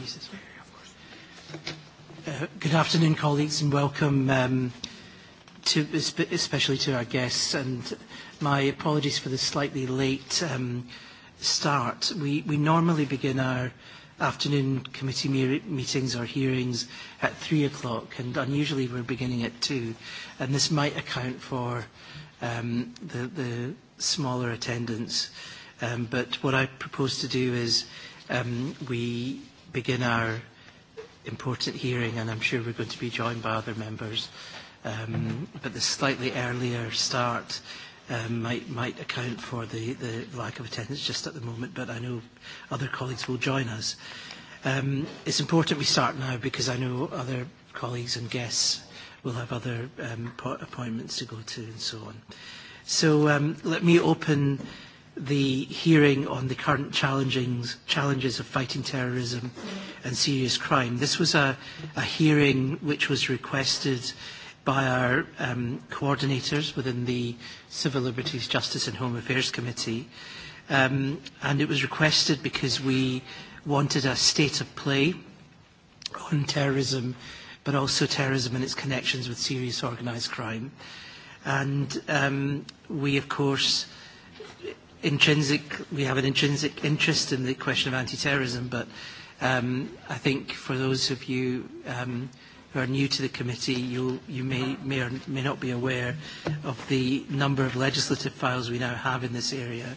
of course. Uh, good afternoon, colleagues, and welcome, um, to, especially to our guests. And my apologies for the slightly late um, start. We, we normally begin our afternoon committee me meetings or hearings at three o'clock, and unusually we're beginning at two, and this might account for um, the, the smaller attendance. Um, but what I propose to do is um, we begin our important hearing, and I'm sure we're going to be joined by other members. Um, but the slightly earlier start um, might, might account for the, the lack of attendance just at the moment, but I know other colleagues will join us. Um, it's important we start now because I know other colleagues and guests will have other um, appointments to go to and so on. So um, let me open the hearing on the current challengings, challenges of fighting terrorism and serious crime. This was a, a hearing which was requested by our um, coordinators within the Civil Liberties, Justice and Home Affairs Committee. Um, and it was requested because we wanted a state of play on terrorism, but also terrorism and its connections with serious organised crime. And um, we, of course, intrinsic, we have an intrinsic interest in the question of anti-terrorism, but um, I think for those of you um, who are new to the committee, you, you may, may or may not be aware of the number of legislative files we now have in this area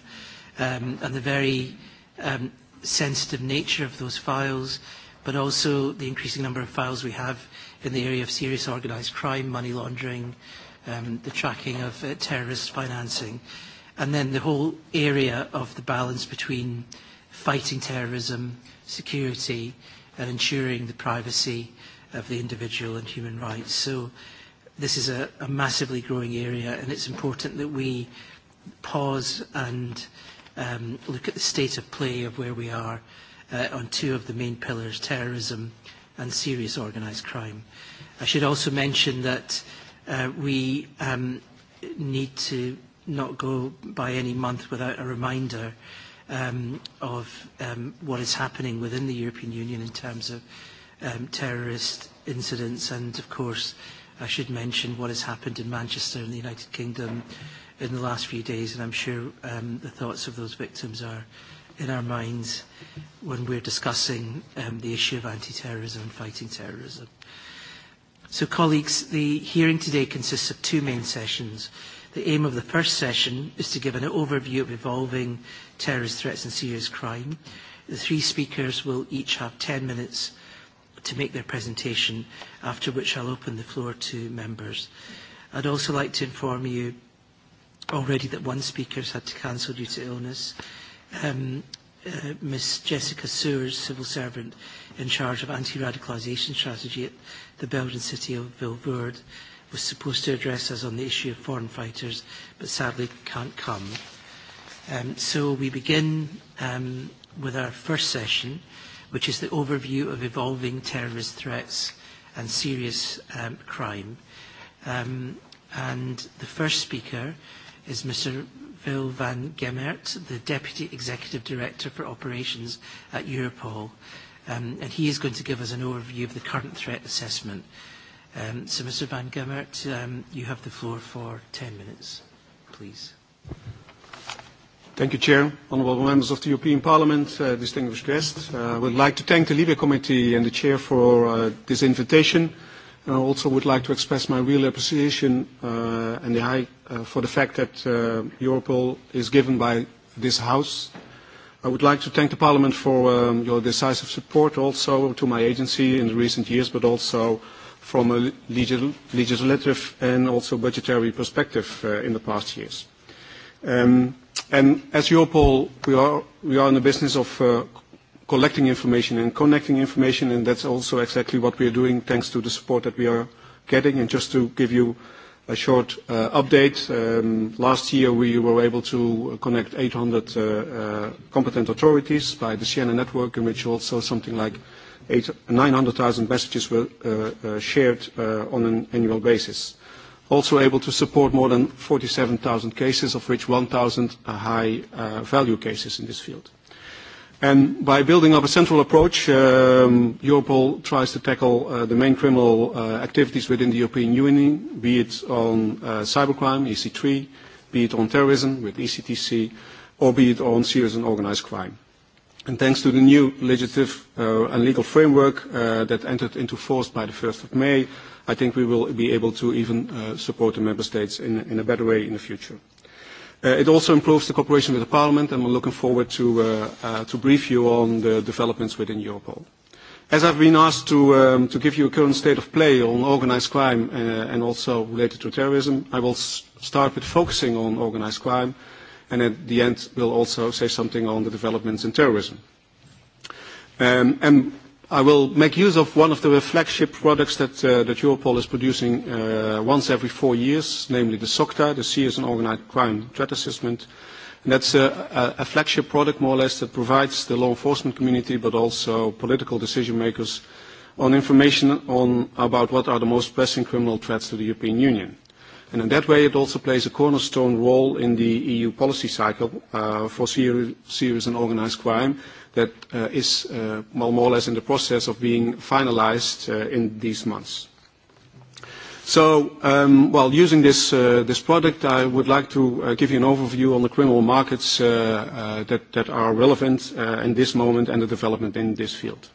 um, and the very um, sensitive nature of those files, but also the increasing number of files we have in the area of serious organised crime, money laundering, um, the tracking of uh, terrorist financing and then the whole area of the balance between fighting terrorism, security, and ensuring the privacy of the individual and human rights. So this is a, a massively growing area, and it's important that we pause and um, look at the state of play of where we are uh, on two of the main pillars, terrorism and serious organised crime. I should also mention that uh, we um, need to not go by any month without a reminder um, of um, what is happening within the European Union in terms of um, terrorist incidents and of course I should mention what has happened in Manchester in the United Kingdom in the last few days and I'm sure um, the thoughts of those victims are in our minds when we're discussing um, the issue of anti-terrorism and fighting terrorism. So colleagues, the hearing today consists of two main sessions. The aim of the first session is to give an overview of evolving terrorist threats and serious crime. The three speakers will each have 10 minutes to make their presentation, after which I'll open the floor to members. I'd also like to inform you already that one speaker has had to cancel due to illness. Um, uh, Ms Jessica Sewers, civil servant in charge of anti-radicalisation strategy at the Belgian city of Vilvoorde, was supposed to address us on the issue of foreign fighters, but sadly can't come. Um, so we begin um, with our first session, which is the overview of evolving terrorist threats and serious um, crime. Um, and the first speaker is Mr. Phil van Gemert, the Deputy Executive Director for Operations at Europol. Um, and he is going to give us an overview of the current threat assessment Um, so, Mr. Van Gemert um, you have the floor for 10 minutes, please. Thank you, Chair. Honourable members of the European Parliament, uh, distinguished guests, uh, I would like to thank the LIBE Committee and the Chair for uh, this invitation. And I also would like to express my real appreciation uh, and the high, uh, for the fact that uh, Europol is given by this House. I would like to thank the Parliament for um, your decisive support also to my agency in the recent years, but also from a legislative and also budgetary perspective uh, in the past years. Um, and as Europol, we are, we are in the business of uh, collecting information and connecting information, and that's also exactly what we are doing thanks to the support that we are getting. And just to give you a short uh, update, um, last year we were able to connect 800 uh, uh, competent authorities by the Siena network, in which also something like 900,000 messages were uh, uh, shared uh, on an annual basis. Also able to support more than 47,000 cases, of which 1,000 are high-value uh, cases in this field. And by building up a central approach, um, Europol tries to tackle uh, the main criminal uh, activities within the European Union, be it on uh, cybercrime, EC3, be it on terrorism with ECTC, or be it on serious and organized crime. And thanks to the new legislative uh, and legal framework uh, that entered into force by the 1st of May, I think we will be able to even uh, support the member states in, in a better way in the future. Uh, it also improves the cooperation with the Parliament, and we're looking forward to, uh, uh, to brief you on the developments within Europol. As I've been asked to, um, to give you a current state of play on organized crime uh, and also related to terrorism, I will s start with focusing on organized crime and at the end will also say something on the developments in terrorism. Um, and I will make use of one of the flagship products that, uh, that Europol is producing uh, once every four years, namely the SOCTA, the C is an organized crime threat assessment. And that's a, a, a flagship product, more or less, that provides the law enforcement community, but also political decision makers, on information on, about what are the most pressing criminal threats to the European Union. And in that way, it also plays a cornerstone role in the EU policy cycle uh, for ser serious and organized crime that uh, is uh, well, more or less in the process of being finalized uh, in these months. So, um, while well, using this, uh, this product, I would like to uh, give you an overview on the criminal markets uh, uh, that, that are relevant uh, in this moment and the development in this field.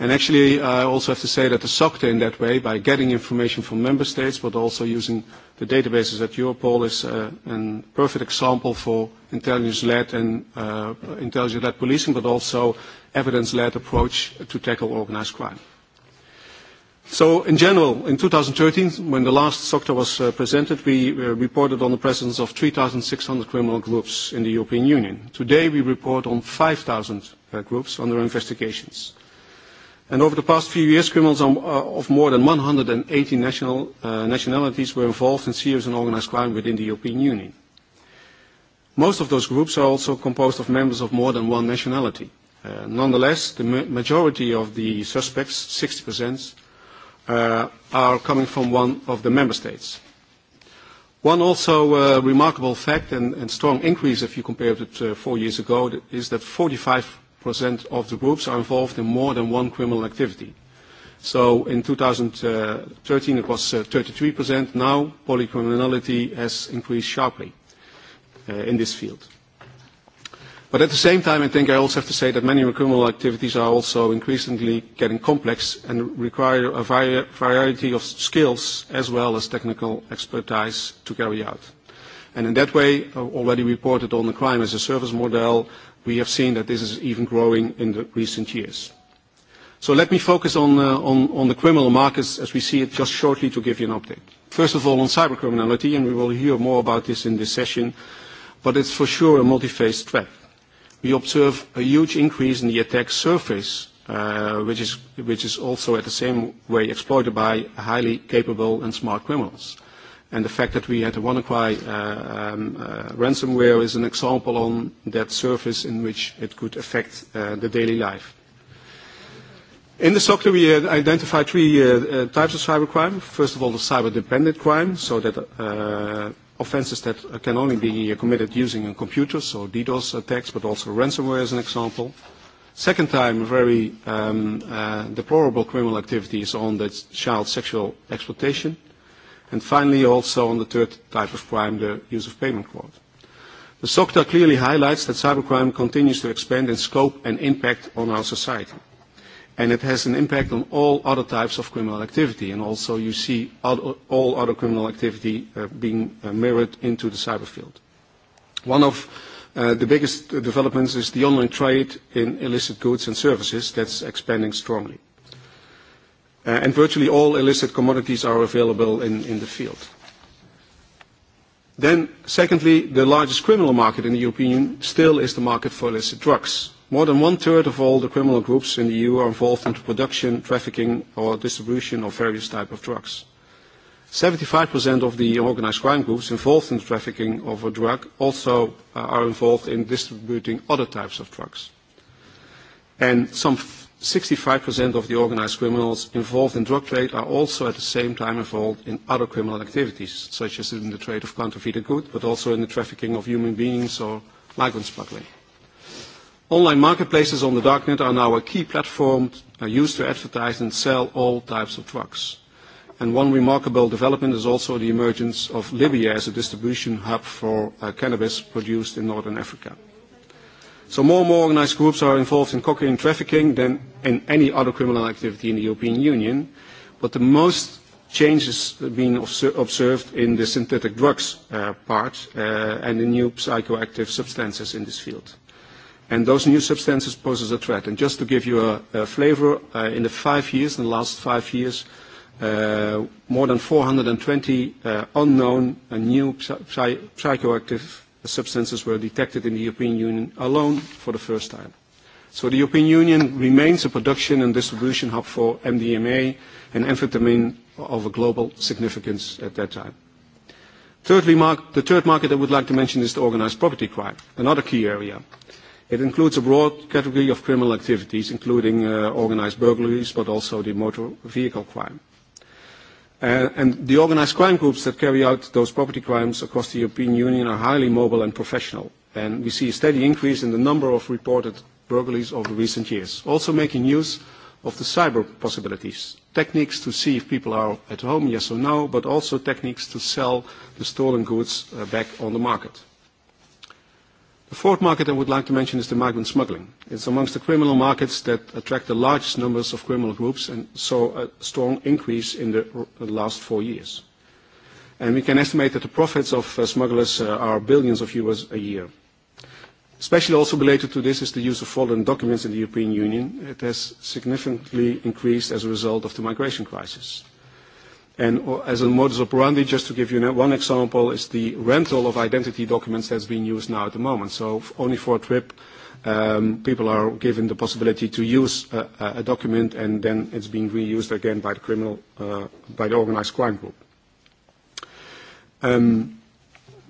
And actually, I also have to say that the SOCTA in that way, by getting information from member states, but also using the databases at Europol, is uh, a perfect example for intelligence-led and uh, intelligence-led policing, but also evidence-led approach to tackle organized crime. So in general, in 2013, when the last SOCTA was uh, presented, we uh, reported on the presence of 3,600 criminal groups in the European Union. Today, we report on 5,000 uh, groups under investigations. And over the past few years, criminals uh, of more than 180 national, uh, nationalities were involved in serious and organized crime within the European Union. Most of those groups are also composed of members of more than one nationality. Uh, nonetheless, the ma majority of the suspects, 60%, uh, are coming from one of the member states. One also uh, remarkable fact and, and strong increase if you compare it to uh, four years ago is that percent of the groups are involved in more than one criminal activity. So in 2013 it was uh, 33%. Now polycriminality has increased sharply uh, in this field. But at the same time, I think I also have to say that many criminal activities are also increasingly getting complex and require a variety of skills as well as technical expertise to carry out. And in that way, I uh, already reported on the crime as a service model we have seen that this is even growing in the recent years. So let me focus on, uh, on, on the criminal markets as we see it just shortly to give you an update. First of all, on cybercriminality, and we will hear more about this in this session, but it's for sure a multi-phase threat. We observe a huge increase in the attack surface, uh, which, is, which is also at the same way exploited by highly capable and smart criminals. And the fact that we had a WannaCry uh, um, uh, ransomware is an example on that surface in which it could affect uh, the daily life. In the SOCTA, we identified three uh, uh, types of cybercrime. First of all, the cyber-dependent crime, so that uh, offenses that can only be uh, committed using a computer, so DDoS attacks, but also ransomware as an example. Second time, a very um, uh, deplorable criminal activities on the child sexual exploitation. Uh, And finally, also on the third type of crime, the use of payment fraud. The SOCTA clearly highlights that cybercrime continues to expand in scope and impact on our society. And it has an impact on all other types of criminal activity. And also you see other, all other criminal activity uh, being uh, mirrored into the cyber field. One of uh, the biggest developments is the online trade in illicit goods and services that's expanding strongly. Uh, and virtually all illicit commodities are available in, in the field. Then, secondly, the largest criminal market in the European Union still is the market for illicit drugs. More than one-third of all the criminal groups in the EU are involved in the production, trafficking, or distribution of various types of drugs. 75% of the organized crime groups involved in the trafficking of a drug also uh, are involved in distributing other types of drugs. And some 65% of the organized criminals involved in drug trade are also at the same time involved in other criminal activities, such as in the trade of counterfeited goods, but also in the trafficking of human beings or migrant smuggling. Online marketplaces on the darknet are now a key platform uh, used to advertise and sell all types of drugs. And one remarkable development is also the emergence of Libya as a distribution hub for uh, cannabis produced in northern Africa. So more and more organised groups are involved in cocaine trafficking than in any other criminal activity in the European Union, but the most changes have been observed in the synthetic drugs uh, part uh, and the new psychoactive substances in this field. And those new substances poses a threat. And just to give you a, a flavor, uh, in the five years, in the last five years, uh, more than 420 uh, unknown uh, new psy psychoactive substances were detected in the European Union alone for the first time. So the European Union remains a production and distribution hub for MDMA and amphetamine of a global significance at that time. Thirdly, mark, the third market I would like to mention is the organized property crime, another key area. It includes a broad category of criminal activities, including uh, organized burglaries, but also the motor vehicle crime. Uh, and the organized crime groups that carry out those property crimes across the European Union are highly mobile and professional. And we see a steady increase in the number of reported burglaries over recent years, also making use of the cyber possibilities, techniques to see if people are at home, yes or no, but also techniques to sell the stolen goods uh, back on the market. The fourth market I would like to mention is the migrant smuggling. It's amongst the criminal markets that attract the largest numbers of criminal groups and saw a strong increase in the last four years. And we can estimate that the profits of uh, smugglers uh, are billions of euros a year. Especially also related to this is the use of fraudulent documents in the European Union. It has significantly increased as a result of the migration crisis. And uh, as a modus operandi, just to give you one example, is the rental of identity documents that's being used now at the moment. So only for a trip, um, people are given the possibility to use a, a document and then it's being reused again by the criminal, uh, by the organized crime group. Um,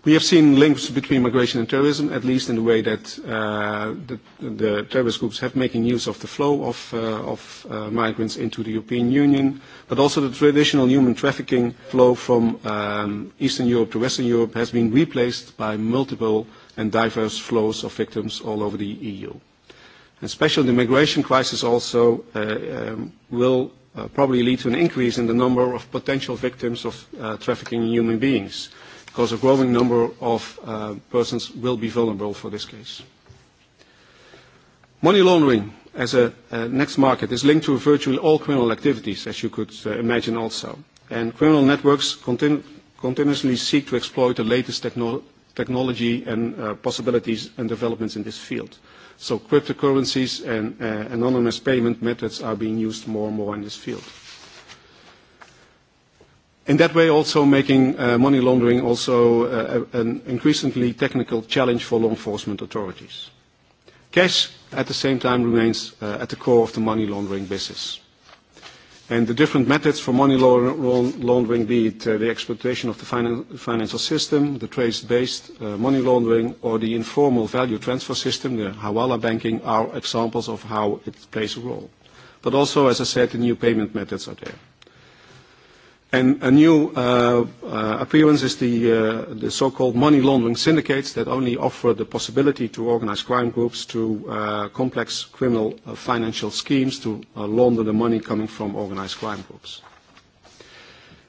We have seen links between migration and terrorism, at least in the way that uh, the, the terrorist groups have making use of the flow of, uh, of uh, migrants into the European Union, but also the traditional human trafficking flow from um, Eastern Europe to Western Europe has been replaced by multiple and diverse flows of victims all over the EU. And especially the migration crisis also uh, um, will uh, probably lead to an increase in the number of potential victims of uh, trafficking in human beings because a growing number of uh, persons will be vulnerable for this case. Money laundering as a, a next market is linked to virtually all criminal activities, as you could uh, imagine also. And criminal networks continu continuously seek to exploit the latest techno technology and uh, possibilities and developments in this field. So cryptocurrencies and uh, anonymous payment methods are being used more and more in this field. In that way, also making uh, money laundering also uh, an increasingly technical challenge for law enforcement authorities. Cash, at the same time, remains uh, at the core of the money laundering business. And the different methods for money laundering, be it uh, the exploitation of the finan financial system, the trace-based uh, money laundering, or the informal value transfer system, the Hawala banking, are examples of how it plays a role. But also, as I said, the new payment methods are there. And a new uh, uh, appearance is the, uh, the so-called money laundering syndicates that only offer the possibility to organize crime groups to uh, complex criminal uh, financial schemes to uh, launder the money coming from organized crime groups.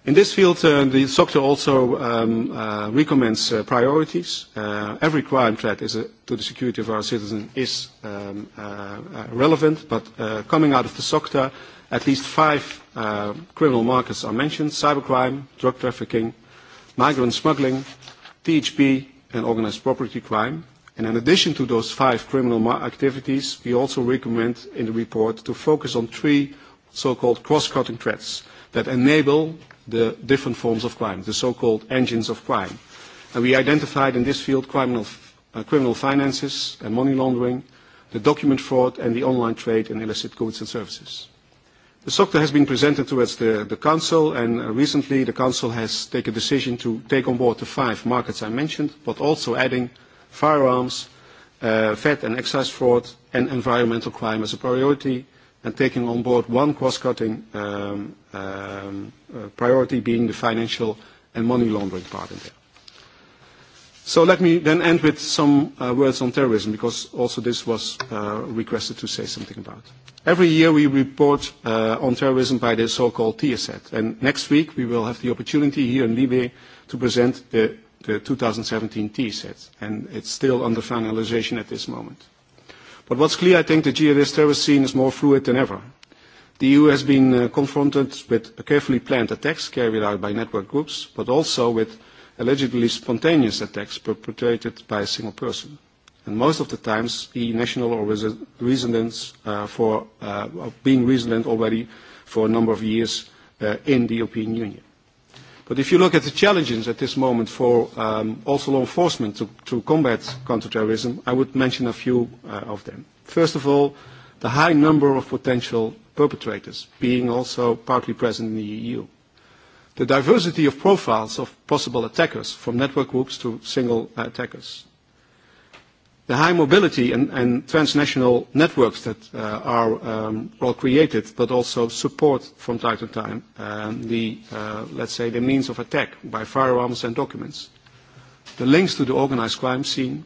In this field, uh, the SOCTA also um, uh, recommends uh, priorities. Uh, every crime threat is a, to the security of our citizens is um, uh, uh, relevant, but uh, coming out of the SOCTA, At least five uh, criminal markets are mentioned, cybercrime, drug trafficking, migrant smuggling, THP, and organized property crime. And in addition to those five criminal activities, we also recommend in the report to focus on three so-called cross-cutting threats that enable the different forms of crime, the so-called engines of crime. And we identified in this field criminal, uh, criminal finances and money laundering, the document fraud, and the online trade in illicit goods and services. The SOCTA has been presented towards the, the Council, and uh, recently the Council has taken a decision to take on board the five markets I mentioned, but also adding firearms, uh, VAT and excise fraud, and environmental crime as a priority, and taking on board one cross-cutting um, um, uh, priority being the financial and money laundering part in there. So let me then end with some uh, words on terrorism, because also this was uh, requested to say something about. Every year we report uh, on terrorism by the so-called TSET, and next week we will have the opportunity here in Libe to present the, the 2017 TSET, and it's still under finalization at this moment. But what's clear, I think the jihadist terrorist scene is more fluid than ever. The EU has been uh, confronted with carefully planned attacks carried out by network groups, but also with allegedly spontaneous attacks perpetrated by a single person. And most of the times, the national or residents uh, for uh, being resident already for a number of years uh, in the European Union. But if you look at the challenges at this moment for um, also law enforcement to, to combat counterterrorism, I would mention a few uh, of them. First of all, the high number of potential perpetrators being also partly present in the EU the diversity of profiles of possible attackers, from network groups to single uh, attackers. The high mobility and, and transnational networks that uh, are um, well created, but also support from time to time um, the, uh, let's say, the means of attack by firearms and documents. The links to the organized crime scene,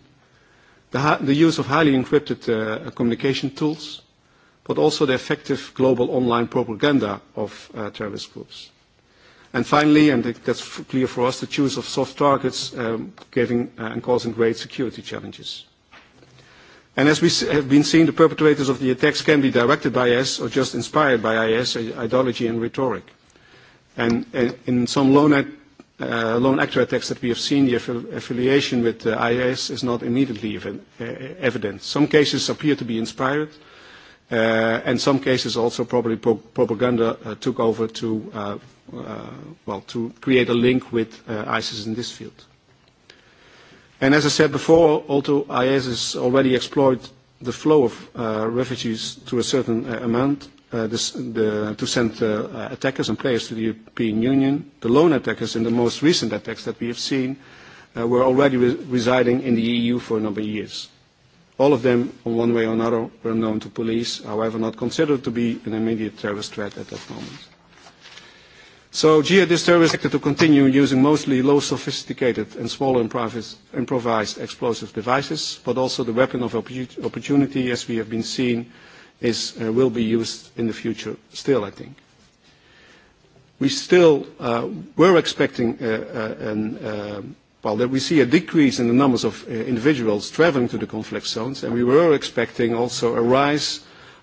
the, the use of highly encrypted uh, communication tools, but also the effective global online propaganda of uh, terrorist groups. And finally, and that's clear for us, the choice of soft targets um, giving, uh, and causing great security challenges. And as we have been seeing, the perpetrators of the attacks can be directed by IS or just inspired by IS uh, ideology and rhetoric. And, uh, in some lone, act, uh, lone actor attacks that we have seen, the aff affiliation with uh, IS is not immediately even, uh, evident. Some cases appear to be inspired, uh, and some cases also probably pro propaganda uh, took over to uh, uh, well, to create a link with uh, ISIS in this field. And as I said before, although IS has already exploited the flow of uh, refugees to a certain uh, amount uh, this, the, to send uh, uh attackers and players to the European Union, the lone attackers in the most recent attacks that we have seen uh, were already re residing in the EU for a number of years. All of them, in one way or another, were known to police, however not considered to be an immediate terrorist threat at that moment. So jihadist terrorists expected to continue using mostly low sophisticated and small improvised explosive devices, but also the weapon of opportunity, as we have been seeing, is, uh, will be used in the future still, I think. We still uh, were expecting, uh, uh, an, uh, well, that we see a decrease in the numbers of uh, individuals traveling to the conflict zones, and we were expecting also a rise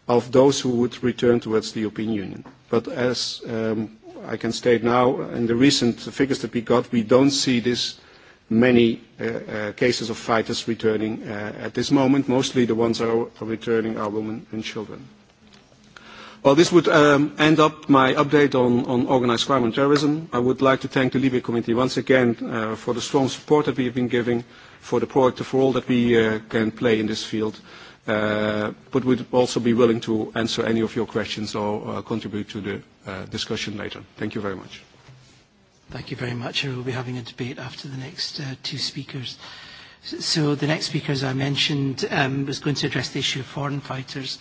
of those who would return towards the European Union. But as um, I can state now, in the recent figures that we got, we don't see this many uh, uh, cases of fighters returning uh, at this moment. Mostly the ones are returning are women and children. Well, this would um, end up my update on, on organized crime and terrorism. I would like to thank the Libya Committee once again uh, for the strong support that we have been giving, for the proactive role that we uh, can play in this field uh, but would also be willing to answer any of your questions or uh, contribute to the uh, discussion later. Thank you very much. Thank you very much. We'll be having a debate after the next uh, two speakers. So the next speaker, as I mentioned, um, was going to address the issue of foreign fighters,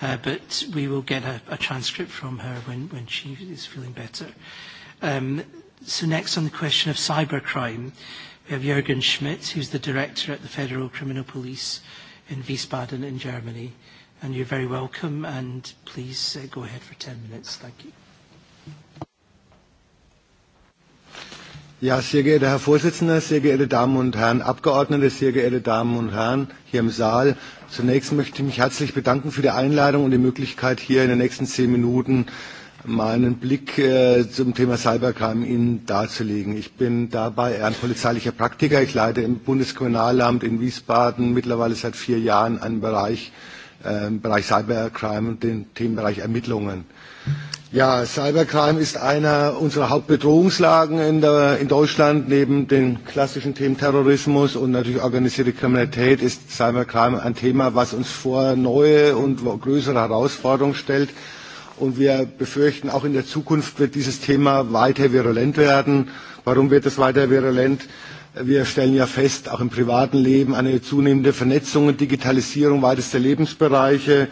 uh, but we will get a, a transcript from her when, when she is feeling better. Um, so next on the question of cybercrime, we have Jürgen Schmidt, who's the director at the Federal Criminal Police, in Wiesbaden in Germany. And you're very welcome, and please uh, go ahead for 10 minutes. Thank you. Ja, sehr geehrter Herr Vorsitzender, sehr geehrte Damen und Herren Abgeordnete, sehr geehrte Damen und Herren hier im Saal. Zunächst möchte ich mich herzlich bedanken für die Einladung und die Möglichkeit, hier in den nächsten zehn Minuten äh, meinen Blick äh, zum Thema Cybercrime Ihnen darzulegen. Ich bin dabei polizeilicher Praktiker. Ich leite im Bundeskriminalamt in Wiesbaden mittlerweile seit vier Jahren einen Bereich, äh, Bereich Cybercrime und den Themenbereich Ermittlungen. Ja, Cybercrime ist einer unserer Hauptbedrohungslagen in, der, in Deutschland. Neben den klassischen Themen Terrorismus und natürlich organisierte Kriminalität ist Cybercrime ein Thema, was uns vor neue und größere Herausforderungen stellt Und wir befürchten, auch in der Zukunft wird dieses Thema weiter virulent werden. Warum wird es weiter virulent? Wir stellen ja fest, auch im privaten Leben eine zunehmende Vernetzung und Digitalisierung weitester Lebensbereiche.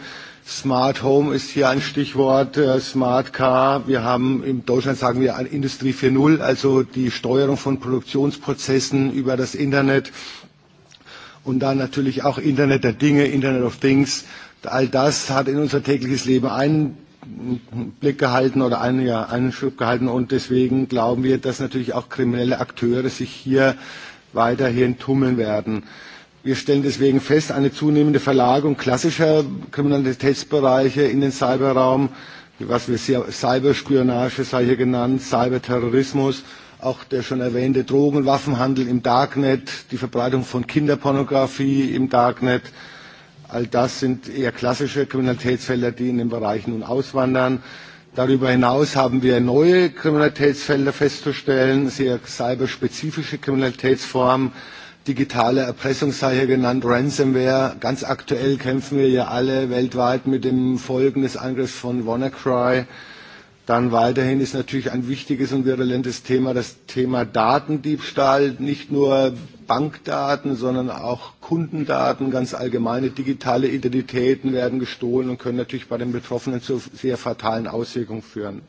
Smart Home ist hier ein Stichwort, äh, Smart Car. Wir haben in Deutschland sagen wir Industrie 4.0, also die Steuerung von Produktionsprozessen über das Internet und dann natürlich auch Internet der Dinge, Internet of Things. All das hat in unser tägliches Leben ein Blick gehalten oder einen, ja, einen Schub gehalten. Und deswegen glauben wir, dass natürlich auch kriminelle Akteure sich hier weiterhin tummeln werden. Wir stellen deswegen fest, eine zunehmende Verlagerung klassischer Kriminalitätsbereiche in den Cyberraum, was wir Cyberspionage sei hier genannt, Cyberterrorismus, auch der schon erwähnte Drogen- und Waffenhandel im Darknet, die Verbreitung von Kinderpornografie im Darknet, All das sind eher klassische Kriminalitätsfelder, die in den Bereich nun auswandern. Darüber hinaus haben wir neue Kriminalitätsfelder festzustellen, sehr cyberspezifische Kriminalitätsformen. Digitale Erpressung sei hier genannt, Ransomware. Ganz aktuell kämpfen wir ja alle weltweit mit den Folgen des Angriffs von WannaCry. Dann weiterhin ist natürlich ein wichtiges und virulentes Thema das Thema Datendiebstahl, nicht nur Bankdaten, sondern auch Kundendaten, ganz allgemeine digitale Identitäten werden gestohlen und können natürlich bei den Betroffenen zu sehr fatalen Auswirkungen führen.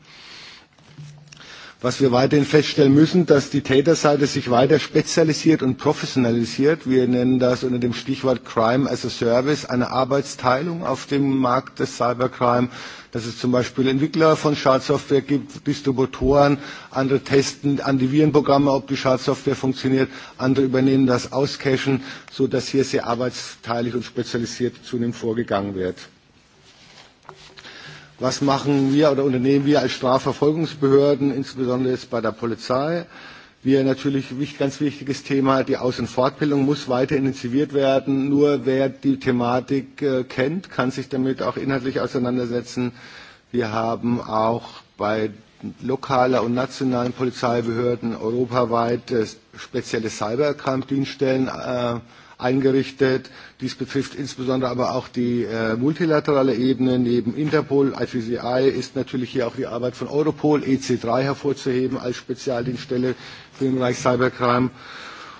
Was wir weiterhin feststellen müssen, dass die Täterseite sich weiter spezialisiert und professionalisiert. Wir nennen das unter dem Stichwort Crime as a Service eine Arbeitsteilung auf dem Markt des Cybercrime, dass es zum Beispiel Entwickler von Schadsoftware gibt, Distributoren, andere testen Antivirenprogramme, ob die Schadsoftware funktioniert, andere übernehmen das Auscachen, sodass hier sehr arbeitsteilig und spezialisiert zunehmend vorgegangen wird. Was machen wir oder unternehmen wir als Strafverfolgungsbehörden, insbesondere jetzt bei der Polizei? wir natürlich ein ganz wichtiges Thema, die Aus- und Fortbildung muss weiter intensiviert werden. Nur wer die Thematik äh, kennt, kann sich damit auch inhaltlich auseinandersetzen. Wir haben auch bei lokaler und nationalen Polizeibehörden europaweit äh, spezielle Cybercrime-Dienststellen äh, eingerichtet. Dies betrifft insbesondere aber auch die äh, multilaterale Ebene. Neben Interpol, IPCI ist natürlich hier auch die Arbeit von Europol, EC3 hervorzuheben als Spezialdienststelle, für den Bereich Cybercrime.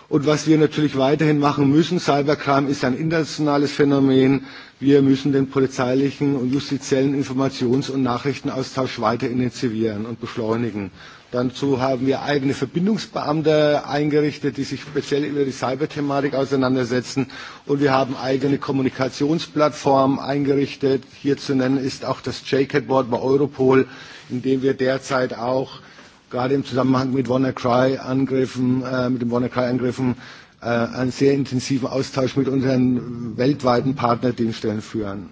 Und was wir natürlich weiterhin machen müssen, Cybercrime ist ein internationales Phänomen. Wir müssen den polizeilichen und justiziellen Informations- und Nachrichtenaustausch weiter intensivieren und beschleunigen. Dazu haben wir eigene Verbindungsbeamte eingerichtet, die sich speziell über die Cyberthematik auseinandersetzen. Und wir haben eigene Kommunikationsplattformen eingerichtet. Hier zu nennen ist auch das JCAT-Board bei Europol, in dem wir derzeit auch gerade im Zusammenhang mit WannaCry-Angriffen, äh, mit dem WannaCry-Angriffen äh, einen sehr intensiven Austausch mit unseren weltweiten Partnerdienststellen führen.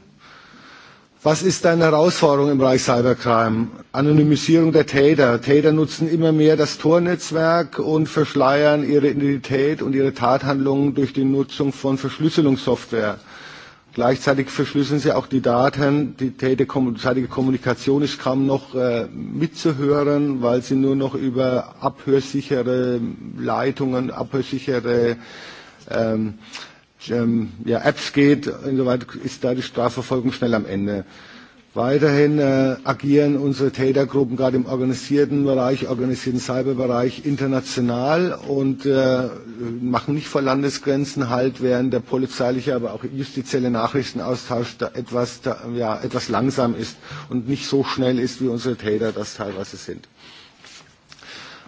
Was ist deine Herausforderung im Bereich Cybercrime? Anonymisierung der Täter. Täter nutzen immer mehr das Tornetzwerk und verschleiern ihre Identität und ihre Tathandlungen durch die Nutzung von Verschlüsselungssoftware. Gleichzeitig verschlüsseln sie auch die Daten. Die tätige Kommunikation ist kaum noch äh, mitzuhören, weil sie nur noch über abhörsichere Leitungen, abhörsichere ähm, ähm, ja, Apps geht. Insoweit ist da die Strafverfolgung schnell am Ende. Weiterhin äh, agieren unsere Tätergruppen gerade im organisierten Bereich, organisierten Cyberbereich international und äh, machen nicht vor Landesgrenzen halt, während der polizeiliche, aber auch justizielle Nachrichtenaustausch da etwas, da, ja, etwas langsam ist und nicht so schnell ist, wie unsere Täter das teilweise sind.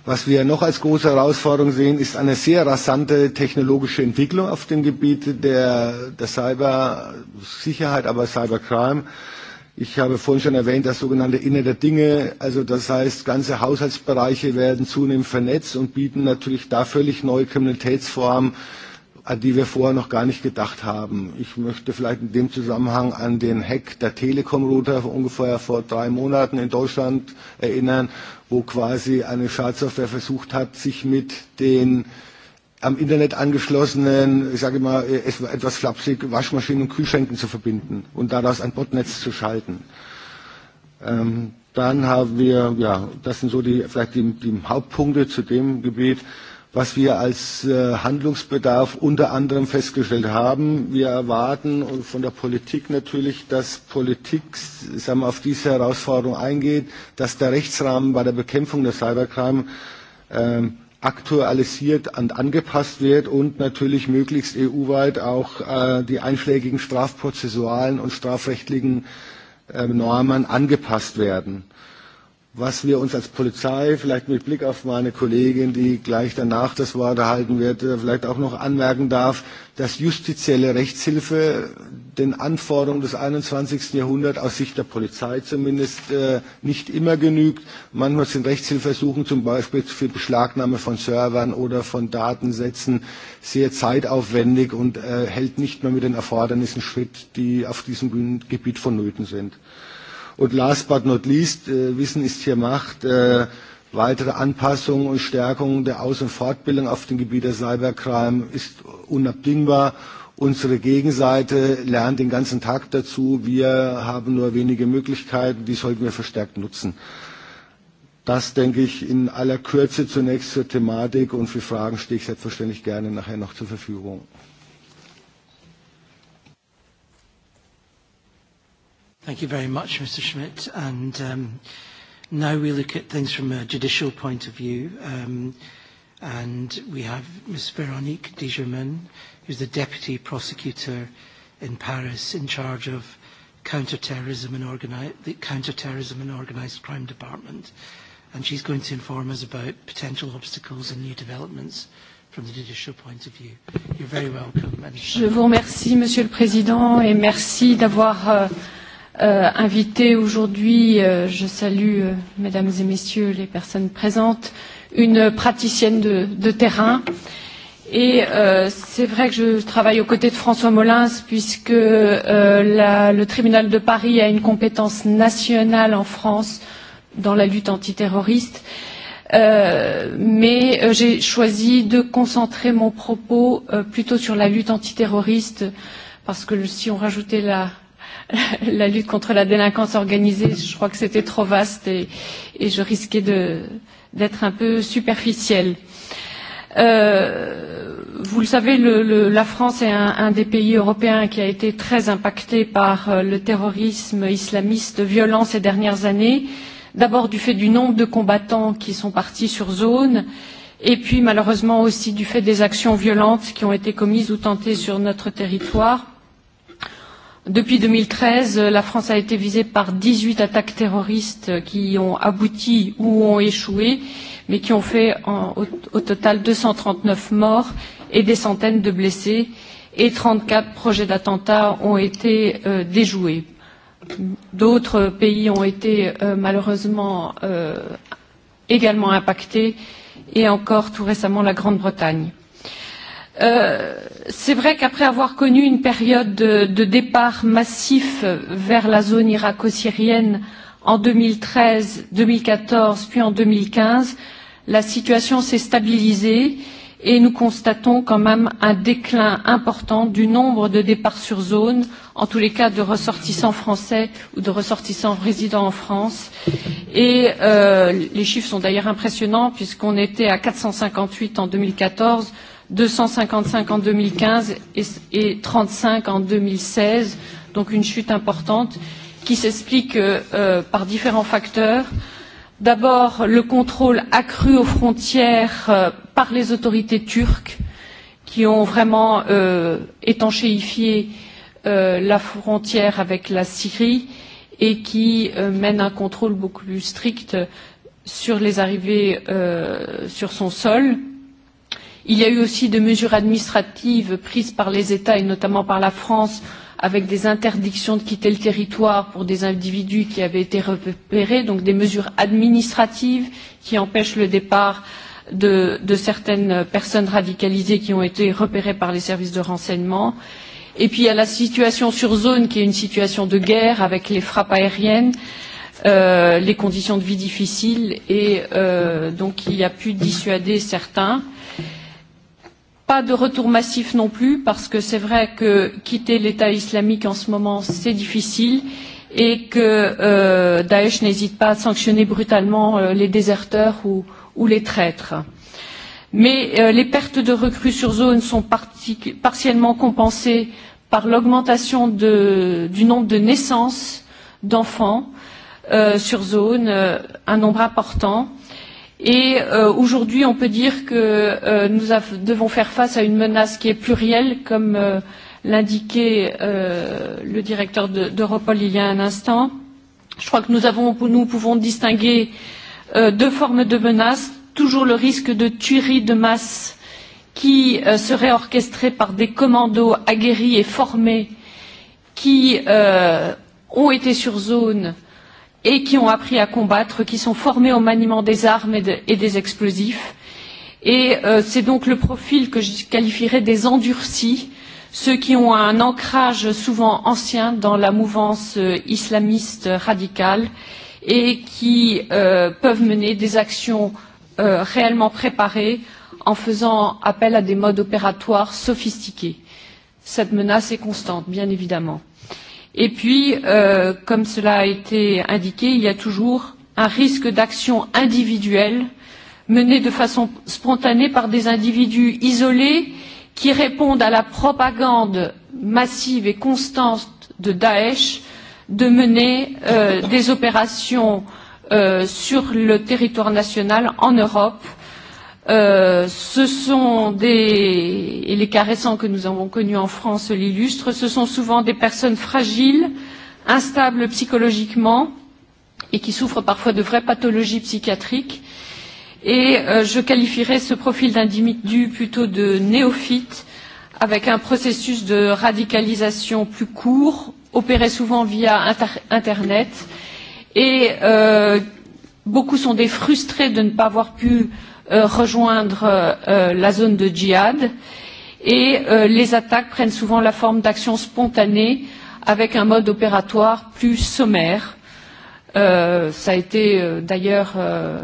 Was wir noch als große Herausforderung sehen, ist eine sehr rasante technologische Entwicklung auf dem Gebiet der, der Cybersicherheit, aber Cybercrime. Ich habe vorhin schon erwähnt, das sogenannte Inne der Dinge, also das heißt, ganze Haushaltsbereiche werden zunehmend vernetzt und bieten natürlich da völlig neue Kriminalitätsformen, an die wir vorher noch gar nicht gedacht haben. Ich möchte vielleicht in dem Zusammenhang an den Hack der Telekom-Router ungefähr vor drei Monaten in Deutschland erinnern, wo quasi eine Schadsoftware versucht hat, sich mit den am Internet angeschlossenen, ich sage mal etwas flapsig, Waschmaschinen und Kühlschränken zu verbinden und daraus ein Botnetz zu schalten. Ähm, dann haben wir, ja, das sind so die, vielleicht die, die Hauptpunkte zu dem Gebiet, was wir als äh, Handlungsbedarf unter anderem festgestellt haben. Wir erwarten von der Politik natürlich, dass Politik sagen wir, auf diese Herausforderung eingeht, dass der Rechtsrahmen bei der Bekämpfung der Cybercrime äh, aktualisiert und angepasst wird und natürlich möglichst EU-weit auch äh, die einschlägigen strafprozessualen und strafrechtlichen äh, Normen angepasst werden was wir uns als Polizei vielleicht mit Blick auf meine Kollegin, die gleich danach das Wort erhalten wird, äh, vielleicht auch noch anmerken darf, dass justizielle Rechtshilfe den Anforderungen des 21. Jahrhunderts aus Sicht der Polizei zumindest äh, nicht immer genügt. Manchmal sind Rechtshilfersuchen, zum Beispiel für Beschlagnahme von Servern oder von Datensätzen sehr zeitaufwendig und äh, hält nicht mehr mit den Erfordernissen Schritt, die auf diesem Gebiet vonnöten sind. Und last but not least, äh, Wissen ist hier Macht, äh, weitere Anpassung und Stärkung der Aus- und Fortbildung auf dem Gebiet der Cybercrime ist unabdingbar. Unsere Gegenseite lernt den ganzen Tag dazu. Wir haben nur wenige Möglichkeiten, die sollten wir verstärkt nutzen. Das denke ich in aller Kürze zunächst zur Thematik und für Fragen stehe ich selbstverständlich gerne nachher noch zur Verfügung. Thank you very much, Mr. Schmidt. And um, now we look at things from a judicial point of view. Um, and we have Ms. Veronique Dijerman, who's the deputy prosecutor in Paris in charge of counterterrorism and organi- the counterterrorism and organized crime department. And she's going to inform us about potential obstacles and new developments from the judicial point of view. You're very welcome. Je vous remercie, Monsieur le Président, et merci d'avoir Uh, euh, invité aujourd'hui, euh, je salue, euh, mesdames et messieurs, les personnes présentes, une praticienne de, de terrain. Et euh, c'est vrai que je travaille aux côtés de François Molins, puisque euh, la, le tribunal de Paris a une compétence nationale en France dans la lutte antiterroriste. Euh, mais euh, j'ai choisi de concentrer mon propos euh, plutôt sur la lutte antiterroriste, parce que si on rajoutait la, la lutte contre la délinquance organisée, je crois que c'était trop vaste et, et je risquais d'être un peu superficielle. Euh, vous le savez, le, le, la France est un, un des pays européens qui a été très impacté par euh, le terrorisme islamiste violent ces dernières années, d'abord du fait du nombre de combattants qui sont partis sur zone, et puis malheureusement aussi du fait des actions violentes qui ont été commises ou tentées sur notre territoire Depuis 2013, euh, la France a été visée par 18 attaques terroristes euh, qui ont abouti ou ont échoué, mais qui ont fait en, au, au total 239 morts et des centaines de blessés, et 34 projets d'attentats ont été euh, déjoués. D'autres pays ont été euh, malheureusement euh, également impactés, et encore tout récemment la Grande-Bretagne. Euh, c'est vrai qu'après avoir connu une période de, de départ massif vers la zone irako-syrienne en 2013, 2014 puis en 2015, la situation s'est stabilisée et nous constatons quand même un déclin important du nombre de départs sur zone, en tous les cas de ressortissants français ou de ressortissants résidents en France. Et euh, les chiffres sont d'ailleurs impressionnants puisqu'on était à 458 en 2014 255 en 2015 et, et 35 en 2016, donc une chute importante qui s'explique euh, par différents facteurs. D'abord, le contrôle accru aux frontières euh, par les autorités turques qui ont vraiment euh, étanchéifié euh, la frontière avec la Syrie et qui euh, mène un contrôle beaucoup plus strict sur les arrivées euh, sur son sol. Euh, Il y a eu aussi des mesures administratives prises par les États et notamment par la France avec des interdictions de quitter le territoire pour des individus qui avaient été repérés, donc des mesures administratives qui empêchent le départ de, de certaines personnes radicalisées qui ont été repérées par les services de renseignement. Et puis il y a la situation sur zone qui est une situation de guerre avec les frappes aériennes, euh, les conditions de vie difficiles et euh, donc il y a pu dissuader certains. Euh, Pas de retour massif non plus, parce que c'est vrai que quitter l'État islamique en ce moment, c'est difficile, et que euh, Daesh n'hésite pas à sanctionner brutalement euh, les déserteurs ou, ou les traîtres. Mais euh, les pertes de recrues sur zone sont parti, partiellement compensées par l'augmentation du nombre de naissances d'enfants euh, sur zone, euh, un nombre important. Euh, Et euh, aujourd'hui, on peut dire que euh, nous devons faire face à une menace qui est plurielle, comme euh, l'indiquait euh, le directeur d'Europol de, il y a un instant. Je crois que nous, avons, nous pouvons distinguer euh, deux formes de menaces. Toujours le risque de tuerie de masse qui euh, serait orchestrée par des commandos aguerris et formés qui euh, ont été sur zone euh, et qui ont appris à combattre, qui sont formés au maniement des armes et, de, et des explosifs. Et euh, c'est donc le profil que je qualifierais des endurcis, ceux qui ont un ancrage souvent ancien dans la mouvance euh, islamiste radicale et qui euh, peuvent mener des actions euh, réellement préparées en faisant appel à des modes opératoires sophistiqués. Cette menace est constante, bien évidemment. Et puis, euh, comme cela a été indiqué, il y a toujours un risque d'action individuelle menée de façon spontanée par des individus isolés qui répondent à la propagande massive et constante de Daesh de mener euh, des opérations euh, sur le territoire national en Europe Euh, ce sont des, et les cas récents que nous avons connus en France l'illustrent, ce sont souvent des personnes fragiles, instables psychologiquement et qui souffrent parfois de vraies pathologies psychiatriques. Et euh, je qualifierais ce profil d'individu plutôt de néophyte, avec un processus de radicalisation plus court, opéré souvent via inter Internet, et euh, beaucoup sont des frustrés de ne pas avoir pu euh, Euh, rejoindre euh, euh, la zone de djihad et euh, les attaques prennent souvent la forme d'actions spontanées avec un mode opératoire plus sommaire. Euh, ça a été euh, d'ailleurs euh,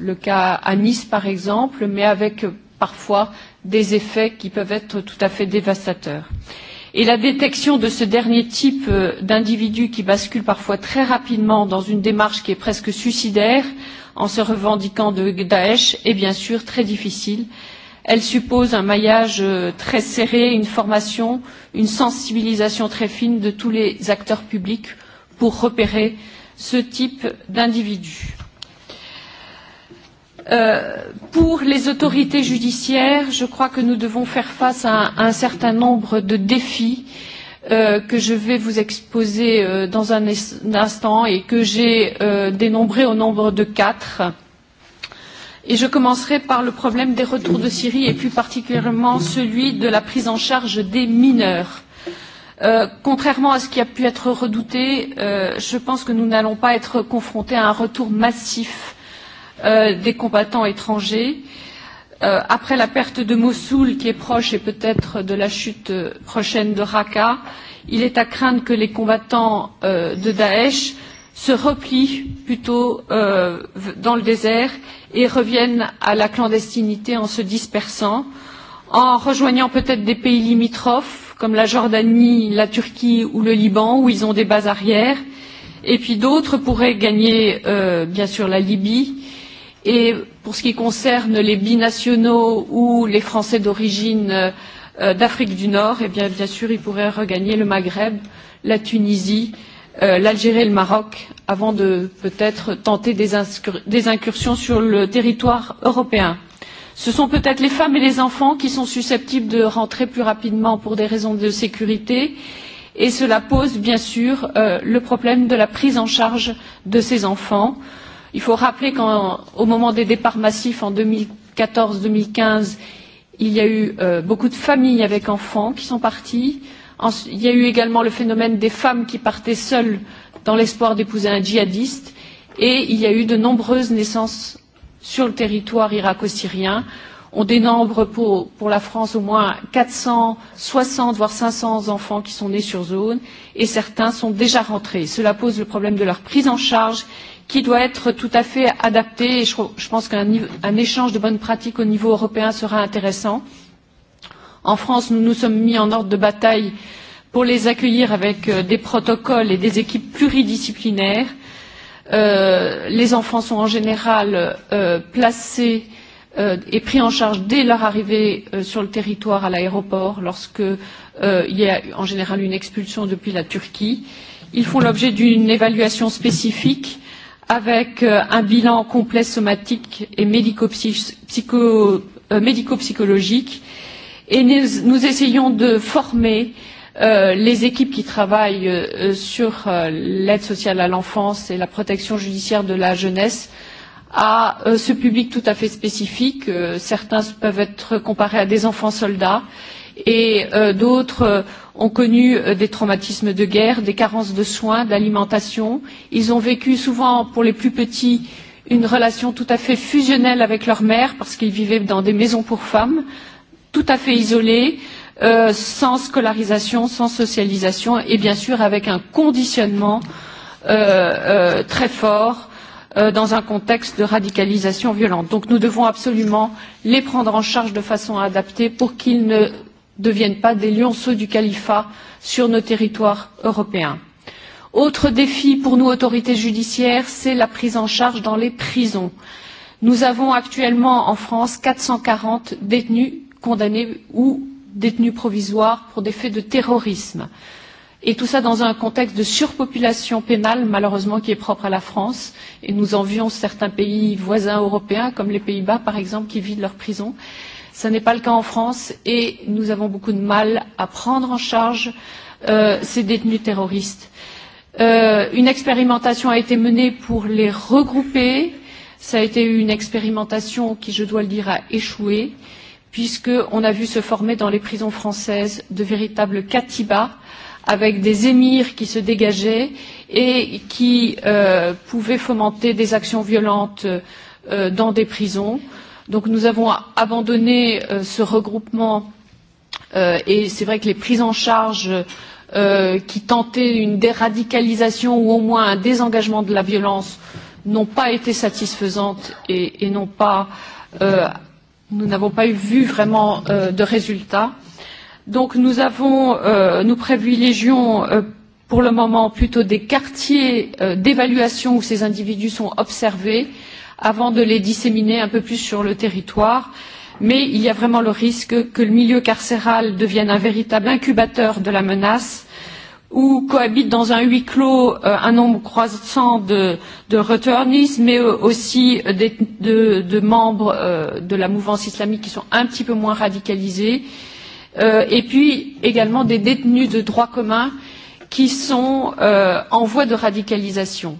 le cas à Nice par exemple, mais avec euh, parfois des effets qui peuvent être tout à fait dévastateurs. Euh, Et la détection de ce dernier type euh, d'individus qui bascule parfois très rapidement dans une démarche qui est presque suicidaire en se revendiquant de Daesh est bien sûr très difficile. Elle suppose un maillage euh, très serré, une formation, une sensibilisation très fine de tous les acteurs publics pour repérer ce type d'individus. Euh, pour les autorités judiciaires, je crois que nous devons faire face à un, à un certain nombre de défis euh, que je vais vous exposer euh, dans un, instant et que j'ai euh, dénombré au nombre de quatre. Et je commencerai par le problème des retours de Syrie et plus particulièrement celui de la prise en charge des mineurs. Euh, contrairement à ce qui a pu être redouté, euh, je pense que nous n'allons pas être confrontés à un retour massif euh, des combattants étrangers. Euh, après la perte de Mossoul, qui est proche et peut-être de la chute euh, prochaine de Raqqa, il est à craindre que les combattants euh, de Daesh se replient plutôt euh, dans le désert et reviennent à la clandestinité en se dispersant, en rejoignant peut-être des pays limitrophes comme la Jordanie, la Turquie ou le Liban où ils ont des bases arrières, et puis d'autres pourraient gagner euh, bien sûr la Libye Et pour ce qui concerne les binationaux ou les Français d'origine euh, euh, d'Afrique du Nord, eh bien, bien sûr, ils pourraient regagner le Maghreb, la Tunisie, euh, l'Algérie et le Maroc avant de peut-être tenter des, des incursions sur le territoire européen. Ce sont peut-être les femmes et les enfants qui sont susceptibles de rentrer plus rapidement pour des raisons de sécurité et cela pose bien sûr euh, le problème de la prise en charge de ces enfants. Euh, Il faut rappeler qu'au moment des départs massifs en 2014-2015, il y a eu euh, beaucoup de familles avec enfants qui sont parties. En, il y a eu également le phénomène des femmes qui partaient seules dans l'espoir d'épouser un djihadiste. Et il y a eu de nombreuses naissances sur le territoire irako-syrien. On dénombre pour, pour la France au moins 460 voire 500 enfants qui sont nés sur zone et certains sont déjà rentrés. Cela pose le problème de leur prise en charge qui doit être tout à fait adapté. Et je, je pense qu'un un échange de bonnes pratiques au niveau européen sera intéressant. En France, nous nous sommes mis en ordre de bataille pour les accueillir avec euh, des protocoles et des équipes pluridisciplinaires. Euh, les enfants sont en général euh, placés euh, et pris en charge dès leur arrivée euh, sur le territoire à l'aéroport lorsque euh, il y a en général une expulsion depuis la Turquie. Ils font l'objet d'une évaluation spécifique avec euh, un bilan complet somatique et euh, médico-psychologique euh, médico et nous, nous essayons de former euh, les équipes qui travaillent euh, sur euh, l'aide sociale à l'enfance et la protection judiciaire de la jeunesse à euh, ce public tout à fait spécifique. Euh, certains peuvent être comparés à des enfants soldats. Euh, et euh, d'autres euh, ont connu euh, des traumatismes de guerre, des carences de soins, d'alimentation. Ils ont vécu souvent, pour les plus petits, une relation tout à fait fusionnelle avec leur mère parce qu'ils vivaient dans des maisons pour femmes, tout à fait isolés, euh, sans scolarisation, sans socialisation et bien sûr avec un conditionnement euh, euh, très fort euh, dans un contexte de radicalisation violente. Donc nous devons absolument les prendre en charge de façon adaptée pour qu'ils ne deviennent pas des lionceaux du califat sur nos territoires européens. Autre défi pour nous, autorités judiciaires, c'est la prise en charge dans les prisons. Nous avons actuellement en France 440 détenus condamnés ou détenus provisoires pour des faits de terrorisme. Et tout ça dans un contexte de surpopulation pénale, malheureusement, qui est propre à la France. Et nous envions certains pays voisins européens, comme les Pays-Bas, par exemple, qui vident leurs prisons. Euh, Ce n'est pas le cas en France et nous avons beaucoup de mal à prendre en charge euh, ces détenus terroristes. Euh, une expérimentation a été menée pour les regrouper. Ça a été une expérimentation qui, je dois le dire, a échoué puisqu'on a vu se former dans les prisons françaises de véritables katibas avec des émirs qui se dégageaient et qui euh, pouvaient fomenter des actions violentes euh, dans des prisons. Euh, Donc nous avons abandonné euh, ce regroupement euh, et c'est vrai que les prises en charge euh, qui tentaient une déradicalisation ou au moins un désengagement de la violence n'ont pas été satisfaisantes et, et n'ont pas, euh, nous n'avons pas eu vu vraiment euh, de résultats. Donc nous avons, euh, nous privilégions euh, pour le moment plutôt des quartiers euh, d'évaluation où ces individus sont observés euh, avant de les disséminer un peu plus sur le territoire. Mais il y a vraiment le risque que le milieu carcéral devienne un véritable incubateur de la menace où cohabitent dans un huis clos euh, un nombre croissant de, de returnees, mais aussi des, de, de membres euh, de la mouvance islamique qui sont un petit peu moins radicalisés, euh, et puis également des détenus de droit commun qui sont euh, en voie de radicalisation.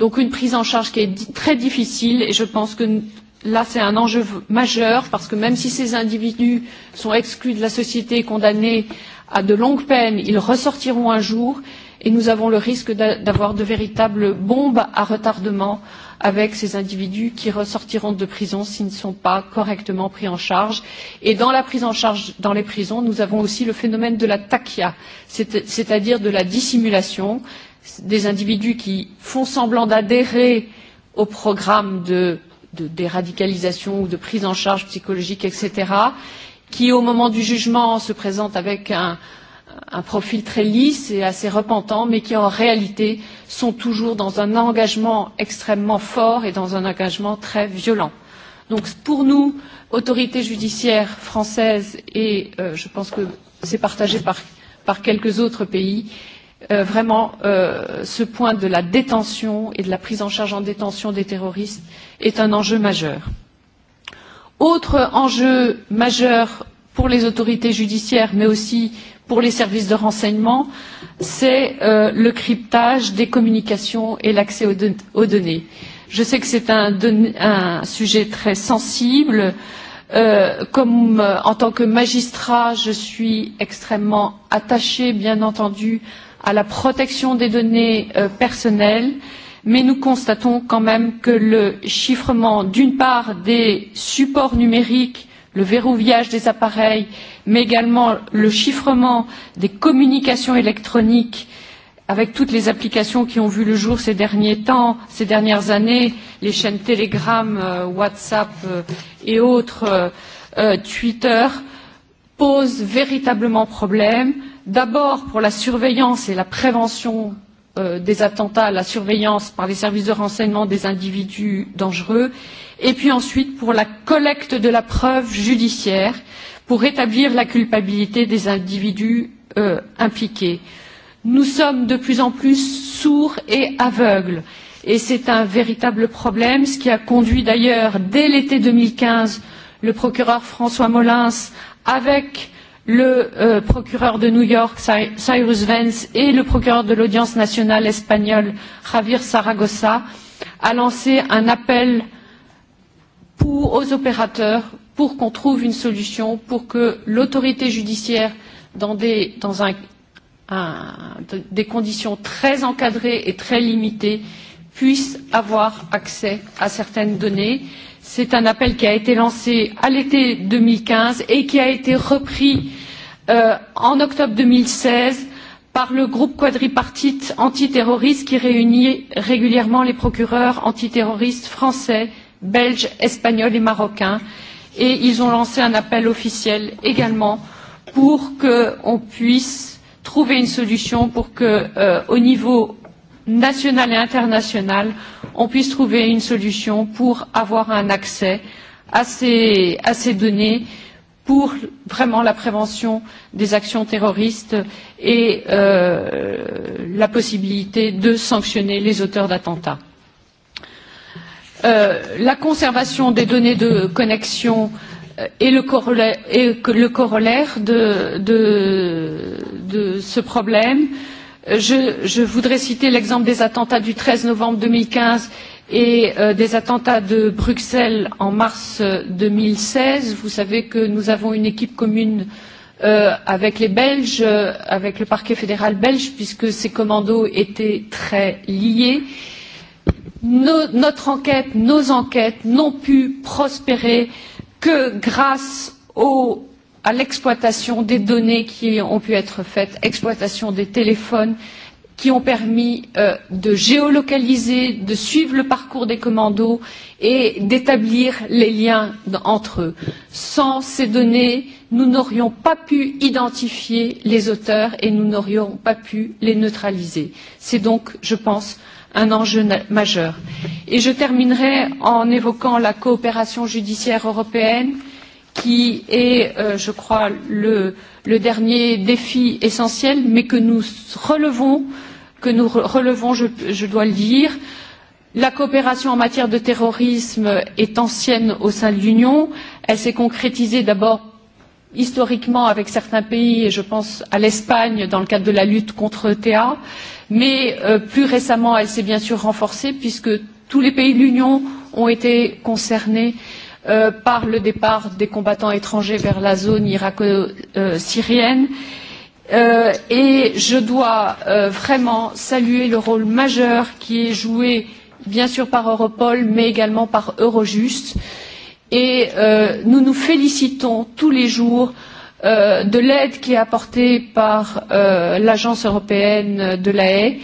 Donc une prise en charge qui est très difficile et je pense que là c'est un enjeu majeur parce que même si ces individus sont exclus de la société et condamnés à de longues peines, ils ressortiront un jour et nous avons le risque d'avoir de véritables bombes à retardement avec ces individus qui ressortiront de prison s'ils ne sont pas correctement pris en charge. Et dans la prise en charge dans les prisons, nous avons aussi le phénomène de la taquia, c'est-à-dire de la dissimulation des individus qui font semblant d'adhérer au programme de, de déradicalisation ou de prise en charge psychologique, etc., qui au moment du jugement se présentent avec un, un profil très lisse et assez repentant, mais qui en réalité sont toujours dans un engagement extrêmement fort et dans un engagement très violent. Donc pour nous, autorités judiciaires françaises, et euh, je pense que c'est partagé par, par quelques autres pays, Euh, vraiment euh, ce point de la détention et de la prise en charge en détention des terroristes est un enjeu majeur. Autre enjeu majeur pour les autorités judiciaires, mais aussi pour les services de renseignement, c'est euh, le cryptage des communications et l'accès aux, don aux données. Je sais que c'est un, un sujet très sensible. Euh, comme euh, en tant que magistrat, je suis extrêmement attachée, bien entendu, à la protection des données euh, personnelles, mais nous constatons quand même que le chiffrement d'une part des supports numériques, le verrouillage des appareils, mais également le chiffrement des communications électroniques avec toutes les applications qui ont vu le jour ces derniers temps, ces dernières années, les chaînes Telegram, euh, WhatsApp euh, et autres, euh, euh, Twitter, posent véritablement problème. Euh, D'abord pour la surveillance et la prévention euh, des attentats, la surveillance par les services de renseignement des individus dangereux, et puis ensuite pour la collecte de la preuve judiciaire pour établir la culpabilité des individus euh, impliqués. Nous sommes de plus en plus sourds et aveugles et c'est un véritable problème, ce qui a conduit d'ailleurs dès l'été 2015 le procureur François Molins avec le euh, procureur de New York, Cyrus Vance, et le procureur de l'audience nationale espagnole, Javier Saragossa, a lancé un appel pour, aux opérateurs pour qu'on trouve une solution, pour que l'autorité judiciaire, dans, des, dans un, un, des conditions très encadrées et très limitées, puisse avoir accès à certaines données. Euh, C'est un appel qui a été lancé à l'été 2015 et qui a été repris euh, en octobre 2016 par le groupe quadripartite antiterroriste qui réunit régulièrement les procureurs antiterroristes français, belges, espagnols et marocains. Et ils ont lancé un appel officiel également pour qu'on puisse trouver une solution pour que, euh, au niveau nationale et internationale, on puisse trouver une solution pour avoir un accès à ces, à ces données pour vraiment la prévention des actions terroristes et euh, la possibilité de sanctionner les auteurs d'attentats. Euh, la conservation des données de connexion est euh, le corollaire, est le corollaire de, de, de ce problème. Euh, Je, je voudrais citer l'exemple des attentats du 13 novembre 2015 et euh, des attentats de Bruxelles en mars 2016. Euh, Vous savez que nous avons une équipe commune euh, avec les Belges, euh, avec le parquet fédéral belge, puisque ces commandos étaient très liés. Nos, notre enquête, nos enquêtes n'ont pu prospérer que grâce aux à l'exploitation des données qui ont pu être faites, exploitation des téléphones, qui ont permis euh, de géolocaliser, de suivre le parcours des commandos et d'établir les liens entre eux. Sans ces données, nous n'aurions pas pu identifier les auteurs et nous n'aurions pas pu les neutraliser. C'est donc, je pense, un enjeu majeur. Et je terminerai en évoquant la coopération judiciaire européenne qui est, euh, je crois, le, le dernier défi essentiel, mais que nous relevons, que nous relevons, je, je dois le dire. La coopération en matière de terrorisme est ancienne au sein de l'Union. Elle s'est concrétisée d'abord historiquement avec certains pays, et je pense à l'Espagne dans le cadre de la lutte contre TA, mais euh, plus récemment elle s'est bien sûr renforcée puisque tous les pays de l'Union ont été concernés euh, Euh, par le départ des combattants étrangers vers la zone irako-syrienne. Euh, et je dois euh, vraiment saluer le rôle majeur qui est joué bien sûr par Europol mais également par Eurojust. Et euh, nous nous félicitons tous les jours euh, de l'aide qui est apportée par euh, l'Agence européenne de la haie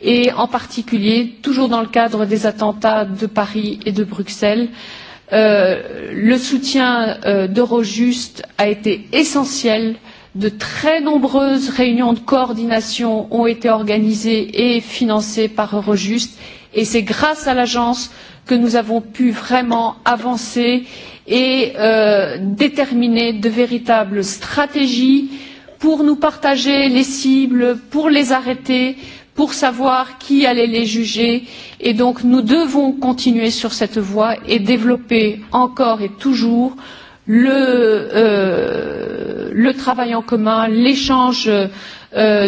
et en particulier toujours dans le cadre des attentats de Paris et de Bruxelles. Euh, Euh, le soutien euh, d'Eurojust a été essentiel. De très nombreuses réunions de coordination ont été organisées et financées par Eurojust et c'est grâce à l'agence que nous avons pu vraiment avancer et euh, déterminer de véritables stratégies pour nous partager les cibles, pour les arrêter, pour savoir qui allait les juger et donc nous devons continuer sur cette voie et développer encore et toujours le, euh, le travail en commun, l'échange euh,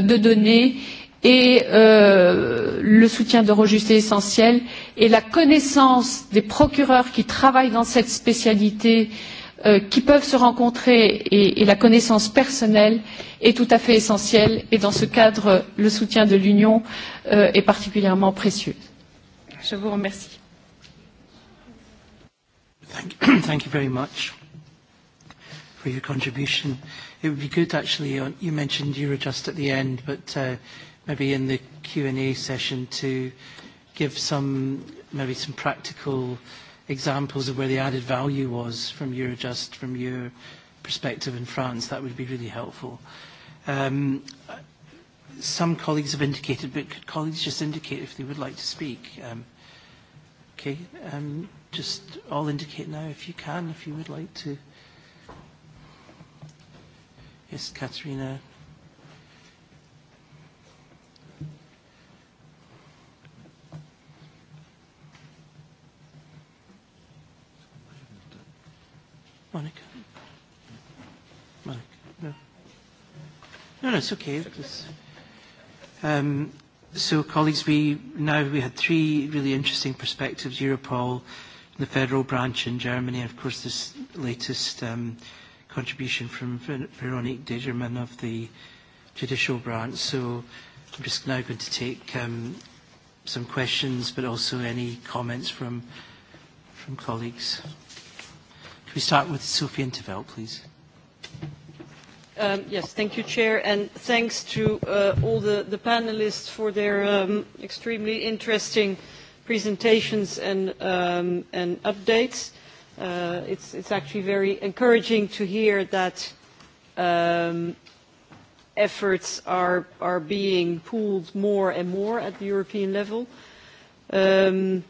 de données et euh, le soutien d'Eurojust est essentiel et la connaissance des procureurs qui travaillent dans cette spécialité euh, euh, qui peuvent se rencontrer et, et la connaissance personnelle est tout à fait essentielle et dans ce cadre, le soutien de l'Union euh, est particulièrement précieux. Je vous remercie. Thank, you, thank you very much for your contribution. It would be good actually, on, uh, you mentioned Eurojust at the end, but uh, maybe in the Q&A session to give some, maybe some practical uh, examples of where the added value was from Eurojust, from your perspective in France, that would be really helpful. Um, some colleagues have indicated, but could colleagues just indicate if they would like to speak? Um, okay, um, just all indicate now if you can, if you would like to. Yes, Katarina, Monica. Monica, no. No, no, it's okay. It's, um, so, colleagues, we now we had three really interesting perspectives: Europol, the federal branch in Germany, and of course this latest um, contribution from Ver Veronique Degerman of the judicial branch. So, I'm just now going to take um, some questions, but also any comments from from colleagues. Could we start with Sophie Intervelt, please? Um, yes, thank you, Chair, and thanks to uh, all the, the panelists for their um, extremely interesting presentations and, um, and updates. Uh, it's, it's actually very encouraging to hear that um, efforts are, are being pooled more and more at the European level. Um,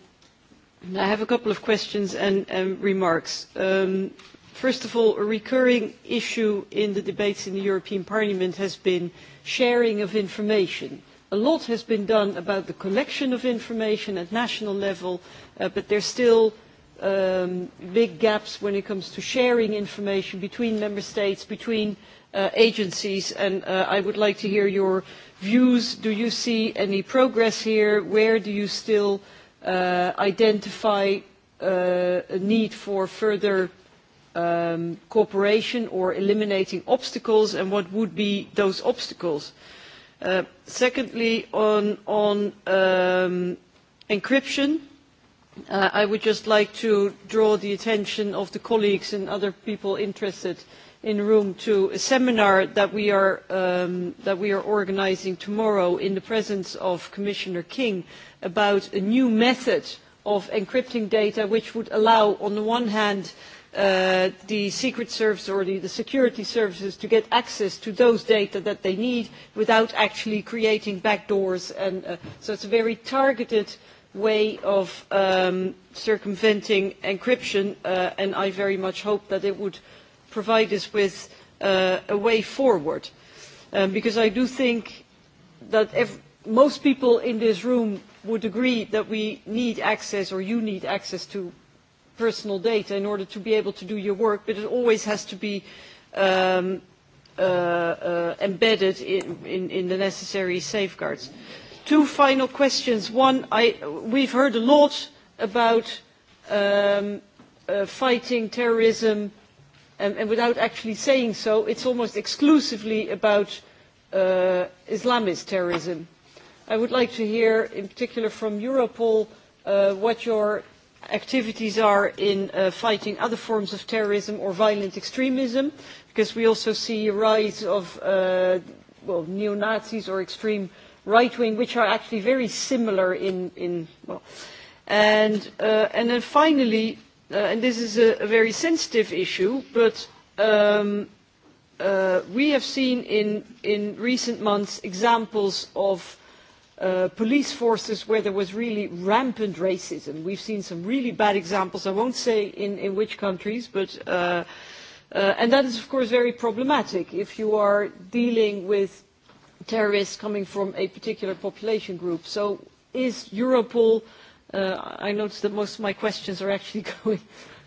I have a couple of questions and, and remarks. Um, first of all, a recurring issue in the debates in the European Parliament has been sharing of information. A lot has been done about the collection of information at national level, uh, but there's still um, big gaps when it comes to sharing information between member states, between uh, agencies, and uh, I would like to hear your views. Do you see any progress here? Where do you still Uh, identify uh, a need for further um, cooperation or eliminating obstacles and what would be those obstacles. Uh, secondly, on, on um, encryption, uh, I would just like to draw the attention of the colleagues and other people interested uh, in room to a seminar that we are um, that we are organizing tomorrow in the presence of Commissioner King about a new method of encrypting data which would allow on the one hand uh, the secret service or the, the security services to get access to those data that they need without actually creating backdoors and uh, so it's a very targeted way of um, circumventing encryption uh, and I very much hope that it would uh, provide us with uh, a way forward. Um, because I do think that if most people in this room would agree that we need access or you need access to personal data in order to be able to do your work, but it always has to be um, uh, uh, embedded in, in, in the necessary safeguards. Two final questions. One, I, we've heard a lot about um, uh, fighting terrorism and without actually saying so, it's almost exclusively about uh, Islamist terrorism. I would like to hear, in particular from Europol, uh, what your activities are in uh, fighting other forms of terrorism or violent extremism, because we also see a rise of uh, well, neo-Nazis or extreme right-wing, which are actually very similar in... in well. and, uh, and then finally, uh, and this is a, a very sensitive issue, but um, uh, we have seen in, in recent months examples of uh, police forces where there was really rampant racism. We've seen some really bad examples. I won't say in, in which countries, but uh, uh, and that is of course very problematic if you are dealing with terrorists coming from a particular population group. So is Europol Uh, I noticed that most of my questions are actually going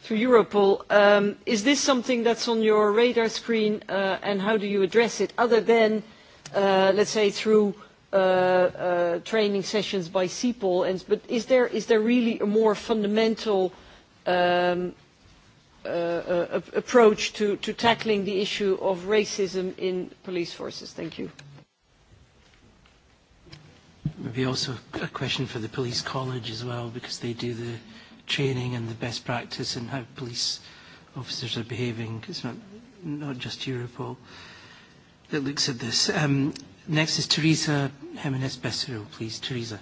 through Europol. Um, is this something that's on your radar screen uh, and how do you address it other than, uh, let's say, through uh, uh, training sessions by CEPOL? And, but is there, is there really a more fundamental um, uh, uh, approach to, to tackling the issue of racism in police forces? Thank you. Maybe also a question for the police college as well, because they do the training and the best practice and how police officers are behaving. It's not, not just Europol that looks at this. Um, next is Teresa Jimenez Becerril, please. Teresa.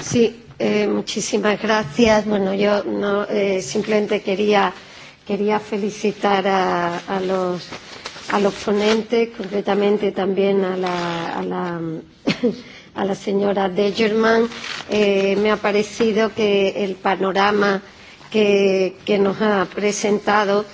Sí, eh, muchísimas gracias. Bueno, yo no, eh, simplemente quería, quería felicitar a, a los los ponentes, concretamente también a la, a la, a la señora Degerman. Eh, me ha parecido que el panorama que, que nos ha presentado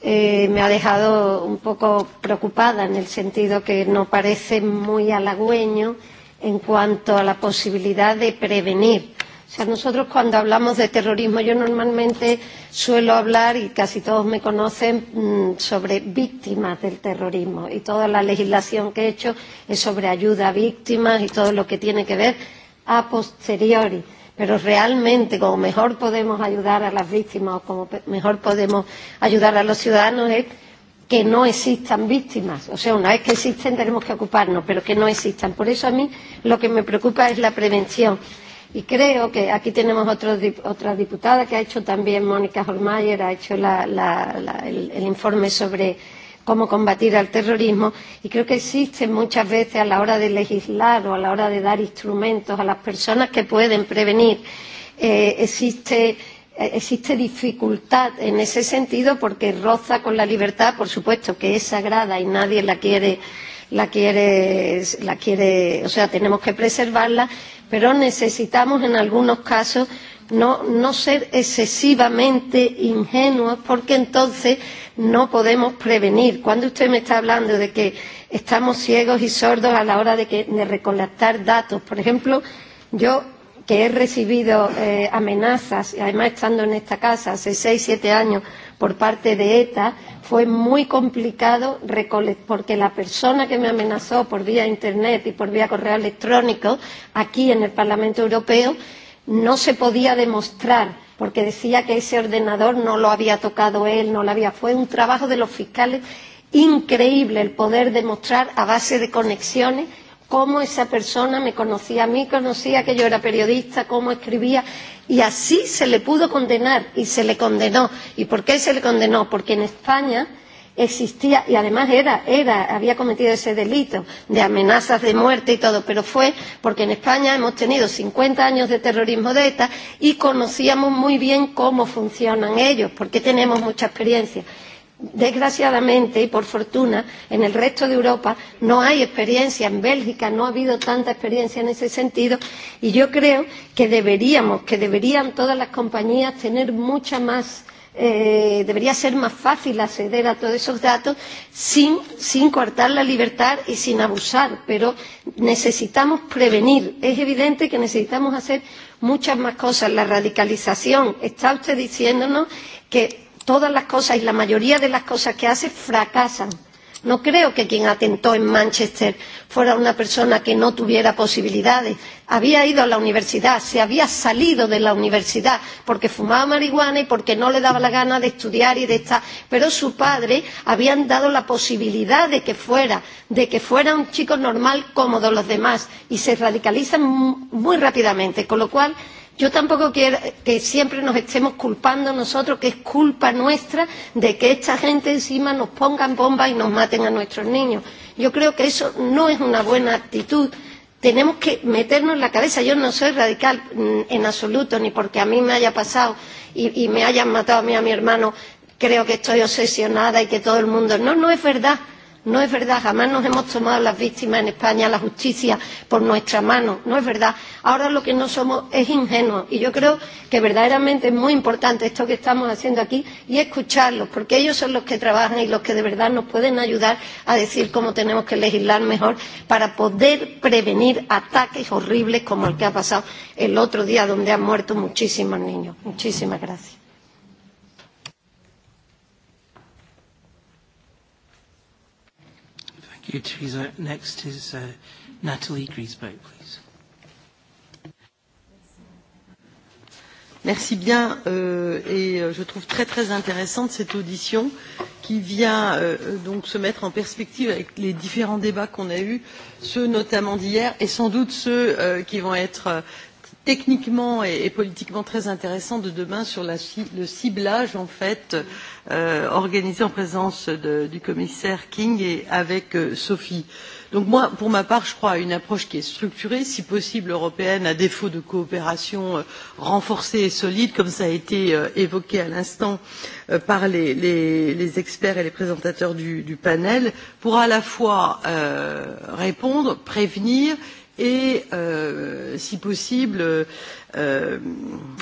eh, me ha dejado un poco preocupada en el sentido que no parece muy halagüeño en cuanto a la posibilidad de prevenir O sea, nosotros cuando hablamos de terrorismo, yo normalmente suelo hablar, y casi todos me conocen, mm, sobre víctimas del terrorismo. Y toda la legislación que he hecho es sobre ayuda a víctimas y todo lo que tiene que ver a posteriori pero realmente como mejor podemos ayudar a las víctimas o como mejor podemos ayudar a los ciudadanos es que no existan víctimas. O sea, una vez que existen tenemos que ocuparnos, pero que no existan. Por eso a mí lo que me preocupa es la prevención. Y creo que aquí tenemos otro, otra diputada que ha hecho también, Mónica Holmayer, ha hecho la, la, la, el, el informe sobre cómo combatir al terrorismo y creo que existen muchas veces a la hora de legislar o a la hora de dar instrumentos a las personas que pueden prevenir eh, existe eh, existe dificultad en ese sentido porque roza con la libertad por supuesto que es sagrada y nadie la quiere la quiere la quiere o sea tenemos que preservarla pero necesitamos en algunos casos no, no ser excesivamente ingenuos porque entonces no podemos prevenir. Cuando usted me está hablando de que estamos ciegos y sordos a la hora de, que, de recolectar datos, por ejemplo, yo que he recibido eh, amenazas, y además estando en esta casa hace seis, siete años por parte de ETA, fue muy complicado porque la persona que me amenazó por vía internet y por vía correo electrónico aquí en el Parlamento Europeo no se podía demostrar porque decía que ese ordenador no lo había tocado él, no lo había. Fue un trabajo de los fiscales increíble el poder demostrar a base de conexiones cómo esa persona me conocía a mí, conocía que yo era periodista, cómo escribía, y así se le pudo condenar y se le condenó. ¿Y por qué se le condenó? Porque en España existía y además era, era, había cometido ese delito de amenazas de muerte y todo, pero fue porque en España hemos tenido 50 años de terrorismo de ETA y conocíamos muy bien cómo funcionan ellos, porque tenemos mucha experiencia. Desgraciadamente y por fortuna, en el resto de Europa no hay experiencia, en Bélgica no ha habido tanta experiencia en ese sentido y yo creo que deberíamos, que deberían todas las compañías tener mucha más eh, debería ser más fácil acceder a todos esos datos sin, sin cortar la libertad y sin abusar, pero necesitamos prevenir. Es evidente que necesitamos hacer muchas más cosas. La radicalización, está usted diciéndonos que todas las cosas y la mayoría de las cosas que hace fracasan. No creo que quien atentó en Manchester fuera una persona que no tuviera posibilidades. Había ido a la universidad, se había salido de la universidad porque fumaba marihuana y porque no le daba la gana de estudiar y de estar. Pero su padre habían dado la posibilidad de que fuera, de que fuera un chico normal como de los demás y se radicalizan muy rápidamente. Con lo cual, Yo tampoco quiero que siempre nos estemos culpando nosotros, que es culpa nuestra de que esta gente encima nos pongan bombas y nos maten a nuestros niños. Yo creo que eso no es una buena actitud. Tenemos que meternos en la cabeza. Yo no soy radical mm, en absoluto, ni porque a mí me haya pasado y, y me hayan matado a mí a mi hermano, creo que estoy obsesionada y que todo el mundo. No, no es verdad. No es verdad, jamás nos hemos tomado las víctimas en España, la justicia por nuestra mano. No es verdad. Ahora lo que no somos es ingenuos. Y yo creo que verdaderamente es muy importante esto que estamos haciendo aquí y escucharlos, porque ellos son los que trabajan y los que de verdad nos pueden ayudar a decir cómo tenemos que legislar mejor para poder prevenir ataques horribles como el que ha pasado el otro día, donde han muerto muchísimos niños. Muchísimas gracias. Thank you, Teresa. Next is uh, Natalie Griesbeck, please. Merci bien euh, et euh, je trouve très très intéressante cette audition qui vient euh, donc se mettre en perspective avec les différents débats qu'on a eus, ceux notamment d'hier et sans doute ceux euh, qui vont être techniquement et, et politiquement très intéressant de demain sur la, le ciblage en fait euh, organisé en présence de, du commissaire King et avec euh, Sophie. Donc moi, pour ma part, je crois à une approche qui est structurée, si possible européenne, à défaut de coopération euh, renforcée et solide, comme ça a été euh, évoqué à l'instant euh, par les, les, les experts et les présentateurs du, du panel, pour à la fois euh, répondre, prévenir et, euh, si possible, euh,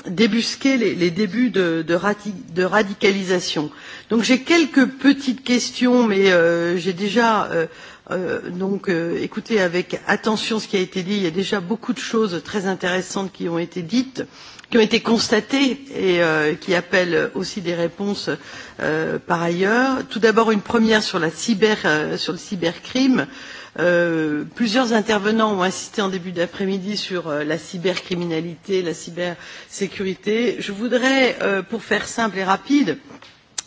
débusquer les, les débuts de, de, radi de radicalisation. Donc j'ai quelques petites questions, mais euh, j'ai déjà euh, euh, donc euh, écouté avec attention ce qui a été dit. Il y a déjà beaucoup de choses très intéressantes qui ont été dites qui ont été constatées et euh, qui appellent aussi des réponses euh, par ailleurs. Tout d'abord, une première sur, la cyber, euh, sur le cybercrime. Euh, Euh, plusieurs intervenants ont insisté en début d'après-midi sur euh, la cybercriminalité, la cybersécurité. Je voudrais, euh, pour faire simple et rapide,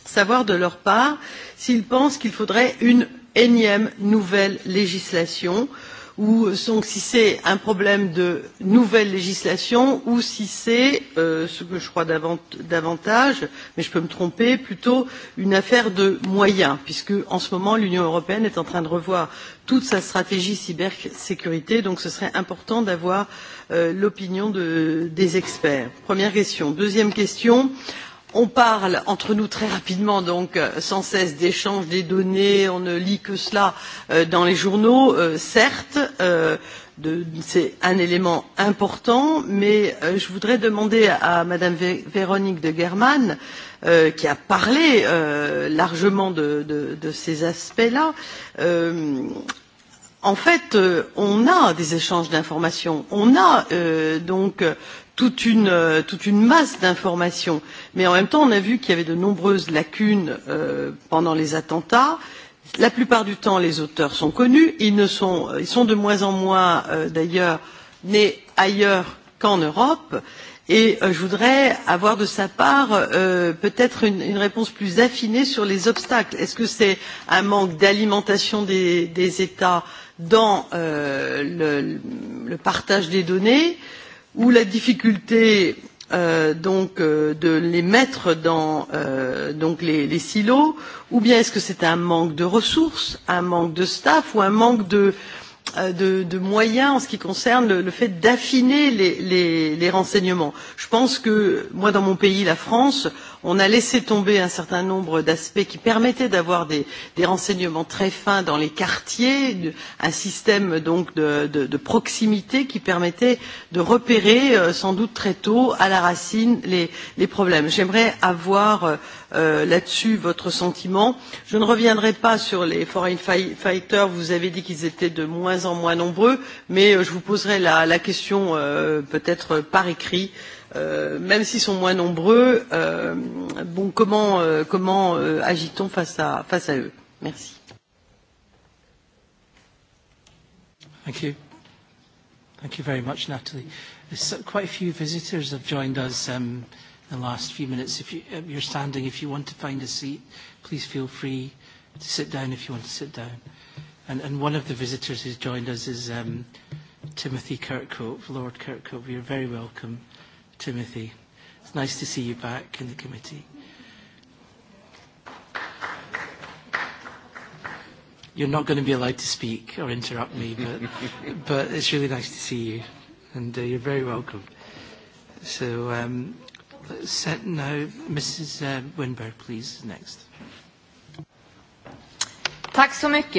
savoir de leur part s'ils pensent qu'il faudrait une énième nouvelle législation euh, ou sont, si c'est un problème de nouvelle législation ou si c'est euh, ce que je crois davant, davantage mais je peux me tromper plutôt une affaire de moyens puisque en ce moment l'Union européenne est en train de revoir toute sa stratégie cybersécurité donc ce serait important d'avoir euh, l'opinion de, des experts. Première question. Deuxième question on parle entre nous très rapidement, donc euh, sans cesse d'échange des données, on ne lit que cela euh, dans les journaux, euh, certes, euh, c'est un élément important, mais euh, je voudrais demander à, Madame Vé Véronique de German, euh, qui a parlé euh, largement de, de, de ces aspects-là, euh, en fait, euh, on a des échanges d'informations. On a euh, donc toute une, euh, toute une masse d'informations. Mais en même temps, on a vu qu'il y avait de nombreuses lacunes euh, pendant les attentats. La plupart du temps, les auteurs sont connus. Ils, ne sont, euh, ils sont de moins en moins, euh, d'ailleurs, nés ailleurs qu'en Europe. Et euh, je voudrais avoir de sa part euh, peut-être une, une réponse plus affinée sur les obstacles. Est-ce que c'est un manque d'alimentation des, des États dans euh, le, le partage des données euh, ou la difficulté euh, donc euh, de les mettre dans euh, donc les, les silos, ou bien est-ce que c'est un manque de ressources, un manque de staff ou un manque de, euh, de, de moyens en ce qui concerne le, le fait d'affiner les, les, les renseignements. Je pense que moi dans mon pays, la France, on a laissé tomber un certain nombre d'aspects qui permettaient d'avoir des, des renseignements très fins dans les quartiers, un système donc de, de, de proximité qui permettait de repérer euh, sans doute très tôt à la racine les, les problèmes. J'aimerais avoir euh, euh là-dessus votre sentiment. Je ne reviendrai pas sur les foreign fighters, vous avez dit qu'ils étaient de moins en moins nombreux, mais euh, je vous poserai la, la question euh, peut-être par écrit. Euh, Euh, même s'ils sont moins nombreux, euh, bon, comment, euh, comment euh, agit-on face à, face à eux Merci. Thank you. Thank you very much, Natalie. So quite a few visitors have joined us um, in the last few minutes. If you, uh, you're standing, if you want to find a seat, please feel free to sit down if you want to sit down. And, and one of the visitors who's joined us is um, Timothy Kirkhope, Lord Kirkhope. You're very welcome. Timothy. It's nice to see you back in the committee. You're not going to be allowed to speak or interrupt me, but, but it's really nice to see you, and uh, you're very welcome. So, um, let's set now, Mrs. Uh, Winberg, please, next. Tack så much.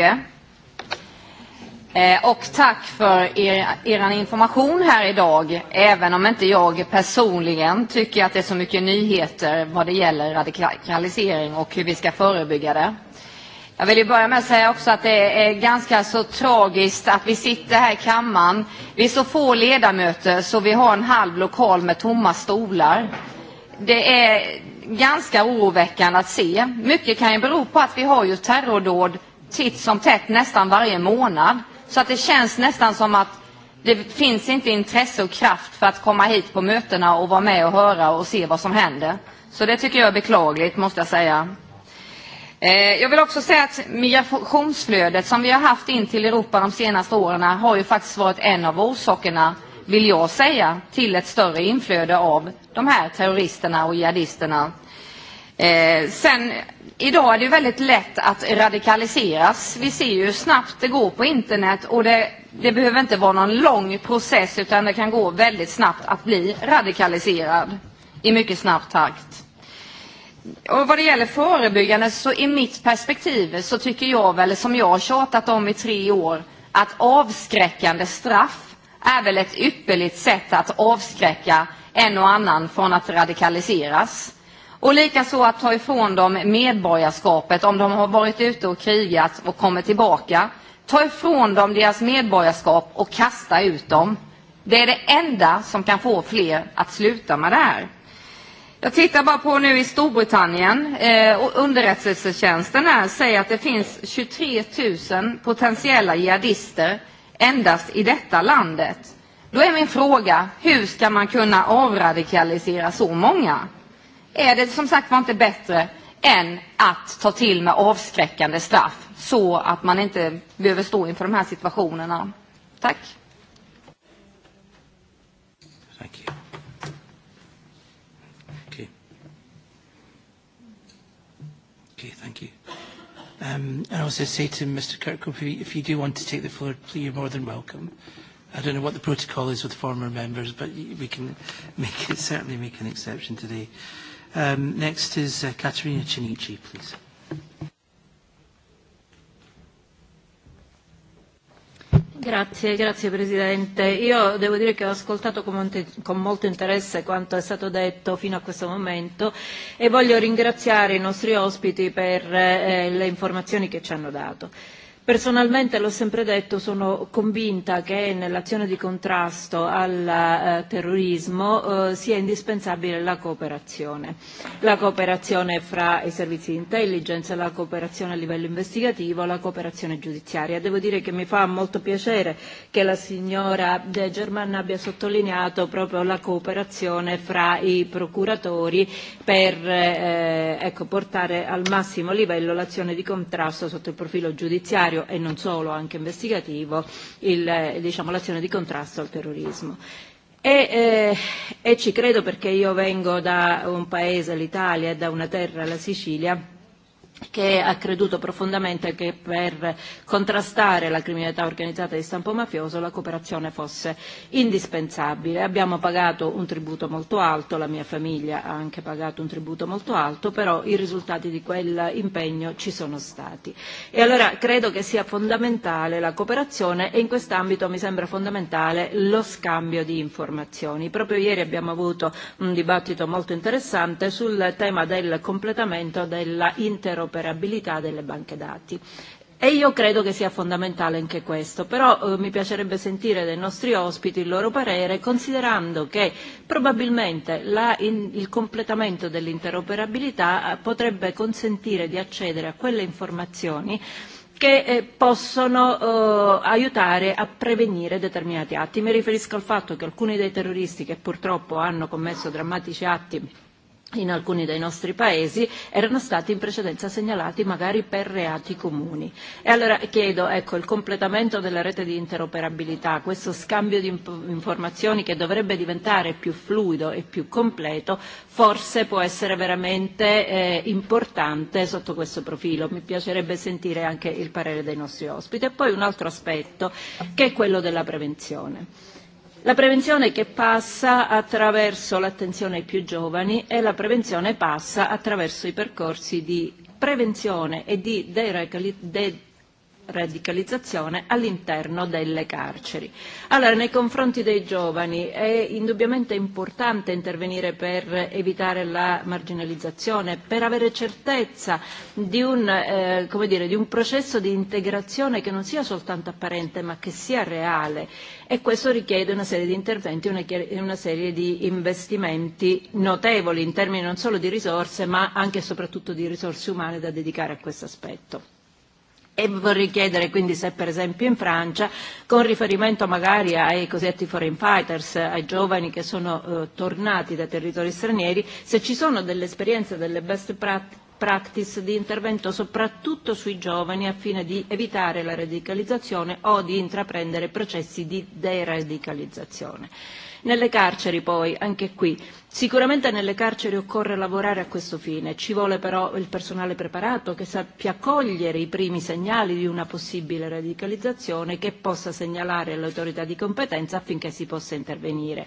Eh, och tack för er, er information här idag, även om inte jag personligen tycker att det är så mycket nyheter vad det gäller radikalisering och hur vi ska förebygga det. Jag vill ju börja med att säga också att det är ganska så tragiskt att vi sitter här i kammaren. Vi är så få ledamöter så vi har en halv lokal med tomma stolar. Det är ganska oroväckande att se. Mycket kan ju bero på att vi har ju terrordåd titt som tätt nästan varje månad. Så att det känns nästan som att det finns inte intresse och kraft för att komma hit på mötena och vara med och höra och se vad som händer. Så det tycker jag är beklagligt måste jag säga. Eh, jag vill också säga att migrationsflödet som vi har haft in till Europa de senaste åren har ju faktiskt varit en av orsakerna, vill jag säga, till ett större inflöde av de här terroristerna och jihadisterna Eh, sen, idag är det väldigt lätt att radikaliseras. Vi ser ju hur snabbt det går på internet och det, det behöver inte vara någon lång process utan det kan gå väldigt snabbt att bli radikaliserad i mycket snabb takt. Och vad det gäller förebyggande så i mitt perspektiv så tycker jag väl som jag har tjatat om i tre år att avskräckande straff är väl ett ypperligt sätt att avskräcka en och annan från att radikaliseras. Och likaså att ta ifrån dem medborgarskapet om de har varit ute och krigat och kommer tillbaka. Ta ifrån dem deras medborgarskap och kasta ut dem. Det är det enda som kan få fler att sluta med det här. Jag tittar bara på nu i Storbritannien eh, och underrättelsetjänsten här säger att det finns 23 000 potentiella jihadister endast i detta landet. Då är min fråga, hur ska man kunna avradikalisera så många? är det som sagt var inte bättre än att ta till med avskräckande straff så att man inte behöver stå inför de här situationerna. Tack. Thank you. Okay. Okay, thank you. Um, and also say to Mr. Kirkhope, if you, if you do want to take the floor, please, you're more than welcome. I don't know what the protocol is with former members, but we can make it, certainly make an exception today. Um, next is uh, Katerina Cinici, please. Grazie, grazie Presidente. Io devo dire che ho ascoltato con, monte, con molto interesse quanto è stato detto fino a questo momento e voglio ringraziare i nostri ospiti per eh, le informazioni che ci hanno dato. Personalmente, l'ho sempre detto, sono convinta che nell'azione di contrasto al eh, terrorismo eh, sia indispensabile la cooperazione. La cooperazione fra i servizi di intelligence, la cooperazione a livello investigativo, la cooperazione giudiziaria. Devo dire che mi fa molto piacere che la signora De German abbia sottolineato proprio la cooperazione fra i procuratori per eh, ecco, portare al massimo livello l'azione di contrasto sotto il profilo giudiziario finanziario e non solo, anche investigativo, il, diciamo, l'azione di contrasto al terrorismo. E, eh, e ci credo perché io vengo da un paese, l'Italia, e da una terra, la Sicilia, che ha creduto profondamente che per contrastare la criminalità organizzata di stampo mafioso la cooperazione fosse indispensabile. Abbiamo pagato un tributo molto alto, la mia famiglia ha anche pagato un tributo molto alto, però i risultati di quell'impegno ci sono stati. E allora credo che sia fondamentale la cooperazione e in quest'ambito mi sembra fondamentale lo scambio di informazioni. Proprio ieri abbiamo avuto un dibattito molto interessante sul tema del completamento della interoperabilità interoperabilità delle banche dati. E io credo che sia fondamentale anche questo, però eh, mi piacerebbe sentire dai nostri ospiti il loro parere, considerando che probabilmente la, in, il completamento dell'interoperabilità eh, potrebbe consentire di accedere a quelle informazioni che eh, possono eh, aiutare a prevenire determinati atti. Mi riferisco al fatto che alcuni dei terroristi che purtroppo hanno commesso drammatici atti in alcuni dei nostri paesi erano stati in precedenza segnalati magari per reati comuni. E allora chiedo ecco, il completamento della rete di interoperabilità, questo scambio di informazioni che dovrebbe diventare più fluido e più completo, forse può essere veramente eh, importante sotto questo profilo. Mi piacerebbe sentire anche il parere dei nostri ospiti. E poi un altro aspetto che è quello della prevenzione. La prevenzione che passa attraverso l'attenzione ai più giovani e la prevenzione passa attraverso i percorsi di prevenzione e di radicalizzazione all'interno delle carceri. Allora, nei confronti dei giovani è indubbiamente importante intervenire per evitare la marginalizzazione, per avere certezza di un, eh, come dire, di un processo di integrazione che non sia soltanto apparente ma che sia reale e questo richiede una serie di interventi e una serie di investimenti notevoli in termini non solo di risorse ma anche e soprattutto di risorse umane da dedicare a questo aspetto. E vorrei chiedere quindi se per esempio in Francia, con riferimento magari ai cosiddetti foreign fighters, ai giovani che sono eh, tornati da territori stranieri, se ci sono delle esperienze, delle best practices practice di intervento soprattutto sui giovani a fine di evitare la radicalizzazione o di intraprendere processi di deradicalizzazione. Nelle carceri poi, anche qui, sicuramente nelle carceri occorre lavorare a questo fine, ci vuole però il personale preparato che sappia cogliere i primi segnali di una possibile radicalizzazione che possa segnalare all'autorità autorità di competenza affinché si possa intervenire.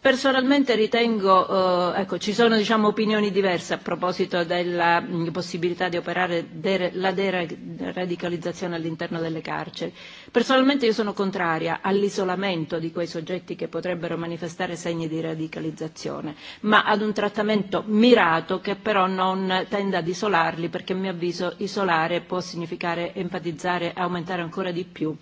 Personalmente ritengo, eh, ecco, ci sono diciamo, opinioni diverse a proposito della mh, mm, possibilità di operare de la deradicalizzazione all'interno delle carceri. Personalmente io sono contraria all'isolamento di quei soggetti che potrebbero manifestare segni di radicalizzazione, ma ad un trattamento mirato che però non tenda ad isolarli perché a mio avviso isolare può significare empatizzare e aumentare ancora di più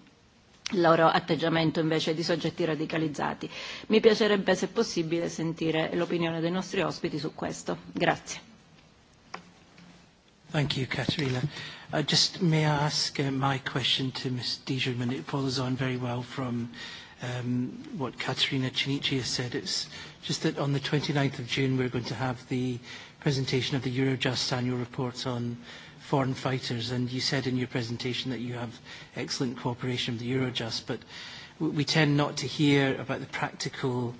il loro atteggiamento invece di soggetti radicalizzati. Mi piacerebbe, se possibile, sentire l'opinione dei nostri ospiti su questo. Grazie. Thank you, Katerina. Uh, just may I ask uh, my question to Ms. Dijerman? It follows on very well from um, what Caterina Cinici has said. It's just that on the 29th of June we're going to have the presentation of the Eurojust annual reports on foreign fighters. And you said in your presentation that you have excellent cooperation with Eurojust, but we tend not to hear about the practical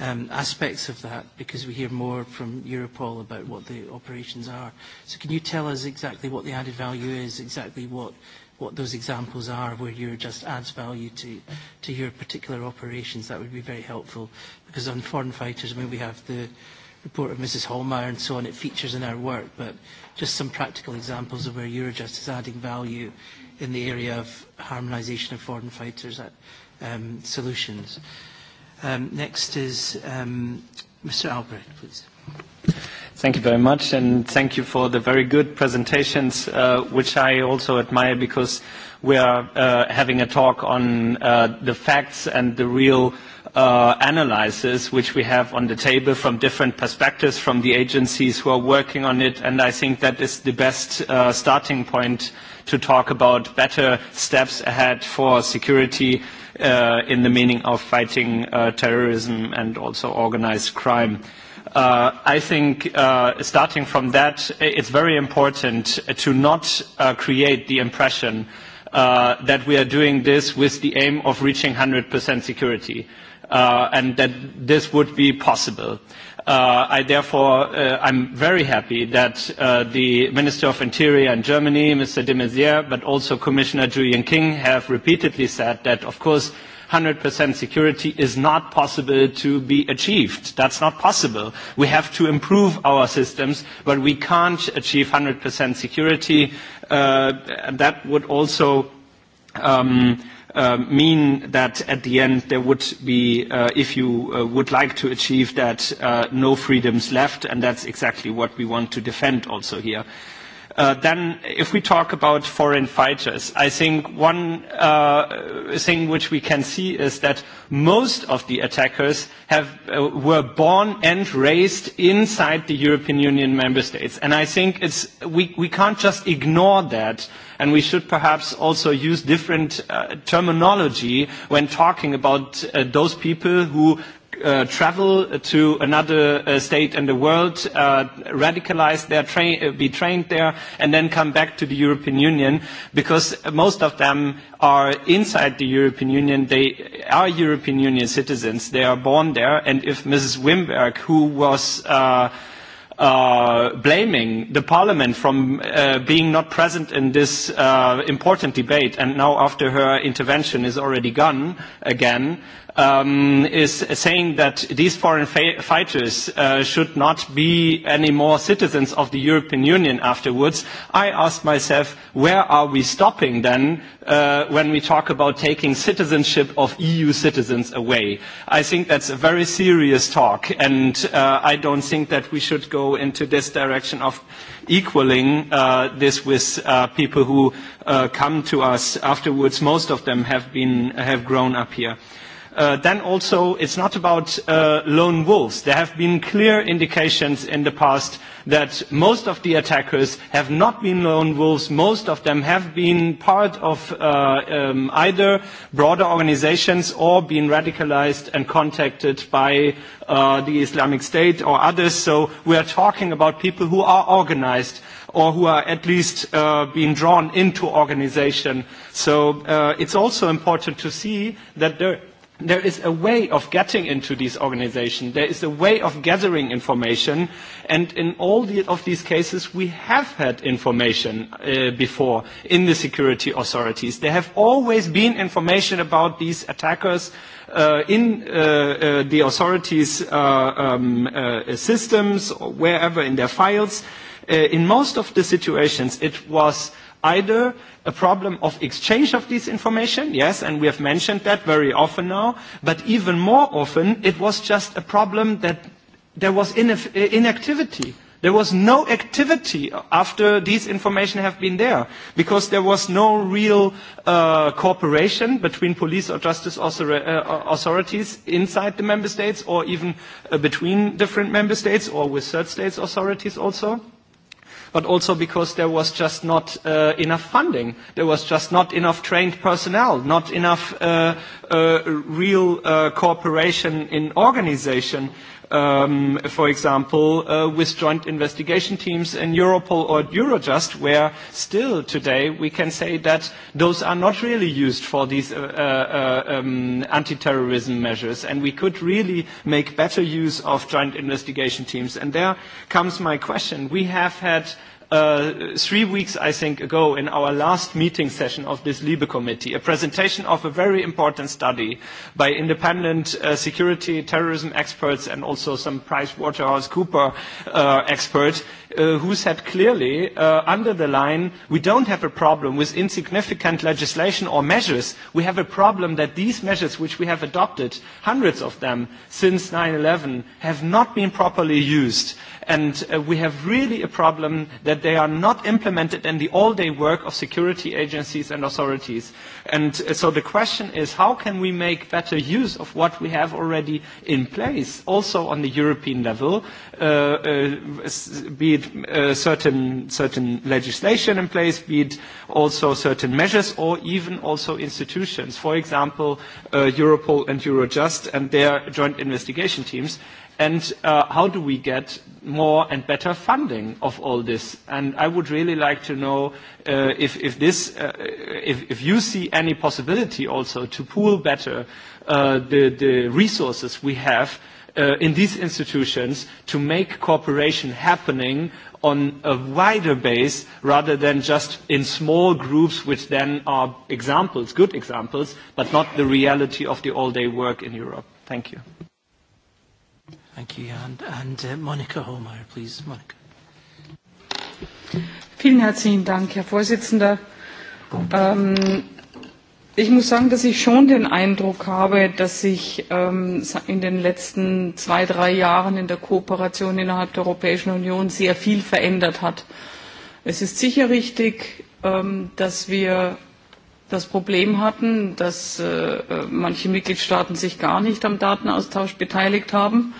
um, aspects of that because we hear more from Europol about what the operations are. So can you tell us exactly what the added value is, exactly what, what those examples are where Eurojust adds value to, to your particular operations? That would be very helpful because on foreign fighters, I mean, we have the report of Mrs. Holmeyer and so on, it features in our work, but just some practical examples of where Eurojust is adding value in the area of harmonisation of foreign fighters at, um, solutions. Um, next is um, Mr. Albrecht, please. Thank you very much, and thank you for the very good presentations, uh, which I also admire because we are uh, having a talk on uh, the facts and the real uh, uh, analysis which we have on the table from different perspectives from the agencies who are working on it and I think that is the best uh, starting point to talk about better steps ahead for security uh, in the meaning of fighting uh, terrorism and also organized crime. Uh, I think uh, starting from that, it's very important to not uh, create the impression uh, that we are doing this with the aim of reaching 100% security. Uh, uh, and that this would be possible. Uh, I therefore, uh, I'm very happy that uh, the Minister of Interior in Germany, Mr. de Maizière, but also Commissioner Julian King have repeatedly said that, of course, 100% security is not possible to be achieved. That's not possible. We have to improve our systems, but we can't achieve 100% security. Uh, that would also um, uh, mean that at the end there would be, uh, if you uh, would like to achieve that, uh, no freedoms left, and that's exactly what we want to defend also here. Uh, then if we talk about foreign fighters, I think one uh, thing which we can see is that most of the attackers have, uh, were born and raised inside the European Union member states. And I think it's, we, we can't just ignore that and we should perhaps also use different uh, terminology when talking about uh, those people who uh, travel to another uh, state in the world, uh, radicalize there, tra uh, be trained there, and then come back to the European Union because most of them are inside the European Union. They are European Union citizens. They are born there. And if Mrs. Wimberg, who was uh, uh, blaming the parliament from uh, being not present in this uh, important debate and now after her intervention is already gone again, um, is saying that these foreign fighters uh, should not be any more citizens of the European Union afterwards, I ask myself, where are we stopping then uh, when we talk about taking citizenship of EU citizens away? I think that's a very serious talk, and uh, I don't think that we should go into this direction of equaling uh, this with uh, people who uh, come to us afterwards. Most of them have, been, have grown up here. Uh, then also, it's not about uh, lone wolves. There have been clear indications in the past that most of the attackers have not been lone wolves. Most of them have been part of uh, um, either broader organizations or been radicalized and contacted by uh, the Islamic State or others. So we are talking about people who are organized or who are at least uh, being drawn into organization. So uh, it's also important to see that there there is a way of getting into these organizations. There is a way of gathering information. And in all the, of these cases, we have had information uh, before in the security authorities. There have always been information about these attackers uh, in uh, uh, the authorities' uh, um, uh, systems, or wherever in their files. Uh, in most of the situations, it was – either a problem of exchange of this information, yes, and we have mentioned that very often now, but even more often it was just a problem that there was inactivity. There was no activity after these information have been there because there was no real uh, cooperation between police or justice author uh, authorities inside the member states or even uh, between different member states or with third states authorities also but also because there was just not uh, enough funding. There was just not enough trained personnel, not enough uh, uh, real uh, cooperation in organization um, for example, uh, with joint investigation teams in Europol or Eurojust, where still today we can say that those are not really used for these uh, uh, uh um, anti-terrorism measures, and we could really make better use of joint investigation teams. And there comes my question. We have had Uh, three weeks, I think, ago in our last meeting session of this LIBE committee, a presentation of a very important study by independent uh, security terrorism experts and also some PricewaterhouseCooper uh, expert uh, who said clearly uh, under the line, we don't have a problem with insignificant legislation or measures. We have a problem that these measures which we have adopted, hundreds of them since 9-11, have not been properly used. And uh, we have really a problem that that they are not implemented in the all-day work of security agencies and authorities. And uh, so the question is, how can we make better use of what we have already in place, also on the European level, uh, uh, be it uh, certain, certain legislation in place, be it also certain measures, or even also institutions. For example, uh, Europol and Eurojust and their joint investigation teams And uh, how do we get more and better funding of all this? And I would really like to know uh, if, if, this, uh, if, if you see any possibility also to pool better uh, the, the resources we have uh, in these institutions to make cooperation happening on a wider base rather than just in small groups which then are examples, good examples, but not the reality of the all-day work in Europe. Thank you. Thank you, Jan. and uh, Monica Holmeyer, please, Monica. Vielen herzlichen Dank, Herr Vorsitzender. Ähm, ich muss sagen, dass ich schon den Eindruck habe, dass sich ähm, in den letzten zwei, drei Jahren in der Kooperation innerhalb der Europäischen Union sehr viel verändert hat. Es ist sicher richtig, ähm, dass wir das Problem hatten, dass äh, äh manche Mitgliedstaaten sich gar nicht am Datenaustausch beteiligt haben. Äh,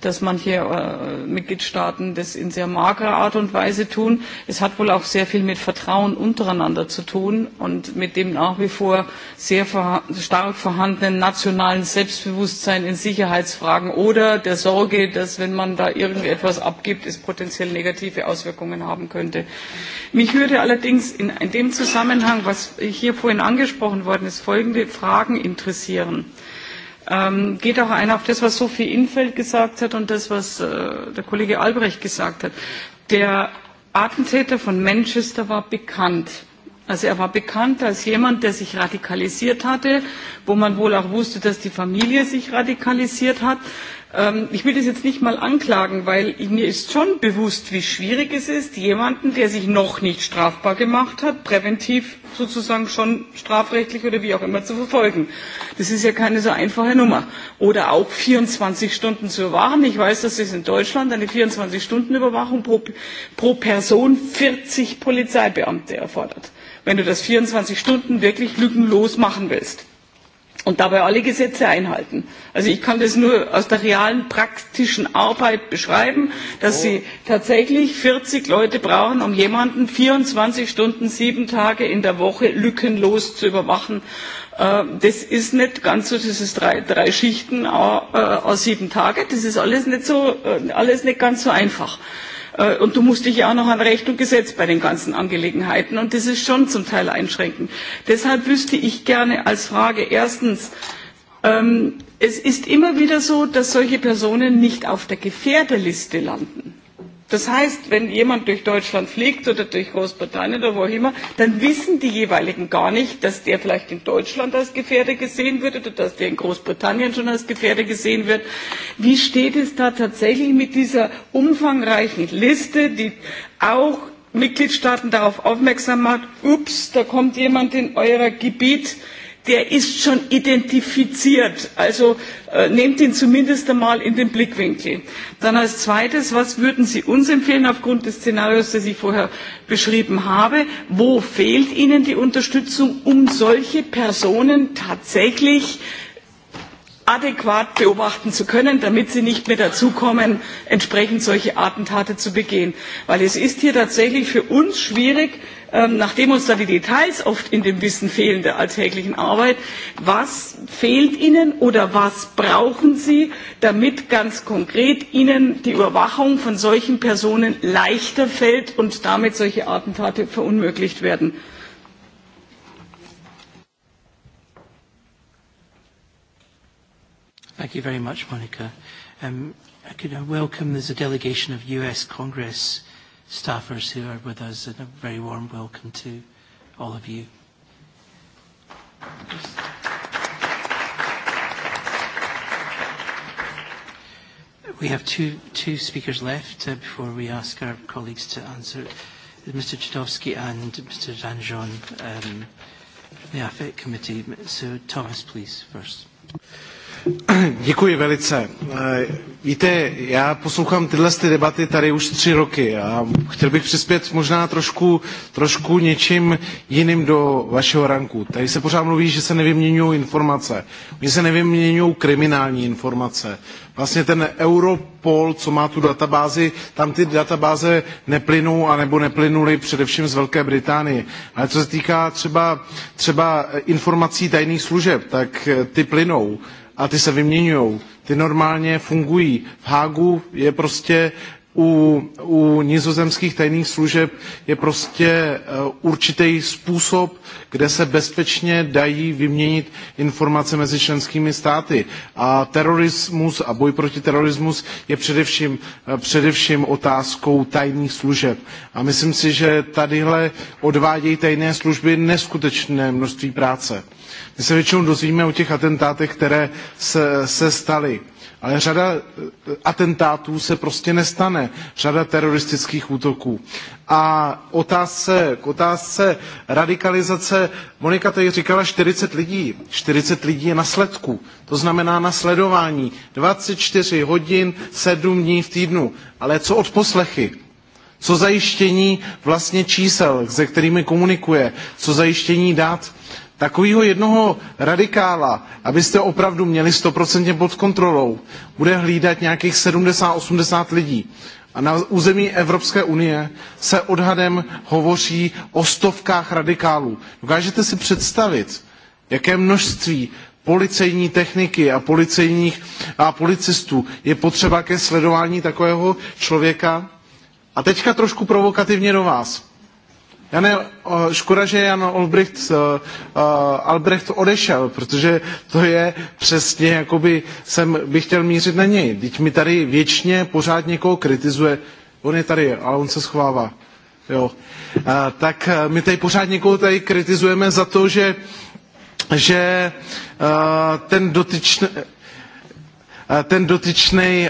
dass manche äh, Mitgliedstaaten das in sehr magerer Art und Weise tun. Es hat wohl auch sehr viel mit Vertrauen untereinander zu tun und mit dem nach wie vor sehr verha stark vorhandenen nationalen Selbstbewusstsein in Sicherheitsfragen oder der Sorge, dass wenn man da irgendetwas abgibt, es potenziell negative Auswirkungen haben könnte. Mich würde allerdings in, in dem Zusammenhang, was hier vorhin angesprochen worden ist, folgende Fragen interessieren. Äh, ähm, geht auch ein auf das, was Sophie Infeld gesagt hat und das, was äh, der Kollege Albrecht gesagt hat. Der Attentäter von Manchester war bekannt. Also er war bekannt als jemand, der sich radikalisiert hatte, wo man wohl auch wusste, dass die Familie sich radikalisiert hat. Ähm, ich will das jetzt nicht mal anklagen, weil mir ist schon bewusst, wie schwierig es ist, jemanden, der sich noch nicht strafbar gemacht hat, präventiv sozusagen schon strafrechtlich oder wie auch immer zu verfolgen. Das ist ja keine so einfache Nummer. Oder auch 24 Stunden zu überwachen. Ich weiß, dass es in Deutschland eine 24-Stunden-Überwachung pro, pro Person 40 Polizeibeamte erfordert. Wenn du das 24 Stunden wirklich lückenlos machen willst und dabei alle Gesetze einhalten. Also ich kann das nur aus der realen praktischen Arbeit beschreiben, dass oh. sie tatsächlich 40 Leute brauchen, um jemanden 24 Stunden, sieben Tage in der Woche lückenlos zu überwachen. Ähm, das ist nicht ganz so, das ist drei, drei Schichten äh, äh, aus sieben Tagen, das ist alles nicht, so, äh, alles nicht ganz so einfach. Äh, und du musst dich ja auch noch an Recht und Gesetz bei den ganzen Angelegenheiten. Und das ist schon zum Teil einschränkend. Deshalb wüsste ich gerne als Frage erstens, ähm, es ist immer wieder so, dass solche Personen nicht auf der Gefährderliste landen. Das heißt, wenn jemand durch Deutschland fliegt oder durch Großbritannien oder wo immer, dann wissen die jeweiligen gar nicht, dass der vielleicht in Deutschland als Gefährder gesehen wird oder dass der in Großbritannien schon als Gefährder gesehen wird. Wie steht es da tatsächlich mit dieser umfangreichen Liste, die auch Mitgliedstaaten darauf aufmerksam macht, ups, da kommt jemand in euer Gebiet, der ist schon identifiziert. Also äh, nehmt ihn zumindest einmal in den Blickwinkel. Dann als zweites, was würden Sie uns empfehlen aufgrund des Szenarios, das ich vorher beschrieben habe? Wo fehlt Ihnen die Unterstützung, um solche Personen tatsächlich adäquat beobachten zu können, damit sie nicht mehr dazu kommen, entsprechend solche Attentate zu begehen. Weil es ist hier tatsächlich für uns schwierig, ähm, nachdem uns da die Details oft in dem Wissen fehlen der alltäglichen Arbeit, was fehlt Ihnen oder was brauchen Sie, damit ganz konkret Ihnen die Überwachung von solchen Personen leichter fällt und damit solche Attentate verunmöglicht werden? Thank you very much, Monica. Um, I could uh, welcome, there's a delegation of US Congress staffers who are with us, and a very warm welcome to all of you. We have two, two speakers left uh, before we ask our colleagues to answer. Mr. Chudovsky and Mr. Ranjon, um, the AFIC e committee. So Thomas, please, first. Děkuji velice. Eh, víte, já poslouchám tyhle ty debaty tady už tři roky a chtěl bych přispět možná trošku, trošku něčím jiným do vašeho ranku. Tady se pořád mluví, že se nevyměňují informace. Oni se nevyměňují kriminální informace. Vlastně ten Europol, co má tu databázi, tam ty databáze neplynou a nebo neplynuly především z Velké Británie. Ale co se týká třeba, třeba informací tajných služeb, tak ty plynou a ty se vyměňují. Ty normálně fungují. V Hágu je prostě u, u nizozemských tajných služeb je prostě e, určitý způsob, kde se bezpečně dají vyměnit informace mezi členskými státy. A terorismus a boj proti terorismus je především, e, především otázkou tajných služeb. A myslím si, že tadyhle odvádějí tajné služby neskutečné množství práce. My se většinou dozvíme o těch atentátech, které se, se staly. Ale řada eh, atentátů se prostě nestane, řada teroristických útoků. A otázce, k otázce radikalizace, Monika tady říkala 40 lidí, 40 lidí je na sledku, to znamená na sledování, 24 hodin, 7 dní v týdnu. Ale co od poslechy? Co zajištění vlastně čísel, se kterými komunikuje? Co zajištění dat? Takového jednoho radikála, abyste opravdu měli stoprocentně pod kontrolou, bude hlídat nějakých 70-80 lidí. A na území Evropské unie se odhadem hovoří o stovkách radikálů. Dokážete si představit, jaké množství policejní techniky a, policejních, a policistů je potřeba ke sledování takového člověka? A teďka trošku provokativně do vás. Já ne, škoda, že Jan Albrecht, uh, Albrecht odešel, protože to je přesně, jakoby jsem bych chtěl mířit na něj. Teď mi tady věčně pořád někoho kritizuje. On je tady, ale on se schovává. Jo. Uh, tak e, my tady pořád někoho tady kritizujeme za to, že, že uh, ten dotyčný, e, ten dotyčný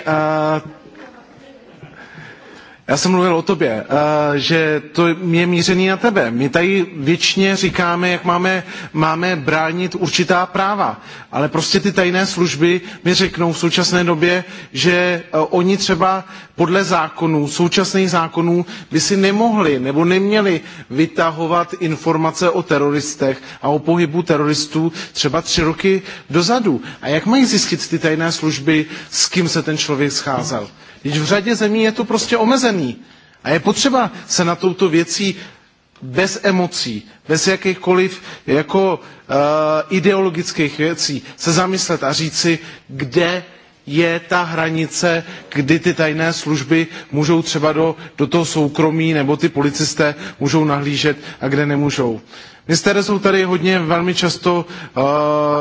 Já jsem mluvil o tobě, eh, že to je mířený na tebe. My tady věčně říkáme, jak máme, máme bránit určitá práva, ale prostě ty tajné služby mi řeknou v současné době, že eh, oni třeba podle zákonů, současných zákonů, by si nemohli nebo neměli vytahovat informace o teroristech a o pohybu teroristů třeba tři roky dozadu. A jak mají zjistit ty tajné služby, s kým se ten člověk scházel? když v řadě zemí je to prostě omezený. A je potřeba se na touto věcí bez emocí, bez jakýchkoliv jako uh, ideologických věcí se zamyslet a říci, kde je ta hranice, kdy ty tajné služby můžou třeba do, do toho soukromí nebo ty policisté můžou nahlížet a kde nemůžou. Uh, My z Terezou tady hodně velmi často uh,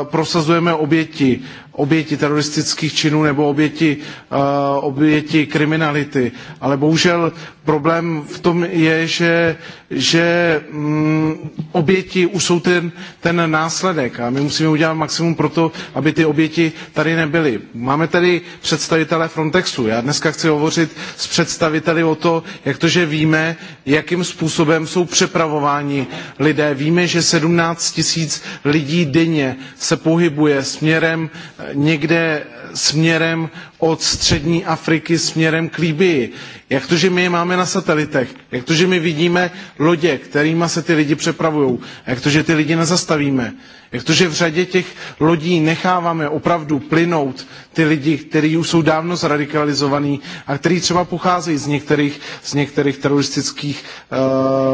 prosazujeme oběti, oběti teroristických činů nebo oběti, uh, oběti kriminality. Ale bohužel problém v tom je, že, že um, oběti už jsou ten, ten následek a my musíme udělat maximum pro to, aby ty oběti tady nebyly. Máme tady představitele Frontexu. Já dneska chci hovořit s představiteli o to, jak to, že víme, jakým způsobem jsou přepravováni lidé. Víme, víme, že 17 tisíc lidí denně se pohybuje směrem eh, někde směrem od střední Afriky směrem k Líbii. Jak to, že my je máme na satelitech? Jak to, že my vidíme lodě, kterými se ty lidi přepravují? Jak to, že ty lidi nezastavíme? Jak to, že v řadě těch lodí necháváme opravdu plynout ty lidi, kteří už jsou dávno zradikalizovaní a kteří třeba pocházejí z některých, z některých teroristických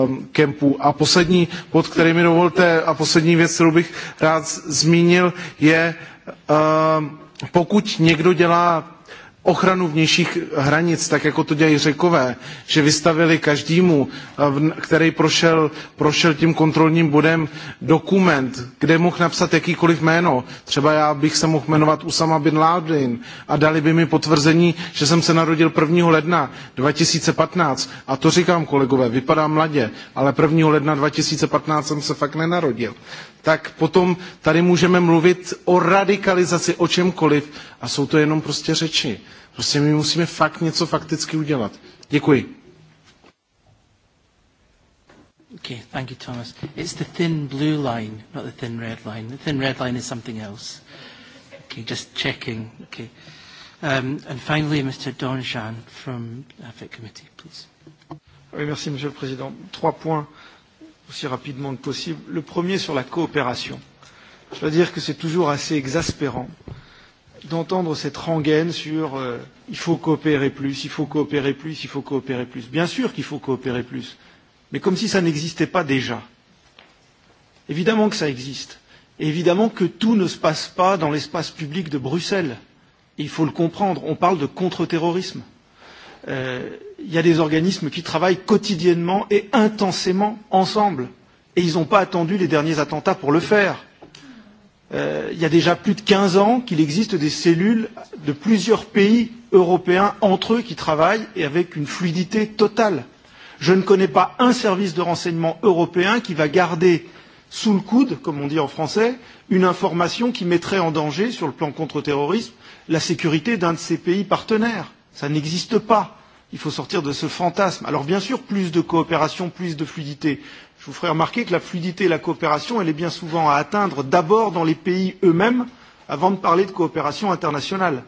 uh, kempů. A poslední pod který mi dovolte a poslední věc, kterou bych rád zmínil, je uh, pokud někdo dělá ochranu vnějších hranic, tak jako to dělají řekové, že vystavili každému, který prošel, prošel tím kontrolním bodem, dokument, kde mohl napsat jakýkoliv jméno. Třeba já bych se mohl jmenovat Usama Bin Laden a dali by mi potvrzení, že jsem se narodil 1. ledna 2015. A to říkám, kolegové, vypadá mladě, ale 1. ledna 2015 jsem se fakt nenarodil. Tak potom tady můžeme mluvit o radikalizaci, o čemkoliv a jsou to jenom prostě řeči. Prostě my musíme fakt něco fakticky udělat. Děkuji. Okay, thank you, Thomas. It's the thin blue line, not the thin red line. The thin red line is something else. Okay, just checking. Okay. Um, and finally, Mr. Donjan from AFIC Committee, please. Oui, merci, Monsieur le Président. Trois points aussi rapidement que possible. Le premier sur la coopération. Je dois dire que c'est toujours assez exaspérant euh, d'entendre cette rengaine sur euh, il faut coopérer plus, il faut coopérer plus, il faut coopérer plus. Bien sûr qu'il faut coopérer plus, mais comme si ça n'existait pas déjà. Évidemment que ça existe. Et évidemment que tout ne se passe pas dans l'espace public de Bruxelles. Il faut le comprendre. On parle de contre-terrorisme. Il euh, y a des organismes qui travaillent quotidiennement et intensément ensemble. Et ils n'ont pas attendu les derniers attentats pour le faire. Euh, il y a déjà plus de 15 ans qu'il existe des cellules de plusieurs pays européens entre eux qui travaillent et avec une fluidité totale. Je ne connais pas un service de renseignement européen qui va garder sous le coude, comme on dit en français, une information qui mettrait en danger, sur le plan contre-terrorisme, la sécurité d'un de ses pays partenaires. Ça n'existe pas. Il faut sortir de ce fantasme. Alors bien sûr, plus de coopération, plus de fluidité, Je vous ferai remarquer que la fluidité et la coopération, elle est bien souvent à atteindre d'abord dans les pays eux-mêmes, avant de parler de coopération internationale.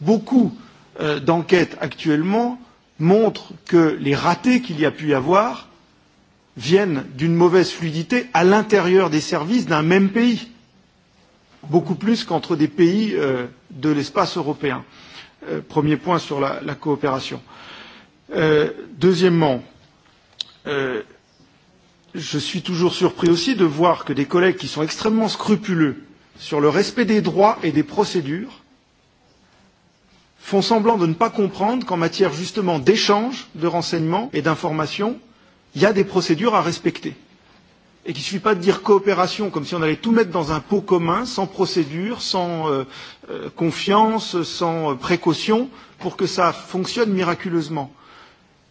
Beaucoup euh, d'enquêtes actuellement montrent que les ratés qu'il y a pu y avoir viennent d'une mauvaise fluidité à l'intérieur des services d'un même pays, beaucoup plus qu'entre des pays euh, de l'espace européen. Euh, premier point sur la, la coopération. Euh, deuxièmement, euh, je suis toujours surpris aussi de voir que des collègues qui sont extrêmement scrupuleux sur le respect des droits et des procédures font semblant de ne pas comprendre qu'en matière justement d'échange de renseignements et d'informations, il y a des procédures à respecter. Et qu'il ne suffit pas de dire coopération comme si on allait tout mettre dans un pot commun, sans procédure, sans euh, euh, confiance, sans euh, précaution, pour que ça fonctionne miraculeusement.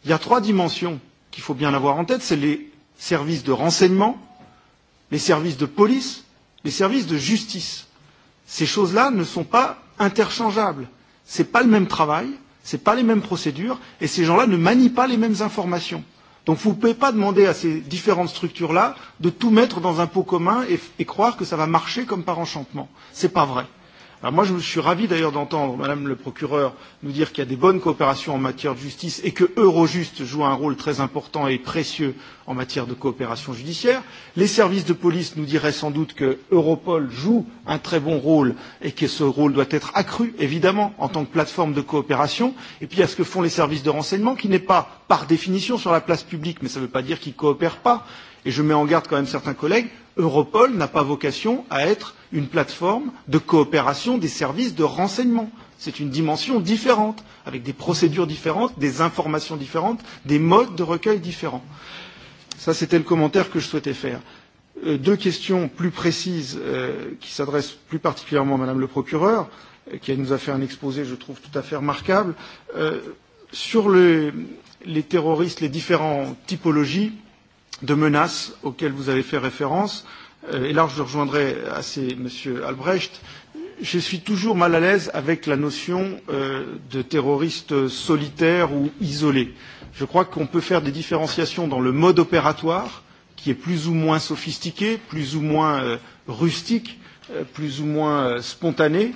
Il y a trois dimensions qu'il faut bien avoir en tête, c'est les services de renseignement, les services de police, les services de justice. Ces choses-là ne sont pas interchangeables. Ce n'est pas le même travail, ce n'est pas les mêmes procédures, et ces gens-là ne manient pas les mêmes informations. Donc vous ne pouvez pas demander à ces différentes structures-là de tout mettre dans un pot commun et, et croire que ça va marcher comme par enchantement. Ce n'est pas vrai. Alors moi, je suis ravi d'ailleurs d'entendre Madame le procureur nous dire qu'il y a des bonnes coopérations en matière de justice et que Eurojust joue un rôle très important et précieux en matière de coopération judiciaire. Les services de police nous diraient sans doute que Europol joue un très bon rôle et que ce rôle doit être accru, évidemment, en tant que plateforme de coopération. Et puis, il y a ce que font les services de renseignement qui n'est pas, par définition, sur la place publique, mais ça ne veut pas dire qu'ils ne coopèrent pas. Et je mets en garde quand même certains collègues, Europol n'a pas vocation à être une plateforme de coopération des services de renseignement. C'est une dimension différente, avec des procédures différentes, des informations différentes, des modes de recueil différents. Ça, c'était le commentaire que je souhaitais faire. Euh, deux questions plus précises euh, qui s'adressent plus particulièrement à Madame le procureur, euh, qui nous a fait un exposé, je trouve, tout à fait remarquable. Euh, sur le, les terroristes, les différentes typologies de menaces auxquelles vous avez fait référence, Euh, et là je rejoindrai assez M. Albrecht, je suis toujours mal à l'aise avec la notion euh, de terroriste solitaire ou isolé. Je crois qu'on peut faire des différenciations dans le mode opératoire, qui est plus ou moins sophistiqué, plus ou moins euh, rustique, plus ou moins spontané.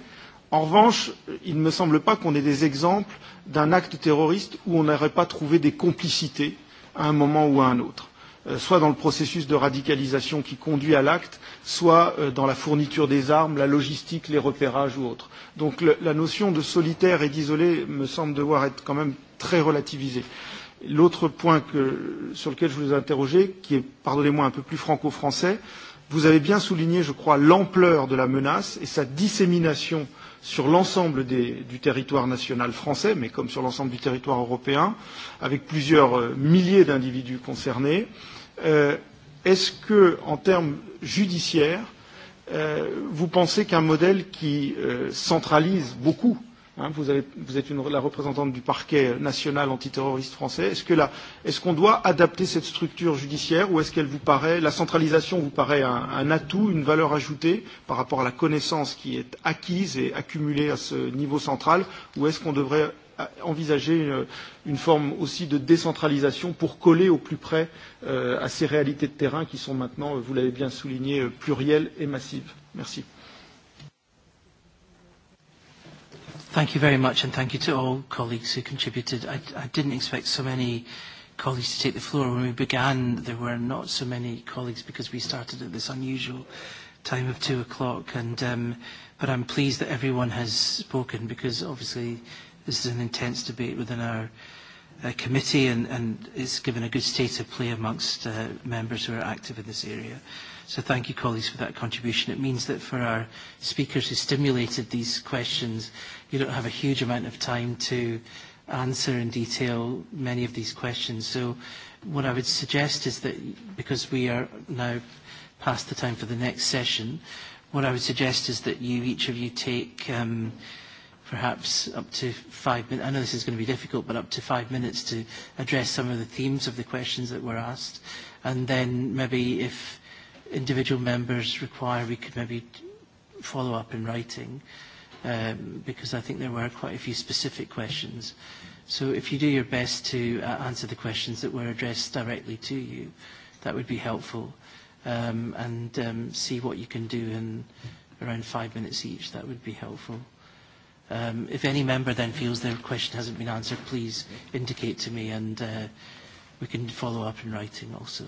En revanche, il ne me semble pas qu'on ait des exemples d'un acte terroriste où on n'aurait pas trouvé des complicités à un moment ou à un autre. Euh, soit dans le processus de radicalisation qui conduit à l'acte, soit euh, dans la fourniture des armes, la logistique, les repérages ou autres. Donc le, la notion de solitaire et d'isolé me semble devoir être quand même très relativisée. L'autre point que, sur lequel je vous ai interrogé, qui est, pardonnez-moi, un peu plus franco-français, vous avez bien souligné, je crois, l'ampleur de la menace et sa dissémination sur l'ensemble du territoire national français, mais comme sur l'ensemble du territoire européen, avec plusieurs euh, milliers d'individus concernés. Euh, euh, est-ce que, en termes judiciaires, euh, vous pensez qu'un modèle qui euh, centralise beaucoup Hein, vous, avez, vous êtes une, la représentante du parquet national antiterroriste français. Est-ce qu'on est qu doit adapter cette structure judiciaire ou est-ce qu'elle vous paraît, la centralisation vous paraît un, un atout, une valeur ajoutée par rapport à la connaissance qui est acquise et accumulée à ce niveau central ou est-ce qu'on devrait envisager euh, une, une forme aussi de décentralisation pour coller au plus près euh, à ces réalités de terrain qui sont maintenant, euh, vous l'avez bien souligné, euh, plurielles et massives. Merci. Thank you very much and thank you to all colleagues who contributed. I, I didn't expect so many colleagues to take the floor. When we began, there were not so many colleagues because we started at this unusual time of two o'clock. um, but I'm pleased that everyone has spoken because obviously This is an intense debate within our uh, committee and, and it's given a good state of play amongst uh, members who are active in this area. So thank you colleagues for that contribution. It means that for our speakers who stimulated these questions, you don't have a huge amount of time to answer in detail many of these questions. So what I would suggest is that because we are now past the time for the next session, what I would suggest is that you, each of you take um, perhaps up to five minutes. I know this is going to be difficult, but up to five minutes to address some of the themes of the questions that were asked. And then maybe if individual members require, we could maybe follow up in writing, um, because I think there were quite a few specific questions. So if you do your best to uh, answer the questions that were addressed directly to you, that would be helpful. Um, and um, see what you can do in around five minutes each, that would be helpful. Um, if any member then feels their question hasn't been answered, please indicate to me and uh, we can follow up in writing also.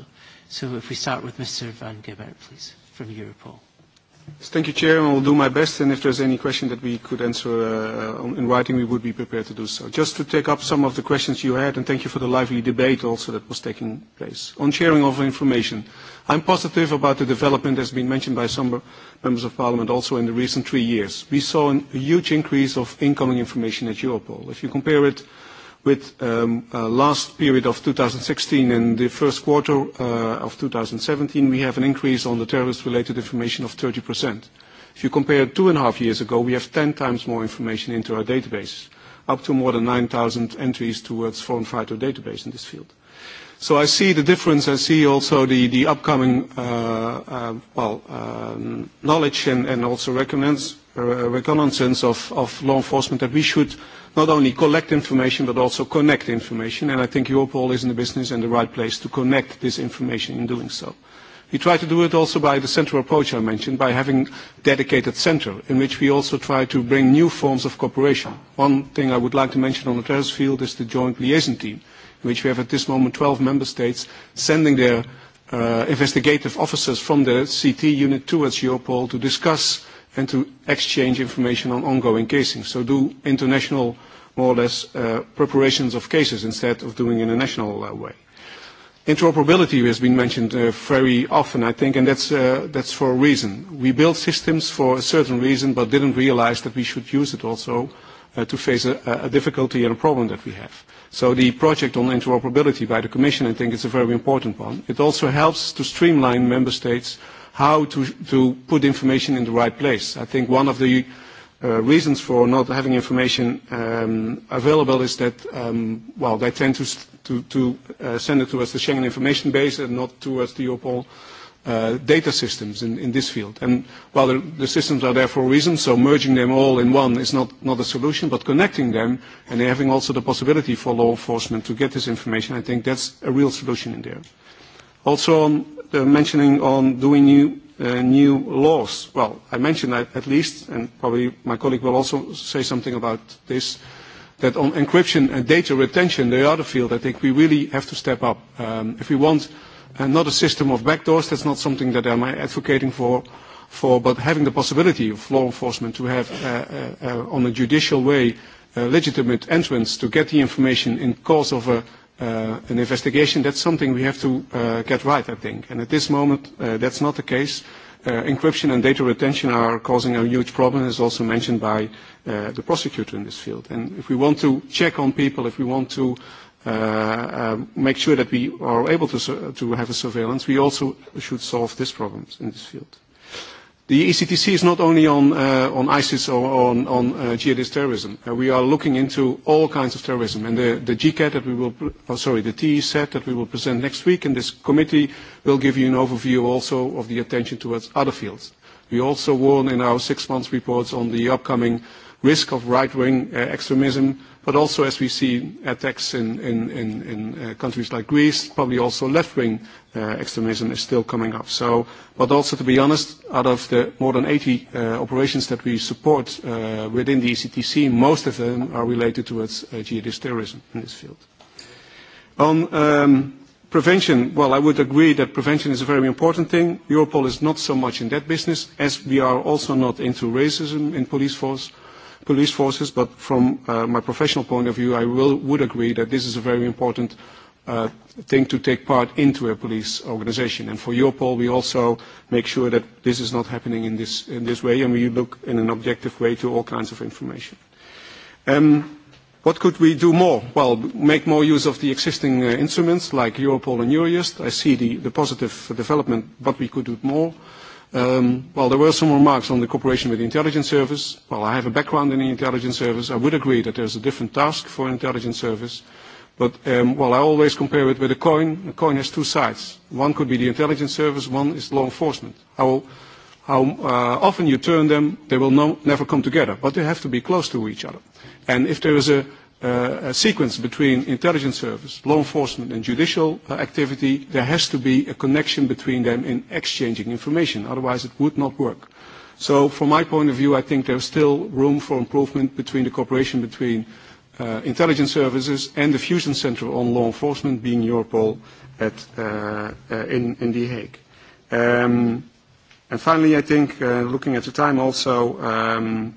So if we start with Mr. Van Gebert, please, from Europol. Thank you, Chair, and will do my best, and if there's any question that we could answer uh, in writing, we would be prepared to do so. Just to take up some of the questions you had, and thank you for the lively debate also that was taking place. On sharing of information, I'm positive about the development that's been mentioned by some members of Parliament also in the recent three years. We saw an, a huge increase of incoming information at Europol. If you compare it with um, last period of 2016 and the first quarter uh, of 2017, we have an increase on the terrorist-related information of 30%. If you compare two and a half years ago, we have 10 times more information into our databases, up to more than 9,000 entries towards foreign fighter database in this field. So I see the difference. I see also the, the upcoming uh, uh, well, um, knowledge and, and also reconnaissance, uh, reconnaissance of, of law enforcement that we should – not only collect information but also connect information. And I think Europol is in the business and the right place to connect this information in doing so. We try to do it also by the central approach I mentioned, by having dedicated center, in which we also try to bring new forms of cooperation. One thing I would like to mention on the terrorist field is the joint liaison team, in which we have at this moment 12 member states sending their uh, investigative officers from the CT unit towards Europol to discuss and to exchange information on ongoing cases. So do international, more or less, uh, preparations of cases instead of doing in a national uh, way. Interoperability has been mentioned uh, very often, I think, and that's, uh, that's for a reason. We built systems for a certain reason, but didn't realize that we should use it also uh, to face a, a difficulty and a problem that we have. So the project on interoperability by the Commission, I think, is a very important one. It also helps to streamline member states' how to, to put information in the right place. I think one of the uh, reasons for not having information um, available is that, um, well, they tend to, to, to uh, send it towards the Schengen information base and not towards the Europol uh, data systems in, in this field. And while the, the systems are there for a reason, so merging them all in one is not, not a solution, but connecting them and having also the possibility for law enforcement to get this information, I think that's a real solution in there. Also on Uh, mentioning on doing new, uh, new laws. Well, I mentioned that at least, and probably my colleague will also say something about this, that on encryption and data retention, they are the field I think we really have to step up. Um, if we want uh, not a system of backdoors, that's not something that I'm advocating for, for but having the possibility of law enforcement to have, uh, uh, uh, on a judicial way, uh, legitimate entrance to get the information in course of a uh, an investigation, that's something we have to uh, get right, I think. And at this moment, uh, that's not the case. Uh, encryption and data retention are causing a huge problem, as also mentioned by uh, the prosecutor in this field. And if we want to check on people, if we want to uh, uh, make sure that we are able to, to have a surveillance, we also should solve these problems in this field. The ECTC is not only on, uh, on ISIS or on, on uh, jihadist terrorism. Uh, we are looking into all kinds of terrorism. And the, the GCAT that we will, oh, sorry, the set e that we will present next week in this committee will give you an overview also of the attention towards other fields. We also warn in our six-month reports on the upcoming risk of right-wing uh, extremism, but also as we see attacks in, in, in, in uh, countries like Greece, probably also left-wing uh, extremism is still coming up. So, but also to be honest, out of the more than 80 uh, operations that we support uh, within the ECTC, most of them are related towards uh, jihadist terrorism in this field. On um, prevention, well, I would agree that prevention is a very important thing. Europol is not so much in that business, as we are also not into racism in police force, police forces, but from uh, my professional point of view, I will, would agree that this is a very important uh, thing to take part into a police organization. And for Europol, we also make sure that this is not happening in this, in this way, and we look in an objective way to all kinds of information. Um, What could we do more? Well, make more use of the existing uh, instruments like Europol and Eurojust. I see the, the positive development, but we could do more. Um, well, there were some remarks on the cooperation with the intelligence service. Well, I have a background in the intelligence service. I would agree that there's a different task for intelligence service. But, um, well, I always compare it with a coin. A coin has two sides. One could be the intelligence service, one is law enforcement. How, how uh, often you turn them, they will no, never come together. But they have to be close to each other. And if there is a uh, sequence between intelligence service, law enforcement and judicial uh, activity, there has to be a connection between them in exchanging information, otherwise it would not work. So from my point of view, I think there's still room for improvement between the cooperation between uh, intelligence services and the fusion center on law enforcement, being Europol at, uh, uh, in, in The Hague. Um, and finally, I think, uh, looking at the time also, um,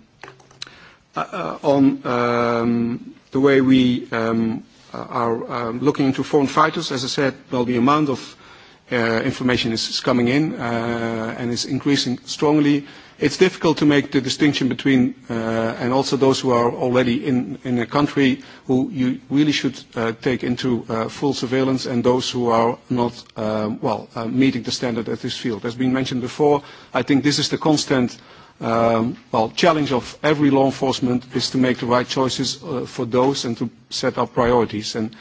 uh, uh on um, the way we um, are um, looking into foreign fighters. As I said, well, the amount of uh, information is, is coming in uh, and is increasing strongly. It's difficult to make the distinction between, uh, and also those who are already in, in a country who you really should uh, take into uh, full surveillance and those who are not, um, well, uh, meeting the standard at this field. As been mentioned before, I think this is the constant uh, um, well, challenge of every law enforcement is to make the right choices uh, for those and to set up priorities. And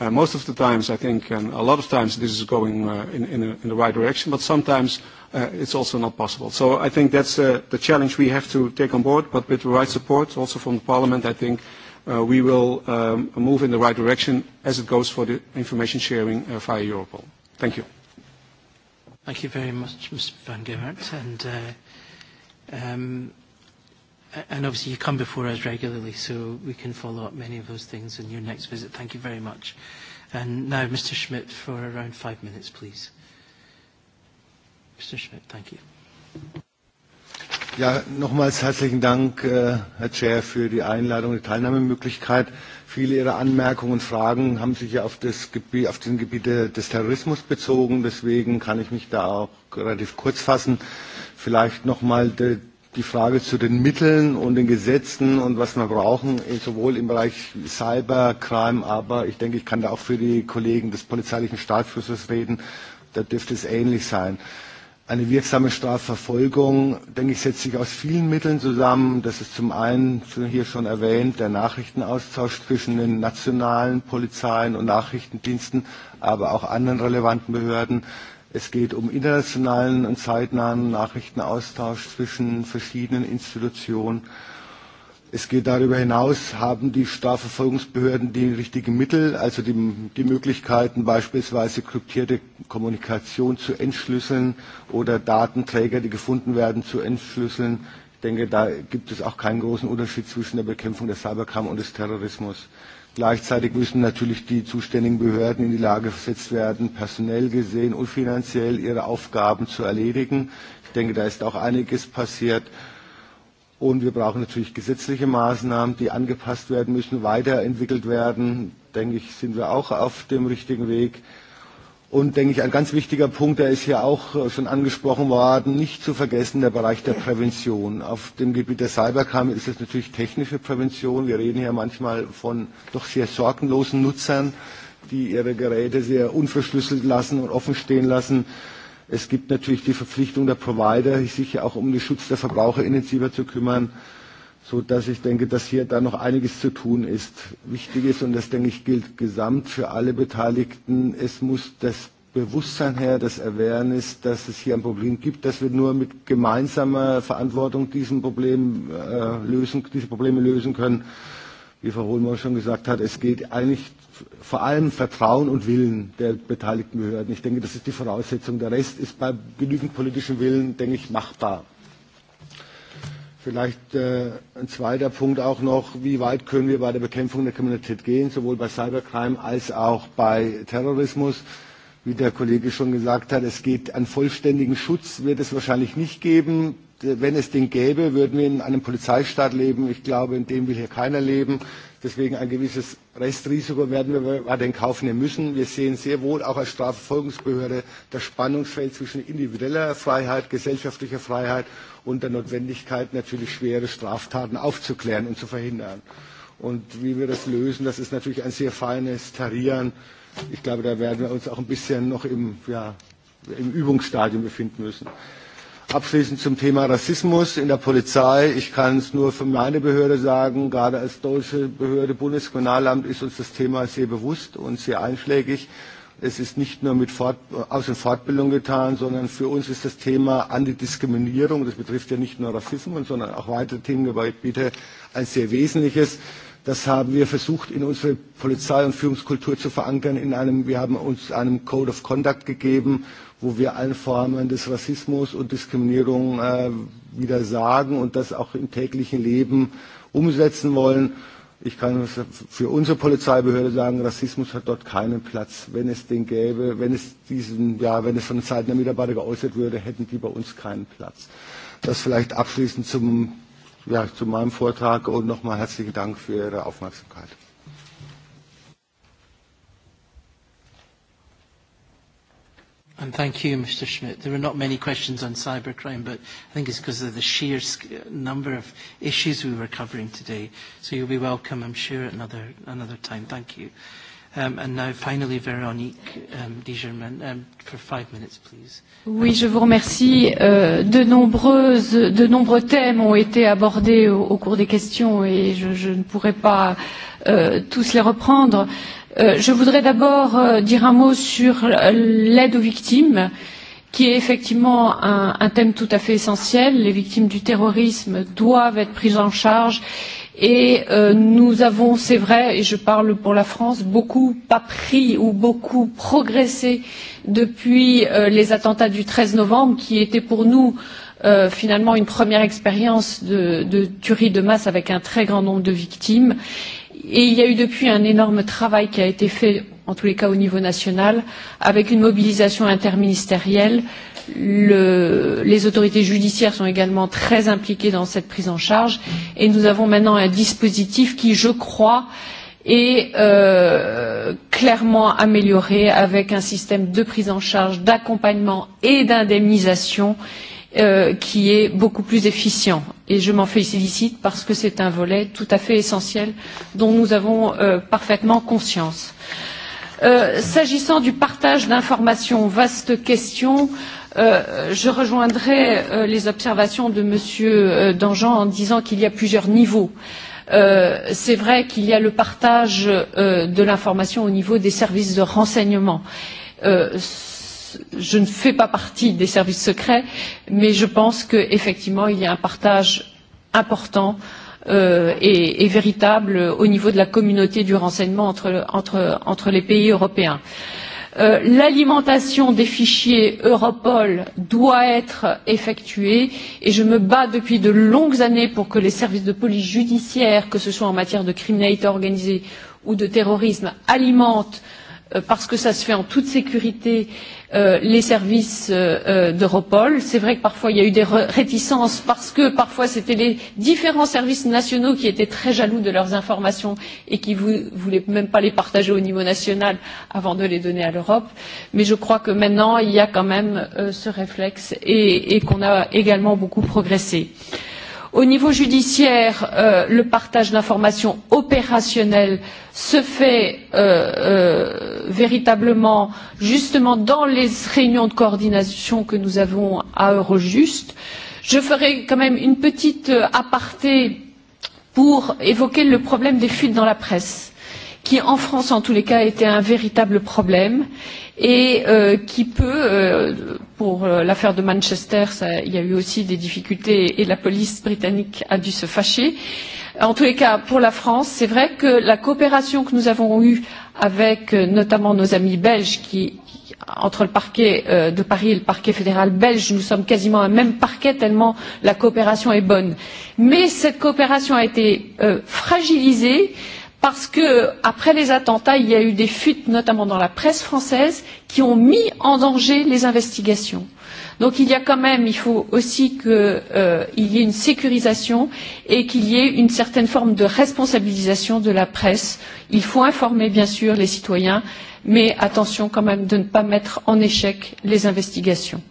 uh, most of the times, I think, and a lot of times, this is going uh, in, in, a, in the right direction, but sometimes uh, it's also not possible. So I think that's uh, the challenge we have to take on board, but with the right support, also from the Parliament, I think uh, we will um, move in the right direction as it goes for the information sharing uh, via Europol. Thank you. Thank you very much, Mr. Van Gemert. And, uh, Um, and obviously you come before us regularly, so we can follow up many of those things in your next visit. Thank you very much. And now Mr. Schmidt for around five minutes, please. Mr. Schmidt, thank you. Ja, nochmals herzlichen Dank, äh, Herr Chair, für die Einladung die Teilnahmemöglichkeit. Viele Ihrer Anmerkungen und Fragen haben sich ja auf, das Gebiet, auf den Gebiet des Terrorismus bezogen. Deswegen kann ich mich da auch relativ kurz fassen. Vielleicht nochmal die Frage zu den Mitteln und den Gesetzen und was wir brauchen, eh, sowohl im Bereich Cybercrime, aber ich denke, ich kann da auch für die Kollegen des polizeilichen Staatsschutzes reden, da dürfte es ähnlich sein. Eine wirksame Strafverfolgung, denke ich, setzt sich aus vielen Mitteln zusammen. Das ist zum einen, hier schon erwähnt, der Nachrichtenaustausch zwischen den nationalen Polizeien und Nachrichtendiensten, aber auch anderen relevanten Behörden. Es geht um internationalen und zeitnahen Nachrichtenaustausch zwischen verschiedenen Institutionen. Es geht darüber hinaus, haben die Strafverfolgungsbehörden die richtigen Mittel, also die, die Möglichkeiten beispielsweise kryptierte Kommunikation zu entschlüsseln oder Datenträger, die gefunden werden, zu entschlüsseln. Ich denke, da gibt es auch keinen großen Unterschied zwischen der Bekämpfung der Cybercrime und des Terrorismus. Gleichzeitig müssen natürlich die zuständigen Behörden in die Lage versetzt werden, personell gesehen und finanziell ihre Aufgaben zu erledigen. Ich denke, da ist auch einiges passiert. Und wir brauchen natürlich gesetzliche Maßnahmen, die angepasst werden müssen, weiterentwickelt werden. Denke ich, sind wir auch auf dem richtigen Weg. Und denke ich, ein ganz wichtiger Punkt, der ist ja auch äh, schon angesprochen worden, nicht zu vergessen, der Bereich der Prävention. Auf dem Gebiet der Cybercrime ist es natürlich technische Prävention. Wir reden hier manchmal von doch sehr sorgenlosen Nutzern, die ihre Geräte sehr unverschlüsselt lassen und offen stehen lassen. Es gibt natürlich die Verpflichtung der Provider, sich ja auch um den Schutz der Verbraucher intensiver zu kümmern so dass ich denke, dass hier da noch einiges zu tun ist. Wichtig ist, und das denke ich gilt gesamt für alle Beteiligten, es muss das Bewusstsein her, das Awareness, dass es hier ein Problem gibt, dass wir nur mit gemeinsamer Verantwortung diesen Problem, äh, lösen, diese Probleme lösen können. Wie Frau Hohlmann schon gesagt hat, es geht eigentlich vor allem um Vertrauen und Willen der beteiligten Behörden. Ich denke, das ist die Voraussetzung. Der Rest ist bei genügend politischem Willen, denke ich, machbar. Vielleicht äh, ein zweiter Punkt auch noch, wie weit können wir bei der Bekämpfung der Kriminalität gehen, sowohl bei Cybercrime als auch bei Terrorismus. Wie der Kollege schon gesagt hat, es geht an vollständigen Schutz, wird es wahrscheinlich nicht geben. Wenn es den gäbe, würden wir in einem Polizeistaat leben. Ich glaube, in dem will hier keiner leben. Deswegen ein gewisses Restrisiko werden wir den Kauf nehmen müssen. Wir sehen sehr wohl auch als Strafverfolgungsbehörde das Spannungsfeld zwischen individueller Freiheit, gesellschaftlicher Freiheit und der Notwendigkeit, natürlich schwere Straftaten aufzuklären und zu verhindern. Und wie wir das lösen, das ist natürlich ein sehr feines Tarieren. Ich glaube, da werden wir uns auch ein bisschen noch im, ja, im Übungsstadium befinden müssen. Abschließend zum Thema Rassismus in der Polizei. Ich kann es nur für meine Behörde sagen, gerade als deutsche Behörde, Bundeskriminalamt, ist uns das Thema sehr bewusst und sehr einschlägig. Es ist nicht nur mit Fort Aus- und Fortbildung getan, sondern für uns ist das Thema Antidiskriminierung, das betrifft ja nicht nur Rassismus, sondern auch weitere Themengebiete, ein sehr wesentliches. Das haben wir versucht, in unsere Polizei- und Führungskultur zu verankern. In einem, wir haben uns einem Code of Conduct gegeben wo wir allen Formen des Rassismus und Diskriminierung äh, wieder sagen und das auch im täglichen Leben umsetzen wollen. Ich kann für unsere Polizeibehörde sagen, Rassismus hat dort keinen Platz. Wenn es den gäbe, wenn es diesen, ja, wenn es von den Seiten der Mitarbeiter geäußert würde, hätten die bei uns keinen Platz. Das vielleicht abschließend zum, ja, zu meinem Vortrag und nochmal herzlichen Dank für Ihre Aufmerksamkeit. And thank you, Mr. Schmidt. There were not many questions on cybercrime, but I think it's because of the sheer number of issues we were covering today. So you'll be welcome, I'm sure, at another, another time. Thank you. Um, and now, finally, Véronique um, Dijerman, um, for five minutes, please. Oui, je vous remercie. Euh, de, nombreuses, de nombreux thèmes ont été abordés au, au cours des questions et je, je ne pourrai pas euh, tous les reprendre. Euh, Euh, je voudrais d'abord euh, dire un mot sur l'aide aux victimes, qui est effectivement un, un thème tout à fait essentiel. Les victimes du terrorisme doivent être prises en charge Et euh, nous avons, c'est vrai, et je parle pour la France, beaucoup pas pris ou beaucoup progressé depuis euh, les attentats du 13 novembre, qui étaient pour nous euh, finalement une première expérience de, de tuerie de masse avec un très grand nombre de victimes. Et il y a eu depuis un énorme travail qui a été fait, en tous les cas au niveau national, avec une mobilisation interministérielle. Le, les autorités judiciaires sont également très impliquées dans cette prise en charge et nous avons maintenant un dispositif qui, je crois, est euh, clairement amélioré avec un système de prise en charge, d'accompagnement et d'indemnisation Euh, qui est beaucoup plus efficient. Et je m'en félicite parce que c'est un volet tout à fait essentiel dont nous avons euh, parfaitement conscience. Euh, S'agissant du partage d'informations, vaste question, euh, je rejoindrai euh, les observations de M. Euh, Dangean en disant qu'il y a plusieurs niveaux. Euh, c'est vrai qu'il y a le partage euh, de l'information au niveau des services de renseignement. Euh, je ne fais pas partie des services secrets, mais je pense qu'effectivement, il y a un partage important euh, et, et véritable au niveau de la communauté du renseignement entre, entre, entre les pays européens. Euh, L'alimentation des fichiers Europol doit être effectuée et je me bats depuis de longues années pour que les services de police judiciaire, que ce soit en matière de criminalité organisée ou de terrorisme, alimentent euh, Euh, parce que ça se fait en toute sécurité euh, les services euh, euh d'Europol. C'est vrai que parfois il y a eu des réticences parce que parfois c'était les différents services nationaux qui étaient très jaloux de leurs informations et qui ne vou voulaient même pas les partager au niveau national avant de les donner à l'Europe. Mais je crois que maintenant il y a quand même euh, ce réflexe et, et qu'on a également beaucoup progressé. Euh, Au niveau judiciaire, euh, le partage d'informations opérationnelles se fait euh, euh, véritablement justement dans les réunions de coordination que nous avons à Eurojust. Je ferai quand même une petite euh, aparté pour évoquer le problème des fuites dans la presse qui en France en tous les cas était un véritable problème et euh, qui peut, euh, pour euh, l'affaire de Manchester, ça, il y a eu aussi des difficultés et la police britannique a dû se fâcher. En tous les cas, pour la France, c'est vrai que la coopération que nous avons eue avec euh, notamment nos amis belges qui entre le parquet euh, de Paris et le parquet fédéral belge, nous sommes quasiment un même parquet tellement la coopération est bonne. Mais cette coopération a été euh, fragilisée euh, parce que après les attentats, il y a eu des fuites, notamment dans la presse française, qui ont mis en danger les investigations. Donc il y a quand même, il faut aussi qu'il euh, y ait une sécurisation et qu'il y ait une certaine forme de responsabilisation de la presse. Il faut informer bien sûr les citoyens, mais attention quand même de ne pas mettre en échec les investigations.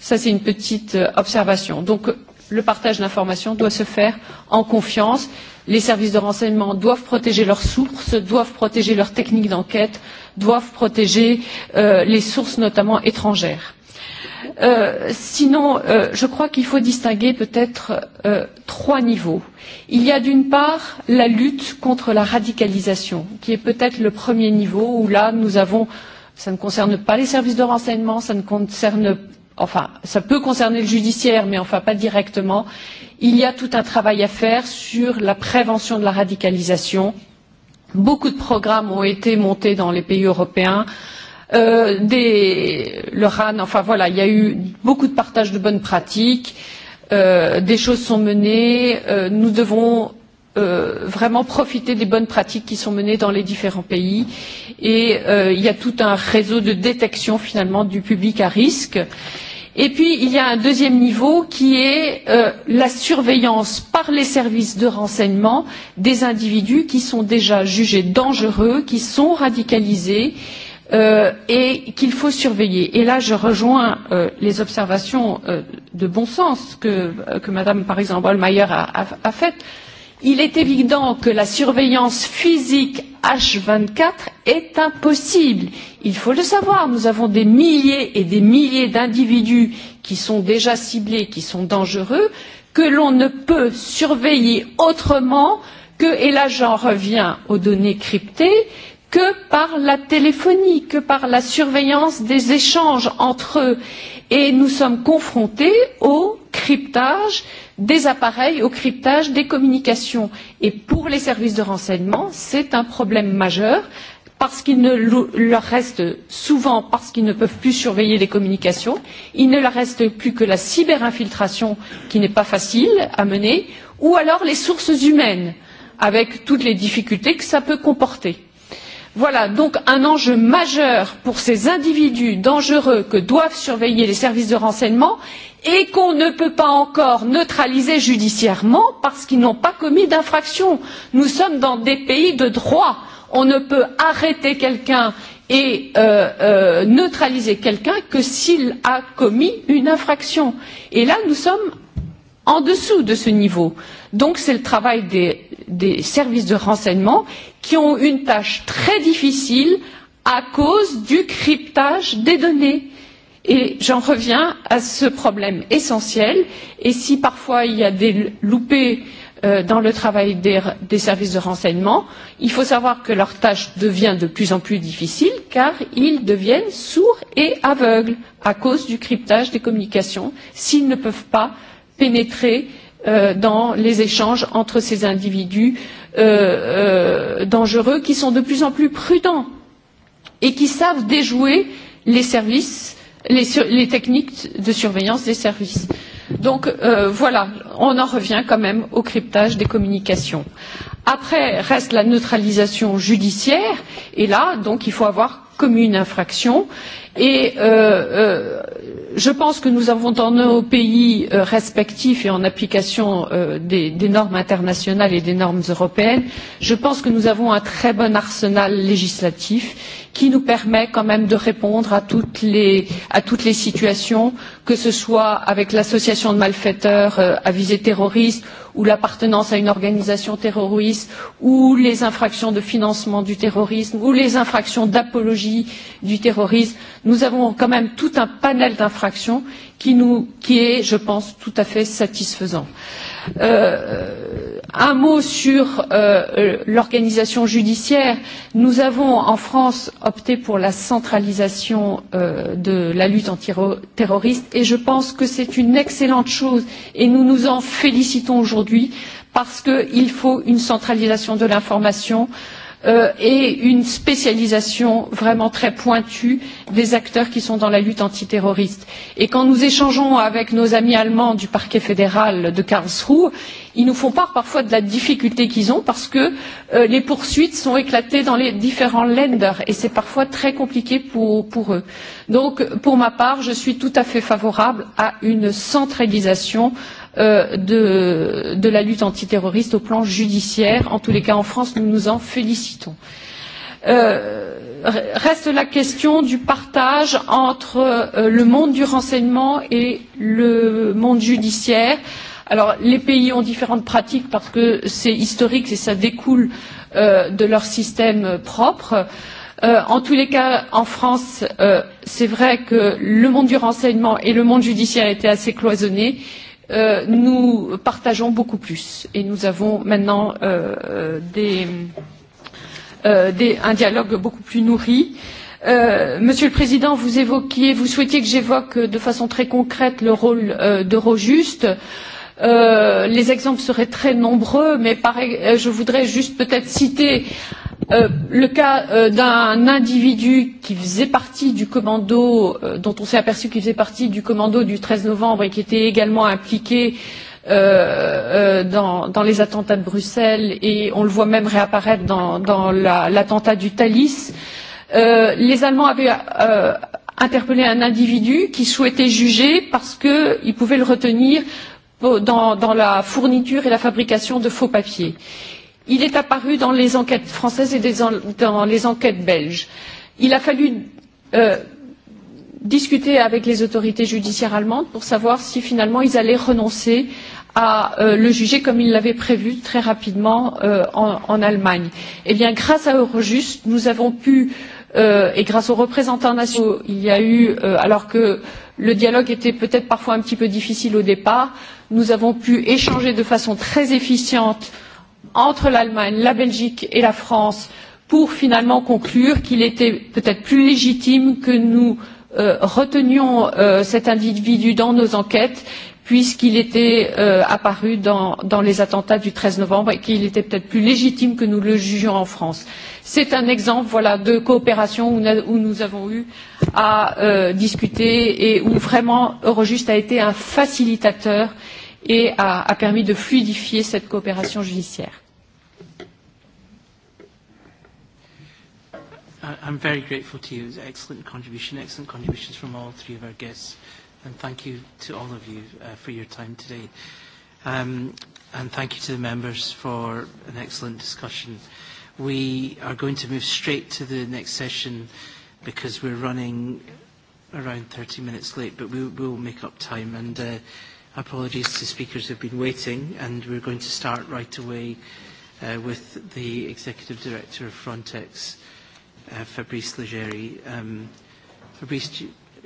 Ça c'est une petite euh, observation. Donc le partage d'informations doit se faire en confiance. Les services de renseignement doivent protéger leurs sources, doivent protéger leurs techniques d'enquête, doivent protéger euh, les sources notamment étrangères. Euh, sinon, euh, je crois qu'il faut distinguer peut-être euh, trois niveaux. Il y a d'une part la lutte contre la radicalisation, qui est peut-être le premier niveau où là nous avons, ça ne concerne pas les services de renseignement, ça ne concerne enfin, ça peut concerner le judiciaire, mais enfin pas directement, il y a tout un travail à faire sur la prévention de la radicalisation. Beaucoup de programmes ont été montés dans les pays européens. Euh, des, le RAN, enfin voilà, il y a eu beaucoup de partage de bonnes pratiques, euh, des choses sont menées, euh, nous devons Euh, vraiment profiter des bonnes pratiques qui sont menées dans les différents pays. Et euh, il y a tout un réseau de détection finalement du public à risque. Et puis il y a un deuxième niveau qui est euh, la surveillance par les services de renseignement des individus qui sont déjà jugés dangereux, qui sont radicalisés euh, et qu'il faut surveiller. Et là, je rejoins euh, les observations euh, de bon sens que, euh, que Madame, par exemple, Holmeyer a, a, a faites. Euh, Il est évident que la surveillance physique H24 est impossible. Il faut le savoir, nous avons des milliers et des milliers d'individus qui sont déjà ciblés, qui sont dangereux, que l'on ne peut surveiller autrement que, et là j'en reviens aux données cryptées, que par la téléphonie, que par la surveillance des échanges entre eux. Et nous sommes confrontés au cryptage des appareils au cryptage des communications. Et pour les services de renseignement, c'est un problème majeur parce qu'il ne leur reste souvent, parce qu'ils ne peuvent plus surveiller les communications, il ne leur reste plus que la cyberinfiltration qui n'est pas facile à mener, ou alors les sources humaines, avec toutes les difficultés que ça peut comporter. Voilà donc un enjeu majeur pour ces individus dangereux que doivent surveiller les services de renseignement et qu'on ne peut pas encore neutraliser judiciairement parce qu'ils n'ont pas commis d'infraction. Nous sommes dans des pays de droit. On ne peut arrêter quelqu'un et euh, euh, neutraliser quelqu'un que s'il a commis une infraction. Et là, nous sommes en dessous de ce niveau. Donc c'est le travail des, des services de renseignement qui ont une tâche très difficile à cause du cryptage des données. Et j'en reviens à ce problème essentiel. Et si parfois il y a des loupés euh, dans le travail des, des services de renseignement, il faut savoir que leur tâche devient de plus en plus difficile car ils deviennent sourds et aveugles à cause du cryptage des communications s'ils ne peuvent pas pénétrer euh, Euh, dans les échanges entre ces individus euh, euh, dangereux qui sont de plus en plus prudents et qui savent déjouer les services, les, les techniques de surveillance des services. Donc euh, voilà, on en revient quand même au cryptage des communications. Après reste la neutralisation judiciaire et là donc il faut avoir commis une infraction et euh, euh, je pense que nous avons dans nos pays euh, respectifs et en application euh, des, des normes internationales et des normes européennes, je pense que nous avons un très bon arsenal législatif qui nous permet quand même de répondre à toutes les, à toutes les situations, que ce soit avec l'association de malfaiteurs euh, à visée terroriste ou l'appartenance à une organisation terroriste ou les infractions de financement du terrorisme ou les infractions d'apologie du terrorisme. Nous avons quand même tout un panel d'infractions qui, qui est, je pense, tout à fait satisfaisant. Euh, Euh, un mot sur euh, l'organisation judiciaire. Nous avons en France opté pour la centralisation euh, de la lutte antiterroriste et je pense que c'est une excellente chose et nous nous en félicitons aujourd'hui parce qu'il faut une centralisation de l'information, euh, euh, et une spécialisation vraiment très pointue des acteurs qui sont dans la lutte antiterroriste. Et quand nous échangeons avec nos amis allemands du parquet fédéral de Karlsruhe, ils nous font part parfois de la difficulté qu'ils ont parce que euh, les poursuites sont éclatées dans les différents lenders et c'est parfois très compliqué pour, pour eux. Donc, pour ma part, je suis tout à fait favorable à une centralisation euh, euh, de, de la lutte antiterroriste au plan judiciaire. En tous les cas, en France, nous nous en félicitons. Euh, reste la question du partage entre euh, le monde du renseignement et le monde judiciaire. Alors, les pays ont différentes pratiques parce que c'est historique et ça découle euh, de leur système propre. Euh, en tous les cas, en France, euh, c'est vrai que le monde du renseignement et le monde judiciaire étaient assez cloisonnés Euh, nous partageons beaucoup plus et nous avons maintenant euh, des, euh, des, un dialogue beaucoup plus nourri. Euh, Monsieur le Président, vous évoquiez, vous souhaitiez que j'évoque de façon très concrète le rôle euh, d'Eurojust. Euh, les exemples seraient très nombreux, mais pareil, euh, je voudrais juste peut-être citer Euh, le cas euh, d'un individu qui faisait partie du commando, euh, dont on s'est aperçu qu'il faisait partie du commando du 13 novembre et qui était également impliqué euh, euh, dans, dans les attentats de Bruxelles et on le voit même réapparaître dans, dans l'attentat la, du Thalys. Euh, les Allemands avaient euh, interpellé un individu qui souhaitait juger parce qu'ils pouvaient le retenir euh, dans, dans la fourniture et la fabrication de faux papiers. Euh, Il est apparu dans les enquêtes françaises et des en, dans les enquêtes belges. Il a fallu euh, discuter avec les autorités judiciaires allemandes pour savoir si finalement ils allaient renoncer à euh, le juger comme ils l'avaient prévu très rapidement euh, en, en Allemagne. Eh bien, grâce à Eurojust, nous avons pu euh, et grâce aux représentants nationaux, il y a eu, euh, alors que le dialogue était peut-être parfois un petit peu difficile au départ, nous avons pu échanger de façon très efficiente euh, entre l'Allemagne, la Belgique et la France pour finalement conclure qu'il était peut-être plus légitime que nous euh, retenions euh, cet individu dans nos enquêtes puisqu'il était euh, apparu dans, dans les attentats du 13 novembre et qu'il était peut-être plus légitime que nous le jugions en France. C'est un exemple voilà, de coopération où, où nous avons eu à euh, discuter et où vraiment Eurojust a été un facilitateur euh, et a, a permis de fluidifier cette coopération judiciaire. I'm very grateful to you. It's an excellent contribution, excellent contributions from all three of our guests. And thank you to all of you uh, for your time today. Um, and thank you to the members for an excellent discussion. We are going to move straight to the next session because we're running around 30 minutes late, but we will make up time. And uh, Apologies to speakers who have been waiting, and we're going to start right away uh, with the Executive Director of Frontex, uh, Fabrice Legeri. Um, Fabrice,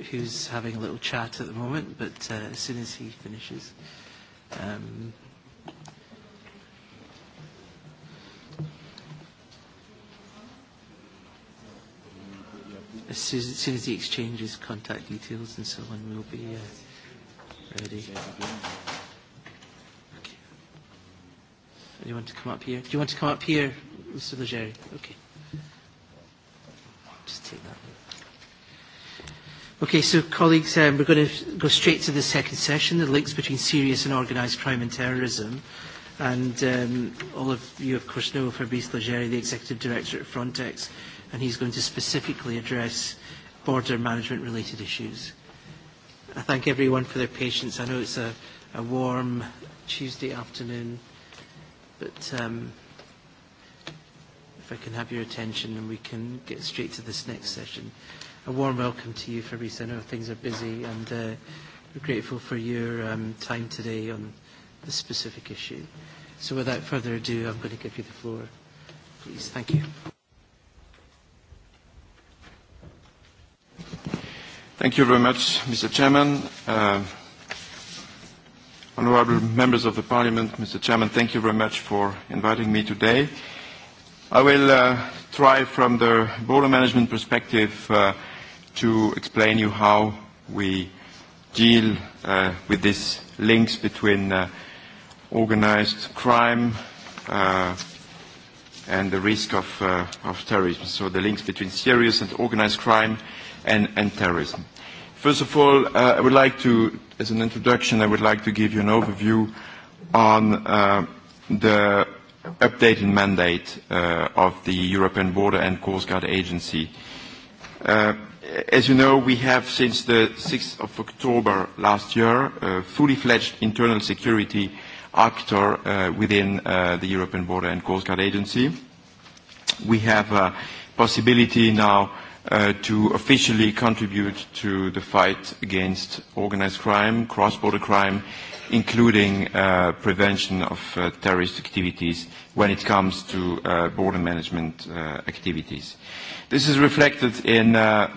who's having a little chat at the moment, but uh, as soon as he finishes. Um, as soon as he exchanges contact details and so on, we'll be... Uh, Ready? Okay. Do you want to come up here? Do you want to come up here, Mr. Legere? Okay. Just take that Okay, so colleagues, um, we're going to go straight to the second session, the links between serious and organised crime and terrorism. And um, all of you, of course, know Fabrice Legere, the Executive Director at Frontex, and he's going to specifically address border management-related issues. I thank everyone for their patience. I know it's a, a warm Tuesday afternoon, but um, if I can have your attention and we can get straight to this next session. A warm welcome to you, Fabrice. I know things are busy and uh, we're grateful for your um, time today on this specific issue. So without further ado, I'm going to give you the floor. Please, thank you. Thank you very much, Mr. Chairman. Uh, honorable members of the Parliament, Mr. Chairman, thank you very much for inviting me today. I will uh, try from the border management perspective uh, to explain you how we deal uh, with these links between uh, organized crime uh, and the risk of, uh, of terrorism. So the links between serious and organized crime and, and terrorism. First of all, uh, I would like to, as an introduction, I would like to give you an overview on uh, the updated mandate uh, of the European Border and Coast Guard Agency. Uh, as you know, we have since the 6th of October last year a fully fledged internal security actor uh, within uh, the European Border and Coast Guard Agency. We have a possibility now uh, to officially contribute to the fight against organized crime, cross-border crime, including uh, prevention of uh, terrorist activities when it comes to uh, border management uh, activities. This is reflected in uh,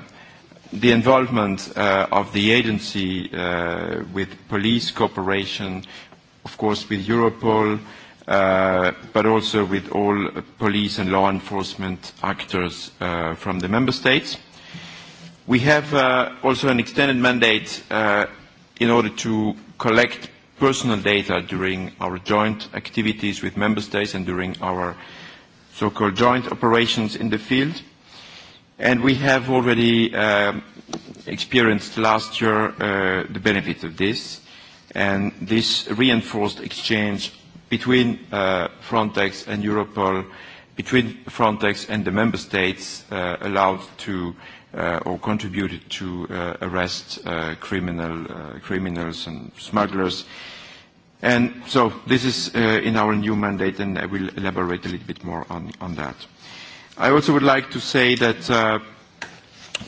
the involvement uh, of the agency uh, with police cooperation, of course with Europol, Uh, but also with all police and law enforcement actors uh, from the member states. We have uh, also an extended mandate uh, in order to collect personal data during our joint activities with member states and during our so-called joint operations in the field. And we have already uh, experienced last year uh, the benefit of this, and this reinforced exchange between uh, Frontex and Europol, between Frontex and the member states uh, allowed to uh, or contributed to uh, arrest uh, criminal, uh, criminals and smugglers. And so this is uh, in our new mandate and I will elaborate a little bit more on, on that. I also would like to say that uh,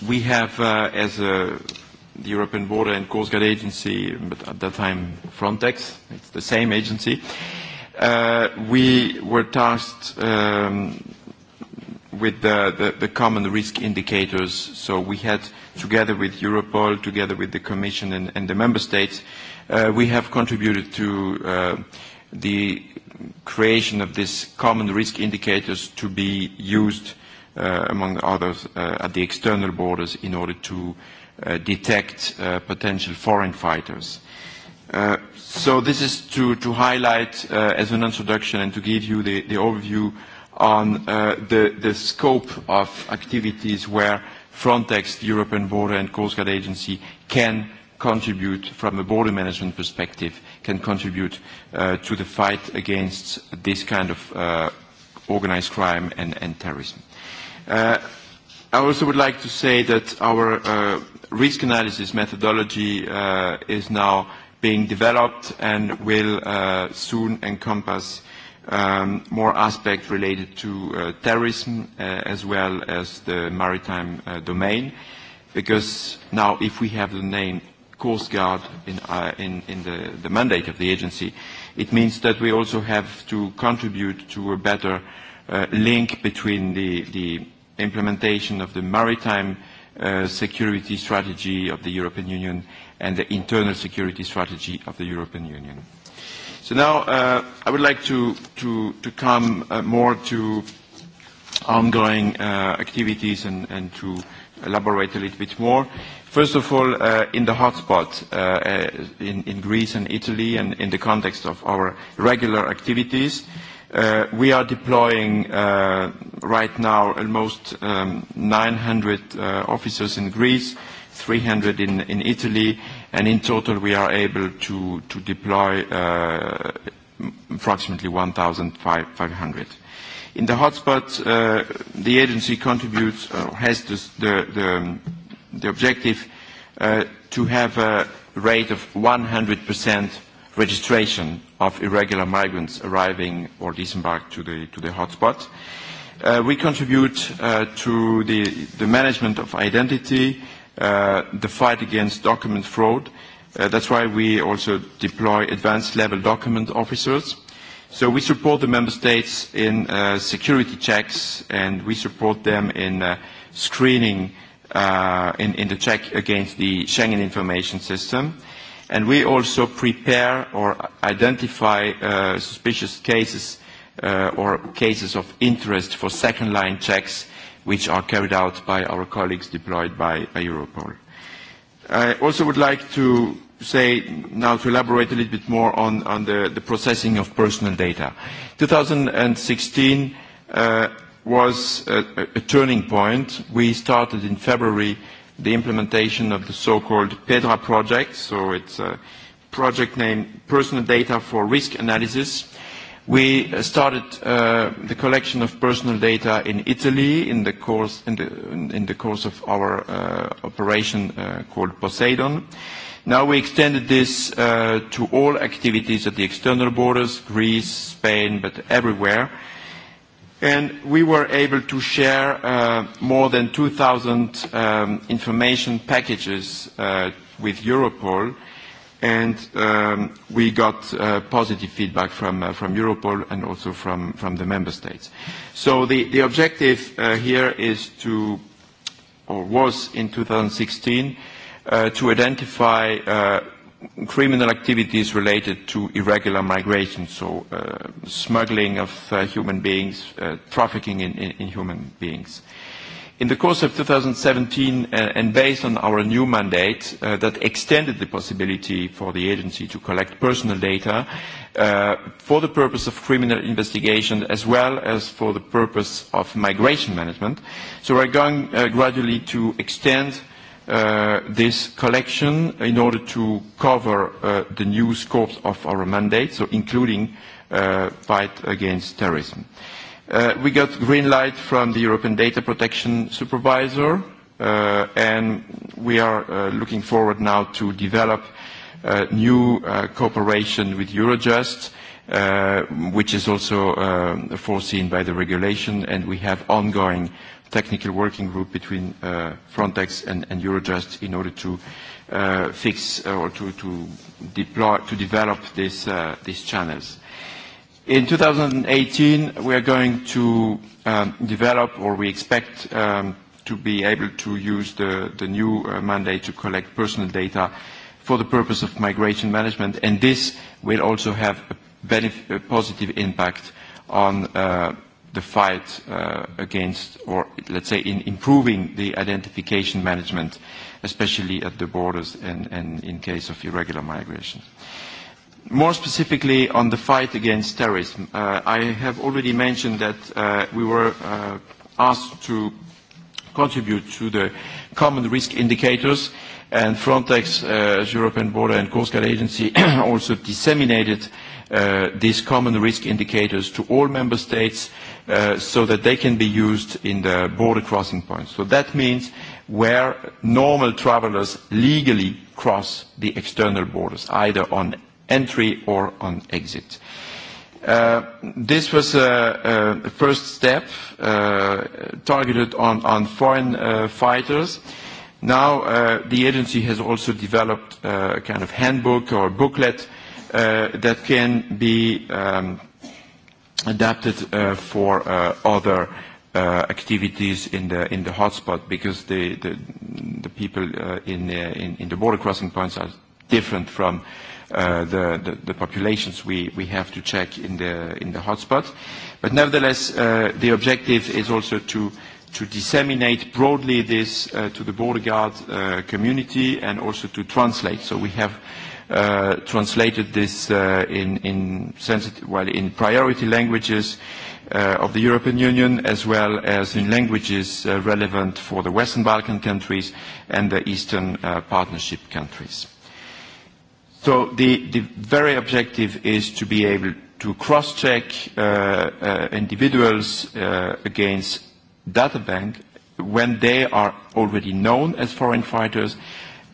we have uh, as a uh, the European Border and Coast Guard Agency, but at that time Frontex, it's the same agency, uh, we were tasked um, with the, the, the common risk indicators. So we had, together with Europol, together with the Commission and, and the Member States, uh, we have contributed to uh, the creation of these common risk indicators to be used, uh, among others, uh, at the external borders in order to uh, detect uh, potential foreign fighters. Uh, Uh, so this is to, to highlight uh, as an introduction and to give you the, the overview on uh, the, the scope of activities where Frontex, the European Border and Coast Guard Agency, can contribute from a border management perspective, can contribute uh, to the fight against this kind of uh, organized crime and, and terrorism. Uh, I also would like to say that our uh, risk analysis methodology uh, is now being developed and will uh, soon encompass um, more aspects related to uh, terrorism uh, as well as the maritime uh, domain. Because now if we have the name Coast Guard in, uh, in, in the, the mandate of the agency, it means that we also have to contribute to a better uh, link between the, the implementation of the maritime uh, security strategy of the European Union and the internal security strategy of the European Union. So now uh, I would like to, to, to come uh, more to ongoing uh, activities and, and to elaborate a little bit more. First of all, uh, in the hotspot uh, in, in Greece and Italy and in the context of our regular activities, uh, we are deploying uh, right now almost um, 900 uh, officers in Greece, 300 in, in Italy, And in total, we are able to, to deploy uh, approximately 1,500. In the hotspot, uh, the agency contributes or uh, has the, the, the, the objective uh, to have a rate of 100% registration of irregular migrants arriving or disembarked to the, to the hotspot. Uh, we contribute uh, to the, the management of identity, uh, the fight against document fraud. Uh, that's why we also deploy advanced level document officers. So we support the member states in uh, security checks and we support them in uh, screening uh, in, in the check against the Schengen information system. And we also prepare or identify uh, suspicious cases uh, or cases of interest for second line checks which are carried out by our colleagues deployed by, by Europol. I also would like to say now to elaborate a little bit more on, on the, the processing of personal data. 2016 uh, was a, a turning point. We started in February the implementation of the so-called PEDRA project, so it's a project named Personal Data for Risk Analysis, We started uh, the collection of personal data in Italy in the course, in the, in the course of our uh, operation uh, called Poseidon. Now we extended this uh, to all activities at the external borders, Greece, Spain, but everywhere. And we were able to share uh, more than 2,000 um, information packages uh, with Europol and um, we got uh, positive feedback from, uh, from Europol and also from, from the member states. So the, the objective uh, here is to, or was in 2016, uh, to identify uh, criminal activities related to irregular migration, so uh, smuggling of uh, human beings, uh, trafficking in, in, in human beings. Uh, in the course of 2017 uh, and based on our new mandate uh, that extended the possibility for the agency to collect personal data uh, for the purpose of criminal investigation as well as for the purpose of migration management. So we're going uh, gradually to extend uh, this collection in order to cover uh, the new scopes of our mandate, so including uh, fight against terrorism. Uh, Uh, we got green light from the European Data Protection Supervisor, uh, and we are uh, looking forward now to develop uh, new uh, cooperation with Eurojust, uh, which is also uh, foreseen by the regulation, and we have ongoing technical working group between uh, Frontex and, and Eurojust in order to uh, fix uh, or to, to deploy, to develop this, uh, these channels. In 2018, we are going to um, develop, or we expect um, to be able to use the, the new uh, mandate to collect personal data for the purpose of migration management, and this will also have a, a positive impact on uh, the fight uh, against, or let's say in improving the identification management, especially at the borders and, and in case of irregular migration more specifically on the fight against terrorism, uh, I have already mentioned that uh, we were uh, asked to contribute to the common risk indicators and Frontex, uh, European Border and Coast Guard Agency also disseminated uh, these common risk indicators to all member states uh, so that they can be used in the border crossing points. So that means where normal travelers legally cross the external borders, either on entry or on exit. Uh, this was a, a first step uh, targeted on, on foreign uh, fighters. Now uh, the agency has also developed uh, a kind of handbook or booklet uh, that can be um, adapted uh, for uh, other uh, activities in the in the hotspot because the the, the people uh, in, the, uh, in in the border crossing points are different from uh, Uh, the, the, the populations we, we have to check in the, in the hotspot. But nevertheless, uh, the objective is also to, disseminate broadly this uh, to the border guard community and also to translate. So we have translated this in, in, priority languages of the European Union as well as in languages relevant for the Western Balkan countries and the Eastern Partnership countries. So the, the very objective is to be able to cross-check uh, uh, individuals uh, against data bank when they are already known as foreign fighters,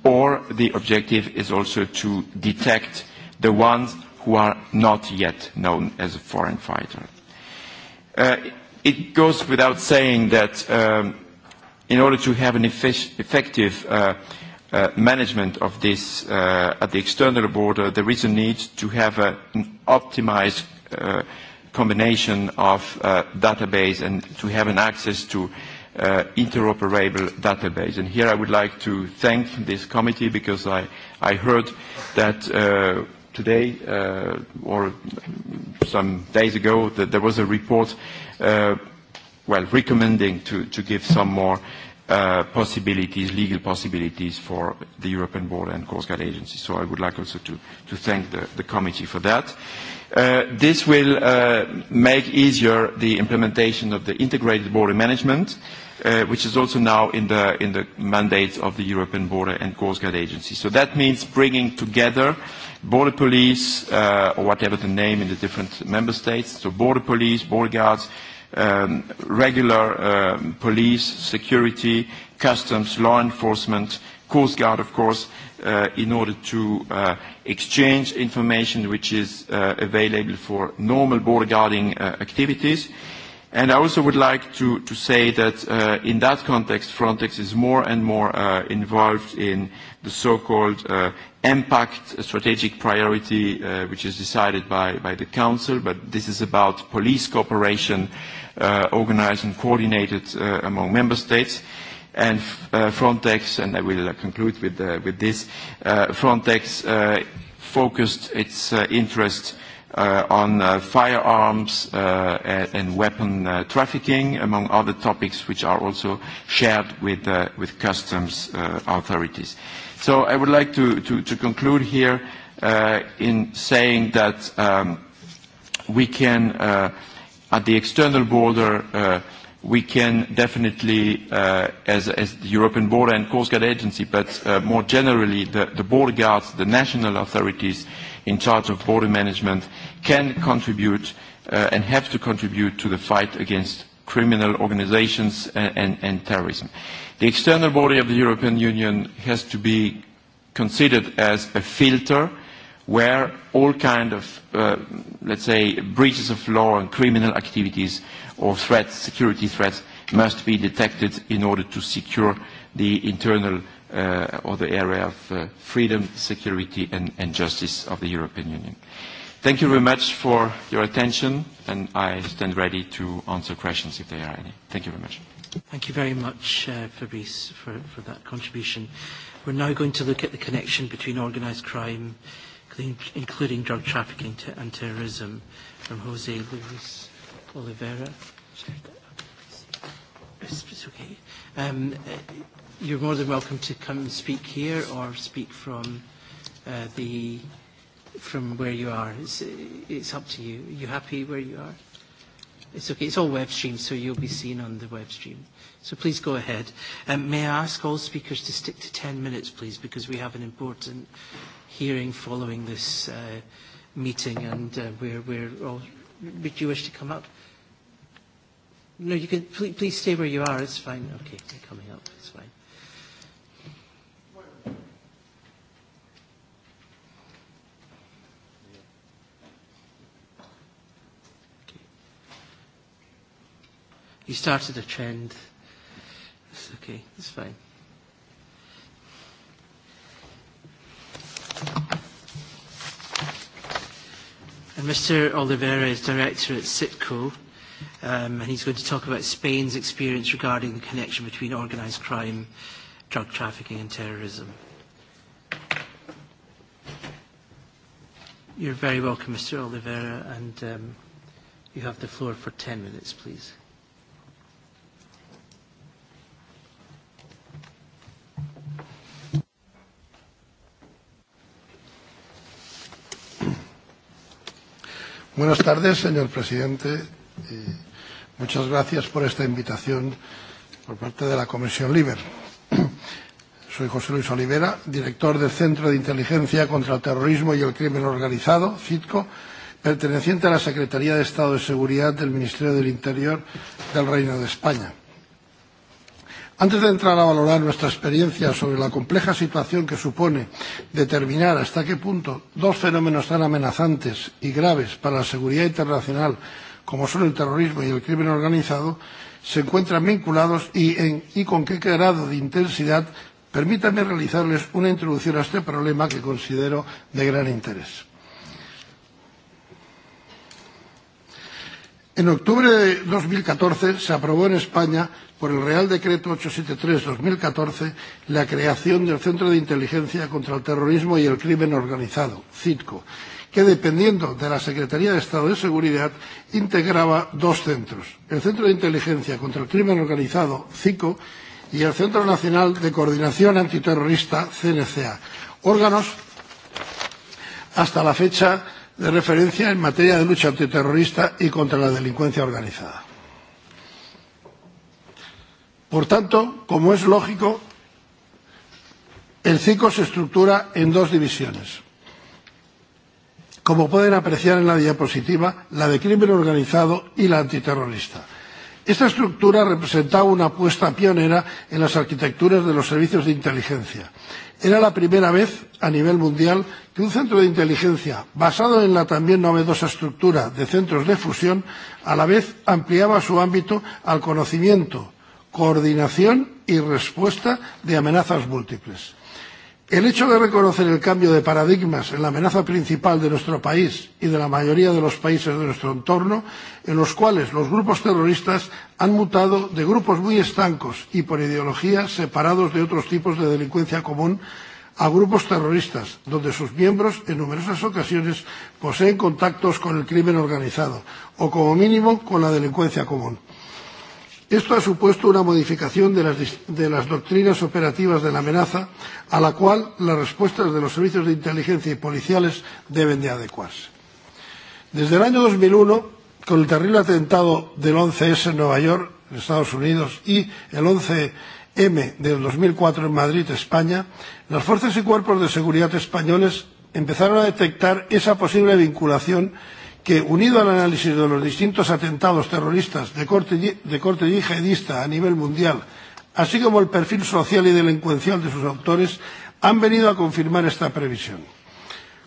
or the objective is also to detect the ones who are not yet known as a foreign fighter. Uh, it goes without saying that um, in order to have an efficient, effective uh, uh, management of this uh, at the external border, there is a need to have a, an optimized uh, combination of uh, database and to have an access to uh, interoperable database. And here I would like to thank this committee because I, I heard that uh, today uh, or some days ago that there was a report uh, well, recommending to, to give some more uh, possibilities, legal possibilities for the European Border and Coast Guard Agency. So I would like also to, to thank the, the committee for that. Uh, this will uh, make easier the implementation of the integrated border management, uh, which is also now in the, in the mandate of the European Border and Coast Guard Agency. So that means bringing together border police, uh, or whatever the name in the different member states, so border police, border guards, um, regular uh, police, security, customs, law enforcement, Coast Guard, of course, uh, in order to uh, exchange information which is uh, available for normal border guarding uh, activities. And I also would like to, to say that uh, in that context, Frontex is more and more uh, involved in the so-called uh, impact uh, strategic priority, uh, which is decided by, by the Council, but this is about police cooperation uh, uh, organized and coordinated uh, among member states. And uh, Frontex, and I will uh, conclude with, uh, with this, uh, Frontex uh, focused its uh, interest uh, on uh, firearms uh, and, weapon uh, trafficking, among other topics which are also shared with, uh, with customs uh, authorities. So I would like to, to, to conclude here uh, in saying that um, we can uh, at the external border, uh, we can definitely, uh, as, as the European Border and Coast Guard Agency, but uh, more generally, the, the border guards, the national authorities in charge of border management, can contribute uh, and have to contribute to the fight against criminal organizations and, and, and terrorism. The external border of the European Union has to be considered as a filter where all kind of, uh, let's say, breaches of law and criminal activities or threats, security threats, must be detected in order to secure the internal uh, or the area of uh, freedom, security and, and justice of the European Union. Thank you very much for your attention and I stand ready to answer questions if there are any. Thank you very much. Thank you very much, uh, Fabrice, for, for that contribution. We're now going to look at the connection between organised crime including, drug trafficking to, and terrorism, from Jose Luis Oliveira. okay. Um, uh, you're more than welcome to come and speak here or speak from uh, the from where you are. It's, it's up to you. Are you happy where you are? It's okay. It's all web stream, so you'll be seen on the web stream. So please go ahead. Um, may I ask all speakers to stick to 10 minutes, please, because we have an important hearing following this uh, meeting and uh, we're, we're all, would you wish to come up? No, you can, please, please stay where you are, it's fine. Okay, you're coming up, it's fine. Okay. You started a trend. It's okay, it's fine. And Mr. Oliveira is director at Sitco um, and he's going to talk about Spain's experience regarding the connection between organised crime, drug trafficking and terrorism. You're very welcome, Mr. Oliveira, and um, you have the floor for 10 minutes, please. Buenas tardes, señor presidente. Y muchas gracias por esta invitación por parte de la Comisión LIBER. Soy José Luis Olivera, director del Centro de Inteligencia contra el Terrorismo y el Crimen Organizado, CITCO, perteneciente a la Secretaría de Estado de Seguridad del Ministerio del Interior del Reino de España. Antes de entrar a valorar nuestra experiencia sobre la compleja situación que supone determinar hasta qué punto dos fenómenos tan amenazantes y graves para la seguridad internacional como son el terrorismo y el crimen organizado, se encuentran vinculados y, en, y con qué grado de intensidad, permítanme realizarles una introducción a este problema que considero de gran interés. En octubre de 2014 se aprobó en España por el Real Decreto 873-2014 la creación del Centro de Inteligencia contra el Terrorismo y el Crimen Organizado, CITCO, que dependiendo de la Secretaría de Estado de Seguridad integraba dos centros, el Centro de Inteligencia contra el Crimen Organizado, CICO, y el Centro Nacional de Coordinación Antiterrorista, CNCA, órganos hasta la fecha de referencia en materia de lucha antiterrorista y contra la delincuencia organizada. Por tanto, como es lógico, el CICO se estructura en dos divisiones. Como pueden apreciar en la diapositiva, la de crimen organizado y la antiterrorista. Esta estructura representaba una apuesta pionera en las arquitecturas de los servicios de inteligencia. Era la primera vez a nivel mundial que un centro de inteligencia, basado en la también novedosa estructura de centros de fusión, a la vez ampliaba su ámbito al conocimiento coordinación y respuesta de amenazas múltiples. El hecho de reconocer el cambio de paradigmas en la amenaza principal de nuestro país y de la mayoría de los países de nuestro entorno, en los cuales los grupos terroristas han mutado de grupos muy estancos y por ideología separados de otros tipos de delincuencia común, a grupos terroristas, donde sus miembros en numerosas ocasiones poseen contactos con el crimen organizado o como mínimo con la delincuencia común. Esto ha supuesto una modificación de las, de las doctrinas operativas de la amenaza, a la cual las respuestas de los servicios de inteligencia y policiales deben de adecuarse. Desde el año 2001, con el terrible atentado del 11S en Nueva York, en Estados Unidos, y el 11M del 2004 en Madrid, España, las fuerzas y cuerpos de seguridad españoles empezaron a detectar esa posible vinculación que, unido al análisis de los distintos atentados terroristas de corte, de corte yihadista a nivel mundial, así como el perfil social y delincuencial de sus autores, han venido a confirmar esta previsión.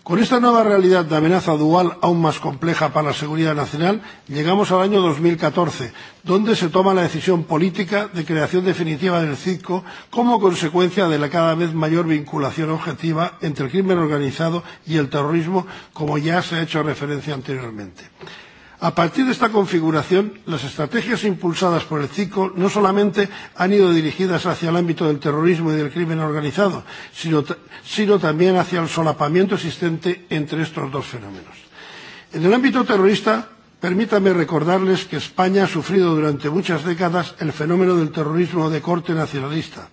Con esta nueva realidad de amenaza dual aún más compleja para la seguridad nacional, llegamos al año 2014, donde se toma la decisión política de creación definitiva del CITCO como consecuencia de la cada vez mayor vinculación objetiva entre el crimen organizado y el terrorismo, como ya se ha hecho referencia anteriormente. A partir de esta configuración, las estrategias impulsadas por el CICO no solamente han ido dirigidas hacia el ámbito del terrorismo y del crimen organizado, sino, sino también hacia el solapamiento existente entre estos dos fenómenos. En el ámbito terrorista, Permítame recordarles que España ha sufrido durante muchas décadas el fenómeno del terrorismo de corte nacionalista,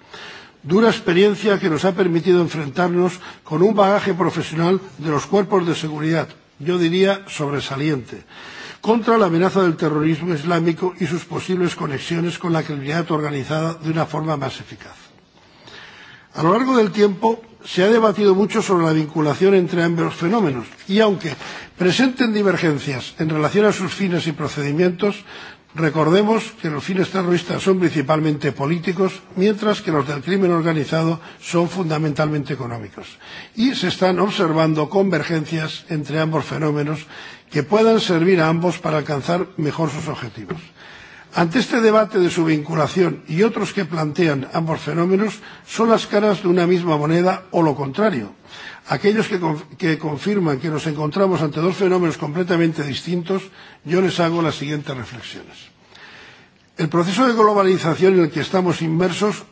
dura experiencia que nos ha permitido enfrentarnos con un bagaje profesional de los cuerpos de seguridad, yo diría sobresaliente contra la amenaza del terrorismo islámico y sus posibles conexiones con la criminalidad organizada de una forma más eficaz. A lo largo del tiempo se ha debatido mucho sobre la vinculación entre ambos fenómenos y aunque presenten divergencias en relación a sus fines y procedimientos, recordemos que los fines terroristas son principalmente políticos, mientras que los del crimen organizado son fundamentalmente económicos. Y se están observando convergencias entre ambos fenómenos que puedan servir a ambos para alcanzar mejor sus objetivos. Ante este debate de su vinculación y otros que plantean ambos fenómenos son las caras de una misma moneda o lo contrario. Aquellos que, conf que confirman que nos encontramos ante dos fenómenos completamente distintos, yo les hago las siguientes reflexiones. El proceso de globalización en el que estamos inmersos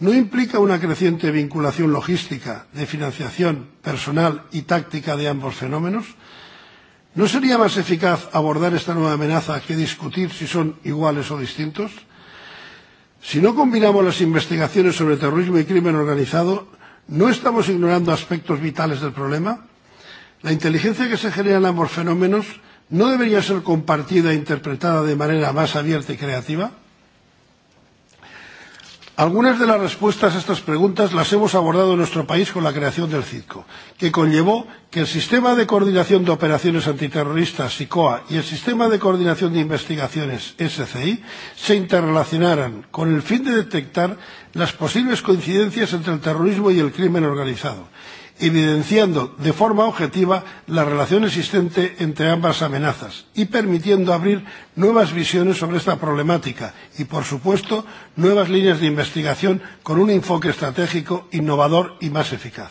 no implica una creciente vinculación logística, de financiación, personal y táctica de ambos fenómenos, ¿No sería más eficaz abordar esta nueva amenaza que discutir si son iguales o distintos? Si no combinamos las investigaciones sobre terrorismo y crimen organizado, ¿no estamos ignorando aspectos vitales del problema? La inteligencia que se genera en ambos fenómenos no debería ser compartida e interpretada de manera más abierta y creativa? Algunas de las respuestas a estas preguntas las hemos abordado en nuestro país con la creación del CITCO, que conllevó que el Sistema de Coordinación de Operaciones Antiterroristas, SICOA, y el Sistema de Coordinación de Investigaciones, SCI, se interrelacionaran con el fin de detectar las posibles coincidencias entre el terrorismo y el crimen organizado evidenciando de forma objetiva la relación existente entre ambas amenazas y permitiendo abrir nuevas visiones sobre esta problemática y, por supuesto, nuevas líneas de investigación con un enfoque estratégico innovador y más eficaz.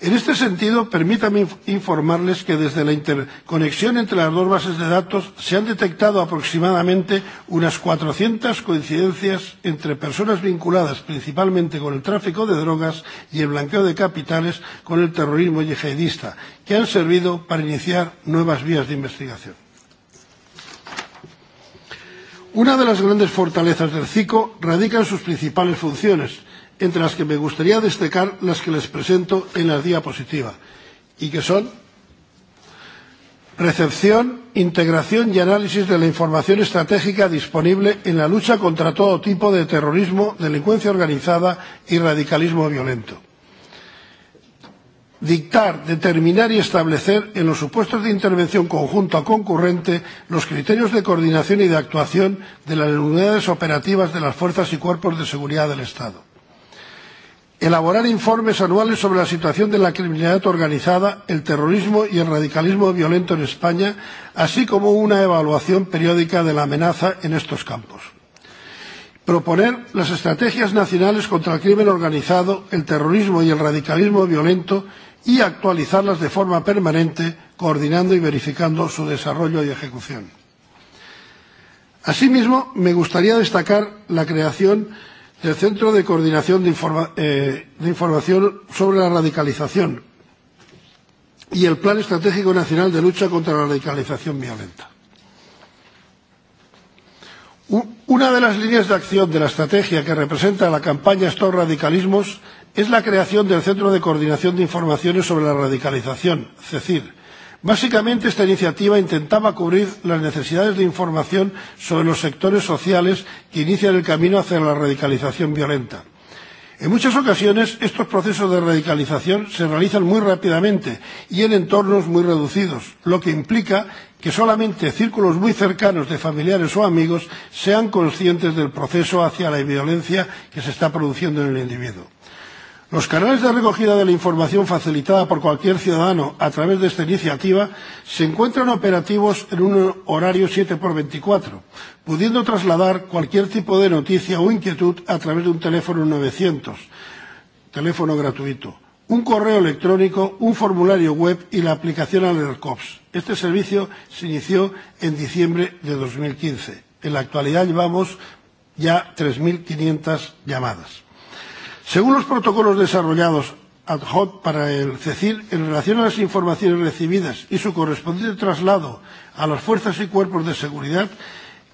En este sentido, permítame informarles que desde la interconexión entre las dos bases de datos se han detectado aproximadamente unas 400 coincidencias entre personas vinculadas principalmente con el tráfico de drogas y el blanqueo de capitales con el terrorismo yihadista, que han servido para iniciar nuevas vías de investigación. Una de las grandes fortalezas del CICO radica en sus principales funciones, entre las que me gustaría destacar las que les presento en la diapositiva, y que son recepción, integración y análisis de la información estratégica disponible en la lucha contra todo tipo de terrorismo, delincuencia organizada y radicalismo violento. Dictar, determinar y establecer en los supuestos de intervención conjunta o concurrente los criterios de coordinación y de actuación de las unidades operativas de las fuerzas y cuerpos de seguridad del Estado elaborar informes anuales sobre la situación de la criminalidad organizada, el terrorismo y el radicalismo violento en España, así como una evaluación periódica de la amenaza en estos campos. Proponer las estrategias nacionales contra el crimen organizado, el terrorismo y el radicalismo violento y actualizarlas de forma permanente, coordinando y verificando su desarrollo y ejecución. Asimismo, me gustaría destacar la creación de El Centro de Coordinación de, Informa eh, de Información sobre la Radicalización y el Plan Estratégico Nacional de Lucha contra la Radicalización Violenta. Una de las líneas de acción de la estrategia que representa la campaña Stop Radicalismos es la creación del Centro de Coordinación de Informaciones sobre la Radicalización, CECIR, Básicamente, esta iniciativa intentaba cubrir las necesidades de información sobre los sectores sociales que inician el camino hacia la radicalización violenta. En muchas ocasiones, estos procesos de radicalización se realizan muy rápidamente y en entornos muy reducidos, lo que implica que solamente círculos muy cercanos de familiares o amigos sean conscientes del proceso hacia la violencia que se está produciendo en el individuo. Los canales de recogida de la información facilitada por cualquier ciudadano a través de esta iniciativa se encuentran operativos en un horario 7 por 24, pudiendo trasladar cualquier tipo de noticia o inquietud a través de un teléfono 900, teléfono gratuito, un correo electrónico, un formulario web y la aplicación AlertCops. Este servicio se inició en diciembre de 2015. En la actualidad llevamos ya 3.500 llamadas. Según los protocolos desarrollados ad hoc para el CECIR, en relación a las informaciones recibidas y su correspondiente traslado a las fuerzas y cuerpos de seguridad,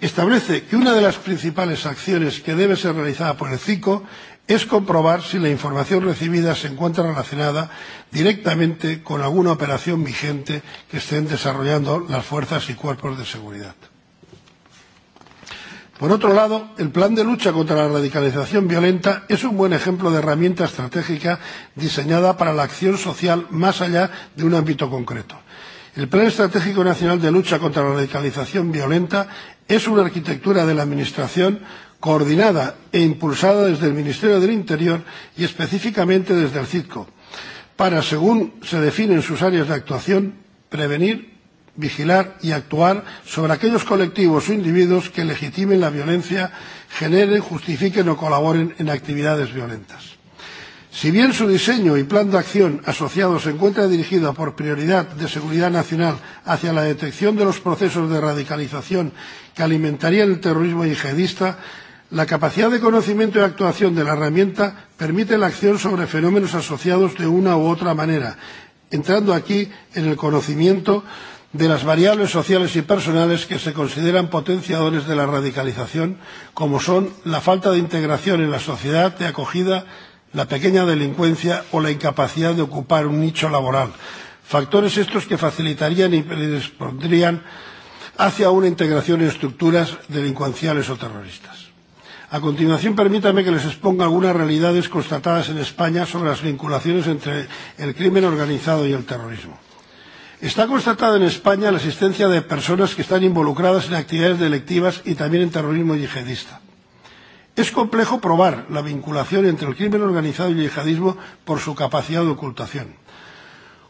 establece que una de las principales acciones que debe ser realizada por el CICO es comprobar si la información recibida se encuentra relacionada directamente con alguna operación vigente que estén desarrollando las fuerzas y cuerpos de seguridad. Por otro lado, el plan de lucha contra la radicalización violenta es un buen ejemplo de herramienta estratégica diseñada para la acción social más allá de un ámbito concreto. El Plan Estratégico Nacional de Lucha contra la Radicalización Violenta es una arquitectura de la Administración coordinada e impulsada desde el Ministerio del Interior y específicamente desde el CITCO, para, según se definen sus áreas de actuación, prevenir, vigilar y actuar sobre aquellos colectivos o individuos que legitimen la violencia, generen, justifiquen o colaboren en actividades violentas. Si bien su diseño y plan de acción asociado se encuentra dirigido por prioridad de seguridad nacional hacia la detección de los procesos de radicalización que alimentarían el terrorismo yihadista, la capacidad de conocimiento y actuación de la herramienta permite la acción sobre fenómenos asociados de una u otra manera, entrando aquí en el conocimiento de las variables sociales y personales que se consideran potenciadores de la radicalización, como son la falta de integración en la sociedad de acogida, la pequeña delincuencia o la incapacidad de ocupar un nicho laboral. Factores estos que facilitarían y predispondrían hacia una integración en estructuras delincuenciales o terroristas. A continuación, permítame que les exponga algunas realidades constatadas en España sobre las vinculaciones entre el crimen organizado y el terrorismo. Está constatada en España la existencia de personas que están involucradas en actividades delictivas y también en terrorismo yihadista. Es complejo probar la vinculación entre el crimen organizado y el yihadismo por su capacidad de ocultación.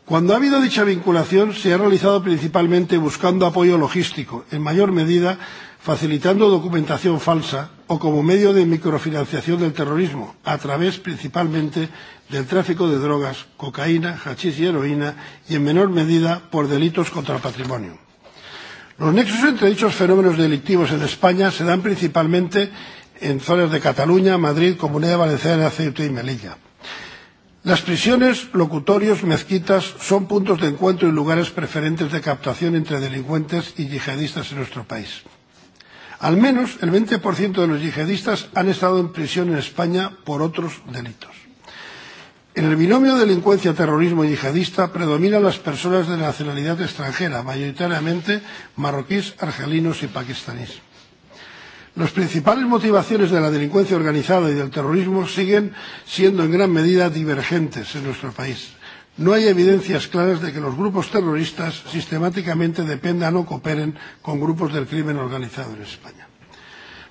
Cuando ha habido dicha vinculación, se ha realizado principalmente buscando apoyo logístico, en mayor medida facilitando documentación falsa o como medio de microfinanciación del terrorismo, a través principalmente del tráfico de drogas, cocaína, hachís y heroína, y en menor medida por delitos contra el patrimonio. Los nexos entre dichos fenómenos delictivos en España se dan principalmente en zonas de Cataluña, Madrid, Comunidad Valenciana, Ceuta y Melilla. Las prisiones, locutorios, mezquitas son puntos de encuentro y lugares preferentes de captación entre delincuentes y yihadistas en nuestro país. Al menos el 20% de los yihadistas han estado en prisión en España por otros delitos. En el binomio delincuencia-terrorismo yihadista predominan las personas de nacionalidad extranjera, mayoritariamente marroquíes, argelinos y pakistaníes. Las principales motivaciones de la delincuencia organizada y del terrorismo siguen siendo en gran medida divergentes en nuestro país No hay evidencias claras de que los grupos terroristas sistemáticamente dependan o cooperen con grupos del crimen organizado en España.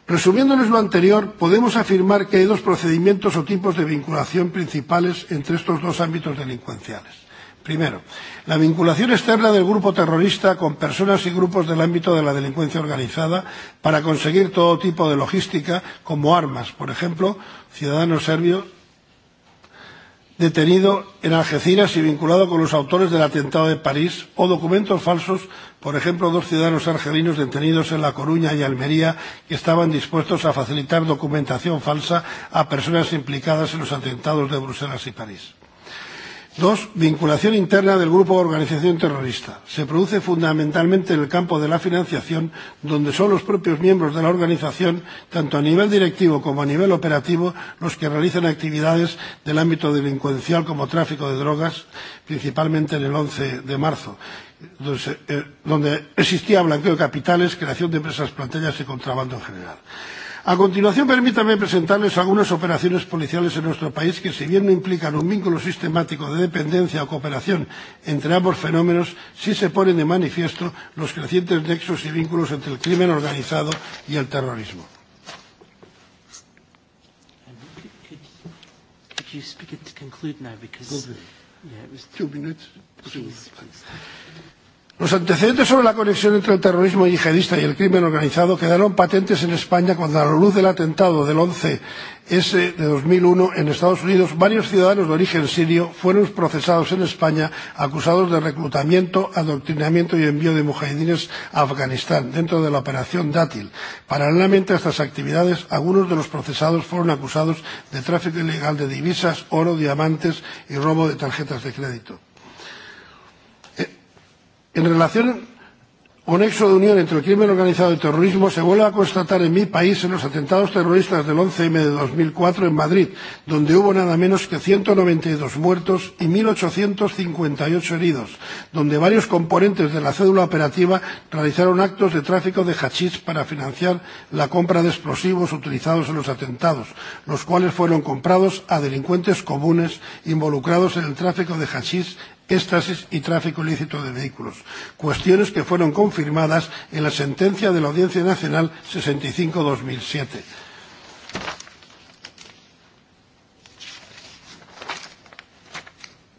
Resumiéndonos lo anterior, podemos afirmar que hay dos procedimientos o tipos de vinculación principales entre estos dos ámbitos delincuenciales. Primero, la vinculación externa del grupo terrorista con personas y grupos del ámbito de la delincuencia organizada para conseguir todo tipo de logística, como armas, por ejemplo, ciudadanos serbios detenido en Algeciras y vinculado con los autores del atentado de París, o documentos falsos, por ejemplo, dos ciudadanos argelinos detenidos en La Coruña y Almería que estaban dispuestos a facilitar documentación falsa a personas implicadas en los atentados de Bruselas y París. Dos, vinculación interna del grupo de organización terrorista. Se produce fundamentalmente en el campo de la financiación, donde son los propios miembros de la organización, tanto a nivel directivo como a nivel operativo, los que realizan actividades del ámbito delincuencial como tráfico de drogas, principalmente en el 11 de marzo, donde, eh, donde existía blanqueo de capitales, creación de empresas plantillas y contrabando en general. A continuación, permítame presentarles algunas operaciones policiales en nuestro país que, si bien no implican un vínculo sistemático de dependencia o cooperación entre ambos fenómenos, sí se ponen de manifiesto los crecientes nexos y vínculos entre el crimen organizado y el terrorismo. you speak it to Los antecedentes sobre la conexión entre el terrorismo yihadista y el crimen organizado quedaron patentes en España cuando, a la luz del atentado del 11S de 2001 en Estados Unidos, varios ciudadanos de origen sirio fueron procesados en España acusados de reclutamiento, adoctrinamiento y envío de mujahidines a Afganistán dentro de la operación Dátil. Paralelamente a estas actividades, algunos de los procesados fueron acusados de tráfico ilegal de divisas, oro, diamantes y robo de tarjetas de crédito. En relación con eso de unión entre el crimen organizado y el terrorismo se vuelve a constatar en mi país en los atentados terroristas del 11M de 2004 en Madrid, donde hubo nada menos que 192 muertos y 1.858 heridos, donde varios componentes de la cédula operativa realizaron actos de tráfico de hachís para financiar la compra de explosivos utilizados en los atentados, los cuales fueron comprados a delincuentes comunes involucrados en el tráfico de hachís éxtasis y tráfico ilícito de vehículos, cuestiones que fueron confirmadas en la sentencia de la Audiencia Nacional 65-2007.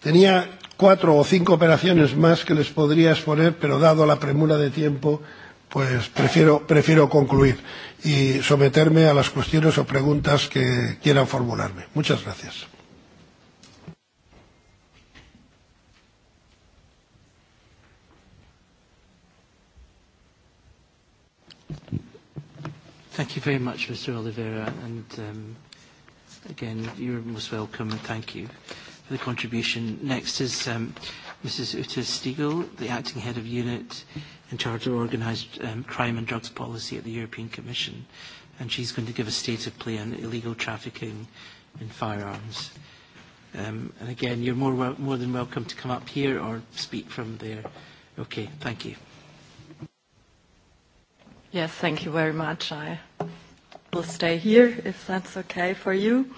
Tenía cuatro o cinco operaciones más que les podría exponer, pero dado la premura de tiempo, pues prefiero, prefiero concluir y someterme a las cuestiones o preguntas que quieran formularme. Muchas gracias. Thank you very much, Mr. Oliveira, and um, again, you're most welcome and thank you for the contribution. Next is um, Mrs. Uta Stiegel, the Acting Head of Unit in charge of Organised um, Crime and Drugs Policy at the European Commission, and she's going to give a state of play on illegal trafficking in firearms. Um, and again, you're more, well, more than welcome to come up here or speak from there. Okay, thank you. Yes, thank you very much. I will stay here if that's okay for you.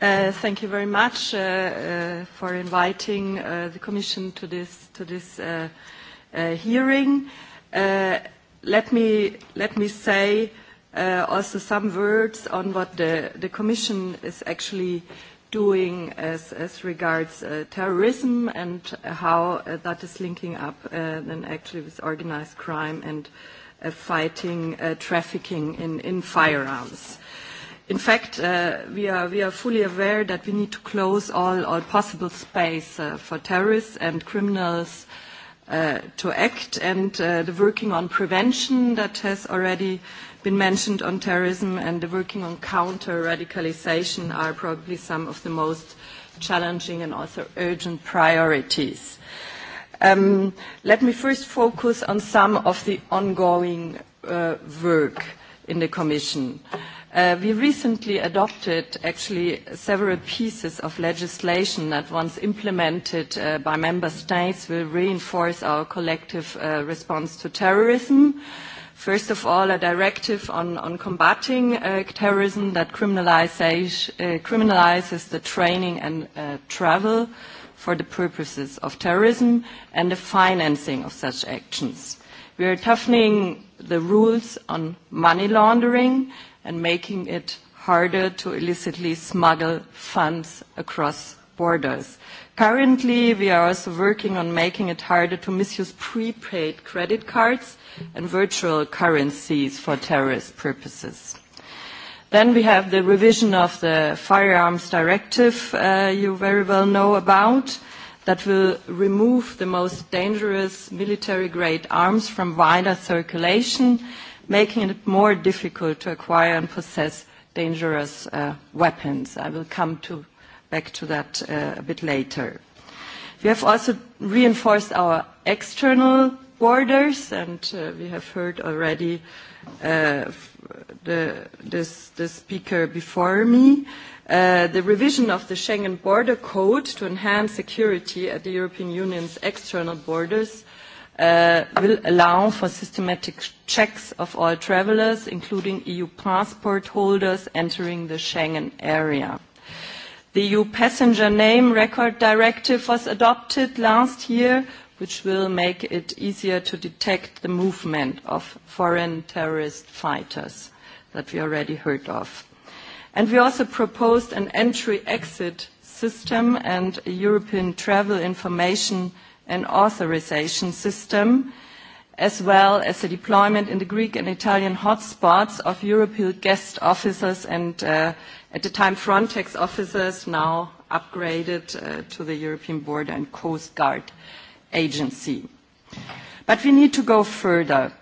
Uh, thank you very much uh, uh, for inviting uh, the Commission to this, to this uh, uh, hearing. Uh, let, me, let me say uh, also some words on what the, the Commission is actually doing as, as regards uh, terrorism and how uh, that is linking up uh, then actually with organized crime and uh, uh, fighting uh, trafficking in, in firearms. In fact, uh, we, are, we are fully aware that we need to close all, all possible space uh, for terrorists and criminals uh, to act, and uh, the working on prevention that has already been mentioned on terrorism and the working on counter-radicalization are probably some of the most challenging and also urgent priorities. Um, let me first focus on some of the ongoing uh, work in the Commission. Uh, we recently adopted actually several pieces of legislation that once implemented uh, by member states will reinforce our collective uh, response to terrorism. First of all, a directive on, on combating uh, terrorism that criminalizes, uh, criminalizes the training and uh, travel for the purposes of terrorism and the financing of such actions. We are toughening the rules on money laundering and making it harder to illicitly smuggle funds across borders. Currently, we are also working on making it harder to misuse prepaid credit cards and virtual currencies for terrorist purposes. Then we have the revision of the Firearms Directive uh, you very well know about that will remove the most dangerous military-grade arms from wider circulation, making it more difficult to acquire and possess dangerous uh, weapons. I will come to, back to that uh, a bit later. We have also reinforced our external borders, and uh, we have heard already uh, uh, the, this, the speaker before me. Uh, the revision of the Schengen Border Code to enhance security at the European Union's external borders uh, will allow for systematic checks of all travelers, including EU passport holders entering the Schengen area. The EU Passenger Name Record Directive was adopted last year, which will make it easier to detect the movement of foreign terrorist fighters that we already heard of. And we also proposed an entry-exit system and a European travel information and authorization system, as well as the deployment in the Greek and Italian hotspots of European guest officers and, uh, at the time, Frontex officers now upgraded uh, to the European Border and Coast Guard agency. But we need to go further.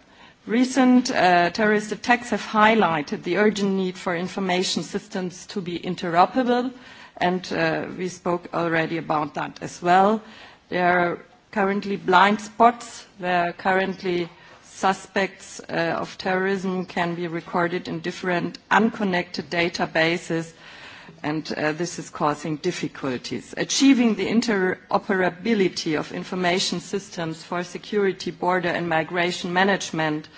Recent uh, terrorist attacks have highlighted the urgent need for information systems to be interoperable, and uh, we spoke already about that as well. There are currently blind spots where currently suspects uh, of terrorism can be recorded in different unconnected databases and uh, this is causing difficulties. Achieving the interoperability of information systems for security, border and migration management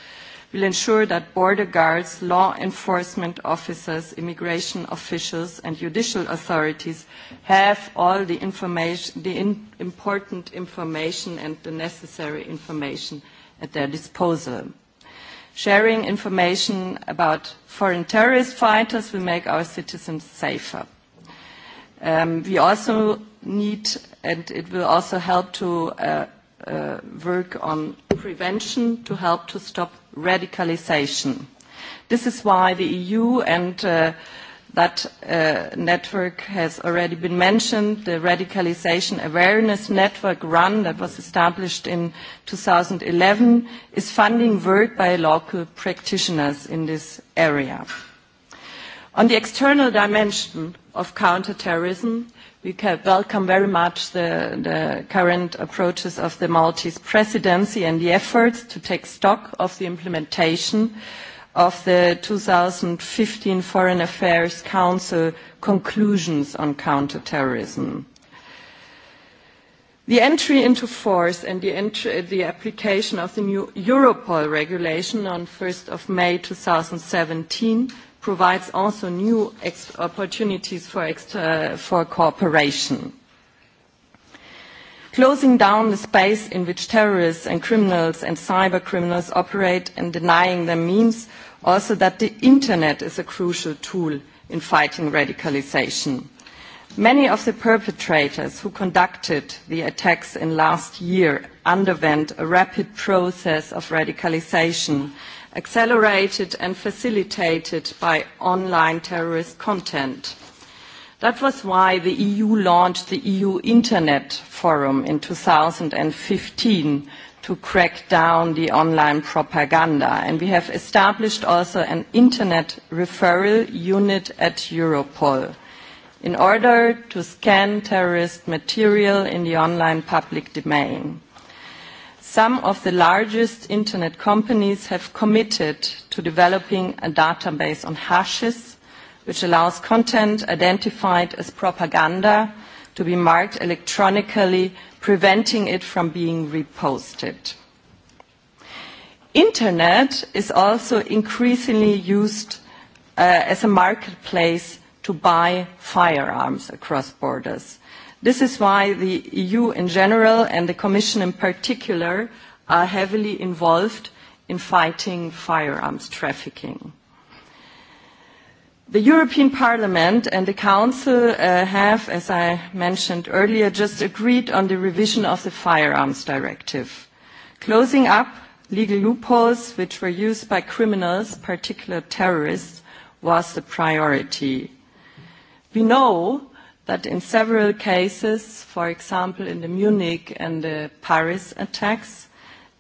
will ensure that border guards, law enforcement officers, immigration officials and judicial authorities have all the, information, the in important information and the necessary information at their disposal sharing information about foreign terrorist fighters will make our citizens safer. Um, we also need, and it will also help to uh, uh, work on prevention to help to stop radicalization. This is why the EU and uh, That uh, network has already been mentioned, the radicalization awareness network run that was established in 2011 is funding work by local practitioners in this area. On the external dimension of counterterrorism, we can welcome very much the, the current approaches of the Maltese presidency and the efforts to take stock of the implementation of the 2015 Foreign Affairs Council conclusions on counterterrorism. The entry into force and the, entry, the application of the new Europol regulation on 1st of May 2017 provides also new ex opportunities for, ex uh, for cooperation closing down the space in which terrorists and criminals and cyber criminals operate and denying them means also that the internet is a crucial tool in fighting radicalization. Many of the perpetrators who conducted the attacks in last year underwent a rapid process of radicalization, accelerated and facilitated by online terrorist content. That was why the EU launched the EU Internet Forum in 2015 to crack down the online propaganda. And we have established also an Internet referral unit at Europol in order to scan terrorist material in the online public domain. Some of the largest Internet companies have committed to developing a database on hashes which allows content identified as propaganda to be marked electronically, preventing it from being reposted. Internet is also increasingly used uh, as a marketplace to buy firearms across borders. This is why the EU in general and the Commission in particular are heavily involved in fighting firearms trafficking. The European Parliament and the Council uh, have, as I mentioned earlier, just agreed on the revision of the Firearms Directive, closing up legal loopholes which were used by criminals, particularly terrorists, was the priority. We know that in several cases, for example in the Munich and the Paris attacks,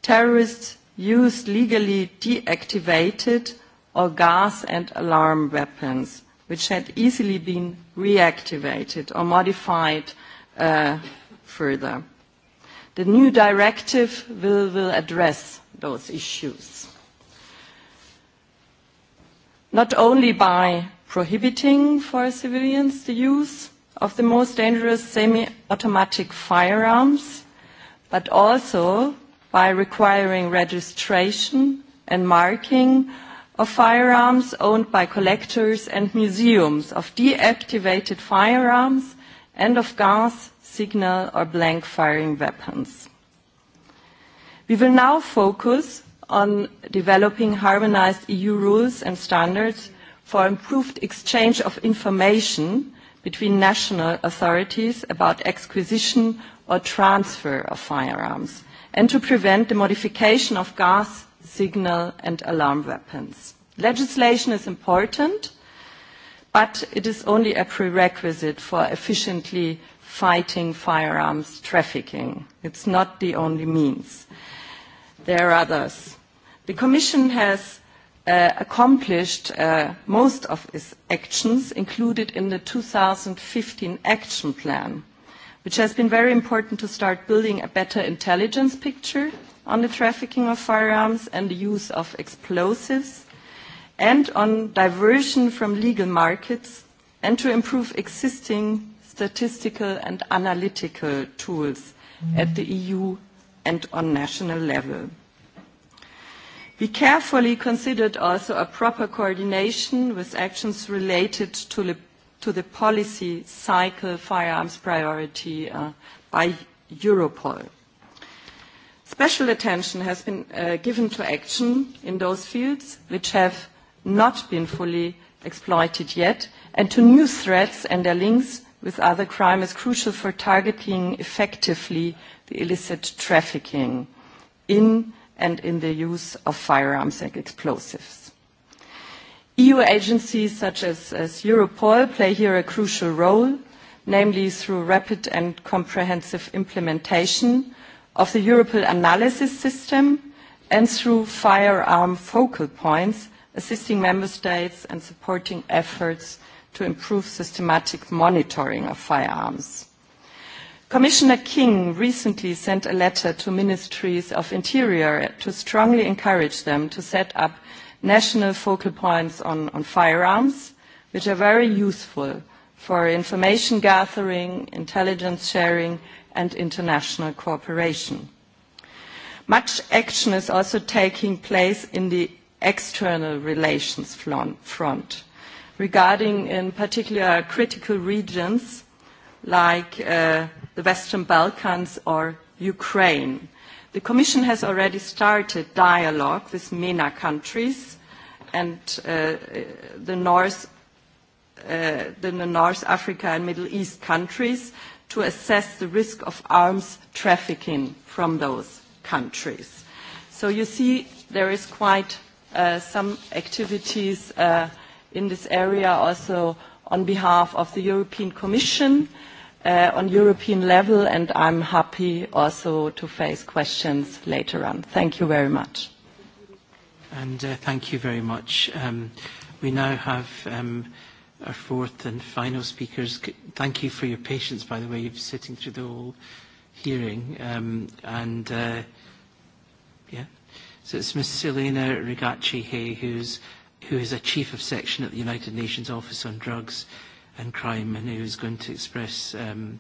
terrorists used legally deactivated or gas and alarm weapons, which had easily been reactivated or modified uh, further. The new directive will, will address those issues, not only by prohibiting for civilians the use of the most dangerous semi-automatic firearms, but also by requiring registration and marking of firearms owned by collectors and museums, of deactivated firearms, and of gas, signal, or blank firing weapons. We will now focus on developing harmonized EU rules and standards for improved exchange of information between national authorities about acquisition or transfer of firearms and to prevent the modification of gas signal and alarm weapons. Legislation is important, but it is only a prerequisite for efficiently fighting firearms trafficking. It's not the only means. There are others. The Commission has uh, accomplished uh, most of its actions included in the 2015 Action Plan, which has been very important to start building a better intelligence picture on the trafficking of firearms and the use of explosives, and on diversion from legal markets, and to improve existing statistical and analytical tools at the EU and on national level. We carefully considered also a proper coordination with actions related to the, to the policy cycle firearms priority uh, by Europol. Special attention has been uh, given to action in those fields which have not been fully exploited yet and to new threats and their links with other crime is crucial for targeting effectively the illicit trafficking in and in the use of firearms and explosives. EU agencies such as, as Europol play here a crucial role, namely through rapid and comprehensive implementation of the Europol analysis system and through firearm focal points, assisting member states and supporting efforts to improve systematic monitoring of firearms. Commissioner King recently sent a letter to ministries of interior to strongly encourage them to set up national focal points on, on firearms, which are very useful for information gathering, intelligence sharing, and international cooperation. Much action is also taking place in the external relations front, regarding in particular critical regions like uh, the Western Balkans or Ukraine. The Commission has already started dialogue with MENA countries and uh, the, North, uh, the North Africa and Middle East countries to assess the risk of arms trafficking from those countries. So you see there is quite uh, some activities uh, in this area also on behalf of the European Commission uh, on European level and I'm happy also to face questions later on. Thank you very much. And uh, thank you very much. Um, we now have um, our fourth and final speakers. Thank you for your patience, by the way, of sitting through the whole hearing. Um, and, uh, yeah, so it's Ms. Selena Rigacci-Hay, who's, who is a chief of section at the United Nations Office on Drugs and Crime, and who is going to express um,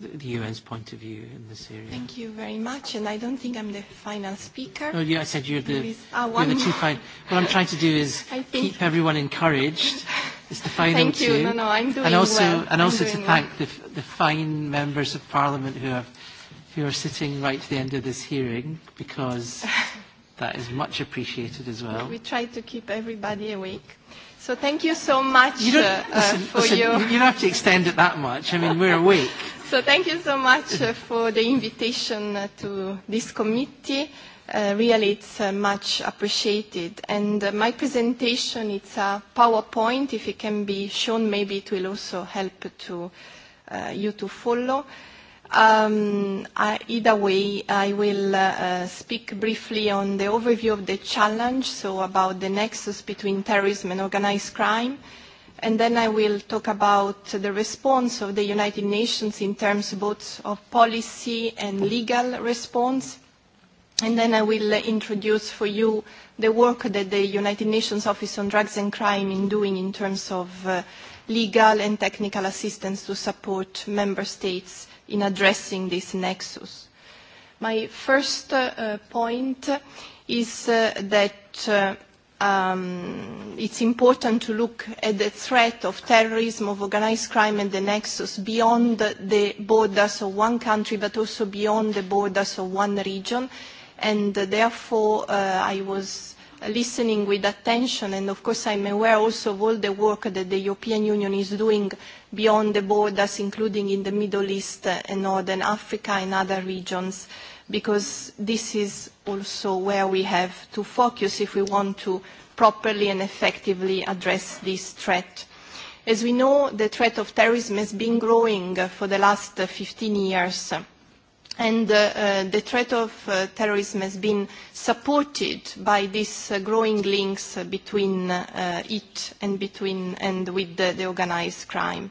the UN's point of view in this area. Thank you very much, and I don't think I'm the final speaker. Oh, yeah, I said you're the, is, uh, you're the two final. what I'm trying to do is keep everyone encouraged is the final Thank you. No, no, I'm doing and also, well. And also to thank the, the fine members of Parliament who, have, who are sitting right to the end of this hearing because that is much appreciated as well. We, we try to keep everybody awake. So thank you so much you don't, uh, uh, listen, for listen, your... You don't have to extend it that much. I mean, we're awake. so thank you so much uh, for the invitation uh, to this committee uh, really it's uh, much appreciated. And uh, my presentation, it's a PowerPoint. If it can be shown, maybe it will also help to uh, you to follow. Um, I, either way, I will uh, uh, speak briefly on the overview of the challenge, so about the nexus between terrorism and organized crime, and then I will talk about the response of the United Nations in terms both of policy and legal response, And then I will introduce for you the work that the United Nations Office on Drugs and Crime is doing in terms of uh, legal and technical assistance to support member states in addressing this nexus. My first uh, uh point is uh, that uh, um, it's important to look at the threat of terrorism, of organized crime and the nexus beyond the borders of one country but also beyond the borders of one region and uh, therefore uh, I was listening with attention and of course I'm aware also of all the work that the European Union is doing beyond the borders including in the Middle East and Northern Africa and other regions because this is also where we have to focus if we want to properly and effectively address this threat. As we know, the threat of terrorism has been growing for the last 15 years and uh, uh, the threat of uh, terrorism has been supported by these uh, growing links uh, between uh, uh, it and between and with the, the organized crime.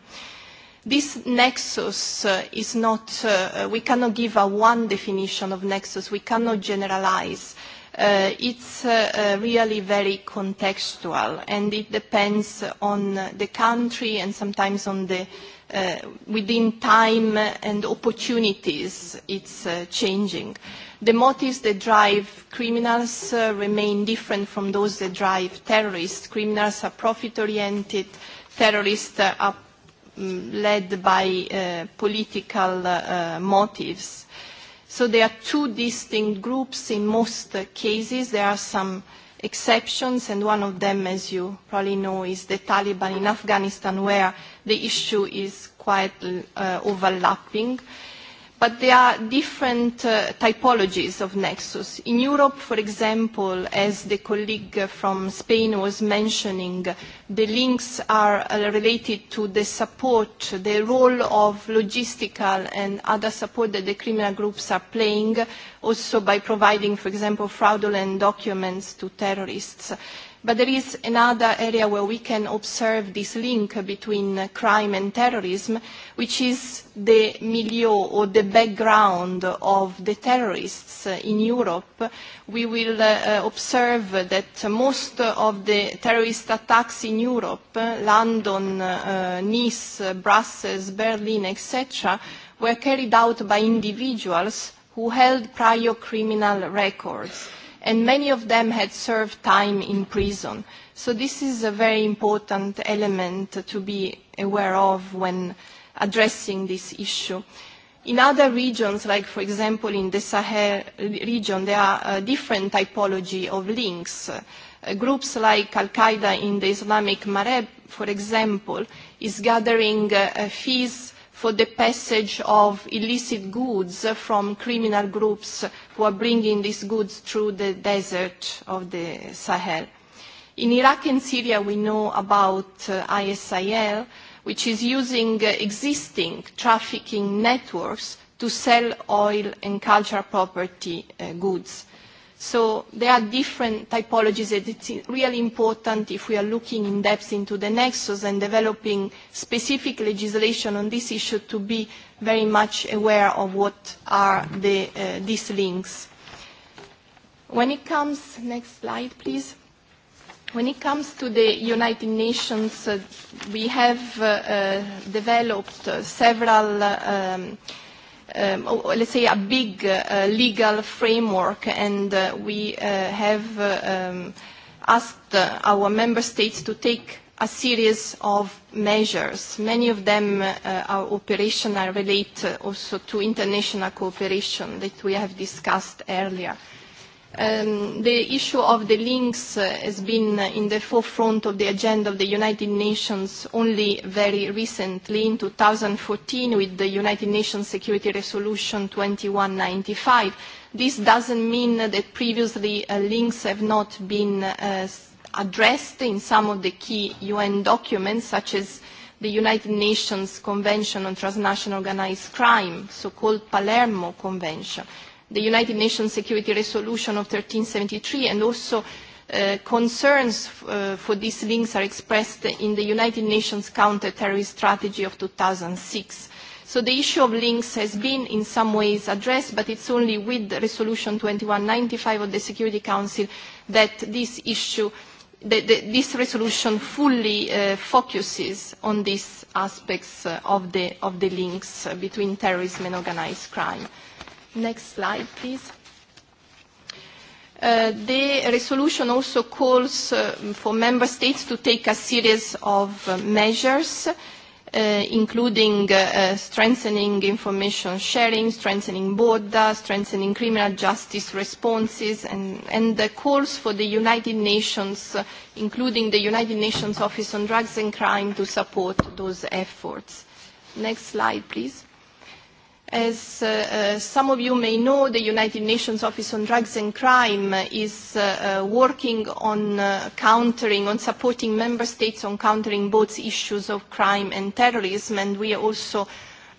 This nexus uh, is not, uh, uh, we cannot give a one definition of nexus, we cannot generalize. Uh, it's uh, uh, really very contextual and it depends on the country and sometimes on the uh, within time and opportunities, it's uh, changing. The motives that drive criminals uh, remain different from those that drive terrorists. Criminals are profit-oriented, terrorists are um, led by uh, political uh, motives. So there are two distinct groups in most uh, cases. There are some exceptions, and one of them, as you probably know, is the Taliban in Afghanistan, where the issue is quite uh, overlapping. But there are different uh, typologies of nexus. In Europe, for example, as the colleague from Spain was mentioning, the links are uh, related to the support, the role of logistical and other support that the criminal groups are playing, also by providing, for example, fraudulent documents to terrorists. But there is another area where we can observe this link between crime and terrorism, which is the milieu or the background of the terrorists in Europe. We will uh, observe that most of the terrorist attacks in Europe, London, uh, Nice, Brussels, Berlin, etc., were carried out by individuals who held prior criminal records and many of them had served time in prison. So this is a very important element to be aware of when addressing this issue. In other regions, like for example in the Sahel region, there are uh, different typology of links. Uh, groups like Al-Qaeda in the Islamic Maghreb, for example, is gathering uh, uh fees for the passage of illicit goods from criminal groups who are bringing these goods through the desert of the Sahel. In Iraq and Syria, we know about uh, ISIL, which is using uh, existing trafficking networks to sell oil and cultural property uh, goods. So there are different typologies that it's really important if we are looking in depth into the nexus and developing specific legislation on this issue to be very much aware of what are the, uh, these links. When it comes, next slide please. When it comes to the United Nations, uh, we have uh, uh, developed uh, several uh, um, um, let's say, a big uh, uh, legal framework, and uh, we uh, have uh, um, asked uh, our member states to take a series of measures. Many of them uh, are operational, relate uh, also to international cooperation that we have discussed earlier. Um, the issue of the links uh, has been uh, in the forefront of the agenda of the United Nations only very recently, in 2014, with the United Nations Security Resolution 2195. This doesn't mean that previously uh, links have not been uh, addressed in some of the key UN documents, such as the United Nations Convention on Transnational Organized Crime, so-called Palermo Convention the United Nations Security Resolution of 1373 and also uh, concerns uh, for these links are expressed in the United Nations Counter-Terrorist Strategy of 2006. So the issue of links has been in some ways addressed, but it's only with Resolution 2195 of the Security Council that this issue, that, that this resolution fully uh, focuses on these aspects uh, of, the, of the links uh, between terrorism and organized crime. Next slide, please. Uh, the resolution also calls uh, for member states to take a series of uh, measures, uh, including uh, uh, strengthening information sharing, strengthening borders, strengthening criminal justice responses, and, and the calls for the United Nations, uh, including the United Nations Office on Drugs and Crime, to support those efforts. Next slide, please. As uh, uh, some of you may know, the United Nations Office on Drugs and Crime is uh, uh, working on uh, countering, on supporting member states on countering both issues of crime and terrorism, and we are also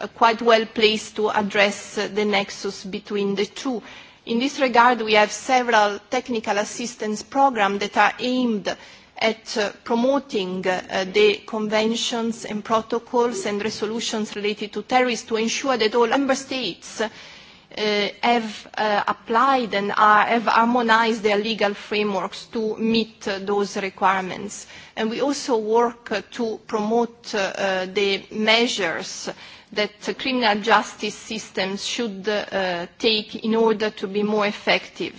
uh, quite well placed to address uh, the nexus between the two. In this regard, we have several technical assistance programs that are aimed at uh, promoting uh, the conventions and protocols and resolutions related to terrorists to ensure that all member states uh, have uh, applied and are, have harmonized their legal frameworks to meet uh, those requirements. And we also work uh, to promote uh, uh, the measures that uh, criminal justice systems should uh, take in order to be more effective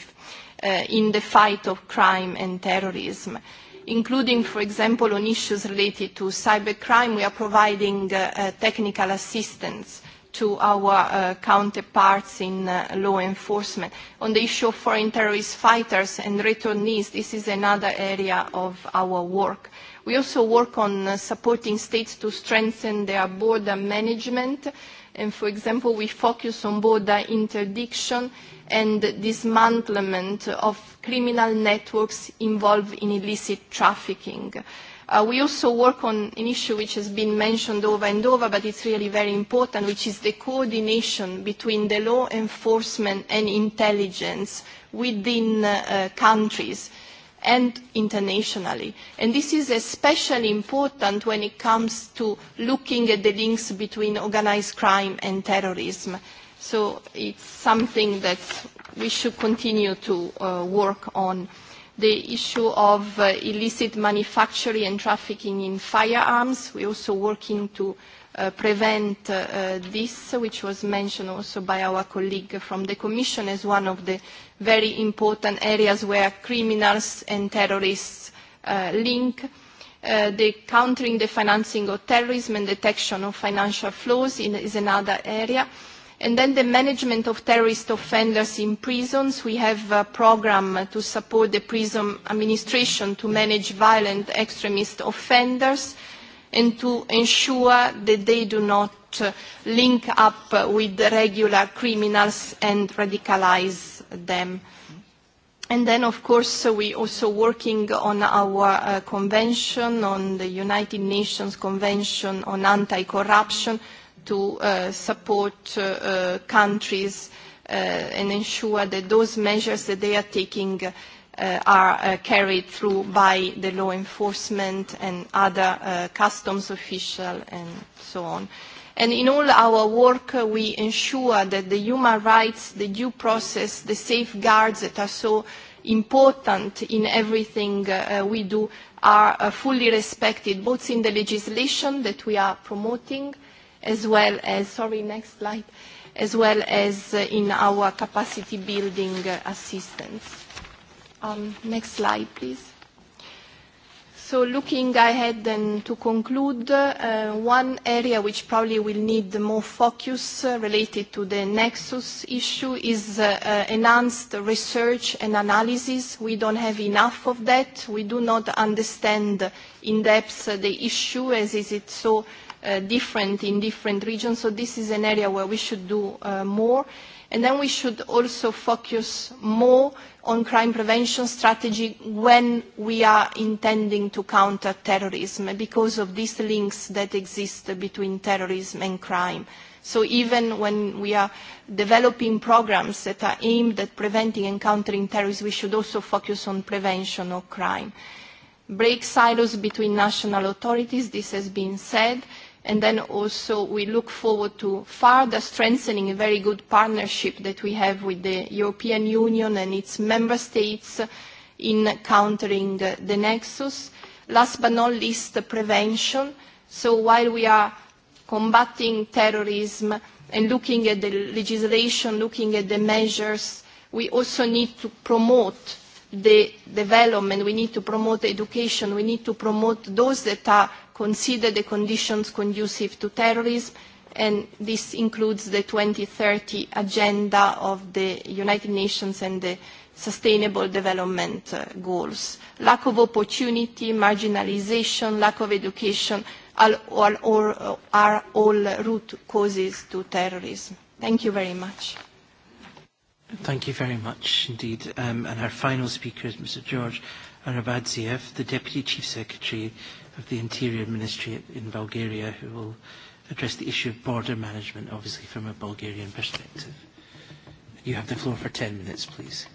uh, in the fight of crime and terrorism including, for example, on issues related to cybercrime. We are providing uh, uh, technical assistance to our uh, counterparts in uh, law enforcement. On the issue of foreign terrorist fighters and returnees, this is another area of our work. We also work on uh, supporting states to strengthen their border management And for example, we focus on border interdiction and dismantlement of criminal networks involved in illicit trafficking. Uh, we also work on an issue which has been mentioned over and over, but it's really very important, which is the coordination between the law enforcement and intelligence within uh, countries and internationally. And this is especially important when it comes to looking at the links between organized crime and terrorism. So it's something that we should continue to uh, work on. The issue of uh, illicit manufacturing and trafficking in firearms, we're also working to Uh, prevent uh, this, which was mentioned also by our colleague from the Commission as one of the very important areas where criminals and terrorists uh, link. Uh, the countering the financing of terrorism and detection of financial flows in, is another area. And then the management of terrorist offenders in prisons. We have a program to support the prison administration to manage violent extremist offenders and to ensure that they do not uh, link up with regular criminals and radicalize them. And then, of course, we also working on our uh, convention, on the United Nations Convention on Anti-Corruption, to uh, support uh, uh, countries uh, and ensure that those measures that they are taking uh, uh, are uh, carried through by the law enforcement and other uh, customs officials and so on. And in all our work, uh, we ensure that the human rights, the due process, the safeguards that are so important in everything uh, uh, we do are uh, fully respected, both in the legislation that we are promoting, as well as, sorry, next slide, as well as uh, in our capacity building uh, assistance. Um, next slide, please. So looking ahead and to conclude, uh, one area which probably will need more focus uh, related to the nexus issue is uh, uh, enhanced research and analysis. We don't have enough of that. We do not understand in depth uh, the issue as is it so uh, different in different regions. So this is an area where we should do uh, more. And then we should also focus more on crime prevention strategy when we are intending to counter terrorism because of these links that exist between terrorism and crime. So even when we are developing programs that are aimed at preventing and countering terrorism, we should also focus on prevention of crime. Break silos between national authorities, this has been said And then also we look forward to further strengthening a very good partnership that we have with the European Union and its member states in countering the, the nexus. Last but not least, the prevention. So while we are combating terrorism and looking at the legislation, looking at the measures, we also need to promote the development, we need to promote education, we need to promote those that are consider the conditions conducive to terrorism, and this includes the 2030 agenda of the United Nations and the sustainable development uh, goals. Lack of opportunity, marginalization, lack of education are all, all, uh, are all root causes to terrorism. Thank you very much. Thank you very much indeed. Um, and our final speaker is Mr. George Arabadziev, the Deputy Chief Secretary of the Interior Ministry in Bulgaria who will address the issue of border management, obviously from a Bulgarian perspective. You have the floor for 10 minutes, please.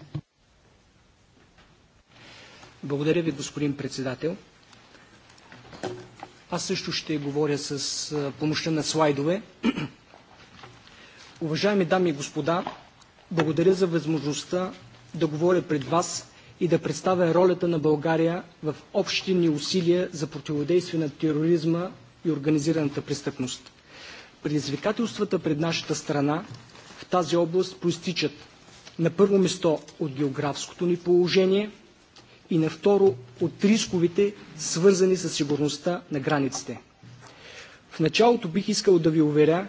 Благодаря ви, господин председател. Аз също ще говоря с помощта на слайдове. Уважаеми дами и господа, благодаря за възможността да говоря пред вас и да представя ролята на България в общи ни усилия за противодействие на тероризма и организираната престъпност. Предизвикателствата пред нашата страна в тази област проистичат на първо место от географското ни положение и на второ от рисковите, свързани с сигурността на границите. В началото бих искал да ви уверя,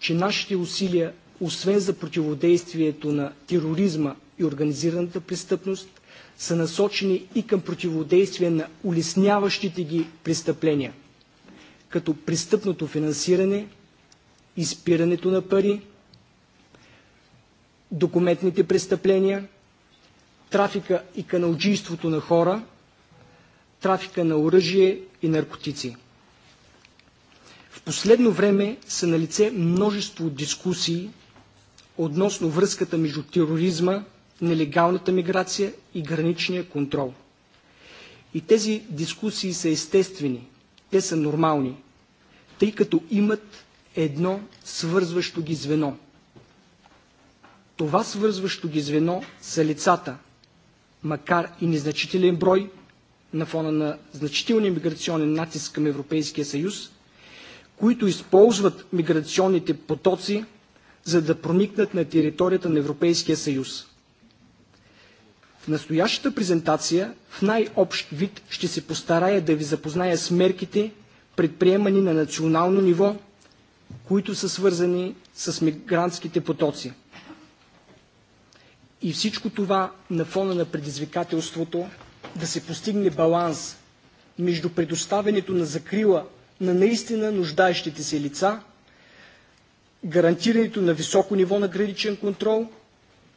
че нашите усилия, освен за противодействието на тероризма и организираната престъпност, са насочени и към противодействие на улесняващите ги престъпления, като престъпното финансиране, изпирането на пари, документните престъпления, трафика и каналджийството на хора, трафика на оръжие и наркотици. В последно време са налице множество дискусии относно връзката между тероризма нелегалната миграция и граничния контрол. И тези дискусии са естествени, те са нормални, тъй като имат едно свързващо ги звено. Това свързващо ги звено са лицата, макар и незначителен брой, на фона на значителния миграционен натиск към Европейския съюз, които използват миграционните потоци, за да проникнат на територията на Европейския съюз. В настоящата презентация в най-общ вид ще се постарая да ви запозная с мерките, предприемани на национално ниво, които са свързани с мигрантските потоци. И всичко това на фона на предизвикателството да се постигне баланс между предоставянето на закрила на наистина нуждаещите се лица, гарантирането на високо ниво на граничен контрол –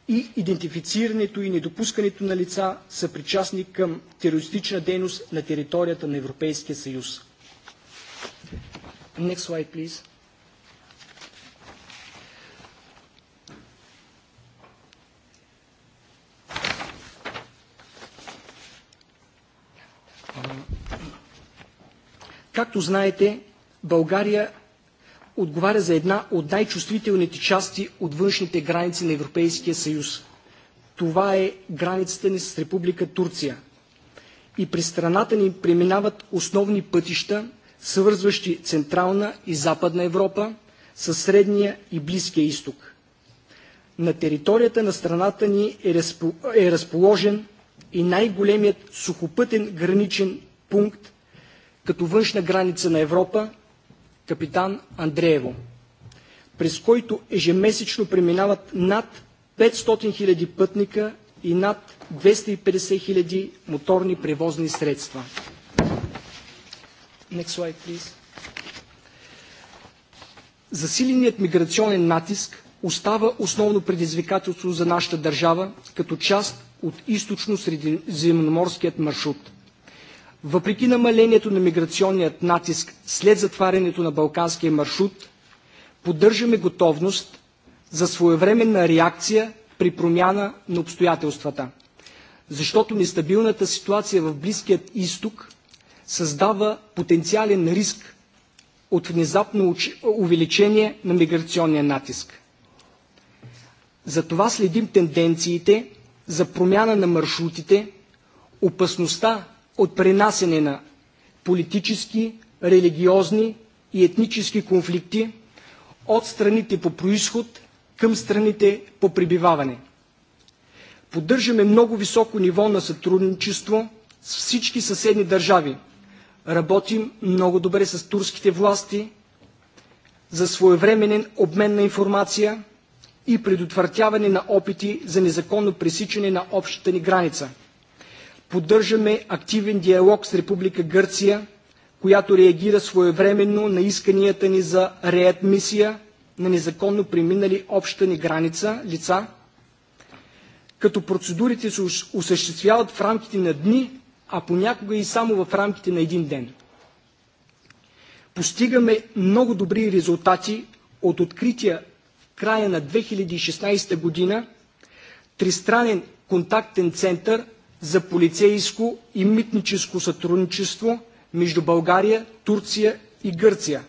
и идентифицирането и недопускането на лица са причастни към терористична дейност на територията на Европейския съюз. Next slide, please. Както знаете, България отговаря за една от най-чувствителните части от външните граници на Европейския съюз. Това е границата ни с Република Турция. И през страната ни преминават основни пътища, свързващи Централна и Западна Европа с Средния и Близкия изток. На територията на страната ни е разположен и най-големият сухопътен граничен пункт като външна граница на Европа – капитан Андреево. През който ежемесечно преминават над 500 000 пътника и над 250 000 моторни превозни средства. Next slide, please. Засиленият миграционен натиск остава основно предизвикателство за нашата държава като част от източно-средиземноморският маршрут – Въпреки намалението на миграционният натиск след затварянето на Балканския маршрут, поддържаме готовност за своевременна реакция при промяна на обстоятелствата. Защото нестабилната ситуация в Близкият изток създава потенциален риск от внезапно увеличение на миграционния натиск. Затова следим тенденциите за промяна на маршрутите, опасността от пренасене на политически, религиозни и етнически конфликти от страните по происход към страните по пребиваване. Поддържаме много високо ниво на сътрудничество с всички съседни държави. Работим много добре с турските власти за своевременен обмен на информация и предотвратяване на опити за незаконно пресичане на общата ни граница – Поддържаме активен диалог с Република Гърция, която реагира своевременно на исканията ни за реадмисия на незаконно преминали обща ни граница лица, като процедурите се осъществяват в рамките на дни, а понякога и само в рамките на един ден. Постигаме много добри резултати от открития в края на 2016 година тристранен контактен център за полицейско и митническо сътрудничество между България, Турция и Гърция,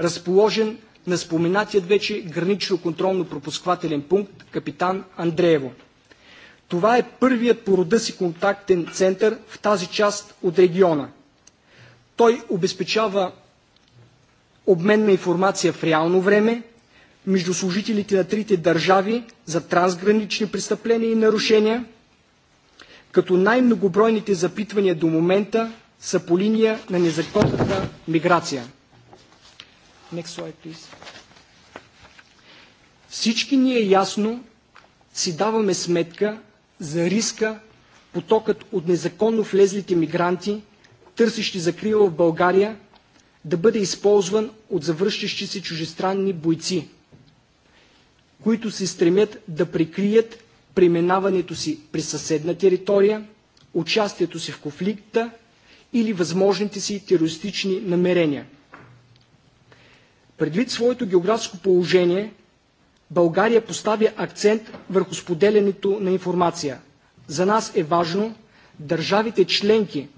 разположен на споменатият вече гранично-контролно-пропусквателен пункт Капитан Андреево. Това е първият по рода си контактен център в тази част от региона. Той обезпечава обмен на информация в реално време между служителите на трите държави за трансгранични престъпления и нарушения – като най-многобройните запитвания до момента са по линия на незаконната миграция. Next slide, please. Всички ние ясно си даваме сметка за риска потокът от незаконно влезлите мигранти, търсещи закрила в България, да бъде използван от завръщащи се чужестранни бойци, които се стремят да прикрият преминаването си при съседна територия, участието си в конфликта или възможните си терористични намерения. Предвид своето географско положение, България поставя акцент върху споделянето на информация. За нас е важно държавите членки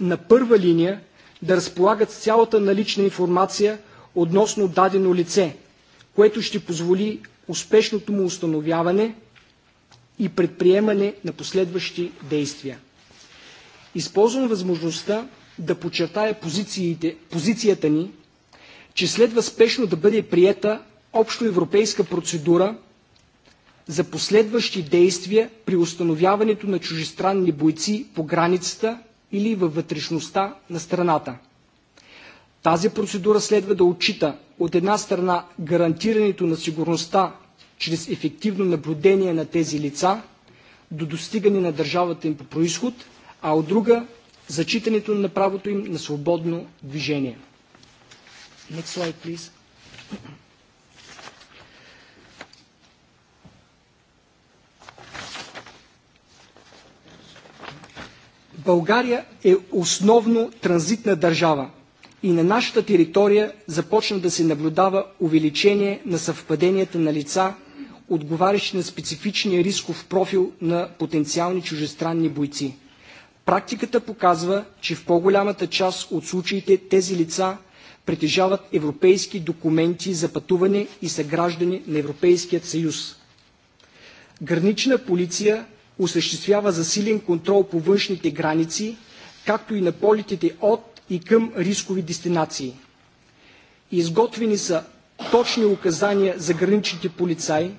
на първа линия да разполагат с цялата налична информация относно дадено лице, което ще позволи успешното му установяване – и предприемане на последващи действия. Използвам възможността да подчертая позициите, позицията ни, че следва спешно да бъде приета общоевропейска процедура за последващи действия при установяването на чужестранни бойци по границата или във вътрешността на страната. Тази процедура следва да отчита от една страна гарантирането на сигурността чрез ефективно наблюдение на тези лица до достигане на държавата им по происход, а от друга – зачитането на правото им на свободно движение. Next slide, please. България е основно транзитна държава и на нашата територия започна да се наблюдава увеличение на съвпаденията на лица, Отговарящи на специфичния рисков профил на потенциални чужестранни бойци. Практиката показва, че в по-голямата част от случаите тези лица притежават европейски документи за пътуване и са граждани на Европейският съюз. Гранична полиция осъществява засилен контрол по външните граници, както и на полетите от и към рискови дестинации. Изготвени са точни указания за граничните полицаи,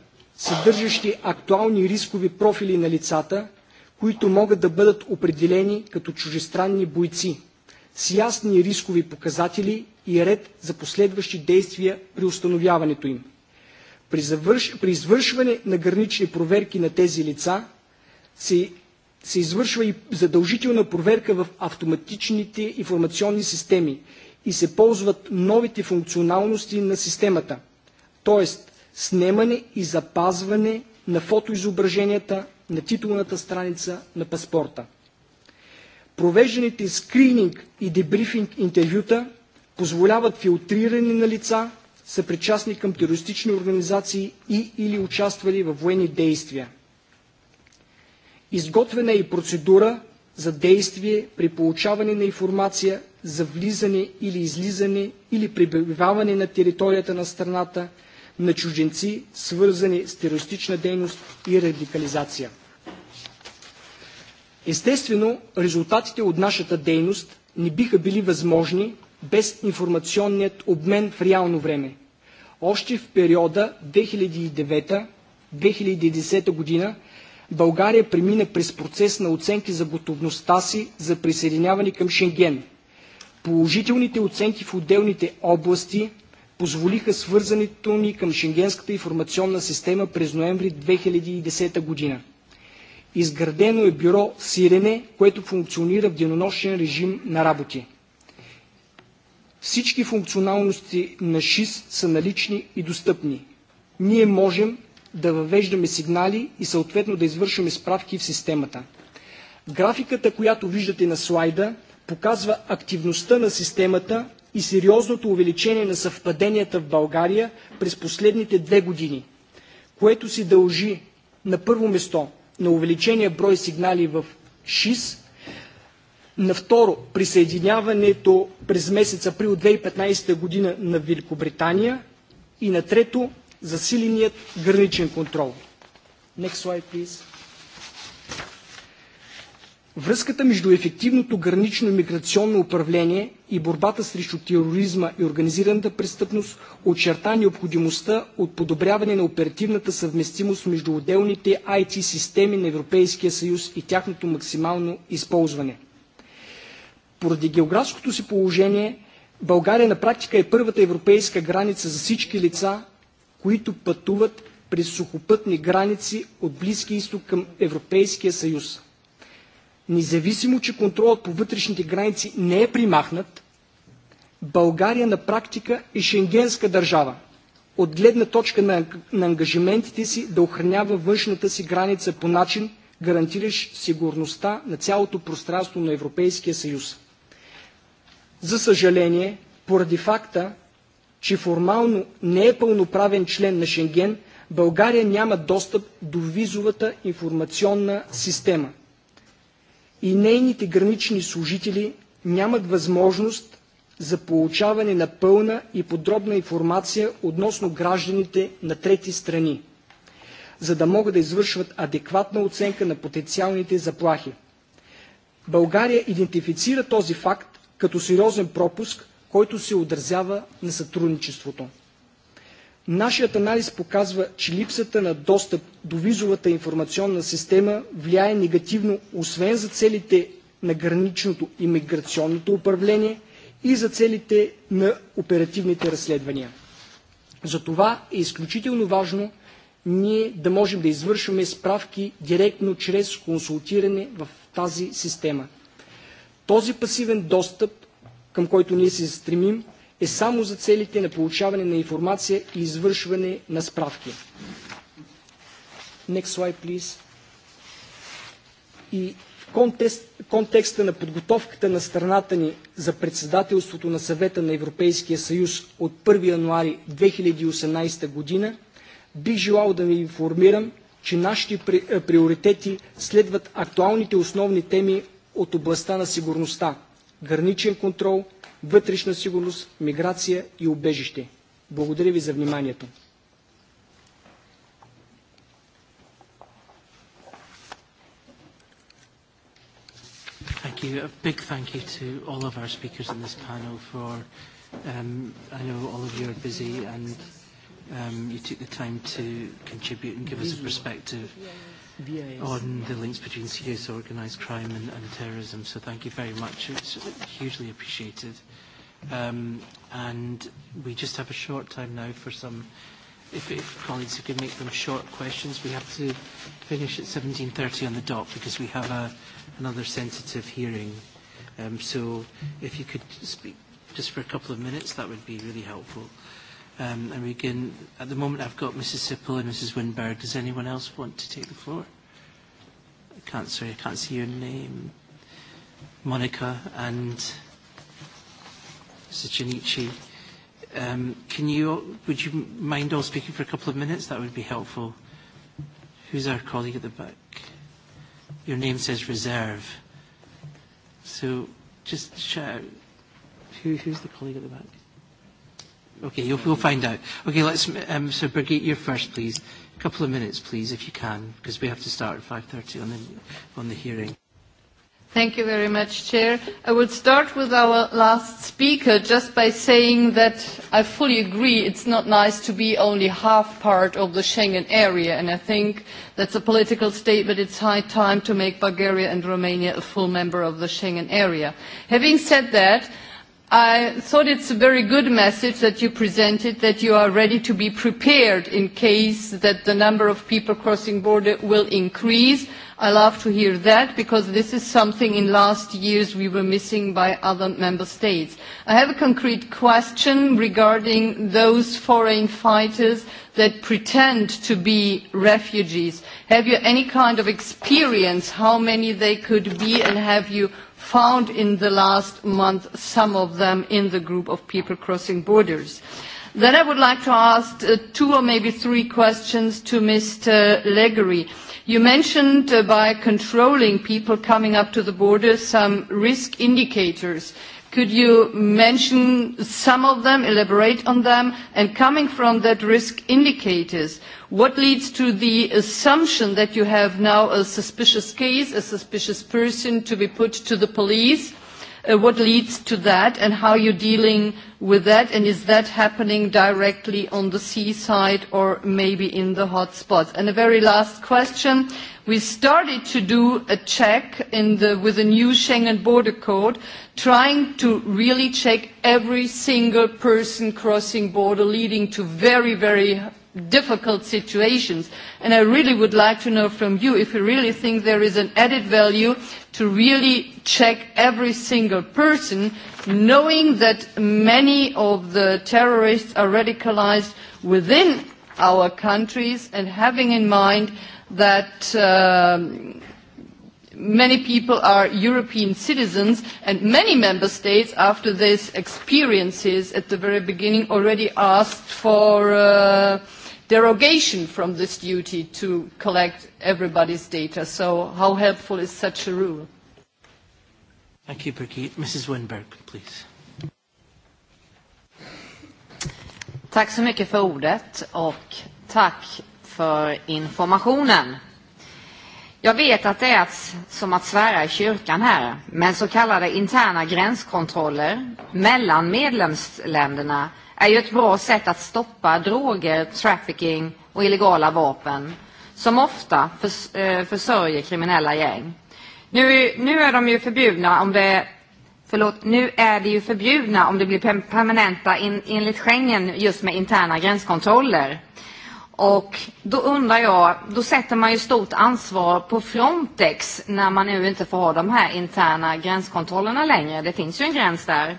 съдържащи актуални рискови профили на лицата, които могат да бъдат определени като чужестранни бойци, с ясни рискови показатели и ред за последващи действия при установяването им. При, завърш... при извършване на гранични проверки на тези лица се, се извършва и задължителна проверка в автоматичните информационни системи и се ползват новите функционалности на системата, т.е снемане и запазване на фотоизображенията на титулната страница на паспорта. Провежданите скрининг и дебрифинг интервюта позволяват филтриране на лица, съпричастни към терористични организации и или участвали в военни действия. Изготвена е и процедура за действие при получаване на информация за влизане или излизане или пребиваване на територията на страната – на чужденци, свързани с терористична дейност и радикализация. Естествено, резултатите от нашата дейност не биха били възможни без информационният обмен в реално време. Още в периода 2009-2010 година България премина през процес на оценки за готовността си за присъединяване към Шенген. Положителните оценки в отделните области позволиха свързането ни към Шенгенската информационна система през ноември 2010 година. Изградено е бюро Сирене, което функционира в денонощен режим на работи. Всички функционалности на ШИС са налични и достъпни. Ние можем да въвеждаме сигнали и съответно да извършваме справки в системата. Графиката, която виждате на слайда, показва активността на системата и сериозното увеличение на съвпаденията в България през последните две години, което се дължи на първо место на увеличение брой сигнали в ШИС, на второ присъединяването през месец април 2015 година на Великобритания и на трето засиленият граничен контрол. Next slide, please. Връзката между ефективното гранично миграционно управление и борбата срещу тероризма и организираната престъпност очерта необходимостта от подобряване на оперативната съвместимост между отделните IT системи на Европейския съюз и тяхното максимално използване. Поради географското си положение, България на практика е първата европейска граница за всички лица, които пътуват през сухопътни граници от Близкия изток към Европейския съюз. Независимо, че контролът по вътрешните граници не е примахнат, България на практика е шенгенска държава, от гледна точка на, на ангажиментите си да охранява външната си граница по начин, гарантиращ сигурността на цялото пространство на Европейския съюз. За съжаление, поради факта, че формално не е пълноправен член на Шенген, България няма достъп до визовата информационна система – и нейните гранични служители нямат възможност за получаване на пълна и подробна информация относно гражданите на трети страни, за да могат да извършват адекватна оценка на потенциалните заплахи. България идентифицира този факт като сериозен пропуск, който се отразява на сътрудничеството. Нашият анализ показва, че липсата на достъп до визовата информационна система влияе негативно освен за целите на граничното и миграционното управление и за целите на оперативните разследвания. Затова е изключително важно ние да можем да извършваме справки директно чрез консултиране в тази система. Този пасивен достъп, към който ние се стремим, е само за целите на получаване на информация и извършване на справки. Next slide, please. И в контекст, контекста на подготовката на страната ни за председателството на съвета на Европейския съюз от 1 януари 2018 година, бих желал да ви информирам, че нашите приоритети следват актуалните основни теми от областта на сигурността, граничен контрол – вътрешна сигурност, миграция и убежище. Благодаря ви за вниманието. Thank you. A big thank you to all of our speakers in this panel for, um, I know all of you are busy and um, you took the time to contribute and give us a perspective on the links between serious organised crime and, and terrorism. So thank you very much. It's hugely appreciated. Um, and we just have a short time now for some, if, if colleagues could make them short questions. We have to finish at 17.30 on the dot because we have a, another sensitive hearing. Um, so if you could speak just for a couple of minutes, that would be really helpful. Um, and we can, at the moment I've got Mrs. Sippel and Mrs. Winberg. Does anyone else want to take the floor? I can't, sorry, I can't see your name. Monica and Mr. Um, can you, would you mind all speaking for a couple of minutes? That would be helpful. Who's our colleague at the back? Your name says reserve. So just shout. Who, who's the colleague at the back? Okay, you'll, we'll find out. Okay, let's, um, so Brigitte, you're first, please. A couple of minutes, please, if you can, because we have to start at 5.30 on the, on the hearing. Thank you very much, Chair. I will start with our last speaker just by saying that I fully agree it's not nice to be only half part of the Schengen area, and I think that's a political statement. It's high time to make Bulgaria and Romania a full member of the Schengen area. Having said that, I thought it's a very good message that you presented that you are ready to be prepared in case that the number of people crossing border will increase. I love to hear that because this is something in last years we were missing by other member states. I have a concrete question regarding those foreign fighters that pretend to be refugees. Have you any kind of experience how many they could be and have you found in the last month some of them in the group of people crossing borders? Then I would like to ask uh, two or maybe three questions to Mr. Legery. Uh, You mentioned uh, by controlling people coming up to the border some risk indicators. Could you mention some of them, elaborate on them, and coming from that risk indicators, what leads to the assumption that you have now a suspicious case, a suspicious person to be put to the police, uh, what leads to that and how you're dealing with that and is that happening directly on the seaside or maybe in the hot spots? And a very last question, we started to do a check in the, with a new Schengen border code trying to really check every single person crossing border leading to very, very difficult situations. And I really would like to know from you if you really think there is an added value to really check every single person, knowing that many of the terrorists are radicalized within our countries and having in mind that um, many people are European citizens and many member states after these experiences at the very beginning already asked for uh, derogation from this duty to collect everybody's data. So how helpful is such a rule? Thank you, Birgit. Mrs. Winberg, please. Tack så mycket för ordet och tack för informationen. Jag vet att det är som att svära i kyrkan här, men så kallade interna gränskontroller mellan medlemsländerna är ju ett bra sätt att stoppa droger, trafficking och illegala vapen som ofta förs eh, försörjer kriminella gäng. Nu, nu är de ju förbjudna om det Förlåt, nu är det ju förbjudna om det blir permanenta in, enligt Schengen just med interna gränskontroller. Och då undrar jag, då sätter man ju stort ansvar på Frontex när man nu inte får ha de här interna gränskontrollerna längre. Det finns ju en gräns där.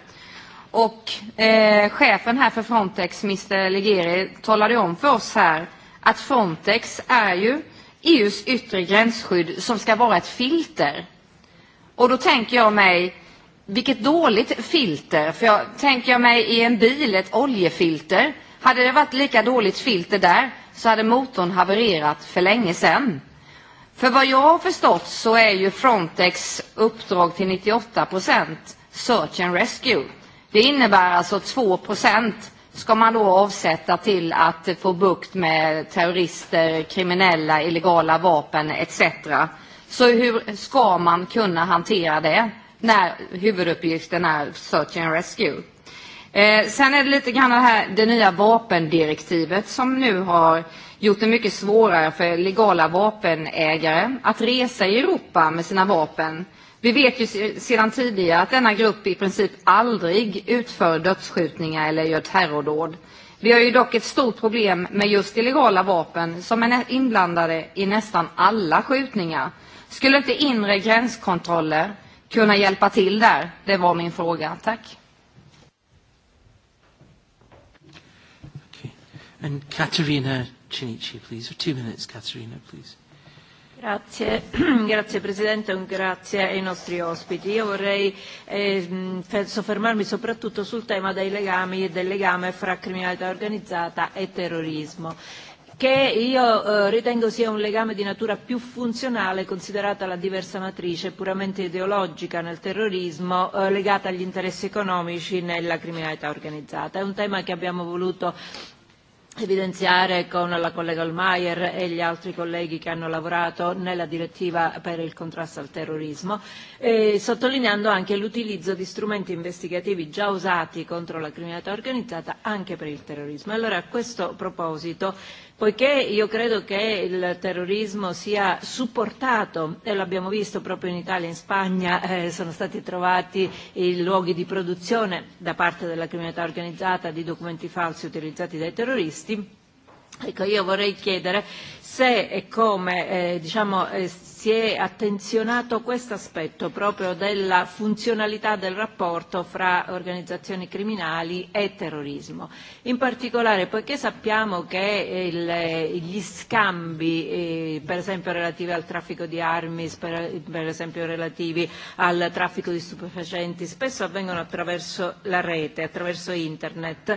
Och eh, chefen här för Frontex, Mr Legeri, talade om för oss här att Frontex är ju EUs yttre gränsskydd som ska vara ett filter. Och då tänker jag mig, vilket dåligt filter, för jag tänker jag mig i en bil, ett oljefilter. Hade det varit lika dåligt filter där så hade motorn havererat för länge sedan. För vad jag har förstått så är ju Frontex uppdrag till 98 procent search and rescue. Det innebär alltså 2 ska man då avsätta till att få bukt med terrorister, kriminella, illegala vapen etc. Så hur ska man kunna hantera det när huvuduppgiften är search and rescue? Eh, sen är det lite grann det, här, det nya vapendirektivet som nu har gjort det mycket svårare för legala vapenägare att resa i Europa med sina vapen Vi vet ju sedan tidigare att denna grupp i princip aldrig utför dödsskjutningar eller gör terrordåd. Vi har ju dock ett stort problem med just illegala vapen som är inblandade i nästan alla skjutningar. Skulle inte inre gränskontroller kunna hjälpa till där? Det var min fråga. Tack. Okay. And Katarina Cinici, please. For two minutes, Katarina, please. Grazie, grazie Presidente, grazie ai nostri ospiti. Io vorrei eh, soffermarmi soprattutto sul tema dei legami e del legame fra criminalità organizzata e terrorismo che io eh, ritengo sia un legame di natura più funzionale considerata la diversa matrice puramente ideologica nel terrorismo eh, legata agli interessi economici nella criminalità organizzata. È un tema che abbiamo voluto evidenziare con la collega Hohlmeier e gli altri colleghi che hanno lavorato nella direttiva per il contrasto al terrorismo, eh, sottolineando anche l'utilizzo di strumenti investigativi già usati contro la criminalità organizzata anche per il terrorismo. Allora a questo proposito poiché io credo che il terrorismo sia supportato, e l'abbiamo visto proprio in Italia e in Spagna, eh, sono stati trovati i luoghi di produzione da parte della criminalità organizzata di documenti falsi utilizzati dai terroristi, ecco io vorrei chiedere se e come eh, diciamo, eh, si è attenzionato questo aspetto proprio della funzionalità del rapporto fra organizzazioni criminali e terrorismo. In particolare, poiché sappiamo che eh, il, eh, gli scambi, eh, per esempio relativi al traffico di armi, per, per esempio relativi al traffico di stupefacenti, spesso avvengono attraverso la rete, attraverso internet,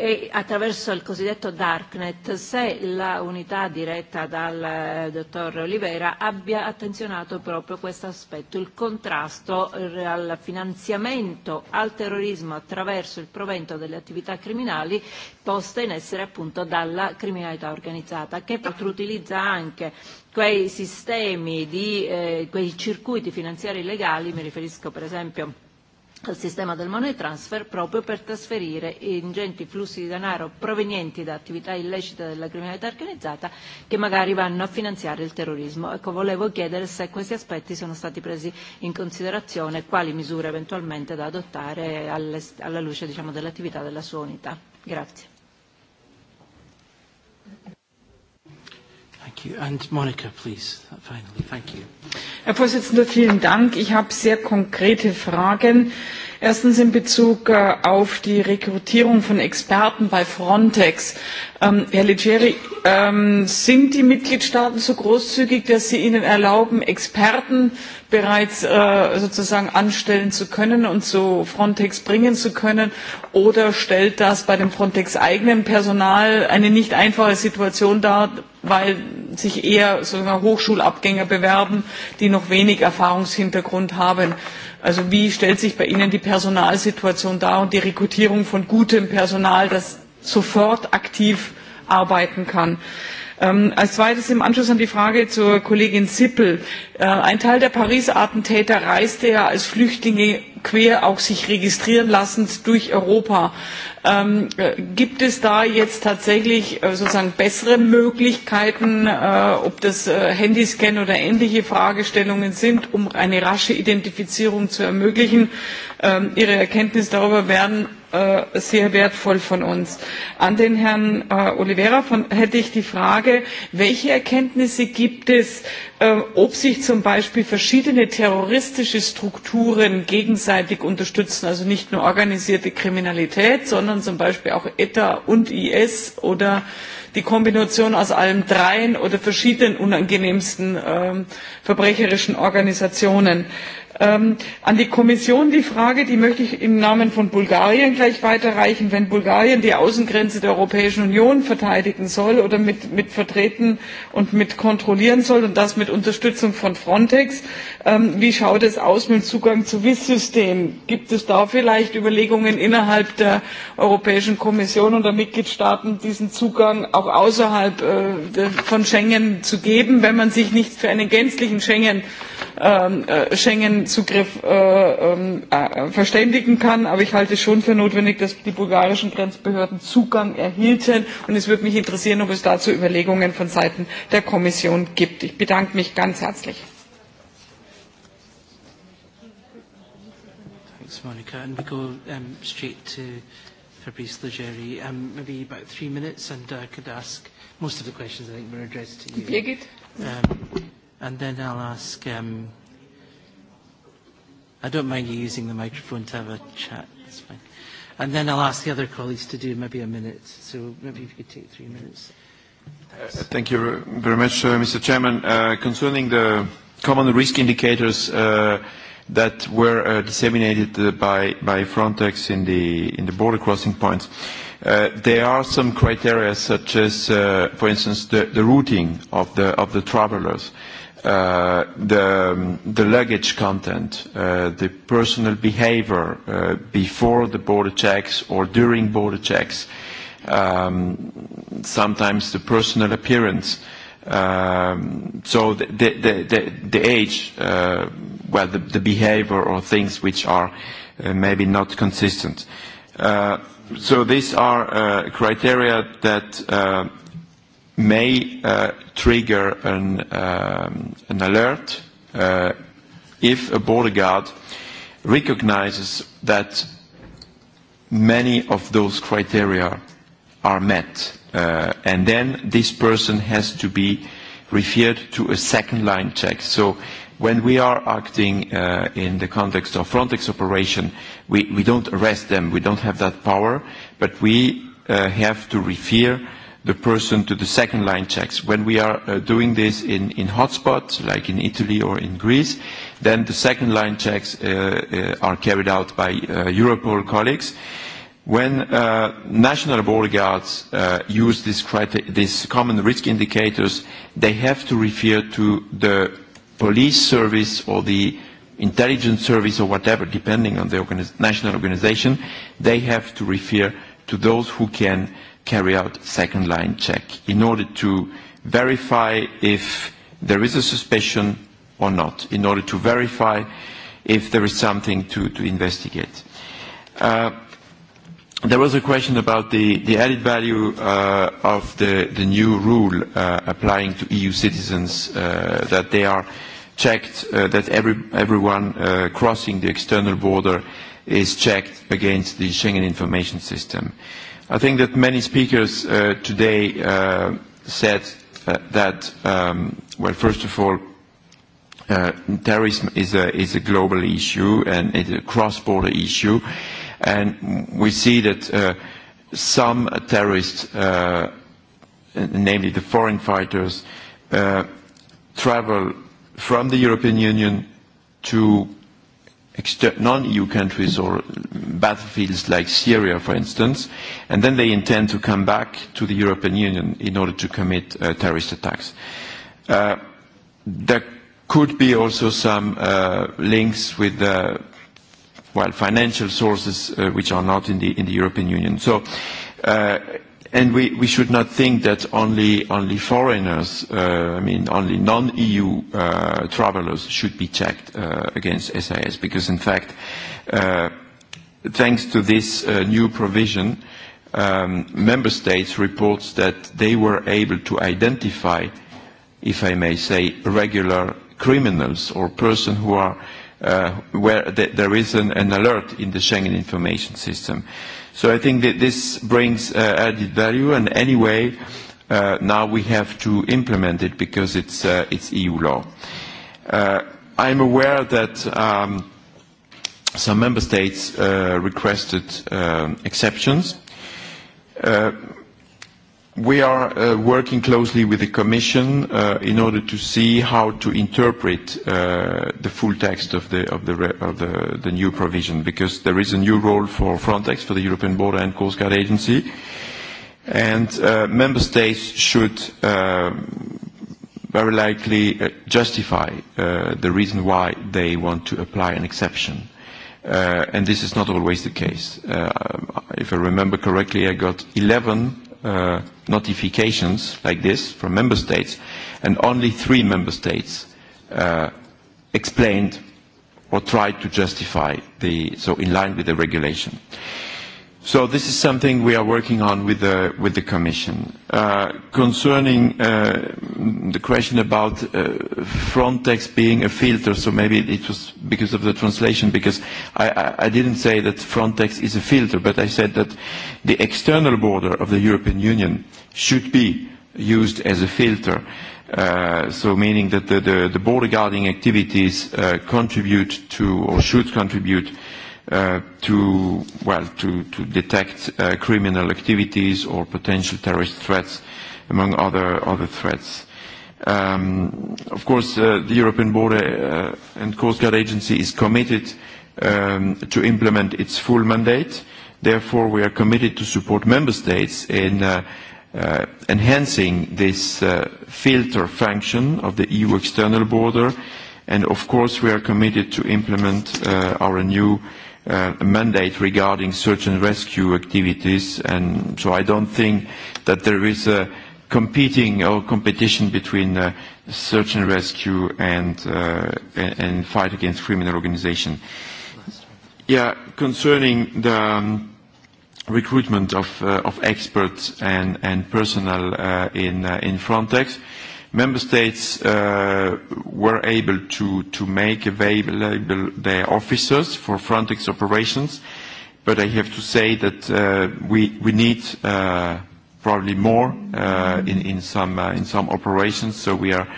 e attraverso il cosiddetto Darknet se la unità diretta dal eh, dottor Olivera abbia attenzionato proprio questo aspetto, il contrasto al finanziamento al terrorismo attraverso il provento delle attività criminali poste in essere appunto dalla criminalità organizzata, che peraltro utilizza anche quei sistemi di eh, quei circuiti finanziari illegali, mi riferisco per esempio al sistema del money transfer proprio per trasferire ingenti flussi di denaro provenienti da attività illecite della criminalità organizzata che magari vanno a finanziare il terrorismo. Ecco, volevo chiedere se questi aspetti sono stati presi in considerazione e quali misure eventualmente da adottare alla luce diciamo, dell'attività della sua unità. Grazie. Thank you. And Monica, please, finally. Thank you. Herr Vorsitzender, vielen Dank. Ich habe sehr konkrete Fragen. Erstens in Bezug äh, auf die Rekrutierung von Experten bei Frontex. Ähm, Herr Leggeri, ähm, sind die Mitgliedstaaten so großzügig, dass sie ihnen erlauben, Experten bereits äh, sozusagen anstellen zu können und zu Frontex bringen zu können? Oder stellt das bei dem Frontex eigenen Personal eine nicht einfache Situation dar, weil sich eher sogar Hochschulabgänger bewerben, die noch wenig Erfahrungshintergrund haben? Also wie stellt sich bei Ihnen die Personalsituation dar und die Rekrutierung von gutem Personal, das sofort aktiv arbeiten kann? Ähm, als zweites im Anschluss an die Frage zur Kollegin Sippel. Äh, ein Teil der Paris-Attentäter reiste ja als Flüchtlinge quer auch sich registrieren lassen durch Europa. Ähm, äh, gibt es da jetzt tatsächlich äh, sozusagen bessere Möglichkeiten, äh, ob das äh, Handyscan oder ähnliche Fragestellungen sind, um eine rasche Identifizierung zu ermöglichen? Ähm, Ihre Erkenntnisse darüber wären äh, sehr wertvoll von uns. An den Herrn äh, Oliveira von, hätte ich die Frage, welche Erkenntnisse gibt es, äh, ob sich zum Beispiel verschiedene terroristische Strukturen gegenseitig gegenseitig unterstützen, also nicht nur organisierte Kriminalität, sondern zum Beispiel auch ETA und IS oder die Kombination aus allen dreien oder verschiedenen unangenehmsten äh, verbrecherischen Organisationen. Äh, Ähm, an die Kommission die Frage, die möchte ich im Namen von Bulgarien gleich weiterreichen. Wenn Bulgarien die Außengrenze der Europäischen Union verteidigen soll oder mit, mit vertreten und mit kontrollieren soll und das mit Unterstützung von Frontex, ähm, wie schaut es aus mit Zugang zu WIS-Systemen? Gibt es da vielleicht Überlegungen innerhalb der Europäischen Kommission und der Mitgliedstaaten, diesen Zugang auch außerhalb äh, von Schengen zu geben, wenn man sich nicht für einen gänzlichen Schengen, ähm, äh, Schengen Zugriff äh, ähm, äh, verständigen kann. Aber ich halte es schon für notwendig, dass die bulgarischen Grenzbehörden Zugang erhielten. Und es würde mich interessieren, ob es dazu Überlegungen von Seiten der Kommission gibt. Ich bedanke mich ganz herzlich. Thanks, Monica. And we go um, straight to Fabrice Legeri. Um, maybe about three minutes, and I uh, could ask most of the questions I think were addressed to you. Birgit? Um, and then I'll ask um, I don't mind you using the microphone to have a chat. That's fine. And then I'll ask the other colleagues to do maybe a minute. So maybe if you could take three minutes. Uh, thank you very much, uh, Mr. Chairman. Uh, concerning the common risk indicators uh, that were uh, disseminated uh, by, by Frontex in the, in the border crossing points, uh, there are some criteria such as, uh, for instance, the, the routing of the, of the travelers. Uh, uh, the, um, the luggage content, uh, the personal behavior uh, before the border checks or during border checks, um, sometimes the personal appearance, um, so the, the, the, the age, uh, well, the, the behavior or things which are uh, maybe not consistent. Uh, so these are uh, criteria that uh, may uh, trigger an, um, an alert uh, if a border guard recognizes that many of those criteria are met. Uh, and then this person has to be referred to a second line check. So when we are acting uh, in the context of Frontex operation, we, we don't arrest them, we don't have that power, but we uh, have to refer the person to the second line checks. When we are uh, doing this in, in hotspots, like in Italy or in Greece, then the second line checks uh, uh, are carried out by uh, Europol colleagues. When uh, national border guards uh, use these this common risk indicators, they have to refer to the police service or the intelligence service or whatever, depending on the organi national organization, they have to refer to those who can uh, carry out second line check in order to verify if there is a suspicion or not, in order to verify if there is something to, to investigate. Uh, there was a question about the, the added value uh, of the, the new rule uh, applying to EU citizens uh, that they are checked, uh, that every, everyone uh, crossing the external border is checked against the Schengen information system. Uh, I think that many speakers uh, today uh, said uh, that, um, well, first of all, uh, terrorism is a, is a global issue and it's a cross-border issue. And we see that uh, some terrorists, uh, namely the foreign fighters, uh, travel from the European Union to non-EU countries or battlefields like Syria, for instance, and then they intend to come back to the European Union in order to commit uh, terrorist attacks. Uh, there could be also some uh, links with uh, well, financial sources uh, which are not in the, in the European Union. So uh, And we, we should not think that only, only foreigners, uh, I mean, only non-EU uh, travelers should be checked uh, against SIS, because in fact, uh, thanks to this uh, new provision, um, member states reports that they were able to identify, if I may say, regular criminals or persons who are, uh, where th there is an, an alert in the Schengen information system. Uh, So I think that this brings uh, added value and anyway, uh, now we have to implement it because it's, uh, it's EU law. Uh, I'm aware that um, some member states uh, requested uh, exceptions. Uh, We are uh, working closely with the Commission uh, in order to see how to interpret uh, the full text of, the, of, the, of the, the new provision, because there is a new role for Frontex, for the European Border and Coast Guard Agency, and uh, member states should uh, very likely uh, justify uh, the reason why they want to apply an exception. Uh, and this is not always the case. Uh, if I remember correctly, I got 11 uh, notifications like this from member states, and only three member states uh, explained or tried to justify the, so in line with the regulation. Uh, So this is something we are working on with the, with the Commission. Uh, concerning uh, the question about uh, Frontex being a filter, so maybe it was because of the translation, because I, I, I didn't say that Frontex is a filter, but I said that the external border of the European Union should be used as a filter. Uh, so meaning that the, the, the border guarding activities uh, contribute to or should contribute Uh, to, well, to, to detect uh, criminal activities or potential terrorist threats, among other, other threats. Um, of course, uh, the European Border uh, and Coast Guard Agency is committed um, to implement its full mandate. Therefore, we are committed to support member states in uh, uh, enhancing this uh, filter function of the EU external border. And of course, we are committed to implement uh, our new uh, mandate regarding search and rescue activities. And so I don't think that there is a competing or competition between uh, search and rescue and, uh, and fight against criminal organization. Yeah, concerning the um, recruitment of, uh, of experts and, and personnel uh, in, uh, in Frontex, uh, Member States uh, were able to, to make available their officers for Frontex operations, but I have to say that uh, we, we need uh, probably more uh, in, in, some, uh, in some operations, so we are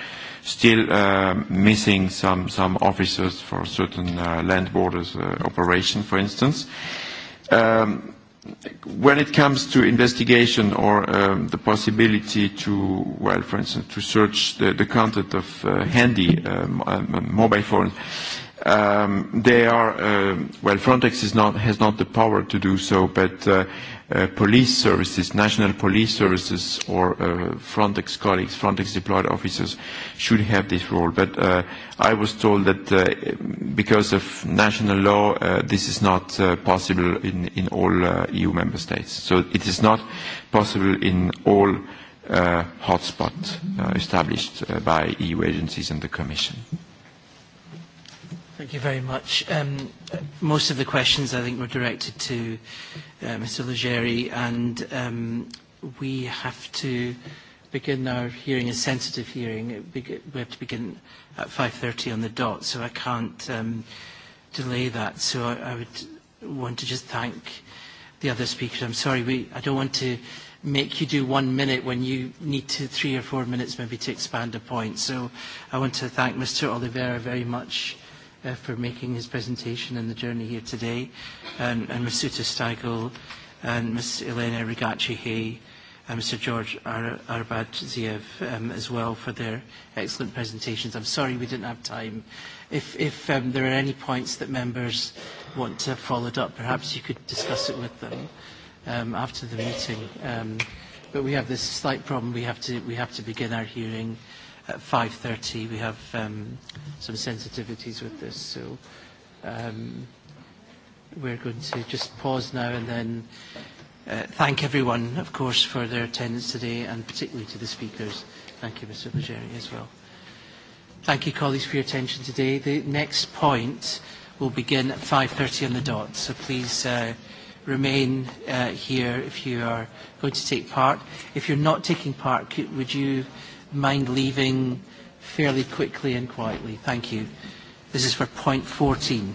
still uh, missing some, some officers for certain uh, land borders uh, operations, for instance. Um, when it comes to investigation or um, the possibility to, well, for instance, to search the, the content of uh, handy um, uh, mobile phones, um, they are, uh, well, Frontex is not, has not the power to do so, but uh, uh, police services, national police services, or uh, Frontex colleagues, Frontex deployed officers should have this role. But uh, I was told that uh, because of national law, uh, this is not uh, possible in, in all uh, EU member states. So it is not possible in all uh, hotspots uh, established uh, by EU agencies and the Commission. Thank you very much. Um, most of the questions, I think, were directed to uh, Mr. Legeri, and um, we have to begin our hearing, a sensitive hearing. We have to begin at 5.30 on the dot, so I can't um, delay that. So I, I would want to just thank the other speakers. I'm sorry, we, I don't want to make you do one minute when you need to three or four minutes maybe to expand a point. So I want to thank Mr. Oliveira very much uh, for making his presentation and the journey here today, and, and Ms. Suta Steigl, and Ms. Elena Rigacci-Hay, and Mr. George Ar Arbad Ziev um, as well for their excellent presentations. I'm sorry we didn't have time. If, if um, there are any points that members want to have followed up, perhaps you could discuss it with them um, after the meeting. Um, but we have this slight problem. We have to, we have to begin our hearing at 5.30. We have um, some sensitivities with this, so um, we're going to just pause now and then uh, thank everyone, of course, for their attendance today and particularly to the speakers. Thank you, Mr. Legeri, as well. Thank you, colleagues, for your attention today. The next point will begin at 5.30 on the dot, so please uh, remain uh, here if you are going to take part. If you're not taking part, could, would you mind leaving fairly quickly and quietly? Thank you. This is for point 14.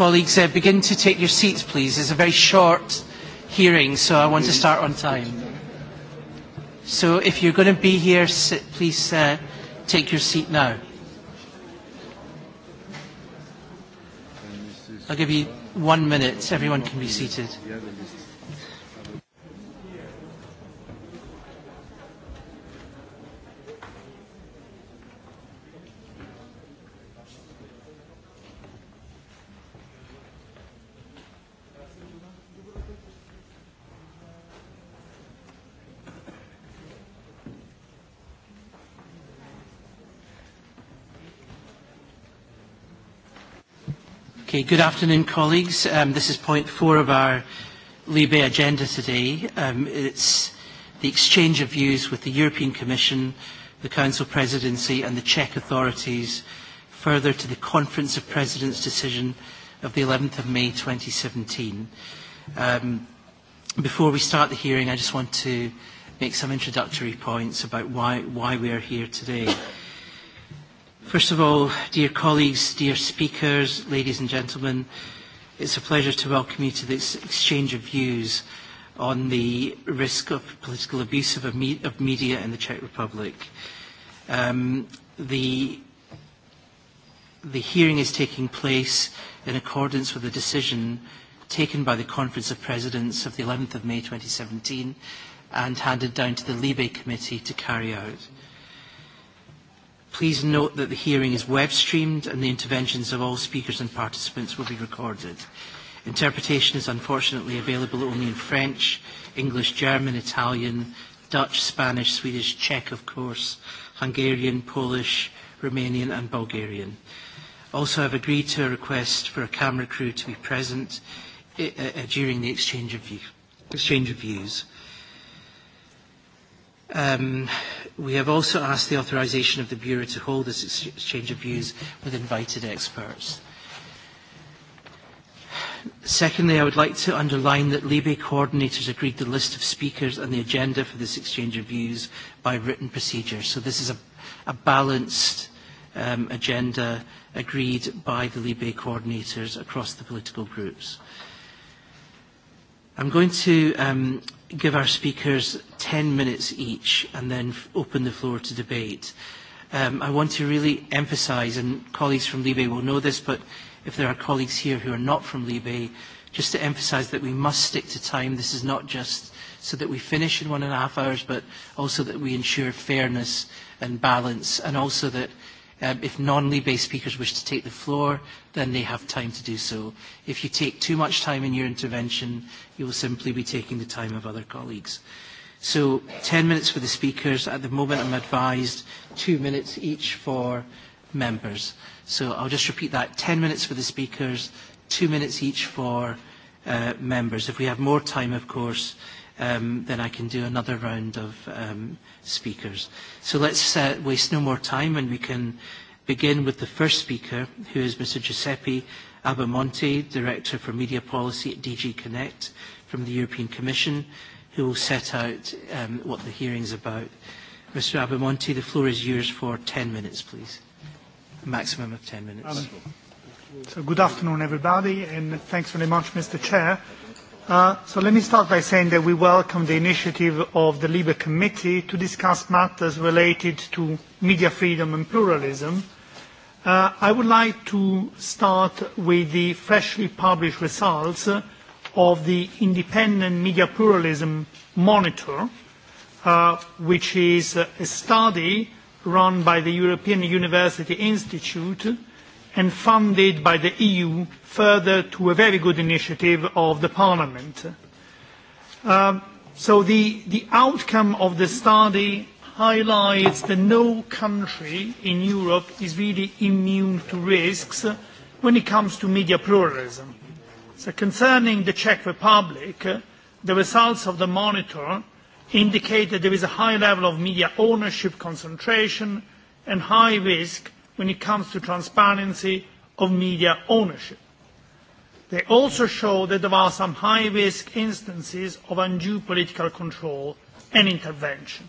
colleagues, uh, begin to take your seats, please. It's a very short hearing, so I want to start on time. So if you're going to be here, sit, please uh, take your seat now. I'll give you one minute. Everyone can be seated. Okay, good afternoon, colleagues. Um, this is point four of our Libe agenda today. Um, it's the exchange of views with the European Commission, the Council Presidency and the Czech authorities further to the Conference of Presidents decision of the 11th of May 2017. Um, before we start the hearing, I just want to make some introductory points about why, why we are here today. First of all, dear colleagues, dear speakers, ladies and gentlemen, it's a pleasure to welcome you to this exchange of views on the risk of political abuse of, me of media in the Czech Republic. Um, the, the hearing is taking place in accordance with a decision taken by the Conference of Presidents of the 11th of May 2017 and handed down to the Libe Committee to carry out. Please note that the hearing is web streamed and the interventions of all speakers and participants will be recorded. Interpretation is unfortunately available only in French, English, German, Italian, Dutch, Spanish, Swedish, Czech, of course, Hungarian, Polish, Romanian and Bulgarian. Also, I've agreed to a request for a camera crew to be present eh, eh, during the exchange of, view, exchange of views. Um, we have also asked the authorization of the Bureau to hold this exchange of views with invited experts. Secondly, I would like to underline that Libe coordinators agreed the list of speakers and the agenda for this exchange of views by written procedure. So this is a, a balanced um, agenda agreed by the Libe coordinators across the political groups. I'm going to um, give our speakers 10 minutes each and then open the floor to debate. Um, I want to really emphasise, and colleagues from Libe will know this, but if there are colleagues here who are not from Libe, just to emphasise that we must stick to time. This is not just so that we finish in one and a half hours, but also that we ensure fairness and balance, and also that um, if non-Libe speakers wish to take the floor, then they have time to do so. If you take too much time in your intervention, you will simply be taking the time of other colleagues. So 10 minutes for the speakers. At the moment, I'm advised two minutes each for members. So I'll just repeat that. 10 minutes for the speakers, two minutes each for uh, members. If we have more time, of course, um, then I can do another round of um, speakers. So let's uh, waste no more time and we can begin with the first speaker, who is Mr. Giuseppe Abamonte, Director for Media Policy at DG Connect from the European Commission, who will set out um, what the hearing is about. Mr. Abamonte, the floor is yours for 10 minutes, please. A maximum of 10 minutes. So good afternoon, everybody, and thanks very much, Mr. Chair. Uh, so let me start by saying that we welcome the initiative of the Libre Committee to discuss matters related to media freedom and pluralism Uh, I would like to start with the freshly published results of the Independent Media Pluralism Monitor, uh, which is a study run by the European University Institute and funded by the EU further to a very good initiative of the Parliament. Um, so the, the outcome of the study highlights that no country in Europe is really immune to risks when it comes to media pluralism. So concerning the Czech Republic, the results of the monitor indicate that there is a high level of media ownership concentration and high risk when it comes to transparency of media ownership. They also show that there are some high risk instances of undue political control and intervention.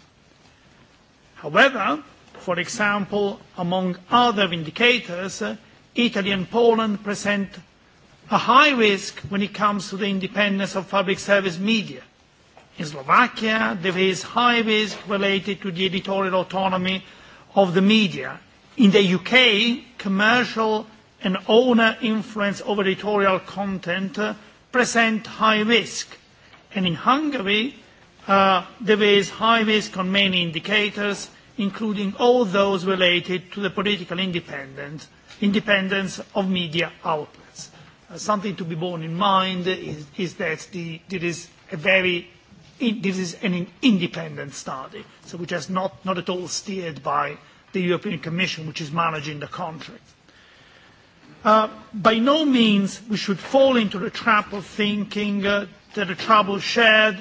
However, for example, among other indicators, Italy and Poland present a high risk when it comes to the independence of public service media. In Slovakia, there is high risk related to the editorial autonomy of the media. In the UK, commercial and owner influence over editorial content present high risk. And in Hungary, Uh, there is high risk on many indicators, including all those related to the political independence, independence of media outlets. Uh, something to be borne in mind is, is that the, there is a very in, this is an independent study, so which is not, not at all steered by the European Commission, which is managing the contract. Uh, by no means we should fall into the trap of thinking uh, that the trouble shared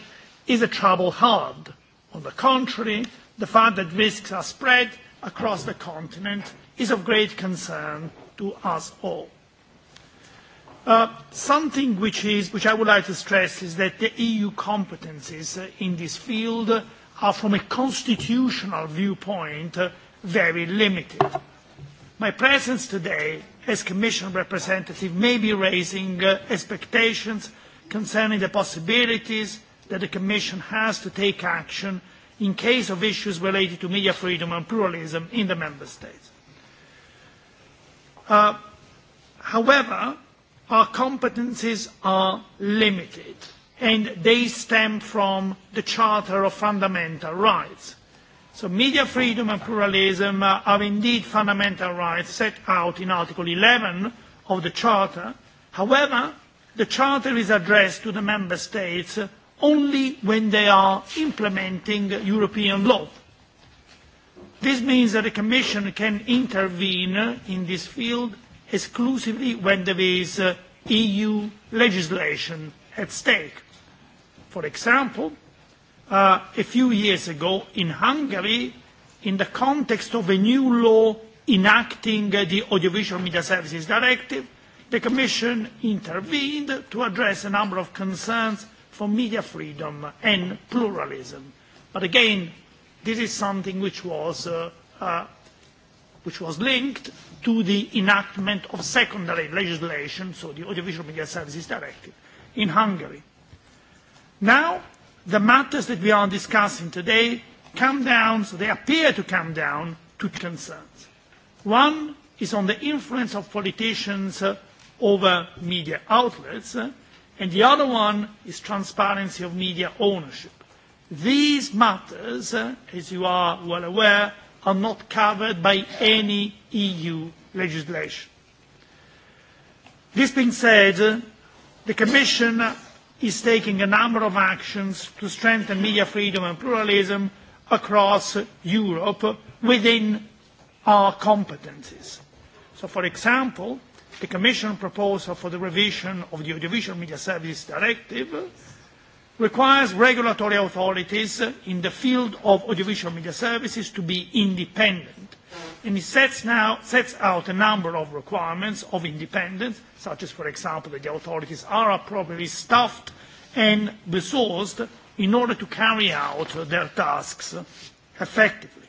is a trouble hard. On the contrary, the fact that risks are spread across the continent is of great concern to us all. Uh, something which, is, which I would like to stress is that the EU competences uh, in this field are from a constitutional viewpoint uh, very limited. My presence today as Commission representative may be raising uh, expectations concerning the possibilities that the Commission has to take action in case of issues related to media freedom and pluralism in the Member States. Uh, however, our competences are limited and they stem from the Charter of Fundamental Rights. So media freedom and pluralism uh, are indeed fundamental rights set out in Article 11 of the Charter. However, the Charter is addressed to the Member States only when they are implementing European law. This means that the Commission can intervene in this field exclusively when there is uh, EU legislation at stake. For example, uh, a few years ago in Hungary, in the context of a new law enacting uh, the Audiovisual Media Services Directive, the Commission intervened to address a number of concerns for media freedom and pluralism. But again, this is something which was, uh, uh, which was linked to the enactment of secondary legislation, so the Audiovisual Media Services Directive, in Hungary. Now, the matters that we are discussing today come down, so they appear to come down, to concerns. One is on the influence of politicians uh, over media outlets, uh, and the other one is transparency of media ownership. These matters, uh, as you are well aware, are not covered by any EU legislation. This being said, uh, the Commission is taking a number of actions to strengthen media freedom and pluralism across Europe within our competencies. So, for example, the Commission proposal for the revision of the Audiovisual Media Services Directive requires regulatory authorities in the field of audiovisual media services to be independent and it sets, now, sets out a number of requirements of independence, such as, for example, that the authorities are appropriately staffed and resourced in order to carry out their tasks effectively.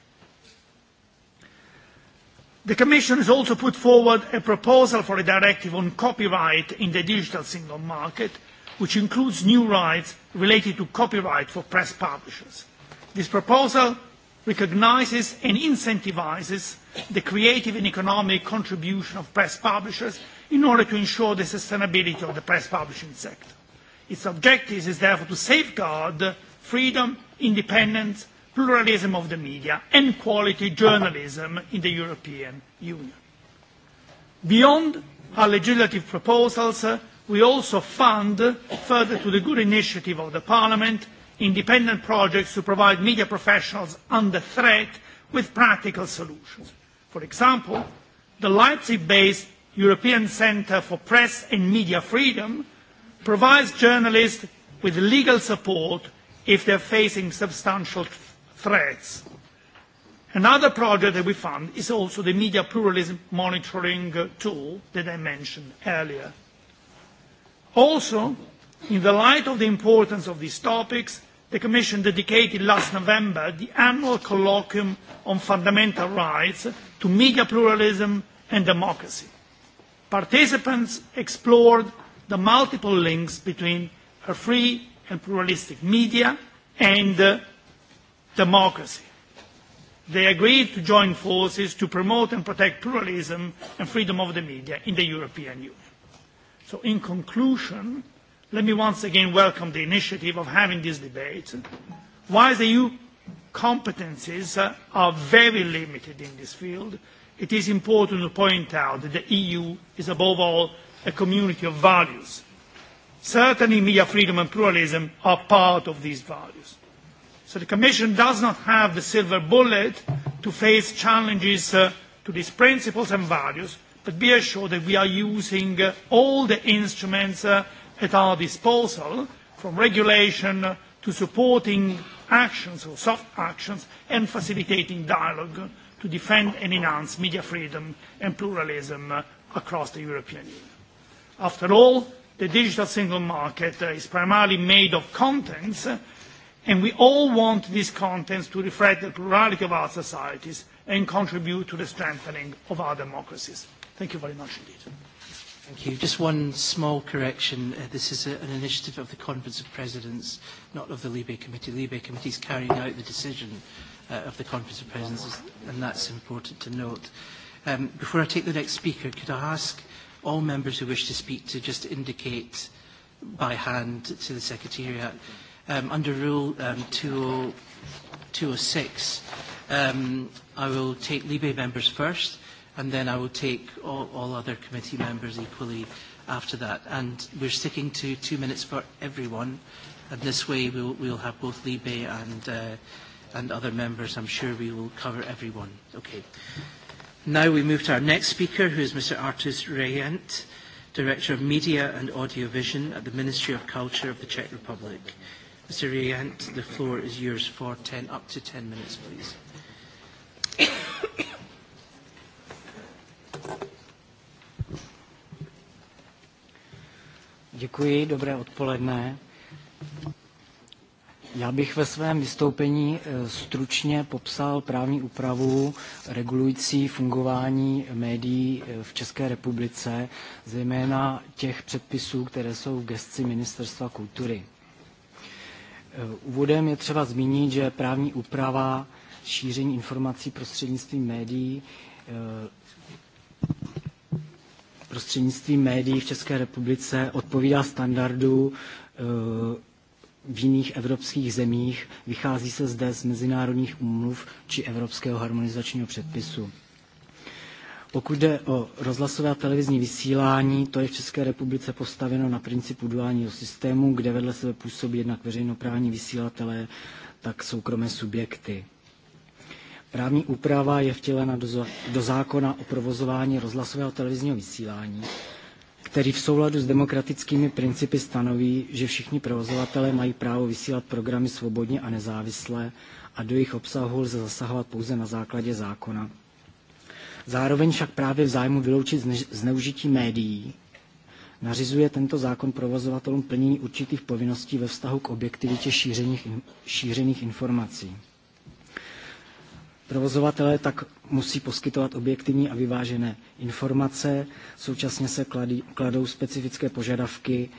The Commission has also put forward a proposal for a directive on copyright in the digital single market, which includes new rights related to copyright for press publishers. This proposal recognises and incentivises the creative and economic contribution of press publishers in order to ensure the sustainability of the press publishing sector. Its objective is therefore to safeguard freedom, independence pluralism of the media and quality journalism in the European Union. Beyond our legislative proposals, uh, we also fund, uh, further to the good initiative of the Parliament, independent projects to provide media professionals under threat with practical solutions. For example, the Leipzig-based European Centre for Press and Media Freedom provides journalists with legal support if they're facing substantial threats. Another project that we fund is also the media pluralism monitoring uh, tool that I mentioned earlier. Also, in the light of the importance of these topics, the Commission dedicated last November the annual colloquium on fundamental rights to media pluralism and democracy. Participants explored the multiple links between a free and pluralistic media and uh, democracy. They agreed to join forces to promote and protect pluralism and freedom of the media in the European Union. So in conclusion, let me once again welcome the initiative of having this debate. While the EU competences uh, are very limited in this field, it is important to point out that the EU is above all a community of values. Certainly media freedom and pluralism are part of these values. So the Commission does not have the silver bullet to face challenges uh, to these principles and values, but be assured that we are using uh, all the instruments uh, at our disposal, from regulation to supporting actions or soft actions and facilitating dialogue to defend and enhance media freedom and pluralism uh, across the European Union. After all, the digital single market uh, is primarily made of contents uh, And we all want these contents to reflect the plurality of our societies and contribute to the strengthening of our democracies. Thank you very much indeed. Thank you. Just one small correction. Uh, this is a, an initiative of the Conference of Presidents, not of the Libe Committee. Libe Committee is carrying out the decision uh, of the Conference of Presidents, and that's important to note. Um, before I take the next speaker, could I ask all members who wish to speak to just indicate by hand to the Secretariat? Okay um, under Rule um, 206, um, I will take Libe members first, and then I will take all, all other committee members equally after that. And we're sticking to two minutes for everyone, and this way we'll, we'll have both Libe and, uh, and other members. I'm sure we will cover everyone. Okay. Now we move to our next speaker, who is Mr. Artus Reyent, Director of Media and Audio Vision at the Ministry of Culture of the Czech Republic. Mr. Riant, the floor is yours for 10, up to 10 minutes, please. Děkuji, dobré odpoledne. Já bych ve svém vystoupení eh, stručně popsal právní úpravu regulující fungování médií eh, v České republice, zejména těch předpisů, které jsou v gesci Ministerstva kultury. Úvodem eh, je třeba zmínit, že právní úprava šíření informací prostřednictvím médií eh, prostřednictvím médií v České republice odpovídá standardu eh, v jiných evropských zemích, vychází se zde z mezinárodních úmluv či evropského harmonizačního předpisu. Pokud jde o rozhlasové a televizní vysílání, to je v České republice postaveno na principu duálního systému, kde vedle sebe působí jednak veřejnoprávní vysílatelé, tak soukromé subjekty. Právní úprava je vtělena do, do zákona o provozování rozhlasového televizního vysílání, který v souladu s demokratickými principy stanoví, že všichni provozovatelé mají právo vysílat programy svobodně a nezávisle a do jejich obsahu lze zasahovat pouze na základě zákona Zároveň však právě v zájmu vyloučit zneužití médií nařizuje tento zákon provozovatelům plnění určitých povinností ve vztahu k objektivitě šířených, šířených informací. Provozovatelé tak musí poskytovat objektivní a vyvážené informace, současně se kladí, kladou specifické požadavky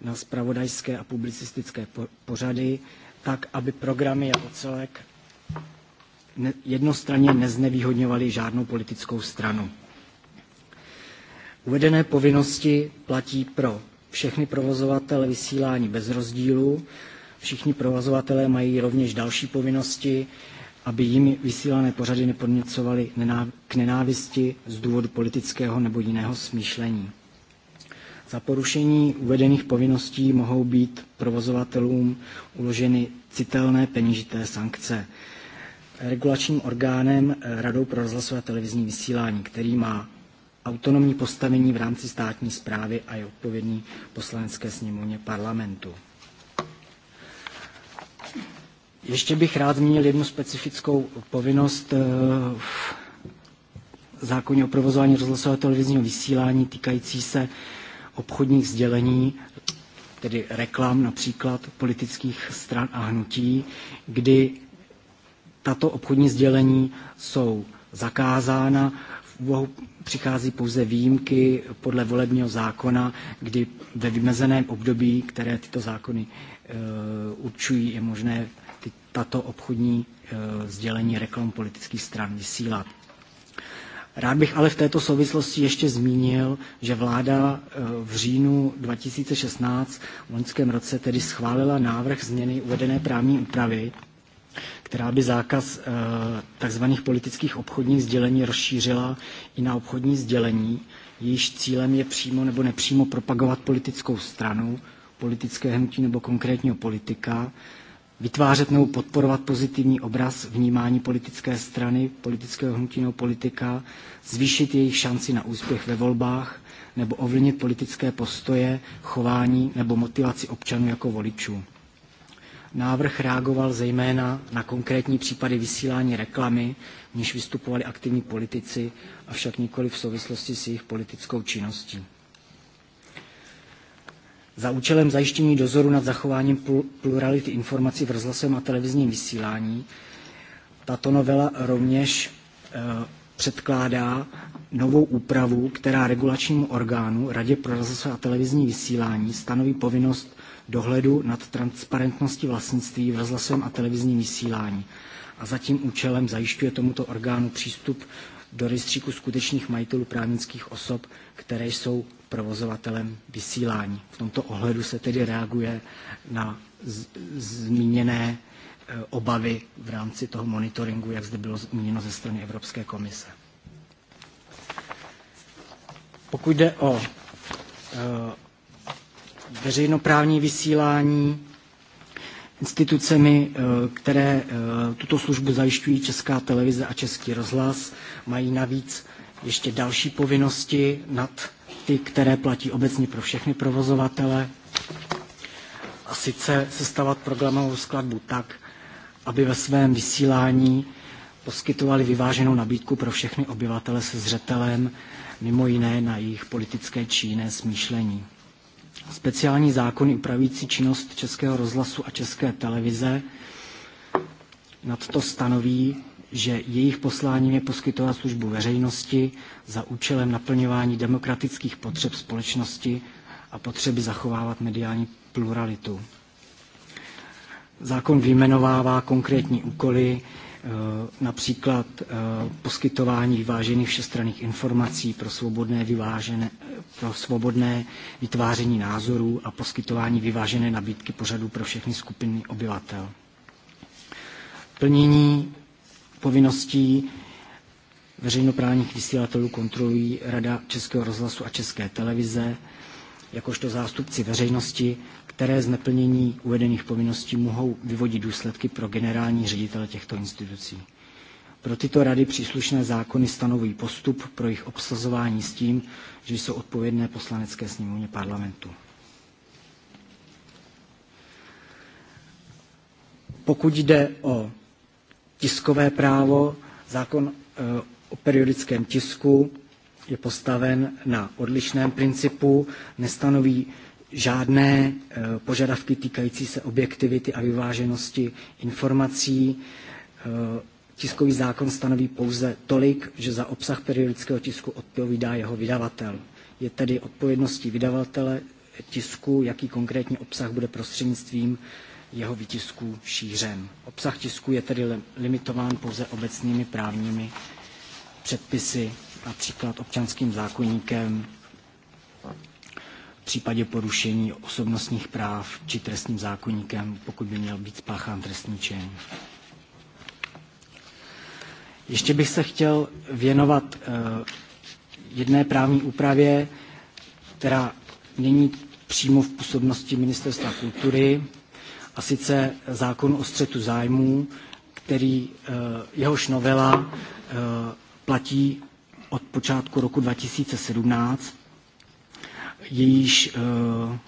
na spravodajské a publicistické pořady, tak aby programy jako celek jednostranně neznevýhodňovaly žádnou politickou stranu. Uvedené povinnosti platí pro všechny provozovatele vysílání bez rozdílu. Všichni provozovatelé mají rovněž další povinnosti, aby jimi vysílané pořady nepodněcovaly k nenávisti z důvodu politického nebo jiného smýšlení. Za porušení uvedených povinností mohou být provozovatelům uloženy citelné peněžité sankce regulačním orgánem eh, Radou pro rozhlasové a televizní vysílání, který má autonomní postavení v rámci státní zprávy a je odpovědný poslanecké sněmovně parlamentu. Ještě bych rád zmínil jednu specifickou povinnost eh, v zákoně o provozování rozhlasového televizního vysílání týkající se obchodních sdělení, tedy reklam například politických stran a hnutí, kdy tato obchodní sdělení jsou zakázána. V přichází pouze výjimky podle volebního zákona, kdy ve vymezeném období, které tyto zákony e, určují, je možné ty, tato obchodní e, sdělení reklam politických stran vysílat. Rád bych ale v této souvislosti ještě zmínil, že vláda e, v říjnu 2016 v loňském roce tedy schválila návrh změny uvedené právní úpravy, která by zákaz eh, tzv. politických obchodních sdělení rozšířila i na obchodní sdělení, jejíž cílem je přímo nebo nepřímo propagovat politickou stranu, politické hnutí nebo konkrétního politika, vytvářet nebo podporovat pozitivní obraz vnímání politické strany, politického hnutí nebo politika, zvýšit jejich šanci na úspěch ve volbách nebo ovlivnit politické postoje, chování nebo motivaci občanů jako voličů. Návrh reagoval zejména na konkrétní případy vysílání reklamy, v níž vystupovali aktivní politici, avšak nikoli v souvislosti s jejich politickou činností. Za účelem zajištění dozoru nad zachováním plurality informací v rozhlasovém a televizním vysílání tato novela rovněž e, předkládá novou úpravu, která regulačnímu orgánu Radě pro rozhlasové a televizní vysílání stanoví povinnost dohledu nad transparentností vlastnictví v rozhlasovém a televizním vysílání a za tím účelem zajišťuje tomuto orgánu přístup do rejstříku skutečných majitelů právnických osob, které jsou provozovatelem vysílání. V tomto ohledu se tedy reaguje na zmíněné eh, obavy v rámci toho monitoringu, jak zde bylo zmíněno ze strany Evropské komise. Pokud jde o eh, veřejnoprávní vysílání institucemi, eh, které eh, tuto službu zajišťují Česká televize a Český rozhlas, mají navíc ještě další povinnosti nad ty, které platí obecně pro všechny provozovatele, a sice sestavat programovou skladbu tak, aby ve svém vysílání poskytovali vyváženou nabídku pro všechny obyvatele se zřetelem, mimo jiné na jejich politické či jiné smýšlení speciální zákony upravující činnost Českého rozhlasu a České televize. Nad to stanoví, že jejich posláním je poskytovat službu veřejnosti za účelem naplňování demokratických potřeb společnosti a potřeby zachovávat mediální pluralitu. Zákon vyjmenovává konkrétní úkoly, Eh, například eh, poskytování vyvážených všestranných informací pro svobodné, vyvážené, pro svobodné vytváření názorů a poskytování vyvážené nabídky pořadu pro všechny skupiny obyvatel. Plnění povinností veřejnoprávních vysílatelů kontrolují Rada Českého rozhlasu a České televize, jakožto zástupci veřejnosti které z neplnění uvedených povinností mohou vyvodit důsledky pro generální ředitele těchto institucí. Pro tyto rady příslušné zákony stanoví postup pro jejich obsazování s tím, že jsou odpovědné poslanecké sněmovně parlamentu. Pokud jde o tiskové právo, zákon e, o periodickém tisku je postaven na odlišném principu, nestanoví žádné eh, požadavky týkající se objektivity a vyváženosti informací. Eh, tiskový zákon stanoví pouze tolik, že za obsah periodického tisku odpovídá jeho vydavatel. Je tedy odpovědností vydavatele tisku, jaký konkrétní obsah bude prostřednictvím jeho výtisku šířen. Obsah tisku je tedy limitován pouze obecnými právními předpisy, například občanským zákonníkem případě porušení osobnostních práv či trestním zákonníkem, pokud by měl být spáchán trestní čin. Ještě bych se chtěl věnovat eh, jedné právní úpravě, která není přímo v působnosti Ministerstva kultury, a sice zákon o střetu zájmů, který eh, jehož novela eh, platí od počátku roku 2017 jejíž eh,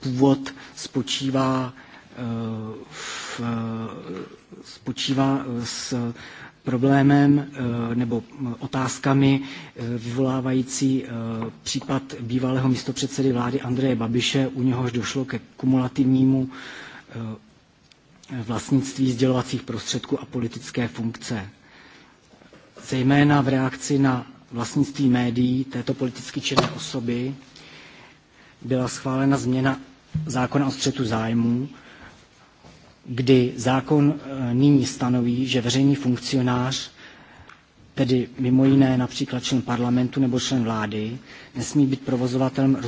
původ spočívá eh, v, eh, spočívá s problémem nebo otázkami vyvolávající případ bývalého místopředsedy vlády Andreje Babiše, u něhož došlo ke kumulativnímu vlastnictví sdělovacích prostředků a politické funkce. Zejména v reakci na vlastnictví médií této politicky činné osoby byla schválena změna zákona o střetu zájmů, kdy zákon e, nyní stanoví, že veřejný funkcionář, tedy mimo jiné například člen parlamentu nebo člen vlády, nesmí být provozovatelem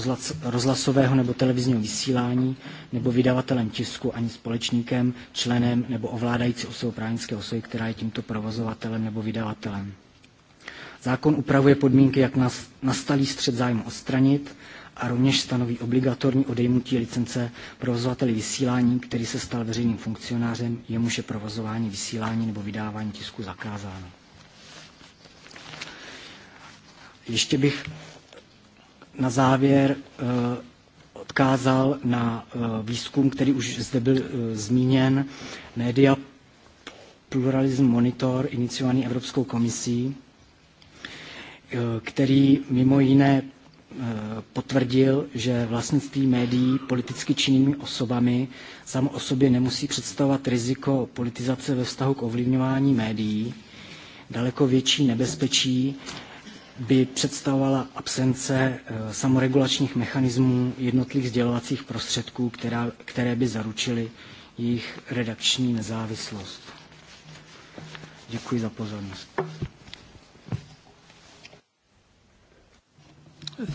rozhlasového nebo televizního vysílání nebo vydavatelem tisku ani společníkem, členem nebo ovládající osobou právnické osoby, která je tímto provozovatelem nebo vydavatelem. Zákon upravuje podmínky, jak nastalý střed zájmu odstranit, a rovněž stanoví obligatorní odejmutí licence provozovateli vysílání, který se stal veřejným funkcionářem, jemuž je provozování vysílání nebo vydávání tisku zakázáno. Ještě bych na závěr eh, odkázal na eh, výzkum, který už zde byl eh, zmíněn, Media Pluralism Monitor, iniciovaný Evropskou komisí, který mimo jiné Eh, potvrdil, že vlastnictví médií politicky činnými osobami samo o sobě nemusí představovat riziko politizace ve vztahu k ovlivňování médií. Daleko větší nebezpečí by představovala absence eh, samoregulačních mechanismů jednotlivých sdělovacích prostředků, která, které by zaručily jejich redakční nezávislost. Děkuji za pozornost.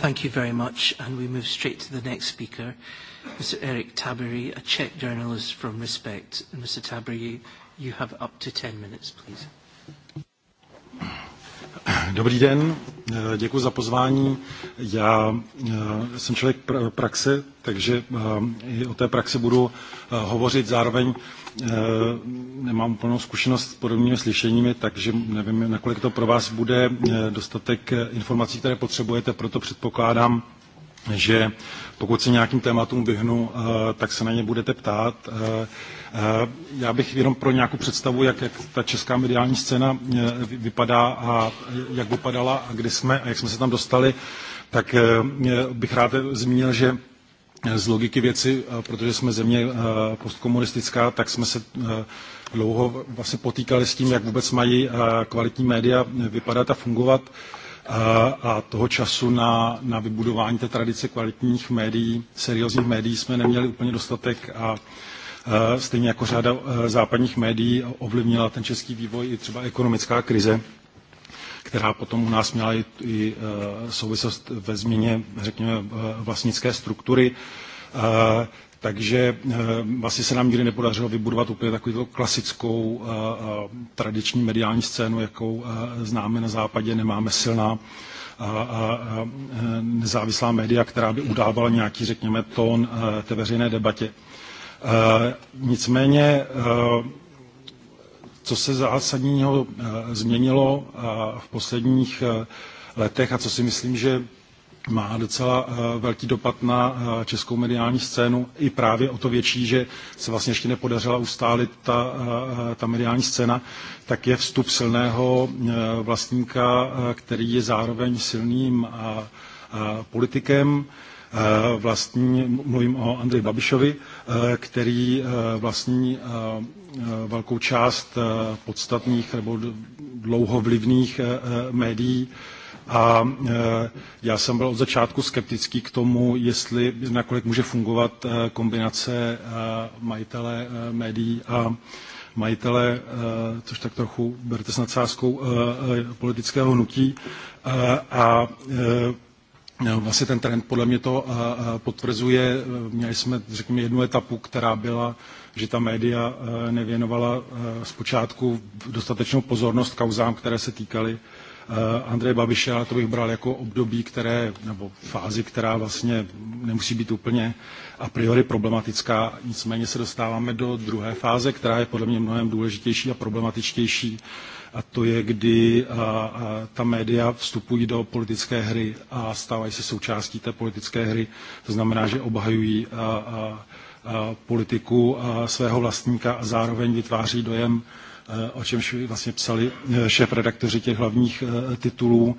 Thank you very much, and we move straight to the next speaker, Mr. Eric Tabery, a Czech journalist from Respect. And Mr. Tabery, you have up to 10 minutes, please. Dobrý den, děkuji za pozvání. Já eh, jsem člověk praxe, takže eh, o té praxi budu eh, hovořit zároveň Eh, nemám plnou zkušenost s podobnými slyšeními, takže nevím, nakolik to pro vás bude eh, dostatek eh, informací, které potřebujete, proto předpokládám, že pokud se nějakým tématům vyhnu, tak se na ně budete ptát. Já bych jenom pro nějakou představu, jak, jak ta česká mediální scéna vypadá a jak vypadala a kdy jsme a jak jsme se tam dostali, tak bych rád zmínil, že z logiky věci, eh, protože jsme země eh, postkomunistická, tak jsme se eh, dlouho vlastně potýkali s tím, jak vůbec mají kvalitní média vypadat a fungovat a toho času na, na vybudování té tradice kvalitních médií, seriózních médií jsme neměli úplně dostatek a stejně jako řada západních médií ovlivnila ten český vývoj i třeba ekonomická krize která potom u nás měla i, e, souvislost ve změně, řekněme, e, vlastnické struktury. E, takže vlastně se nám nikdy nepodařilo vybudovat úplně takovou klasickou tradiční mediální scénu, jakou známe na západě, nemáme silná a nezávislá média, která by udávala nějaký, řekněme, tón té veřejné debatě. Nicméně co se zásadního eh, změnilo eh, v posledních eh, letech a co si myslím, že má docela velký dopad na českou mediální scénu, i právě o to větší, že se vlastně ještě nepodařila ustálit ta, ta mediální scéna, tak je vstup silného vlastníka, který je zároveň silným politikem, vlastní, mluvím o Andreji Babišovi, který vlastní Eh, velkou část eh, podstatných nebo dlouhovlivných eh, médií. A já jsem byl od začátku skeptický k tomu, jestli nakolik může fungovat kombinace majitele médií a majitele, což tak trochu berte s nadsázkou, politického hnutí. A Vlastně ten trend podle mě to potvrzuje. Měli jsme, řekněme, jednu etapu, která byla že ta média eh, nevěnovala eh, zpočátku dostatečnou pozornost kauzám, které se týkaly eh, Andreje Babiše, ale to bych bral jako období, které, nebo fázi, která vlastně nemusí být úplně a priori problematická. Nicméně se dostáváme do druhé fáze, která je podle mě mnohem důležitější a problematičtější. A to je, kdy a, a ta média vstupují do politické hry a stávají se součástí té politické hry. To znamená, že obhajují a, a politiku svého vlastníka a zároveň vytváří dojem, e, o čemž vlastně psali e, šéf-redaktoři těch hlavních e, titulů,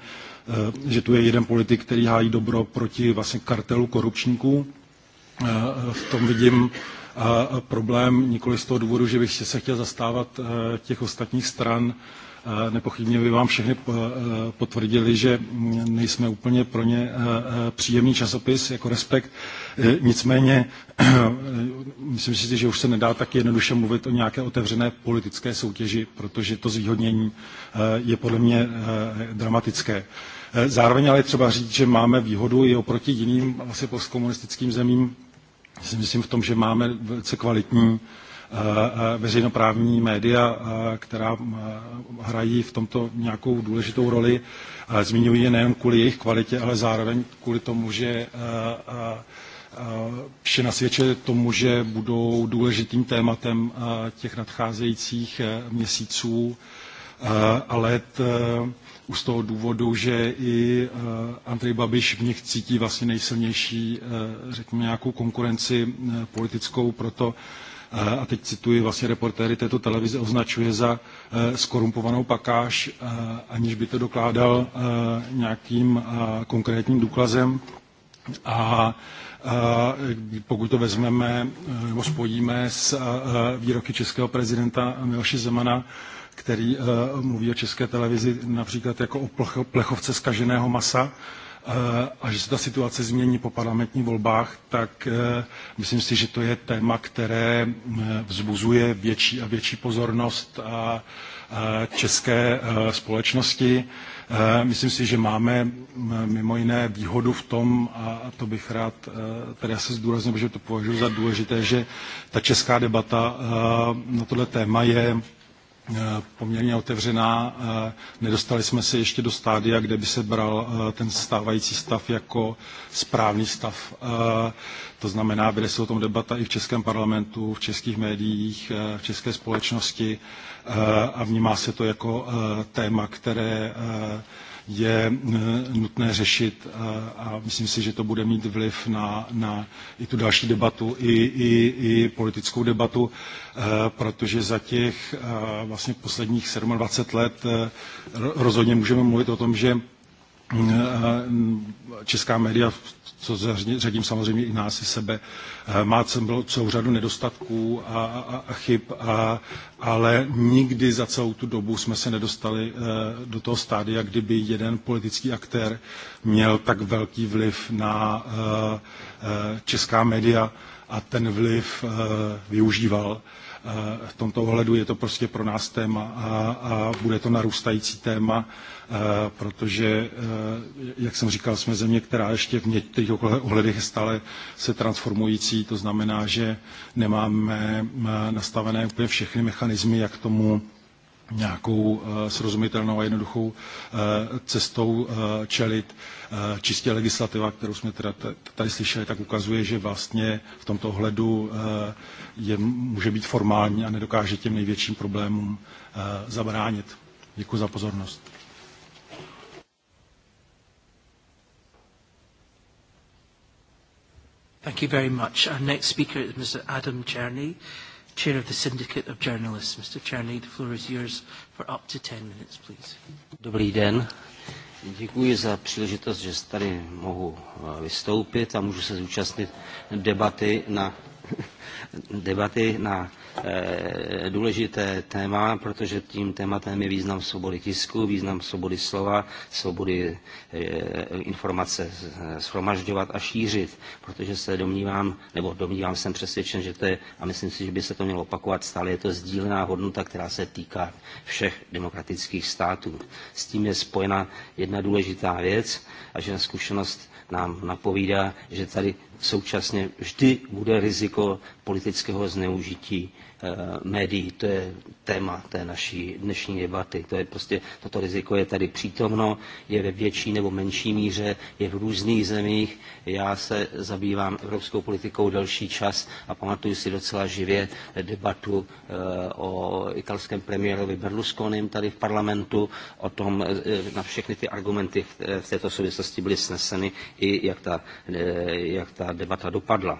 že tu je jeden politik, který hájí dobro proti vlastně kartelu korupčníků. V tom vidím problém nikoli z toho důvodu, že bych se chtěl zastávat těch ostatních stran, nepochybně by vám všechny eh, eh, potvrdili, že nejsme úplně pro ně eh, příjemný časopis jako respekt. Nicméně myslím si, že už se nedá tak jednoduše mluvit o nějaké otevřené politické soutěži, protože to zvýhodnění je podle mě dramatické. Zároveň ale třeba říct, že máme výhodu i oproti jiným asi postkomunistickým zemím, si myslím v tom, že máme velice kvalitní Eh, eh, veřejnoprávní média, eh, která hrají v tomto nějakou důležitou roli. Zmiňuji je nejen kvůli jejich kvalitě, ale zároveň kvůli tomu, že vše nasvědčuje tomu, že budou důležitým tématem těch nadcházejících měsíců a let už z toho důvodu, že i Andrej Babiš v nich cítí vlastně nejsilnější, řekněme, nějakou konkurenci politickou, proto a teď cituji vlastně reportéry této televize, označuje za e, skorumpovanou pakáž, e, aniž by to dokládal e, nějakým konkrétním důkazem. A pokud to vezmeme nebo spojíme s výroky českého prezidenta Miloše Zemana, který mluví o české televizi například jako o plechovce zkaženého masa, a že se ta situace změní po parlamentních volbách, tak eh, myslím si, že to je téma, které eh, vzbuzuje větší a větší pozornost eh, české společnosti. Myslím si, že máme mimo jiné výhodu v tom, a to bych rád tady se zdůraznil, protože to považuji za důležité, že ta česká debata na tohle téma je Eh, poměrně otevřená. Eh, nedostali jsme se ještě do stádia, kde by se bral eh, ten stávající stav jako správný stav. To znamená, vede se o tom debata i v Českém parlamentu, v českých médiích, v české společnosti a vnímá se to jako téma, které je eh, nutné řešit eh, a myslím si, že to bude mít vliv na, na i tu další debatu, i, i, i politickou debatu, eh, protože za těch vlastně posledních 27 let rozhodně můžeme mluvit o tom, že česká média v co řadím samozřejmě i nás i sebe. Eh, má bylo celou řadu nedostatků a, a, a chyb, a, ale nikdy za celou tu dobu jsme se nedostali eh, do toho stádia, kdyby jeden politický aktér měl tak velký vliv na eh, česká média a ten vliv využíval. Eh, v tomto ohledu je to prostě pro nás téma a, a bude to narůstající téma, eh, protože, eh, jak jsem říkal, jsme země, která ještě v některých ohledech je stále se transformující. To znamená, že nemáme nastavené úplně všechny mechanismy, jak tomu nějakou eh, srozumitelnou a jednoduchou eh, cestou eh, čelit. Čistě legislativa, kterou jsme teda tady slyšeli, tak ukazuje, že vlastně v tomto ohledu je, může být formální a nedokáže těm největším problémům zabránit. Děkuji za pozornost. Thank you very much. Our next speaker is Mr. Adam Czerny. Chair of the Syndicate of Journalists. Mr. Czerny, the floor is yours for up to 10 minutes, please. Dobrý den. Děkuji za příležitost, že tady mohu eh, vystoupit a můžu se zúčastnit debaty na, debaty na Eh, důležité téma, protože tím tématem je význam svobody tisku, význam svobody slova, svobody eh, informace shromažďovat a šířit, protože se domnívám, nebo domnívám jsem přesvědčen, že to je, a myslím si, že by se to mělo opakovat stále, je to sdílená hodnota, která se týká všech demokratických států. S tím je spojena jedna důležitá věc a že zkušenost nám napovídá, že tady současně vždy bude riziko politického zneužití uh, eh, merite téma té naší dnešní debaty. To je prostě, toto riziko je tady přítomno, je ve větší nebo menší míře, je v různých zemích. Já se zabývám evropskou politikou delší čas a pamatuju si docela živě debatu eh, o italském premiérovi Berlusconim tady v parlamentu, o tom eh, na všechny ty argumenty eh, v této souvislosti byly sneseny i jak ta, jak ta debata dopadla.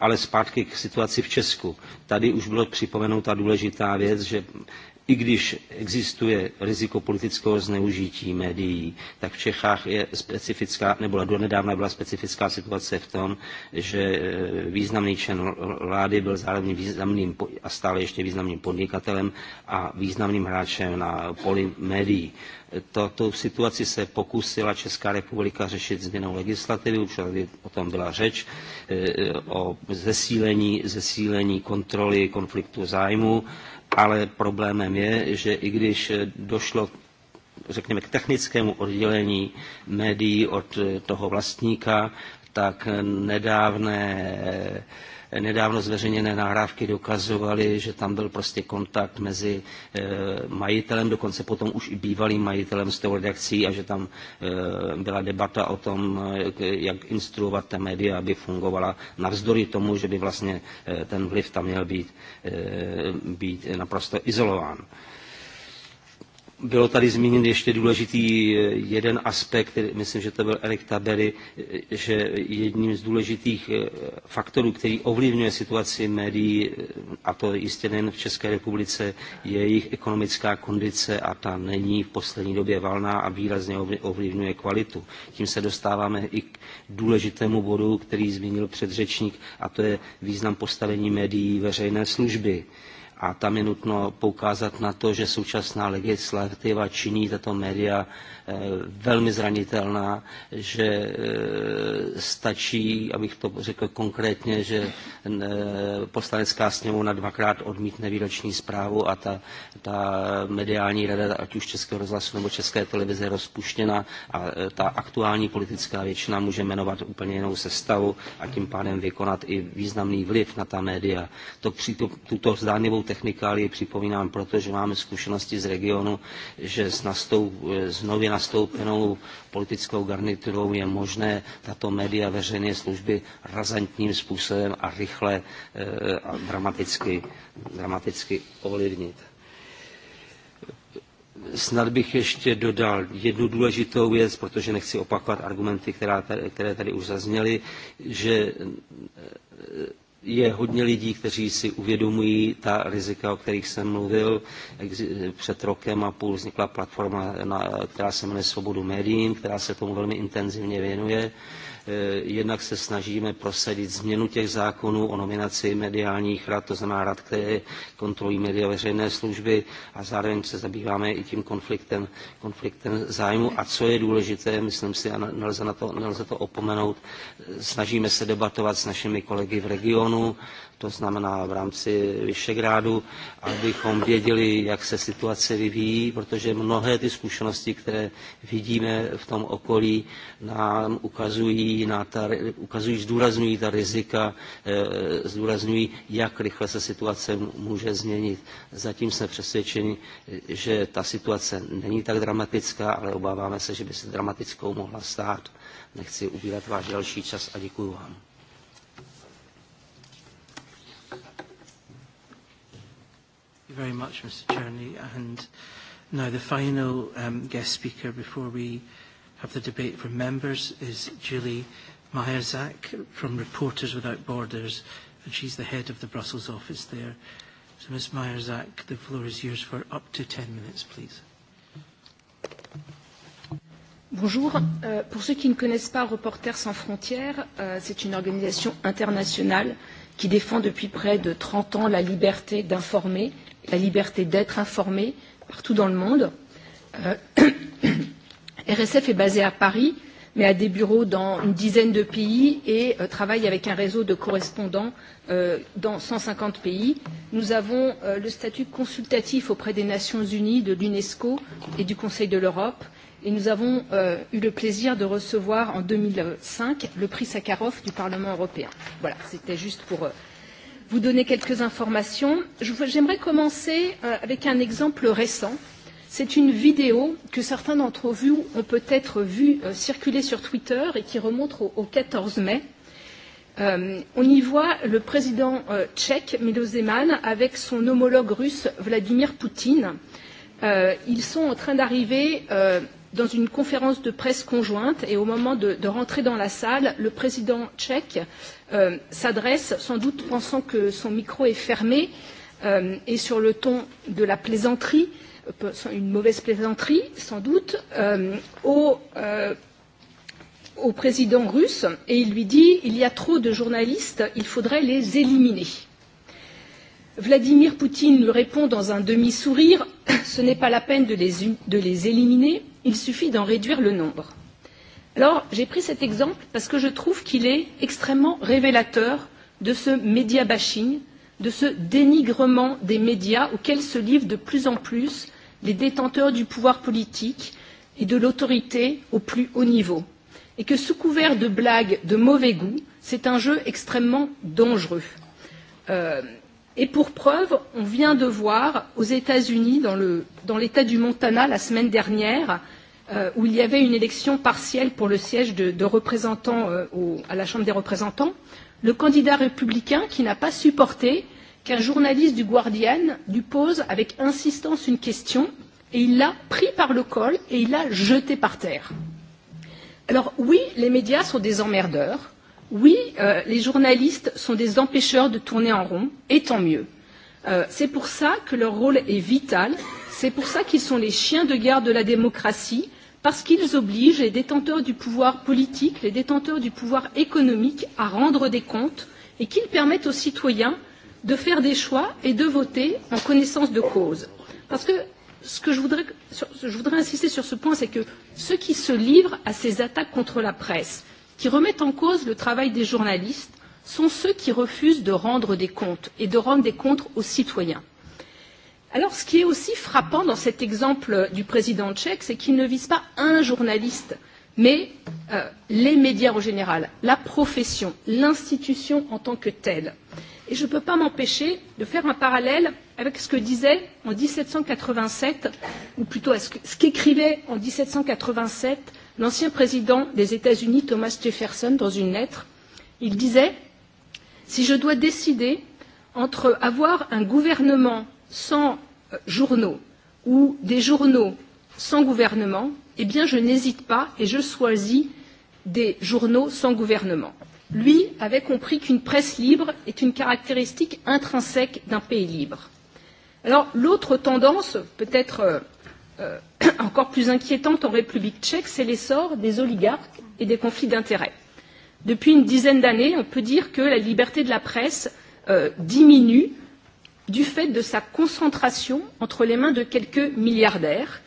Ale zpátky k situaci v Česku. Tady už bylo připomenuto ta důležitá věc, že i když existuje riziko politického zneužití médií, tak v Čechách je specifická, nebo donedávna byla specifická situace v tom, že e, významný člen vlády byl zároveň významným a stále ještě významným podnikatelem a významným hráčem na poli médií. Toto situaci se pokusila Česká republika řešit změnou legislativy, už o tom byla řeč, e, e, o zesílení, zesílení kontroly konfliktu zájmu ale problémem je, že i když došlo k řekněme, k technickému oddělení médií od toho vlastníka, tak nedávné nedávno zveřejněné nahrávky dokazovaly, že tam byl prostě kontakt mezi eh, majitelem, dokonce potom už i bývalým majitelem s tou redakcí a že tam eh, byla debata o tom, eh, jak instruovat ta média, aby fungovala navzdory tomu, že by vlastně ten vliv tam měl být, být naprosto izolován. Bylo tady zmíněn ještě důležitý e, jeden aspekt, který myslím, že to byl Erik Tabery, e, že jedním z důležitých e, faktorů, který ovlivňuje situaci médií, a to jistě nejen v České republice, je jejich ekonomická kondice a ta není v poslední době valná a výrazně ovlivňuje kvalitu. Tím se dostáváme i k důležitému bodu, který zmínil předřečník, a to je význam postavení médií veřejné služby. A tam je nutno poukázat na to, že současná legislativa činí tato média eh, velmi zranitelná, že eh, stačí, abych to řekl konkrétně, že eh, poslanecká sněmovna dvakrát odmítne výroční zprávu a ta, ta mediální rada, ať už Českého rozhlasu nebo České televize, je rozpuštěna a ta aktuální politická většina může jmenovat úplně jinou sestavu a tím pádem vykonat i významný vliv na ta média. To při tuto zdánivou technikálii připomínám, protože máme zkušenosti z regionu, že s, nastoup, e, s nově nastoupenou politickou garniturou je možné tato média veřejné služby razantním způsobem a rychle e, a dramaticky, dramaticky ovlivnit. Snad bych ještě dodal jednu důležitou věc, protože nechci opakovat argumenty, které tady už zazněly, že e, je hodně lidí, kteří si uvědomují ta rizika, o kterých jsem mluvil. Před rokem a půl vznikla platforma, která se jmenuje Svobodu médiím, která se tomu velmi intenzivně věnuje Eh, jednak se snažíme prosadit změnu těch zákonů o nominaci mediálních rad, to znamená rad, které kontrolují média veřejné služby a zároveň se zabýváme i tím konfliktem, konfliktem zájmu. A co je důležité, myslím si, a nelze, na to, nelze to opomenout, snažíme se debatovat s našimi kolegy v regionu, to znamená v rámci Vyšegrádu, abychom věděli, jak se situace vyvíjí, protože mnohé ty zkušenosti, které vidíme v tom okolí, nám ukazují, na ta, ukazují zdůrazňují ta rizika, eh, zdůrazňují, jak rychle se situace může změnit. Zatím jsme přesvědčeni, že ta situace není tak dramatická, ale obáváme se, že by se dramatickou mohla stát. Nechci ubírat váš další čas a děkuji vám. you very much, Mr. Cherney. And now the final um, guest speaker before we have the debate from members is Julie Meyerzak from Reporters Without Borders, and she's the head of the Brussels office there. So, Ms. Meyerzak, the floor is yours for up to 10 minutes, please. Bonjour. Euh, pour ceux qui ne connaissent pas Reporters sans frontières, euh, c'est une organisation internationale qui défend depuis près de 30 ans la liberté d'informer la liberté d'être informé partout dans le monde. Euh, RSF est basé à Paris, mais a des bureaux dans une dizaine de pays et euh, travaille avec un réseau de correspondants euh, dans 150 pays. Nous avons euh, le statut consultatif auprès des Nations Unies, de l'UNESCO et du Conseil de l'Europe. Et nous avons euh, eu le plaisir de recevoir en 2005 le prix Sakharov du Parlement européen. Voilà, c'était juste pour euh, vous donner quelques informations. J'aimerais commencer euh, avec un exemple récent. C'est une vidéo que certains d'entre vous ont peut-être vue euh, circuler sur Twitter et qui remonte au, au 14 mai. Euh, on y voit le président euh, tchèque Milo Zeman avec son homologue russe Vladimir Poutine. Euh, ils sont en train d'arriver euh, dans une conférence de presse conjointe et au moment de, de rentrer dans la salle, le président tchèque euh, s'adresse, sans doute pensant que son micro est fermé, euh, et sur le ton de la plaisanterie, euh, une mauvaise plaisanterie sans doute, euh, au, euh, au président russe et il lui dit il y a trop de journalistes, il faudrait les éliminer. Vladimir Poutine lui répond dans un demi-sourire ce n'est pas la peine de les, de les éliminer, il suffit d'en réduire le nombre. Alors, j'ai pris cet exemple parce que je trouve qu'il est extrêmement révélateur de ce média bashing, de ce dénigrement des médias auxquels se livrent de plus en plus les détenteurs du pouvoir politique et de l'autorité au plus haut niveau. Et que sous couvert de blagues de mauvais goût, c'est un jeu extrêmement dangereux. Euh, Et pour preuve, on vient de voir aux États-Unis, dans l'État du Montana la semaine dernière, euh, où il y avait une élection partielle pour le siège de, de représentants euh, au, à la Chambre des représentants, le candidat républicain qui n'a pas supporté qu'un journaliste du Guardian lui pose avec insistance une question et il l'a pris par le col et il l'a jeté par terre. Alors oui, les médias sont des emmerdeurs, Oui, euh, les journalistes sont des empêcheurs de tourner en rond, et tant mieux. Euh, c'est pour ça que leur rôle est vital, c'est pour ça qu'ils sont les chiens de guerre de la démocratie, parce qu'ils obligent les détenteurs du pouvoir politique, les détenteurs du pouvoir économique à rendre des comptes et qu'ils permettent aux citoyens de faire des choix et de voter en connaissance de cause. Parce que ce que je voudrais, je voudrais insister sur ce point, c'est que ceux qui se livrent à ces attaques contre la presse, qui remettent en cause le travail des journalistes sont ceux qui refusent de rendre des comptes et de rendre des comptes aux citoyens. Alors, ce qui est aussi frappant dans cet exemple du président tchèque, c'est qu'il ne vise pas un journaliste, mais euh, les médias en général, la profession, l'institution en tant que telle. Et je ne peux pas m'empêcher de faire un parallèle avec ce que disait en 1787, ou plutôt ce qu'écrivait en 1787 l'ancien président des États-Unis Thomas Jefferson dans une lettre. Il disait Si je dois décider entre avoir un gouvernement sans euh, journaux ou des journaux sans gouvernement, eh bien je n'hésite pas et je choisis des journaux sans gouvernement. Lui avait compris qu'une presse libre est une caractéristique intrinsèque d'un pays libre. Alors l'autre tendance, peut-être euh, euh, encore plus inquiétante en République tchèque, c'est l'essor des oligarques et des conflits d'intérêts. Depuis une dizaine d'années, on peut dire que la liberté de la presse euh, diminue du fait de sa concentration entre les mains de quelques milliardaires.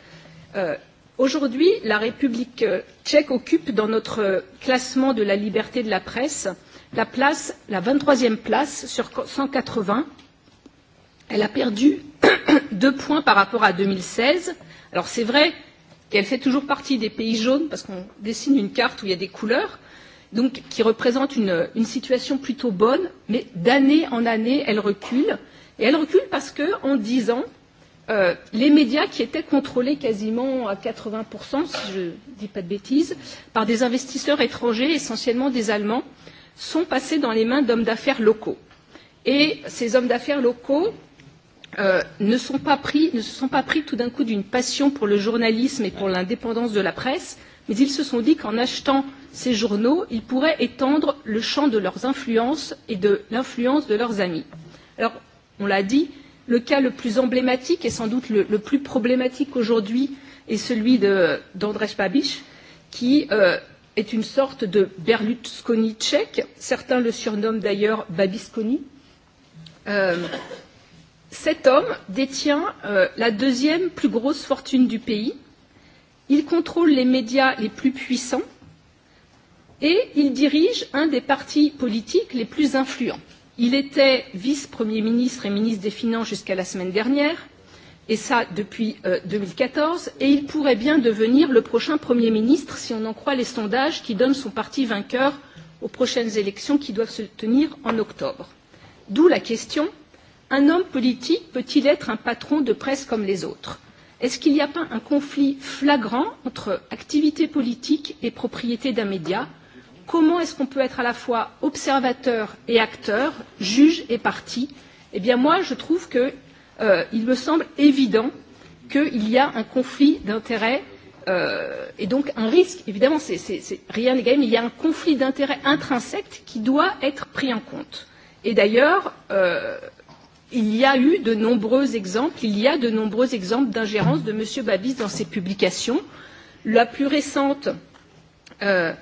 Euh, Aujourd'hui, la République euh, tchèque occupe dans notre classement de la liberté de la presse la place, la 23e place sur 180. Elle a perdu deux points par rapport à 2016 Alors c'est vrai qu'elle fait toujours partie des pays jaunes parce qu'on dessine une carte où il y a des couleurs, donc qui représente une, une situation plutôt bonne, mais d'année en année, elle recule. Et elle recule parce que en dix ans, euh, les médias qui étaient contrôlés quasiment à 80%, si je ne dis pas de bêtises, par des investisseurs étrangers, essentiellement des Allemands, sont passés dans les mains d'hommes d'affaires locaux. Et ces hommes d'affaires locaux euh, ne, sont pas pris, ne se sont pas pris tout d'un coup d'une passion pour le journalisme et pour l'indépendance de la presse, mais ils se sont dit qu'en achetant ces journaux, ils pourraient étendre le champ de leurs influences et de l'influence de leurs amis. Alors, on l'a dit, le cas le plus emblématique et sans doute le, le plus problématique aujourd'hui est celui d'Andrzej Babich, qui euh, est une sorte de Berlusconi tchèque. Certains le surnomment d'ailleurs Babisconi. Euh, Cet homme détient euh, la deuxième plus grosse fortune du pays. Il contrôle les médias les plus puissants et il dirige un des partis politiques les plus influents. Il était vice-premier ministre et ministre des Finances jusqu'à la semaine dernière, et ça depuis euh, 2014, et il pourrait bien devenir le prochain premier ministre si on en croit les sondages qui donnent son parti vainqueur aux prochaines élections qui doivent se tenir en octobre. D'où la question Un homme politique peut-il être un patron de presse comme les autres Est-ce qu'il n'y a pas un conflit flagrant entre activité politique et propriété d'un média Comment est-ce qu'on peut être à la fois observateur et acteur, juge et parti Eh bien moi, je trouve qu'il euh, me semble évident qu'il y a un conflit d'intérêts euh, et donc un risque. Évidemment, c'est rien n'est gagné, mais il y a un conflit d'intérêts intrinsèque qui doit être pris en compte. Et d'ailleurs, euh, il y a eu de nombreux exemples, il y a de nombreux exemples d'ingérence de M. Babis dans ses publications. La plus récente, euh,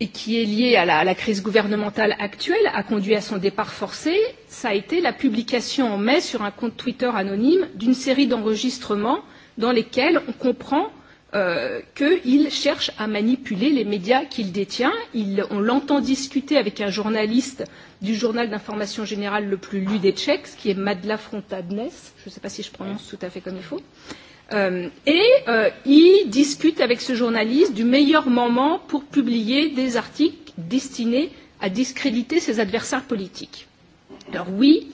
et qui est liée à la, à la crise gouvernementale actuelle, a conduit à son départ forcé, ça a été la publication en mai sur un compte Twitter anonyme d'une série d'enregistrements dans lesquels on comprend Euh, qu'il cherche à manipuler les médias qu'il détient. Il, on l'entend discuter avec un journaliste du journal d'information générale le plus lu des Tchèques, qui est Madla Frontadnes, je ne sais pas si je prononce tout à fait comme il faut, euh, et euh, il discute avec ce journaliste du meilleur moment pour publier des articles destinés à discréditer ses adversaires politiques. Alors oui,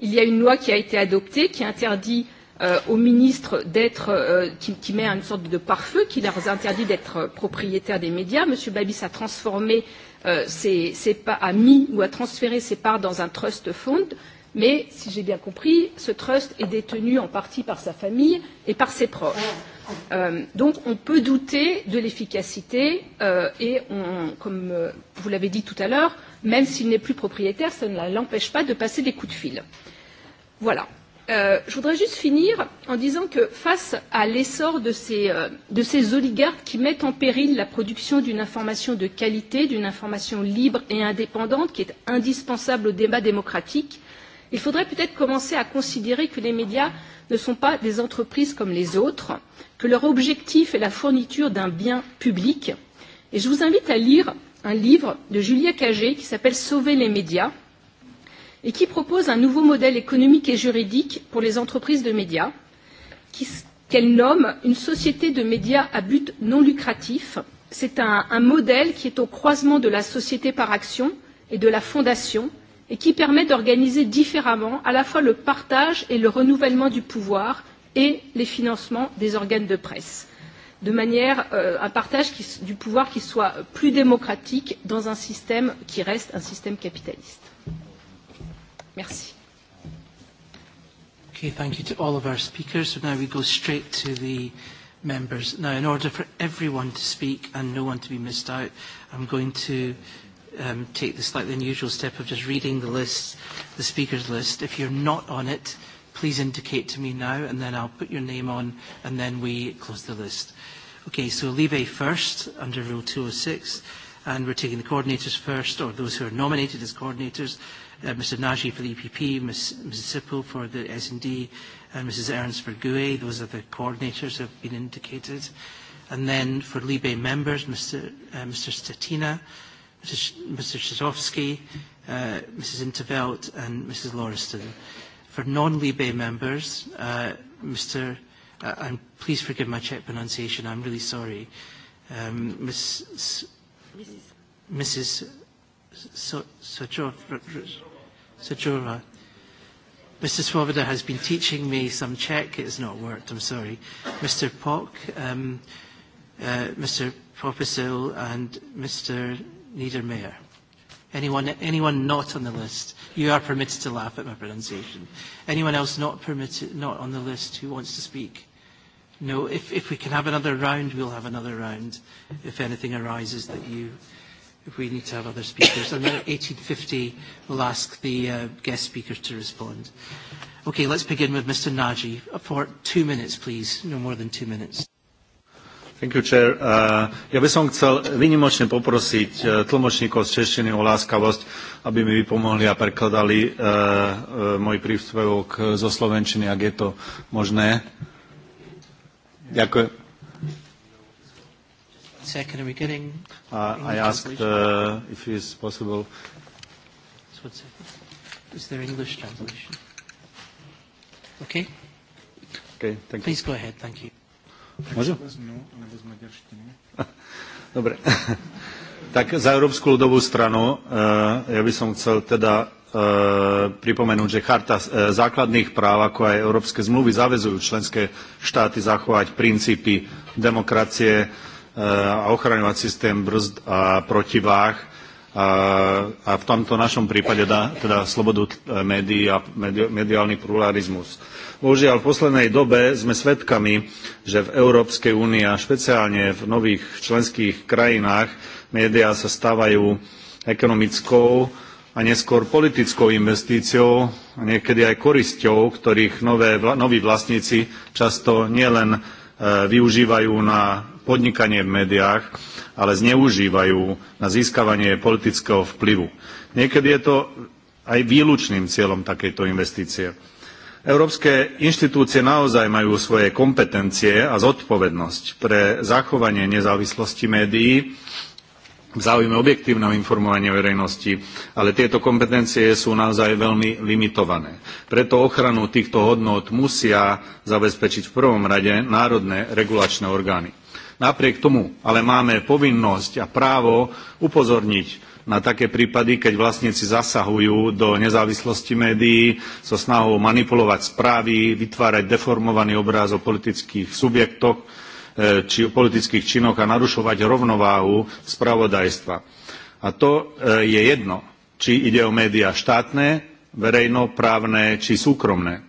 il y a une loi qui a été adoptée qui interdit euh, aux ministres d'être, euh, qui, qui met une sorte de pare-feu, qui leur interdit d'être propriétaires des médias. M. Babis a transformé euh, ses, ses a mis ou a transféré ses parts dans un trust fund, mais si j'ai bien compris, ce trust est détenu en partie par sa famille et par ses proches. Euh, donc on peut douter de l'efficacité euh, et on, comme euh, vous l'avez dit tout à l'heure, même s'il n'est plus propriétaire, ça ne l'empêche pas de passer des coups de fil. Voilà. Euh, je voudrais juste finir en disant que face à l'essor de, ces, euh, de ces oligarques qui mettent en péril la production d'une information de qualité, d'une information libre et indépendante qui est indispensable au débat démocratique, il faudrait peut-être commencer à considérer que les médias ne sont pas des entreprises comme les autres, que leur objectif est la fourniture d'un bien public. Et je vous invite à lire un livre de Julia Cagé qui s'appelle Sauver les médias – et qui propose un nouveau modèle économique et juridique pour les entreprises de médias, qu'elle nomme une société de médias à but non lucratif. C'est un, un modèle qui est au croisement de la société par action et de la fondation et qui permet d'organiser différemment à la fois le partage et le renouvellement du pouvoir et les financements des organes de presse, de manière euh, un partage qui, du pouvoir qui soit plus démocratique dans un système qui reste un système capitaliste. Merci. Okay, thank you to all of our speakers. So now we go straight to the members. Now, in order for everyone to speak and no one to be missed out, I'm going to um, take the slightly unusual step of just reading the list, the speakers list. If you're not on it, please indicate to me now, and then I'll put your name on, and then we close the list. Okay, so Libe first, under Rule 206, and we're taking the coordinators first, or those who are nominated as coordinators, uh, Mr Naji for the EPP, Ms, Mrs Sippel for the S&D, and Mrs Ernst for GUE. Those are the coordinators who have been indicated. And then for Libe members, Mr, uh, Mr Statina, Mr, Mr Shizovsky, uh, Mrs Intervelt, and Mrs Lauriston. For non-Libe members, uh, Mr. Uh, and please forgive my Czech pronunciation, I'm really sorry. Um, Ms. Mrs. Mrs. So, so, Sajura. Mr. Swoboda has been teaching me some Czech. it has not worked, I'm sorry. Mr. Pock, um, uh, Mr. Propisil and Mr. Niedermeyer. Anyone, anyone not on the list, you are permitted to laugh at my pronunciation. Anyone else not, permitted, not on the list who wants to speak? No, if, if we can have another round, we'll have another round if anything arises that you if we need to have other speakers. And then at 18.50, we'll ask the uh, guest speaker to respond. Okay, let's begin with Mr. Naji uh, for two minutes, please, no more than two minutes. Thank you, Chair. Uh, ja by som chcel vynimočne poprosiť uh, e, tlmočníkov z češtiny o láskavosť, aby mi vypomohli a prekladali uh, e, uh, e, môj príspevok zo slovenčiny, ak je to možné. Ďakujem. Yeah second are we getting? Uh, I asked uh, if it is possible. Just one second. Is there English translation? Okay. Okay, thank Please you. go ahead, thank you. Może? Dobre. tak za Európsku ľudovú stranu uh, ja by som chcel teda uh, pripomenúť, že charta uh, základných práv, ako aj európske zmluvy, zavezujú členské štáty zachovať princípy demokracie, a ochraňovať systém brzd a protiváh. A, a v tomto našom prípade dá teda slobodu e, médií a mediálny pluralizmus. Bohužiaľ, v poslednej dobe sme svedkami, že v Európskej únii a špeciálne v nových členských krajinách médiá sa stávajú ekonomickou a neskôr politickou investíciou a niekedy aj korisťou, ktorých nové, noví vlastníci často nielen E, využívajú na podnikanie v médiách, ale zneužívajú na získavanie politického vplyvu. Niekedy je to aj výlučným cieľom takejto investície. Európske inštitúcie naozaj majú svoje kompetencie a zodpovednosť pre zachovanie nezávislosti médií v záujme objektívneho informovania verejnosti, ale tieto kompetencie sú naozaj veľmi limitované. Preto ochranu týchto hodnot musia zabezpečiť v prvom rade národné regulačné orgány. Napriek tomu ale máme povinnosť a právo upozorniť na také prípady, keď vlastníci zasahujú do nezávislosti médií so snahou manipulovať správy, vytvárať deformovaný obráz o politických subjektoch, E, či politických činoch a narušovať rovnováhu spravodajstva. A to e, je jedno, či ide o médiá štátne, verejnoprávne či súkromné.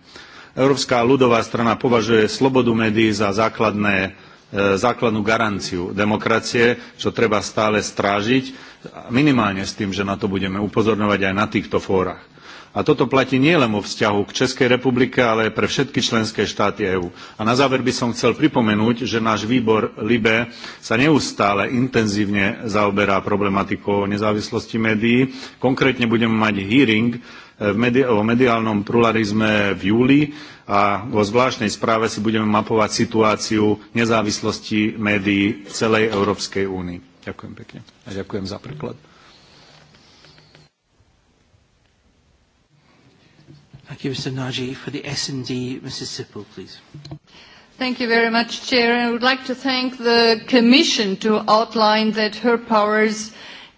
Európska ľudová strana považuje slobodu médií za základné e, základnú garanciu demokracie, čo treba stále strážiť, minimálne s tým, že na to budeme upozorňovať aj na týchto fórach. A toto platí nielen vo vzťahu k Českej republike, ale pre všetky členské štáty EÚ. A na záver by som chcel pripomenúť, že náš výbor LIBE sa neustále intenzívne zaoberá problematikou nezávislosti médií. Konkrétne budeme mať hearing eh, medi o mediálnom pluralizme v júli a vo zvláštnej správe si budeme mapovať situáciu nezávislosti médií v celej Európskej únii. Ďakujem pekne a ďakujem za preklad. Thank you, Mr. Naji. For the S&D, Mrs. Sippel, please. Thank you very much, Chair. I would like to thank the Commission to outline that her powers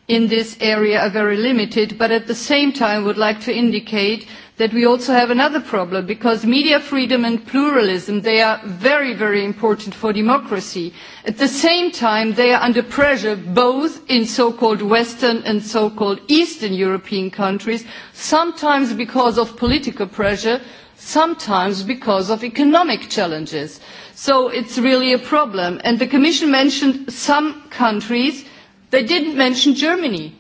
in this area are very limited, but at the same time would like to indicate that we also have another problem because media freedom and pluralism, they are very, very important for democracy. At the same time, they are under pressure both in so-called Western and so-called Eastern European countries, sometimes because of political pressure, sometimes because of economic challenges. So it's really a problem. And the Commission mentioned some countries. They didn't mention Germany.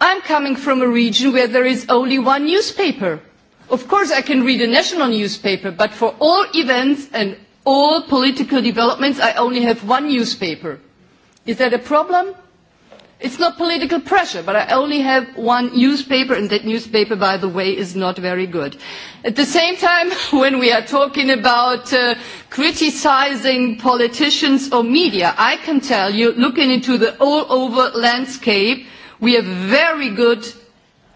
I'm coming from a region where there is only one newspaper Of course I can read a national newspaper, but for all events and all political developments I only have one newspaper. Is that a problem? It's not political pressure, but I only have one newspaper, and that newspaper, by the way, is not very good. At the same time, when we are talking about uh, criticizing politicians or media, I can tell you, looking into the all-over landscape, we have very good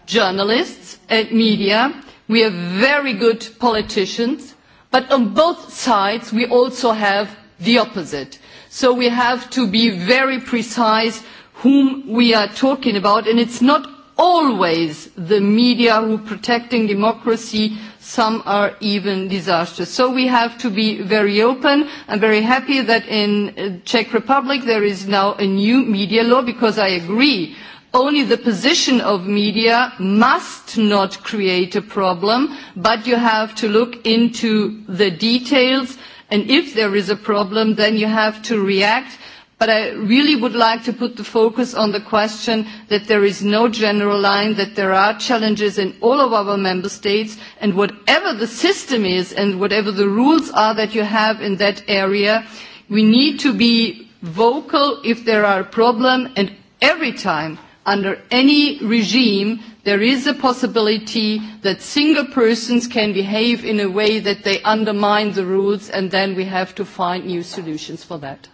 journalists and media We have very good politicians, but on both sides we also have the opposite. So we have to be very precise whom we are talking about, and it's not always the media who are protecting democracy, some are even disastrous. So we have to be very open. I'm very happy that in Czech Republic there is now a new media law because I agree only the position of media must not create a problem, but you have to look into the details. And if there is a problem, then you have to react. But I really would like to put the focus on the question that there is no general line, that there are challenges in all of our member states, and whatever the system is and whatever the rules are that you have in that area, we need to be vocal if there are a problem, and every time under any regime, there is a possibility that single persons can behave in a way that they undermine the rules, and then we have to find new solutions for that.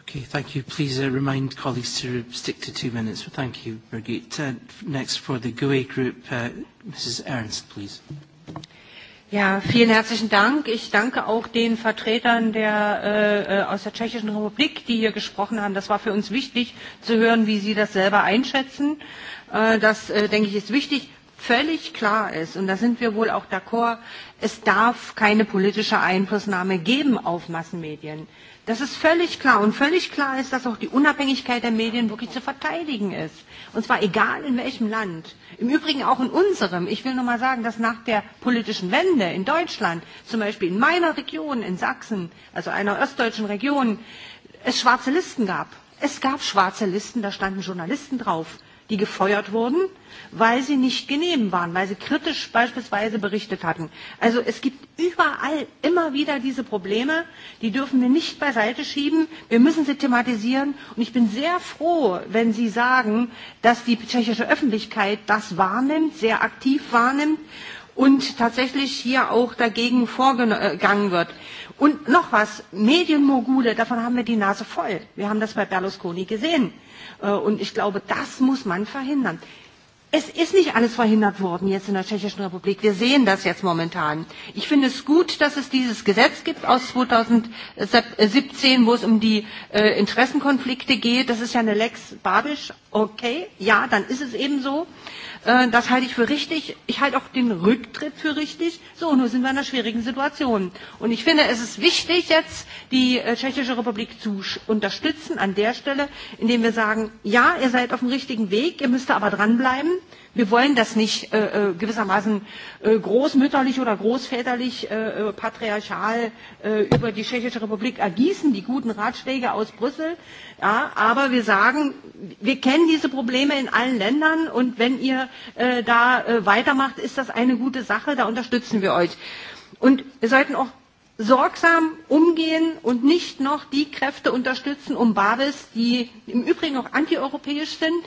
Okay, thank you. Please uh, remind colleagues to stick to two minutes. Well, thank you, Birgit. Uh, next, for the GUE group, uh, Mrs. Ernst, please. Ja, vielen herzlichen Dank. Ich danke auch den Vertretern der, äh, äh, aus der Tschechischen Republik, die hier gesprochen haben. Das war für uns wichtig zu hören, wie Sie das selber einschätzen. Äh, das, äh, denke ich, ist wichtig. Völlig klar ist, und da sind wir wohl auch d'accord, es darf keine politische Einflussnahme geben auf Massenmedien. Das ist völlig klar. Und völlig klar ist, dass auch die Unabhängigkeit der Medien wirklich zu verteidigen ist und zwar egal in welchem Land. Im Übrigen auch in unserem. Ich will nur mal sagen, dass nach der politischen Wende in Deutschland, zum Beispiel in meiner Region, in Sachsen, also einer ostdeutschen Region, es schwarze Listen gab. Es gab schwarze Listen, da standen Journalisten drauf, die gefeuert wurden, weil sie nicht genehm waren, weil sie kritisch beispielsweise berichtet hatten. Also es gibt überall immer wieder diese Probleme, die dürfen wir nicht beiseite schieben, wir müssen sie thematisieren und ich bin sehr froh, wenn Sie sagen, dass die tschechische Öffentlichkeit das wahrnimmt, sehr aktiv wahrnimmt und tatsächlich hier auch dagegen vorgegangen wird. Und noch was, Medienmogule, davon haben wir die Nase voll. Wir haben das bei Berlusconi gesehen. Äh, und ich glaube, das muss man verhindern. Es ist nicht alles verhindert worden jetzt in der Tschechischen Republik. Wir sehen das jetzt momentan. Ich finde es gut, dass es dieses Gesetz gibt aus 2017, wo es um die äh, Interessenkonflikte geht. Das ist ja eine Lex Babisch. Okay, ja, dann ist es eben so. Äh, das halte ich für richtig. Ich halte auch den Rücktritt für richtig. So, nun sind wir in einer schwierigen Situation. Und ich finde, es ist wichtig jetzt, die äh, Tschechische Republik zu unterstützen an der Stelle, indem wir sagen, ja, ihr seid auf dem richtigen Weg, ihr müsst aber dranbleiben. Wir wollen das nicht äh, äh, gewissermaßen äh, großmütterlich oder großväterlich, äh, äh, patriarchal äh, über die Tschechische Republik ergießen, die guten Ratschläge aus Brüssel. Ja, aber wir sagen, wir kennen diese Probleme in allen Ländern und wenn ihr äh, da äh, weitermacht, ist das eine gute Sache, da unterstützen wir euch. Und wir sollten auch sorgsam umgehen und nicht noch die Kräfte unterstützen um Babis, die im Übrigen auch antieuropäisch sind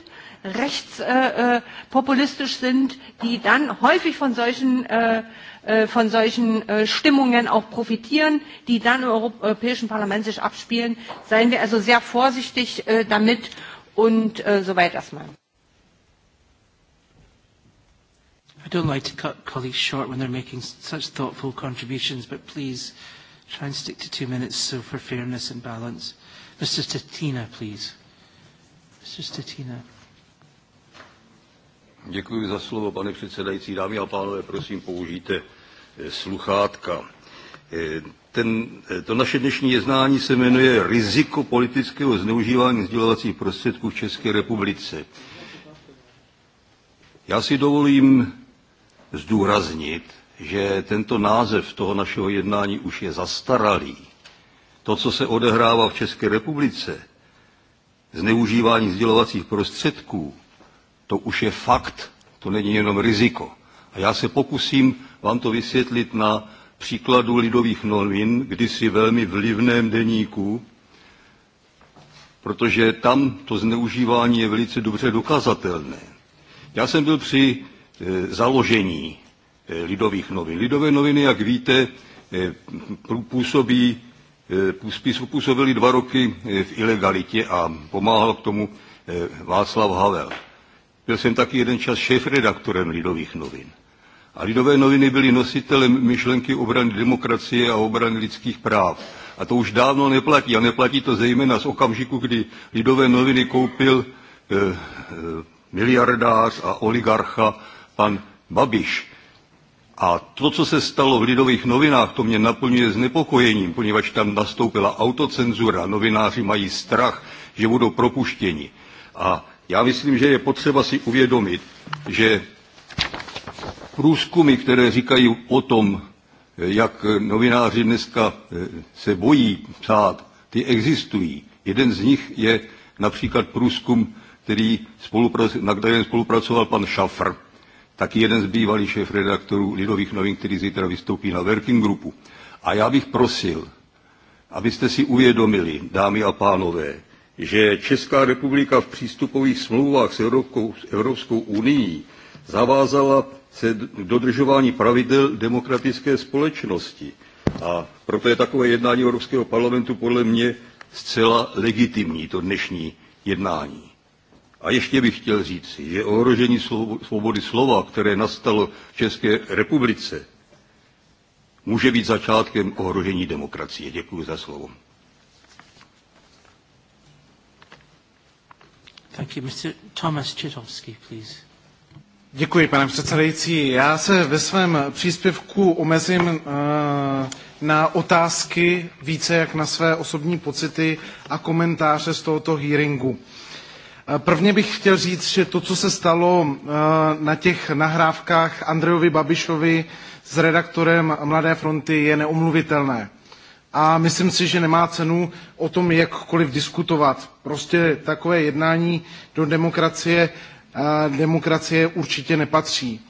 rechtspopulistisch äh, sind, die dann häufig von solchen, äh, äh, von solchen äh, Stimmungen auch profitieren, die dann im Europäischen Parlament sich abspielen. Seien wir also sehr vorsichtig äh, damit und äh, soweit erstmal. I don't like to cut colleagues short when they're making such thoughtful contributions, but please try and stick to two minutes so for fairness and balance. Mr. Statina, please. Mr. Statina. Děkuji za slovo, pane předsedající. Dámy a pánové, prosím, použijte eh, sluchátka. Eh, ten, eh, to naše dnešní jednání se jmenuje Riziko politického zneužívání sdělovacích prostředků v České republice. Já si dovolím zdůraznit, že tento název toho našeho jednání už je zastaralý. To, co se odehrává v České republice, zneužívání sdělovacích prostředků, To už je fakt, to není jenom riziko. A já se pokusím vám to vysvětlit na příkladu lidových novin, kdysi velmi vlivném deníku, protože tam to zneužívání je velice dobře dokazatelné. Já jsem byl při e, založení e, lidových novin. Lidové noviny, jak víte, e, působí, e, působili dva roky e, v ilegalitě a pomáhal k tomu e, Václav Havel. Byl jsem taky jeden čas šéf-redaktorem Lidových novin. A Lidové noviny byly nositelem myšlenky obrany demokracie a obrany lidských práv. A to už dávno neplatí. A neplatí to zejména z okamžiku, kdy Lidové noviny koupil eh, eh, miliardář a oligarcha pan Babiš. A to, co se stalo v Lidových novinách, to mě naplňuje znepokojením, poněvadž tam nastoupila autocenzura. Novináři mají strach, že budou propuštěni. A Já myslím, že je potřeba si uvědomit, že průzkumy, které říkají o tom, jak novináři dneska eh, se bojí psát, ty existují. Jeden z nich je například průzkum, který na kterém spolupracoval pan Šafr, taky jeden z bývalých šéf redaktorů Lidových novin, který zítra vystoupí na Working Groupu. A já bych prosil, abyste si uvědomili, dámy a pánové, že Česká republika v přístupových smlouvách s Evropskou, Evropskou unii zavázala se k dodržování pravidel demokratické společnosti. A proto je takové jednání Evropského parlamentu podle mě zcela legitimní, to dnešní jednání. A ještě bych chtěl říci, že ohrožení svobody slova, které nastalo v České republice, může být začátkem ohrožení demokracie. Děkuji za slovo. Thank you. Mr. Thomas Chitovsky, please. Děkuji, pane předsedající. Já se ve svém příspěvku omezím uh, na otázky více jak na své osobní pocity a komentáře z tohoto hearingu. Eh, prvně bych chtěl říct, že to, co se stalo eh, na těch nahrávkách Andrejovi Babišovi s redaktorem Mladé fronty, je neomluvitelné a myslím si, že nemá cenu o tom jakkoliv diskutovat. Prostě takové jednání do demokracie, demokracie určitě nepatří.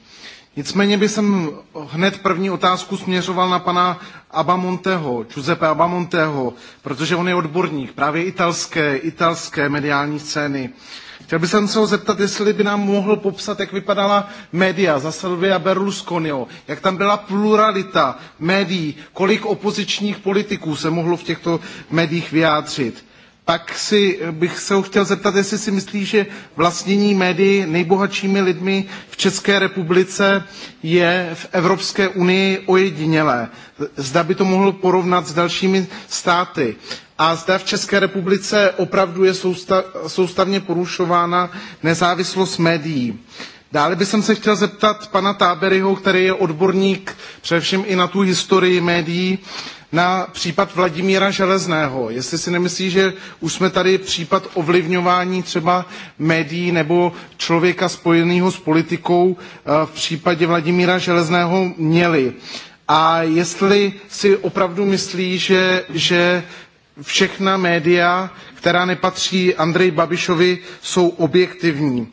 Nicméně bych jsem hned první otázku směřoval na pana Abamonteho, Giuseppe Abamonteho, protože on je odborník právě italské, italské mediální scény. Uh, Chtěl bych se zeptat, jestli by nám mohl popsat, jak vypadala média za Silvia Berlusconiho, jak tam byla pluralita médií, kolik opozičních politiků se mohlo v těchto médiích vyjádřit. Pak si eh, bych se ho chtěl zeptat, jestli si myslí, že vlastnění médií nejbohatšími lidmi v České republice je v Evropské unii ojedinělé. Zda by to mohlo porovnat s dalšími státy a zda v České republice opravdu je sousta, soustavně porušována nezávislost médií. Dále bych se chtěl zeptat pana Táberyho, který je odborník především i na tu historii médií, na případ Vladimíra Železného. Jestli si nemyslí, že už jsme tady případ ovlivňování třeba médií nebo člověka spojeného s politikou eh, v případě Vladimíra Železného měli. A jestli si opravdu myslí, že, že všechna média, která nepatří Andrej Babišovi, jsou objektivní.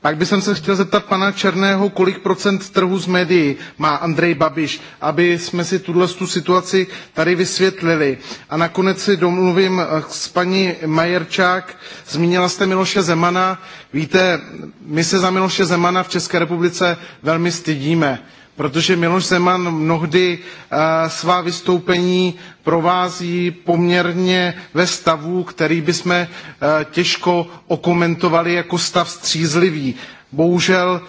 Pak bych se chtěl zeptat pana Černého, kolik procent trhu z médií má Andrej Babiš, aby jsme si tuhle situaci tady vysvětlili. A nakonec si domluvím eh, s paní Majerčák, zmínila jste Miloše Zemana. Víte, my se za Miloše Zemana v České republice velmi stydíme protože Miloš Zeman mnohdy eh, svá vystoupení provází poměrně ve stavu, který bychom eh, těžko okomentovali jako stav střízlivý. Bohužel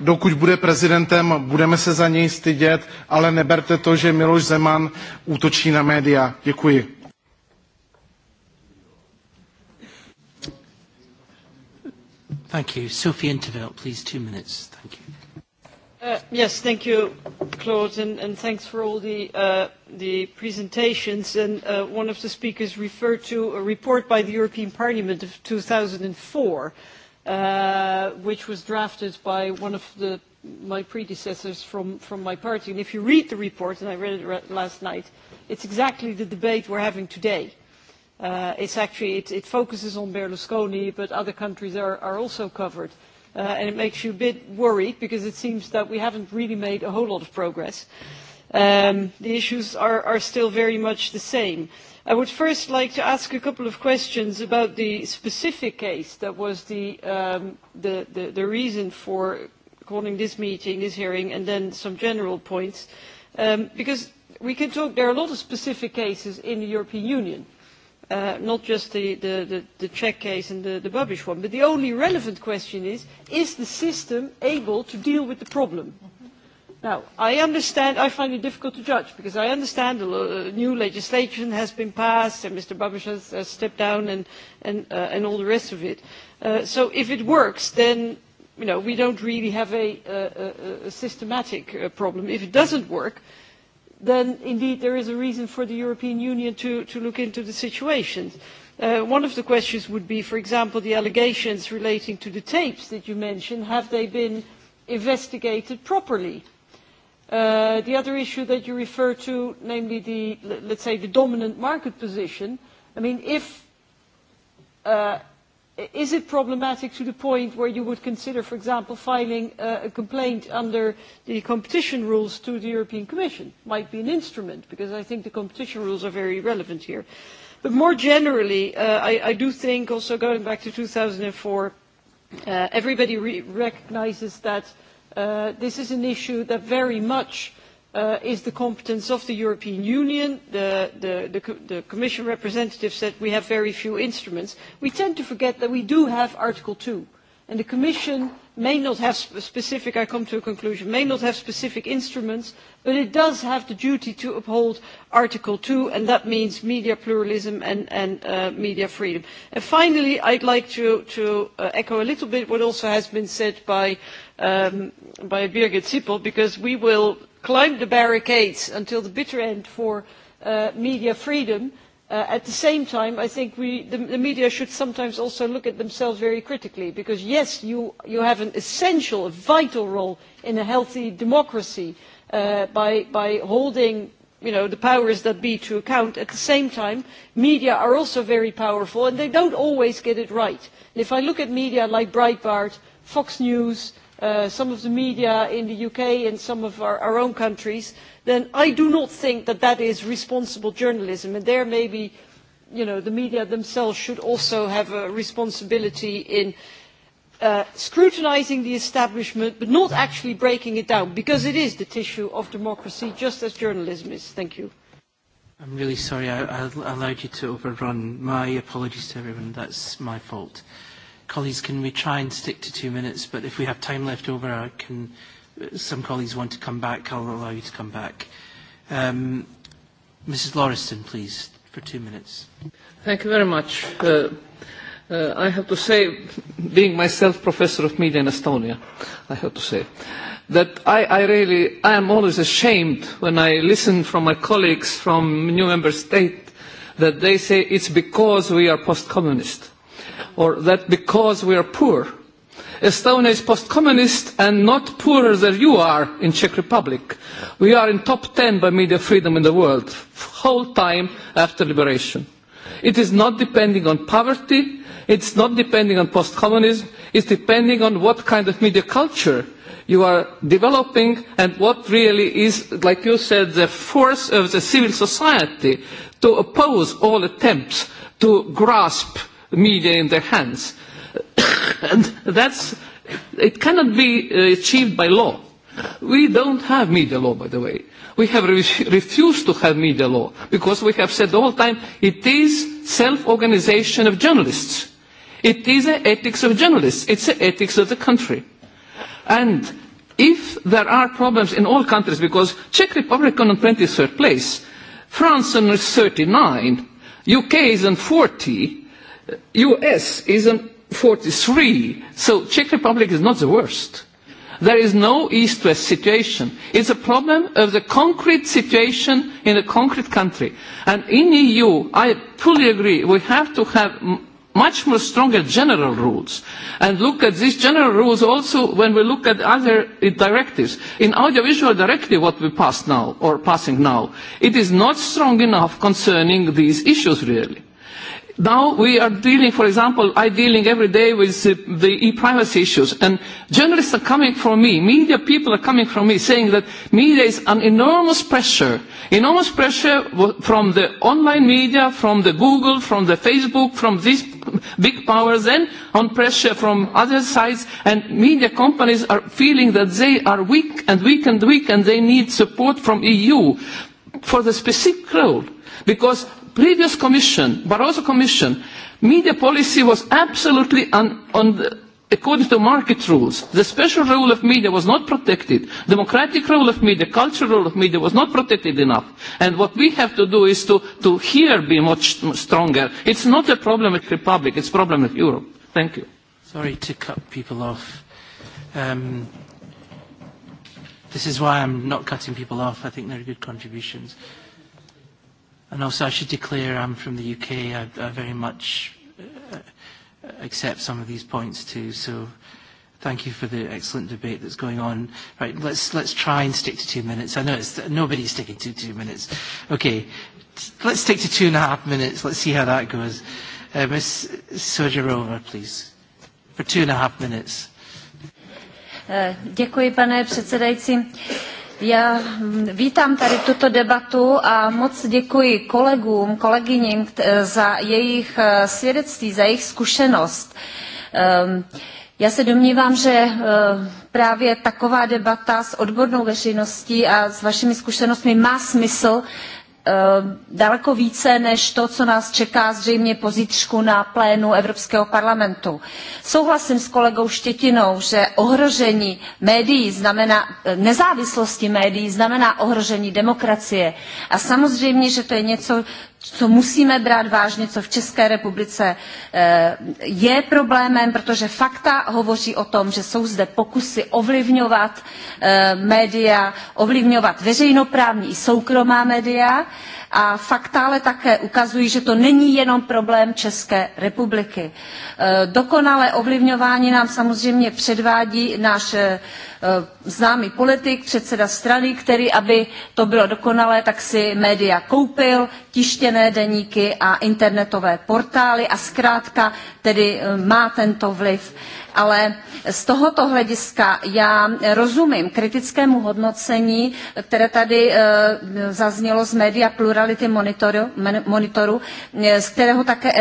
dokud bude prezidentem, budeme se za něj stydět, ale neberte to, že Miloš Zeman útočí na média. Děkuji. Thank you. Sophie Intervelt, please, two minutes. Thank you. Uh, yes, thank you, Claude, and, and thanks for all the, uh, the presentations. And uh, one of the speakers referred to a report by the European Parliament of 2004, uh, which was drafted by one of the, my predecessors from, from my party. And if you read the report, and I read it last night, it's exactly the debate we're having today. Uh, it's actually, it, it focuses on Berlusconi, but other countries are, are also covered uh, and it makes you a bit worried because it seems that we haven't really made a whole lot of progress. Um, the issues are, are still very much the same. I would first like to ask a couple of questions about the specific case that was the, um, the, the, the reason for calling this meeting, this hearing, and then some general points. Um, because we can talk, there are a lot of specific cases in the European Union uh, not just the, the, the, the Czech case and the, the rubbish one, but the only relevant question is, is the system able to deal with the problem? Now, I understand, I find it difficult to judge, because I understand the uh, new legislation has been passed, and Mr. Babish has, has stepped down, and, and, uh, and all the rest of it. Uh, so if it works, then you know, we don't really have a, a, a systematic uh, problem. If it doesn't work, uh, then indeed there is a reason for the European Union to, to look into the situation. Uh, one of the questions would be, for example, the allegations relating to the tapes that you mentioned, have they been investigated properly? Uh, the other issue that you refer to, namely the, let's say, the dominant market position, I mean, if, uh, is it problematic to the point where you would consider, for example, filing a, complaint under the competition rules to the European Commission? Might be an instrument, because I think the competition rules are very relevant here. But more generally, uh, I, I do think, also going back to 2004, uh, everybody re recognizes that uh, this is an issue that very much uh, is the competence of the European Union. The, the, the, the Commission representative said we have very few instruments. We tend to forget that we do have Article 2. And the Commission may not have specific, I come to a conclusion, may not have specific instruments, but it does have the duty to uphold Article 2, and that means media pluralism and, and uh, media freedom. And finally, I'd like to, to uh, echo a little bit what also has been said by, um, by Birgit Sippel, because we will climbed the barricades until the bitter end for uh, media freedom. Uh, at the same time, I think we, the, the media should sometimes also look at themselves very critically, because yes, you, you have an essential, a vital role in a healthy democracy uh, by, by holding you know, the powers that be to account. At the same time, media are also very powerful, and they don't always get it right. And if I look at media like Breitbart, Fox News, Uh, some of the media in the UK and some of our, our own countries, then I do not think that that is responsible journalism. And there maybe you know, the media themselves should also have a responsibility in uh, scrutinizing the establishment, but not actually breaking it down, because it is the tissue of democracy, just as journalism is. Thank you. I'm really sorry I, I allowed you to overrun. My apologies to everyone. That's my fault. Colleagues, can we try and stick to two minutes? But if we have time left over, I can, uh, some colleagues want to come back. I'll allow you to come back. Um, Mrs. Lauriston, please, for two minutes. Thank you very much. Uh, uh, I have to say, being myself professor of media in Estonia, I have to say, that I, I really, I am always ashamed when I listen from my colleagues from new member state that they say it's because we are post-communist or that because we are poor, Estonia is post-communist and not poorer than you are in Czech Republic. We are in top 10 by media freedom in the world, whole time after liberation. It is not depending on poverty, it's not depending on post-communism, it's depending on what kind of media culture you are developing and what really is, like you said, the force of the civil society to oppose all attempts to grasp media in their hands. and that's, it cannot be uh, achieved by law. We don't have media law, by the way. We have re refused to have media law because we have said the whole time it is self-organization of journalists. It is an ethics of journalists. It's an ethics of the country. And if there are problems in all countries, because Czech Republic on 23rd place, France on 39, UK is on 40, US is in 43, so Czech Republic is not the worst. There is no east-west situation. It's a problem of the concrete situation in a concrete country. And in EU, I fully agree, we have to have much more stronger general rules and look at these general rules also when we look at other uh, directives. In audiovisual directive what we passed now or passing now, it is not strong enough concerning these issues really. Now we are dealing, for example, I dealing every day with uh, the e-privacy issues, and journalists are coming from me, media people are coming from me, saying that media is an enormous pressure, enormous pressure from the online media, from the Google, from the Facebook, from these big powers, and on pressure from other sides, and media companies are feeling that they are weak and weak and weak, and they need support from EU for the specific role because previous commission, Barroso commission, media policy was absolutely un, on the, according to market rules. The special role of media was not protected. Democratic role of media, cultural role of media was not protected enough. And what we have to do is to, to here be much stronger. It's not a problem with Republic, it's a problem with Europe. Thank you. Sorry to cut people off. Um, this is why I'm not cutting people off. I think they're good contributions. And also I should declare I'm from the UK. I, I very much uh, accept some of these points too. So thank you for the excellent debate that's going on. Right, let's, let's try and stick to two minutes. I know it's, nobody's sticking to two minutes. Okay, let's stick to two and a half minutes. Let's see how that goes. Uh, Ms. Sojarova, please, for two and a half minutes. Uh, děkuji, pane předsedající. Já vítám tady tuto debatu a moc děkuji kolegům, kolegyním za jejich eh, svědectví, za jejich zkušenost. Ehm, já se domnívám, že eh, právě taková debata s odbornou veřejností a s vašimi zkušenostmi má smysl, Ehm, daleko více než to, co nás čeká zřejmě pozítřku na plénu Evropského parlamentu. Souhlasím s kolegou Štětinou, že ohrožení médií znamená, eh, nezávislosti médií znamená ohrožení demokracie. A samozřejmě, že to je něco, co musíme brát vážně, co v České republice eh, je problémem, protože fakta hovoří o tom, že jsou zde pokusy ovlivňovat eh, média, ovlivňovat veřejnoprávní i soukromá média A fakta ale také ukazují, že to není jenom problém České republiky. E, dokonalé ovlivňování nám samozřejmě předvádí náš e, známý politik, předseda strany, který, aby to bylo dokonalé, tak si média koupil, tištěné deníky a internetové portály a zkrátka tedy e, má tento vliv ale z tohoto hlediska já rozumím kritickému hodnocení, které tady eh, zaznělo z média plurality monitoru, monitoru eh, z kterého také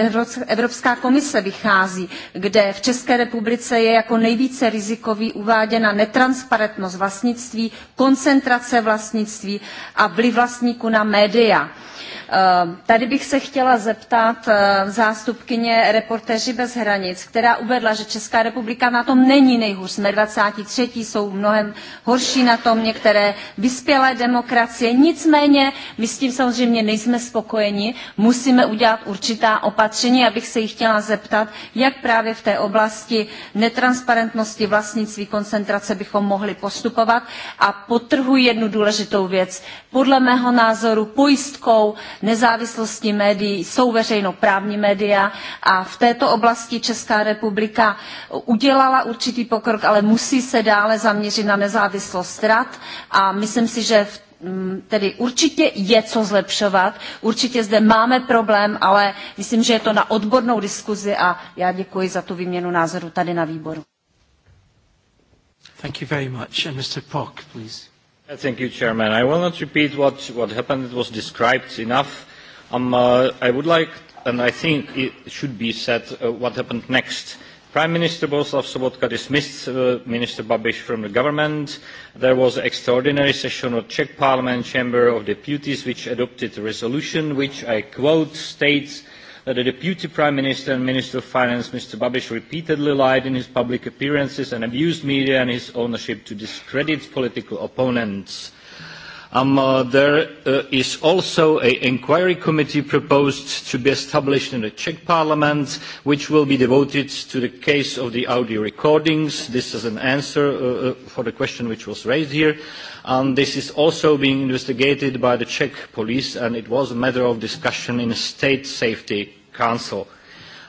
Evropská komise vychází, kde v České republice je jako nejvíce rizikový uváděna netransparentnost vlastnictví, koncentrace vlastnictví a vliv vlastníků na média. Ehm, tady bych se chtěla zeptat eh, zástupkyně reportéři bez hranic, která uvedla, že Česká republika na tom není nejhůř. Jsme 23. jsou mnohem horší na tom některé vyspělé demokracie. Nicméně my s tím samozřejmě nejsme spokojeni. Musíme udělat určitá opatření, abych se jich chtěla zeptat, jak právě v té oblasti netransparentnosti vlastnictví koncentrace bychom mohli postupovat. A potrhuji jednu důležitou věc. Podle mého názoru pojistkou nezávislosti médií, jsou veřejnoprávní média a v této oblasti Česká republika udělala určitý pokrok, ale musí se dále zaměřit na nezávislost rad a myslím si, že v mm, tedy určitě je co zlepšovat, určitě zde máme problém, ale myslím, že je to na odbornou diskuzi a já děkuji za tu výměnu názoru tady na výboru. Thank you very much. And Mr. Pock, please. Thank you, Chairman. I will not repeat what, what happened. It was described enough. Um, uh, I would like, and I think it should be said, uh, what happened next. Prime Minister Boslav Sobotka dismissed uh, Minister Babish from the government. There was an extraordinary session of Czech Parliament Chamber of Deputies which adopted a resolution which, I quote, states that the Deputy Prime Minister and Minister of Finance, Mr. Babish, repeatedly lied in his public appearances and abused media and his ownership to discredit political opponents. Um, uh, there uh, is also an inquiry committee proposed to be established in the Czech Parliament, which will be devoted to the case of the audio recordings. This is an answer uh, uh for the question which was raised here. And um, this is also being investigated by the Czech police, and it was a matter of discussion in the State Safety Council.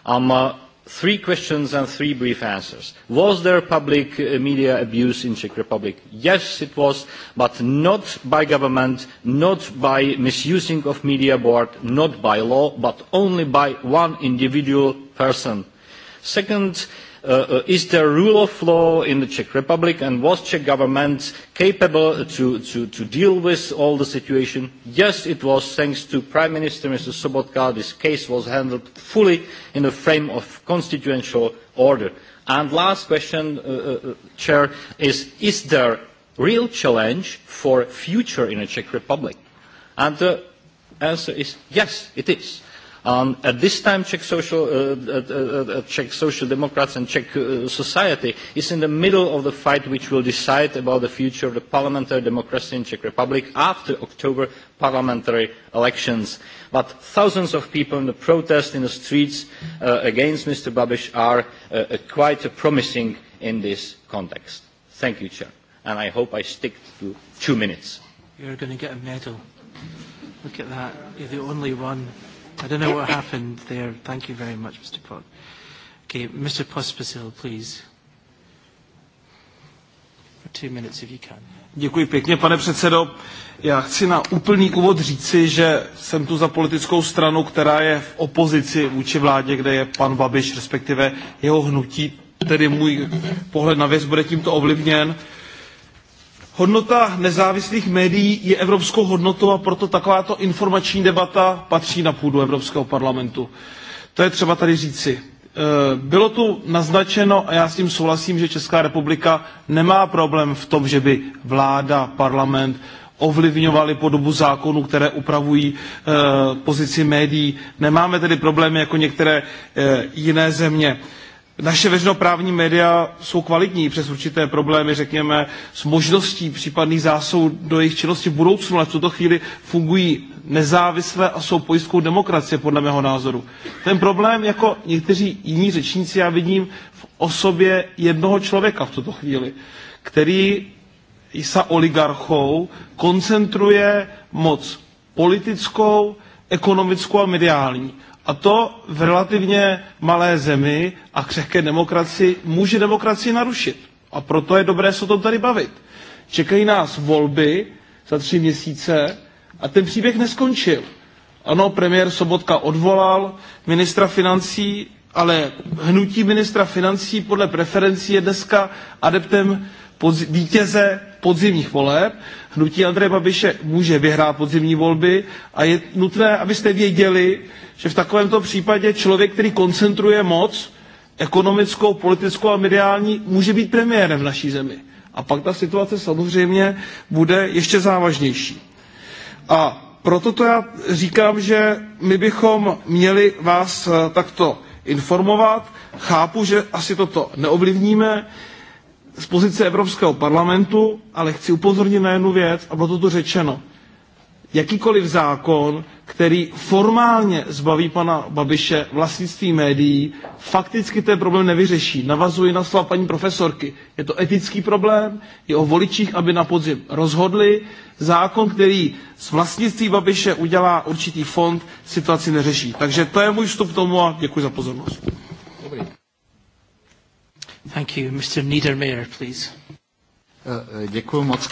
Um, uh, Three questions and three brief answers. Was there public uh, media abuse in Czech Republic? Yes, it was, but not by government, not by misusing of media board, not by law, but only by one individual person. Second, uh, Uh, uh, is there rule of law in the Czech Republic and was Czech government capable to, to, to deal with all the situation? Yes, it was thanks to Prime Minister Mr. Sobotka. This case was handled fully in the frame of constitutional order. And last question, uh, uh, uh, Chair, is, is there real challenge for future in the Czech Republic? And the answer is yes, it is Um, at this time, Czech social, uh, uh, uh, Czech social democrats and Czech uh, society is in the middle of the fight which will decide about the future of the parliamentary democracy in Czech Republic after October parliamentary elections. But thousands of people in the protest in the streets uh, against Mr. Babish are uh, uh, quite uh, promising in this context. Thank you, Chair. And I hope I stick to two minutes. You're going to get a medal. Look at that. You're the only one. I don't know what happened there. Thank you very much, Mr. Pot. Okay, Mr. Pospisil, please. For two minutes, if you can. Děkuji pěkně, pane předsedo. Já chci na úplný úvod říci, že jsem tu za politickou stranu, která je v opozici vůči vládě, kde je pan Babiš, respektive jeho hnutí, tedy můj pohled na věc bude tímto ovlivněn. Hodnota nezávislých médií je evropskou hodnotou a proto takováto informační debata patří na půdu Evropského parlamentu. To je třeba tady říci. E, bylo tu naznačeno, a já s tím souhlasím, že Česká republika nemá problém v tom, že by vláda, parlament ovlivňovali podobu zákonů, které upravují e, pozici médií. Nemáme tedy problémy jako některé e, jiné země. Naše veřejnoprávní média jsou kvalitní přes určité problémy, řekněme, s možností případných zásahů do jejich činnosti v budoucnu, ale v tuto chvíli fungují nezávisle a jsou pojistkou demokracie, podle mého názoru. Ten problém, jako někteří jiní řečníci, já vidím v osobě jednoho člověka v tuto chvíli, který sa oligarchou koncentruje moc politickou, ekonomickou a mediální A to v relativně malé zemi a křehké demokracii může demokracii narušit. A proto je dobré se o tom tady bavit. Čekají nás volby za tři měsíce a ten příběh neskončil. Ano, premiér Sobotka odvolal ministra financí, ale hnutí ministra financí podle preferencí je dneska adeptem vítěze podzimních voleb. Hnutí Andreje Babiše může vyhrát podzimní volby a je nutné, abyste věděli, že v takovémto případě člověk, který koncentruje moc, ekonomickou, politickou a mediální, může být premiérem v naší zemi. A pak ta situace samozřejmě bude ještě závažnější. A proto to já říkám, že my bychom měli vás eh, takto informovat. Chápu, že asi toto neovlivníme z pozice Evropského parlamentu, ale chci upozornit na jednu věc, a bylo to tu řečeno. Jakýkoliv zákon, který formálně zbaví pana Babiše vlastnictví médií, fakticky ten problém nevyřeší. Navazuji na slova paní profesorky. Je to etický problém, je o voličích, aby na podzim rozhodli. Zákon, který z vlastnictví Babiše udělá určitý fond, situaci neřeší. Takže to je můj vstup k tomu a děkuji za pozornost. Dobrý. Thank you. Mr. Niedermayer, please. Eh, eh, děkuji moc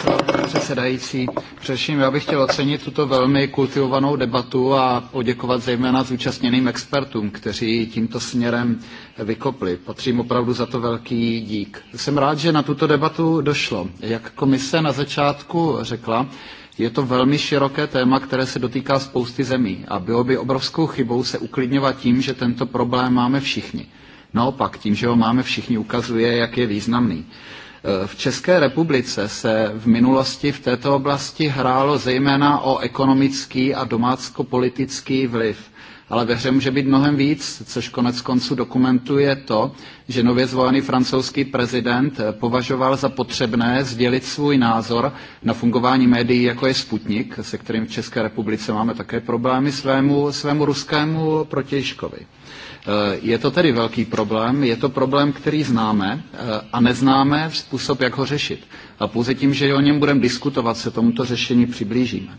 předsedající. Především já bych chtěl ocenit tuto velmi kultivovanou debatu a poděkovat zejména zúčastněným expertům, kteří tímto směrem vykopli. Patřím opravdu za to velký dík. Jsem rád, že na tuto debatu došlo. Jak komise na začátku řekla, je to velmi široké téma, které se dotýká spousty zemí a bylo by obrovskou chybou se uklidňovat tím, že tento problém máme všichni. Naopak, tím, že ho máme všichni, ukazuje, jak je významný. E, v České republice se v minulosti v této oblasti hrálo zejména o ekonomický a domácko-politický vliv – ale ve hře může být mnohem víc, což konec konců dokumentuje to, že nově zvolený francouzský prezident e, považoval za potřebné sdělit svůj názor na fungování médií, jako je Sputnik, se kterým v České republice máme také problémy svému, svému ruskému protějškovi. Eh, je to tedy velký problém, je to problém, který známe eh, a neznáme způsob, jak ho řešit. A pouze tím, že o něm budeme diskutovat, se tomuto řešení přiblížíme.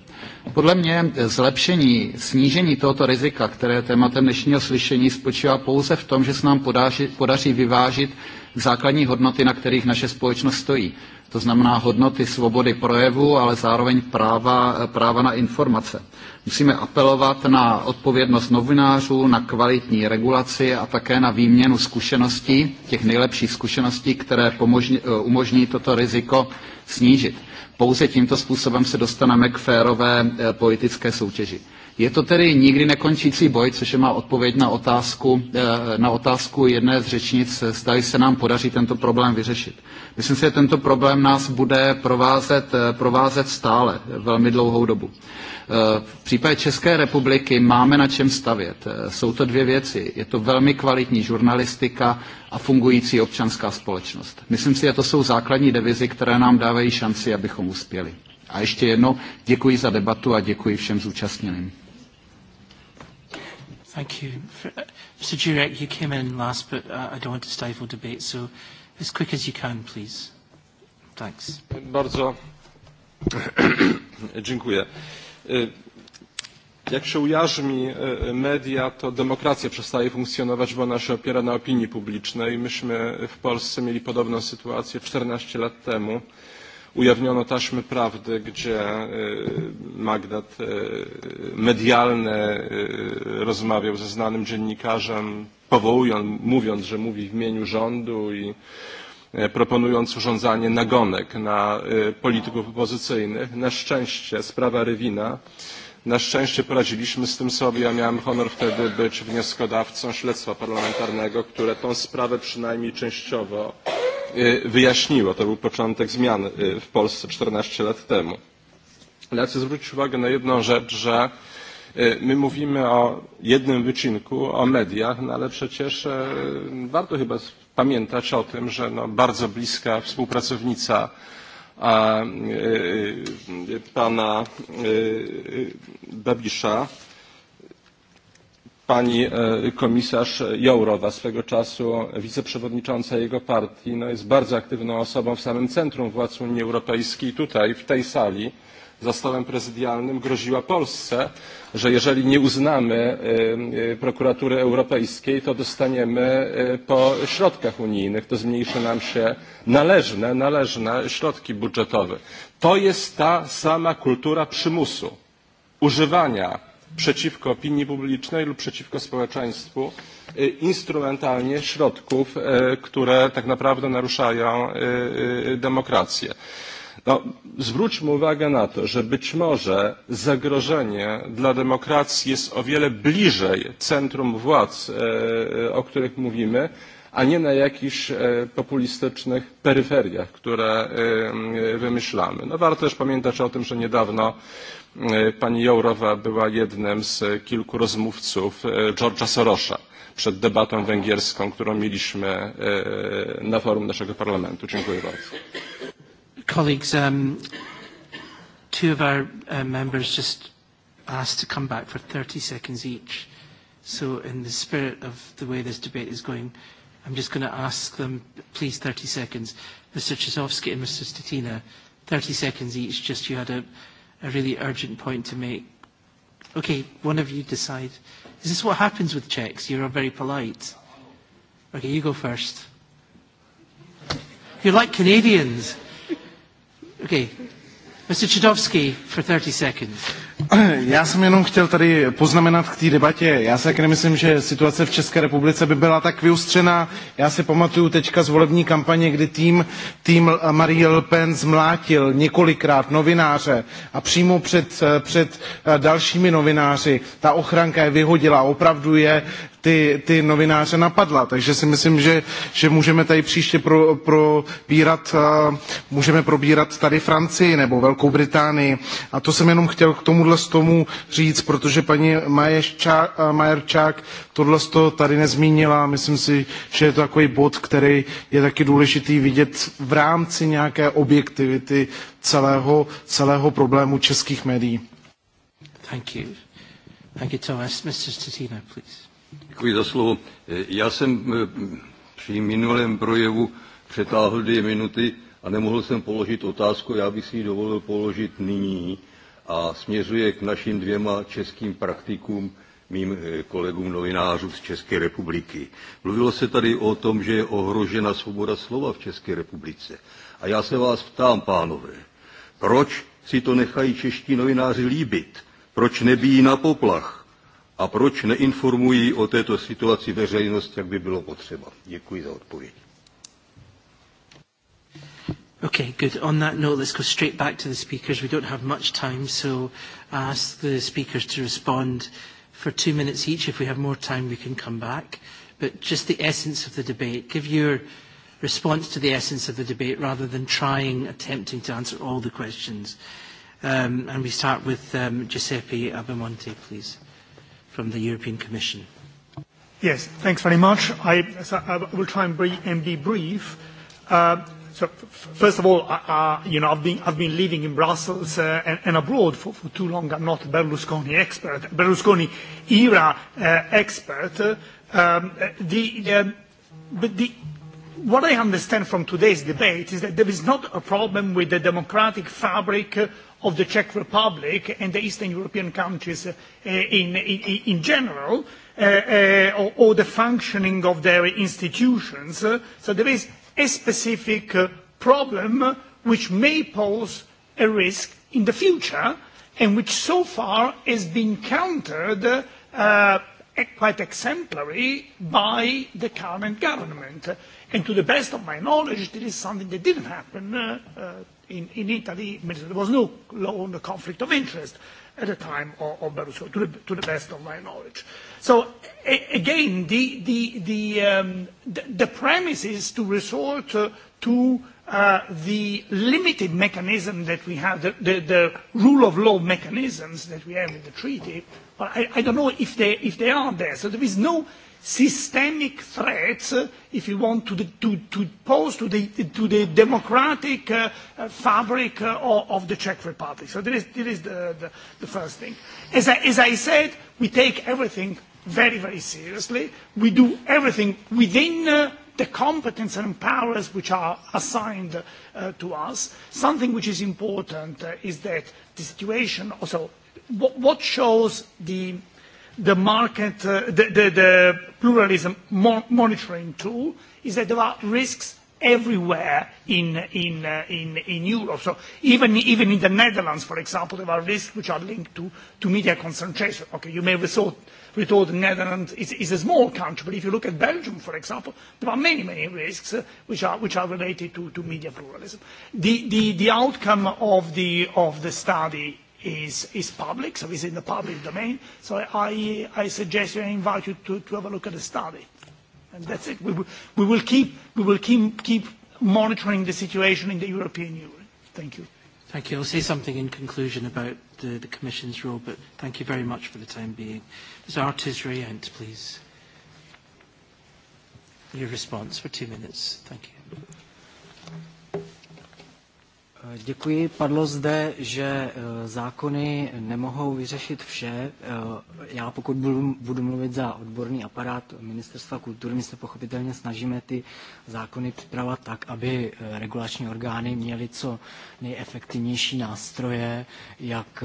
Podle mě eh, zlepšení, snížení tohoto rizika, které tématem dnešního slyšení spočívá pouze v tom, že se nám podaří, podaří vyvážit základní hodnoty, na kterých naše společnost stojí to znamená hodnoty svobody projevu, ale zároveň práva, práva na informace. Musíme apelovat na odpovědnost novinářů, na kvalitní regulaci a také na výměnu zkušeností, těch nejlepších zkušeností, které pomožní, umožní toto riziko snížit. Pouze tímto způsobem se dostaneme k férové eh, politické soutěži. Je to tedy nikdy nekončící boj, což je má odpověď na otázku, eh, na otázku jedné z řečnic, eh, zda se nám podaří tento problém vyřešit. Myslím si, že tento problém nás bude provázet, eh, provázet stále velmi dlouhou dobu. V případě České republiky máme na čem stavět. Jsou to dvě věci. Je to velmi kvalitní žurnalistika a fungující občanská společnost. Myslím si, že to jsou základní devizy, které nám dávají šanci, abychom uspěli. A ještě jednou děkuji za debatu a děkuji všem zúčastněným. Thank you. For, uh, Mr. Jurek, you came in last, but uh, I don't want to stifle debate, so as quick as you can, please. Thanks. Bardzo dziękuję. Jak się ujarzmi media, to demokracja przestaje funkcjonować, bo ona się opiera na opinii publicznej. Myśmy w Polsce mieli podobną sytuację 14 lat temu ujawniono taśmy prawdy, gdzie e, magnat e, medialny e, rozmawiał ze znanym dziennikarzem, powołując, mówiąc, że mówi w imieniu rządu i proponując urządzanie nagonek na polityków opozycyjnych. Na szczęście sprawa Rywina Na szczęście poradziliśmy z tym sobie. Ja miałem honor wtedy być wnioskodawcą śledztwa parlamentarnego, które tą sprawę przynajmniej częściowo E, wyjaśniła. To był początek zmian e, w Polsce 14 lat temu. Ale chcę zwrócić uwagę na jedną rzecz, że e, my mówimy o jednym wycinku, o mediach, no ale przecież warto chyba pamiętać o tym, że no bardzo bliska współpracownica a, pana Babisza pani e, komisarz Jourowa, swego czasu wiceprzewodnicząca jego partii, no jest bardzo aktywną osobą w samym centrum władz Unii Europejskiej. Tutaj, w tej sali, za stołem prezydialnym groziła Polsce, że jeżeli nie uznamy e, e, prokuratury europejskiej, to dostaniemy po środkach unijnych, to zmniejszy nam się należne, należne środki budżetowe. To jest ta sama kultura przymusu, używania przeciwko opinii publicznej lub przeciwko społeczeństwu e, instrumentalnie środków, e, które tak naprawdę naruszają e, demokrację. No, zwróćmy uwagę na to, że być może zagrożenie dla demokracji jest o wiele bliżej centrum władz, o których mówimy, a nie na jakichś populistycznych peryferiach, które wymyślamy. No, warto też pamiętać o tym, że niedawno E, pani Jourowa była jednym z kilku rozmówców e, George'a Sorosza przed debatą węgierską, którą mieliśmy e, na forum naszego parlamentu. Dziękuję bardzo. Colleagues, um, two of our uh, members just asked to come back for 30 seconds each. So in the spirit of the way this debate is going, I'm just going to ask them, please, 30 seconds. Mr. Chisovsky and Mr. Stetina, 30 seconds each, just you had a a really urgent point to make. Okay, one of you decide. Is this what happens with Czechs? You're very polite. Okay, you go first. You're like Canadians. Okay, Mr. Chudovsky for 30 seconds. Já jsem jenom chtěl tady poznamenat k té debatě. Já si taky nemyslím, že situace v České republice by byla tak vyustřená. Já si pamatuju teďka z volební kampaně, kdy tým, tým Marie Le Pen zmlátil několikrát novináře a přímo před, eh, před eh, dalšími novináři ta ochranka je vyhodila. Opravdu je ty, ty novináře napadla. Takže si myslím, že, že můžeme tady příště pro, probírat, můžeme probírat tady Francii nebo Velkou Británii. A to jsem jenom chtěl k tomuhle z tomu říct, protože paní Majerčák tohle to tady nezmínila. Myslím si, že je to takový bod, který je taky důležitý vidět v rámci nějaké objektivity celého, celého problému českých médií. Thank you. Thank you, Thomas. Mr. Statino, please. Děkuji za slovo. E, já jsem e, při minulém projevu přetáhl dvě minuty a nemohl jsem položit otázku, já bych si ji dovolil položit nyní a směřuje k našim dvěma českým praktikům, mým e, kolegům novinářů z České republiky. Mluvilo se tady o tom, že je ohrožena svoboda slova v České republice. A já se vás ptám, pánové, proč si to nechají čeští novináři líbit? Proč nebíjí na poplach? a proč neinformují o této situaci veřejnost, jak by bylo potřeba. Děkuji za odpověď. Okay, good. On that note, let's go straight back to the speakers. We don't have much time, so I ask the speakers to respond for two minutes each. If we have more time, we can come back. But just the essence of the debate. Give your response to the essence of the debate rather than trying, attempting to answer all the questions. Um, and we start with um, Giuseppe Abamonte, please from the European Commission. Yes, thanks very much. I, so I will try and be, and be brief. Uh, so f first of all, uh, uh, you know, I've been, I've been living in Brussels uh, and, and abroad for, for too long. I'm not a Berlusconi expert, Berlusconi era uh, expert. Uh, um, the, uh, but the, what I understand from today's debate is that there is not a problem with the democratic fabric of the Czech Republic and the Eastern European countries uh, in, in, in general, uh, uh, or, or the functioning of their institutions. so there is a specific uh, problem which may pose a risk in the future and which so far has been countered uh, e, quite exemplary by the current government. And to the best of my knowledge, this is something that didn't happen uh, uh, in, in Italy, there was no law on the conflict of interest at the time of, of Berlusconi, to the, to the best of my knowledge. So a, again, the, the, the, um, the, the premise is to resort uh, to uh, the limited mechanism that we have, the, the, the rule of law mechanisms that we have in the treaty. But I, I don't know if they, if they are there. So there is no systemic threats, if you want, to, the, to, to pose to the, to the democratic uh, uh fabric uh, of the Czech Republic. So this is, is the, the, the first thing. As I, as I said, we take everything very, very seriously. We do everything within uh, the competence and powers which are assigned uh, to us. Something which is important uh, is that the situation also, what, what shows the, the market, uh, the, the, the pluralism mo monitoring tool is that there are risks everywhere in, in, uh, in, in Europe. So even, even in the Netherlands, for example, there are risks which are linked to, to media concentration. Okay, you may resort, retort the Netherlands is, is a small country, but if you look at Belgium, for example, there are many, many risks uh, which, are, which are related to, to media pluralism. The, the, the outcome of the, of the study is, is public, so it's in the public domain. So I, I suggest you, I invite you to, to have a look at the study. And that's it. We, we will, keep, we will keep, keep monitoring the situation in the European Union. Thank you. Thank you. I'll say something in conclusion about the, the Commission's role, but thank you very much for the time being. Ms. Artis Rayant, please. Your response for two minutes. Thank you. Děkuji. Padlo zde, že e, zákony nemohou vyřešit vše. E, já pokud budu, budu mluvit za odborný aparát Ministerstva kultury, my se pochopitelně snažíme ty zákony připravovat tak, aby e, regulační orgány měly co nejefektivnější nástroje, jak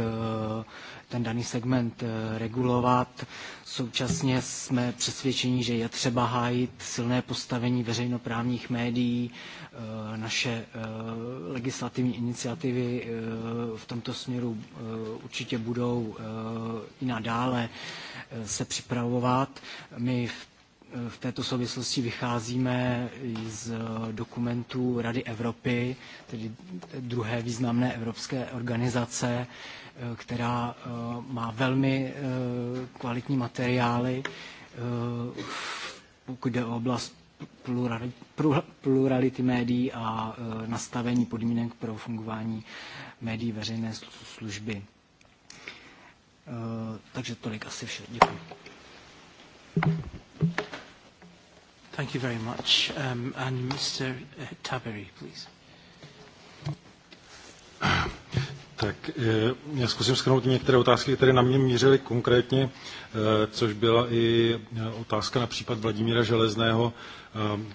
ten daný segment eh, regulovat. Současně jsme přesvědčeni, že je třeba hájit silné postavení veřejnoprávních médií. Eh, naše eh, legislativní iniciativy v tomto směru určitě budou i nadále se připravovat. My v v této souvislosti vycházíme z eh, dokumentů Rady Evropy, tedy druhé významné evropské organizace, eh, která eh, má velmi kvalitní materiály, pokud jde o oblast plurality médií a nastavení podmínek pro fungování médií veřejné služby. Takže tolik asi vše. Děkuji. Thank you very much. Um, and Mr. Uh, Taberi, please. Tak, eh, já zkusím schrnout některé otázky, které na mě mířily konkrétně, eh, což byla i eh, otázka na případ Vladimíra Železného,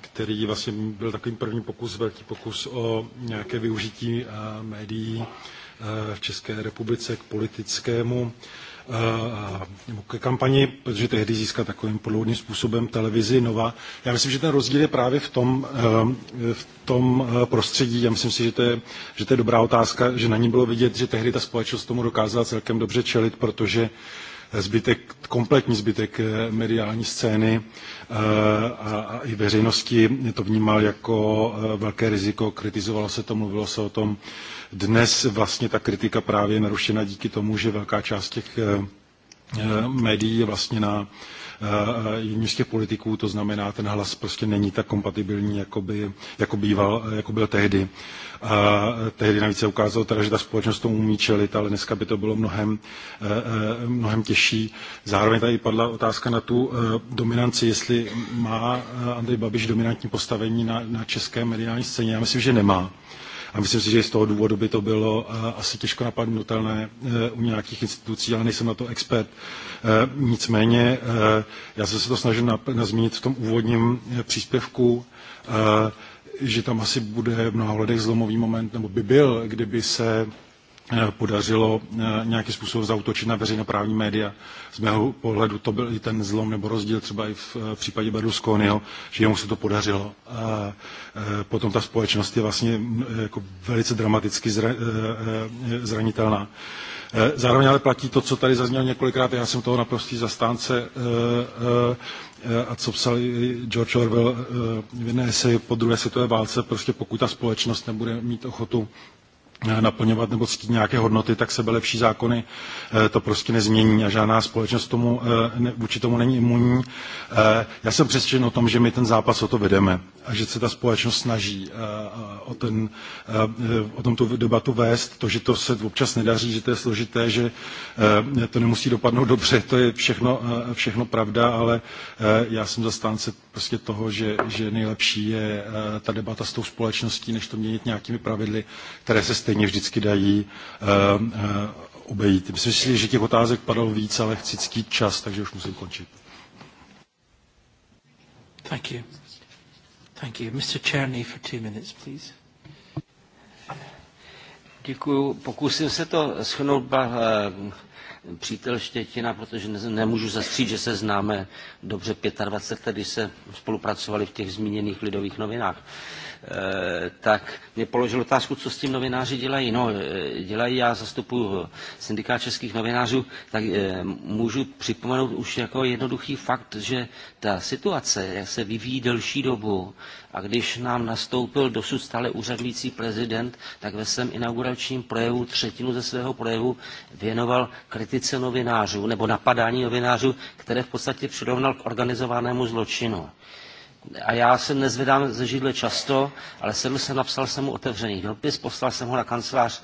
který vlastně byl takový první pokus, velký pokus o nějaké využití médií v České republice k politickému nebo eh, ke kampani, protože tehdy získat takovým podobným způsobem televizi Nova. Já myslím, že ten rozdíl je právě v tom, eh, v tom eh, prostředí. Já myslím si, že to, je, že to je dobrá otázka, že na ní bylo vidět, že tehdy ta společnost tomu dokázala celkem dobře čelit, protože zbytek, kompletní zbytek mediální scény a, a i veřejnosti to vnímal jako velké riziko, kritizovalo se to, mluvilo se o tom, Dnes vlastně ta kritika právě je narušena díky tomu, že velká část těch eh, eh, médií je vlastně na eh, jedním z těch politiků, to znamená, ten hlas prostě není tak kompatibilní, jako, by, jako, býval, jako byl tehdy. A tehdy navíc se ukázalo, teda, že ta společnost tomu umí čelit, ale dneska by to bylo mnohem, mnohem těžší. Zároveň tady padla otázka na tu dominanci, jestli má Andrej Babiš dominantní postavení na, na české mediální scéně. Já myslím, že nemá A myslím si, že z toho důvodu by to bylo eh, asi těžko napadnutelné eh, u nějakých institucí, já nejsem na to expert. Eh, nicméně, já jsem se to snažil nazmínit v tom úvodním příspěvku, že tam asi bude v mnoha hledech zlomový moment, nebo by byl, kdyby se Eh, podařilo eh, nějakým způsobem zautočit na veřejnoprávní média. Z mého pohledu to byl i ten zlom nebo rozdíl třeba i v eh, případě Berlusconiho, že jemu se to podařilo. A potom ta společnost je vlastně jako velice dramaticky zranitelná. Zároveň ale platí to, co tady zaznělo několikrát, já jsem toho naprostý zastánce a co psal George Orwell v jedné eseji po druhé světové válce, prostě pokud ta společnost nebude mít ochotu Eh, naplňovat nebo ctít nějaké hodnoty, tak sebe lepší zákony eh, to prostě nezmění a žádná společnost tomu, eh, ne, vůči tomu není imunní. Já jsem přesvědčen o tom, že my ten zápas o to vedeme a že se ta společnost snaží o, ten, o tom tu debatu vést. To, že to se občas nedaří, že to je složité, že to nemusí dopadnout dobře, to je všechno, všechno pravda, ale já jsem zastánce prostě toho, že, že nejlepší je ta debata s tou společností, než to měnit nějakými pravidly, které se stejně vždycky dají eh, eh, obejít. Myslím si, že těch otázek padalo víc, ale chci ctít čas, takže už musím končit. Thank you. Thank you. Mr. Czerny for two minutes, please. Děkuju. Pokusím se to schnout eh, přítel Štětina, protože ne, nemůžu zastřít, že se známe dobře 25 let, když se spolupracovali v těch zmíněných lidových novinách. Uh, Eh, tak mě položil otázku, co s tím novináři dělají. No, eh, dělají, já zastupuji syndikát českých novinářů, tak eh, můžu připomenout už jako jednoduchý fakt, že ta situace, jak se vyvíjí delší dobu, a když nám nastoupil dosud stále úřadující prezident, tak ve svém inauguračním projevu třetinu ze svého projevu věnoval kritice novinářů nebo napadání novinářů, které v podstatě přirovnal k organizovanému zločinu a já se nezvedám ze židle často, ale jsem se napsal jsem mu otevřený dopis, poslal jsem ho na kancelář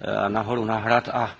eh, nahoru na hrad a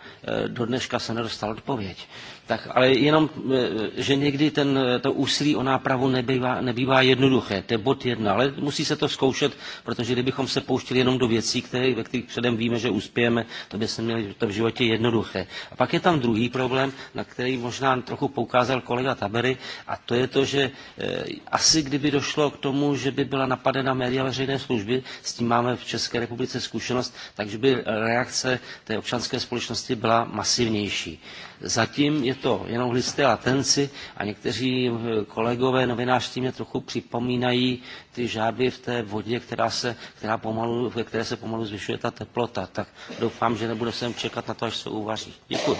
eh, do dneška se nedostal odpověď. Tak, ale jenom, e, e, že někdy ten, e, to úsilí o nápravu nebývá, nebývá jednoduché, to je bod jedna, ale musí se to zkoušet, protože kdybychom se pouštili jenom do věcí, které, ve kterých předem víme, že uspějeme, to by se měli to v životě jednoduché. A pak je tam druhý problém, na který možná trochu poukázal kolega Tabery, a to je to, že e, asi kdyby došlo k tomu, že by byla napadena média veřejné služby, s tím máme v České republice zkušenost, takže by reakce té občanské společnosti byla masivnější zatím je to jenom hlisté latenci a někteří eh, kolegové novinářství mě trochu připomínají ty žáby v té vodě, která se, která pomalu, ve které se pomalu zvyšuje ta teplota. Tak doufám, že nebude sem čekat na to, až se uvaří. Děkuji.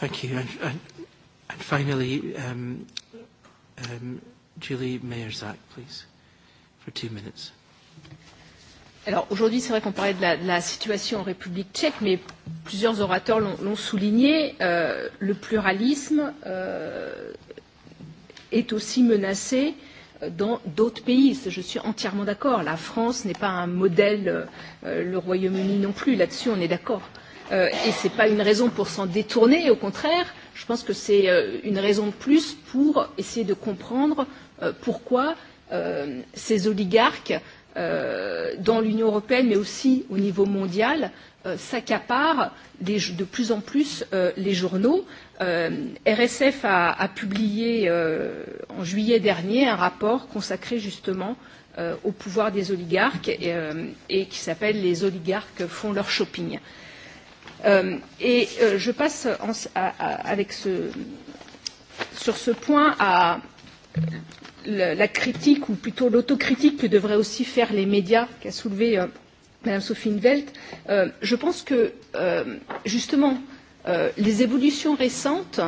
Thank you. And, and, and finally, um, um, Julie Mayerzak, please, for two minutes. Alors aujourd'hui, c'est vrai qu'on parlait de la, de la situation en République tchèque, mais plusieurs orateurs l'ont souligné, euh, le pluralisme euh, est aussi menacé euh, dans d'autres pays. Je suis entièrement d'accord. La France n'est pas un modèle, euh, le Royaume-Uni non plus. Là-dessus, on est d'accord. Euh, et ce n'est pas une raison pour s'en détourner. Au contraire, je pense que c'est euh, une raison de plus pour essayer de comprendre euh, pourquoi euh, ces oligarques euh, dans l'Union européenne, mais aussi au niveau mondial, euh, s'accapare de plus en plus euh, les journaux. Euh, RSF a, a publié euh, en juillet dernier un rapport consacré justement euh, au pouvoir des oligarques et, euh, et qui s'appelle Les oligarques font leur shopping. Euh, et euh, je passe en, à, à, avec ce, sur ce point à la critique, ou plutôt l'autocritique que devraient aussi faire les médias qu'a soulevé euh, Mme Sophie Invelt, euh, je pense que, euh, justement, euh, les évolutions récentes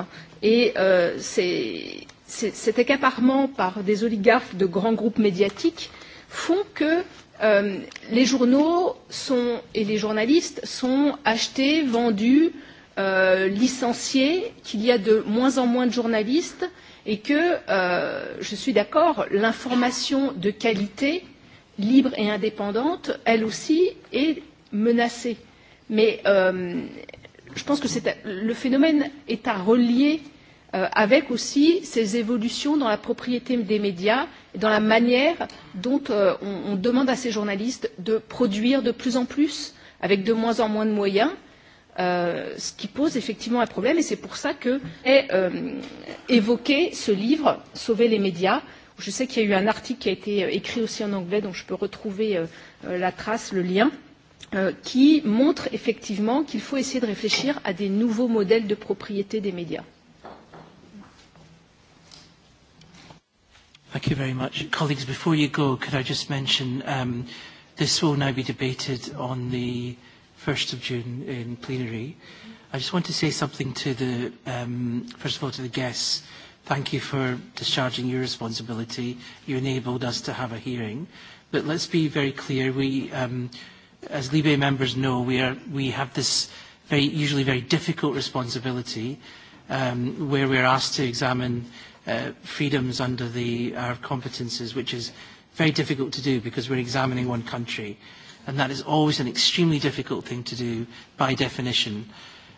et euh, ces, ces, cet accaparement par des oligarques de grands groupes médiatiques font que euh, les journaux sont, et les journalistes sont achetés, vendus, euh, licenciés, qu'il y a de moins en moins de journalistes et que euh, je suis d'accord, l'information de qualité, libre et indépendante, elle aussi est menacée. Mais euh, je pense que le phénomène est à relier euh, avec aussi ces évolutions dans la propriété des médias et dans la manière dont euh, on, on demande à ces journalistes de produire de plus en plus, avec de moins en moins de moyens, Euh, ce qui pose effectivement un problème et c'est pour ça que est euh, évoqué ce livre Sauver les médias. Je sais qu'il y a eu un article qui a été euh, écrit aussi en anglais, donc je peux retrouver euh, euh, la trace, le lien, euh, qui montre effectivement qu'il faut essayer de réfléchir à des nouveaux modèles de propriété des médias. Thank you very much. Colleagues, before you go, could I just mention um, this will now be debated on the 1st of June in plenary. I just want to say something to the, um, first of all, to the guests. Thank you for discharging your responsibility. You enabled us to have a hearing. But let's be very clear. We, um, as Libe members know, we, are, we have this very, usually very difficult responsibility um, where we're asked to examine uh, freedoms under the, our competences, which is very difficult to do because we're examining one country and that is always an extremely difficult thing to do by definition.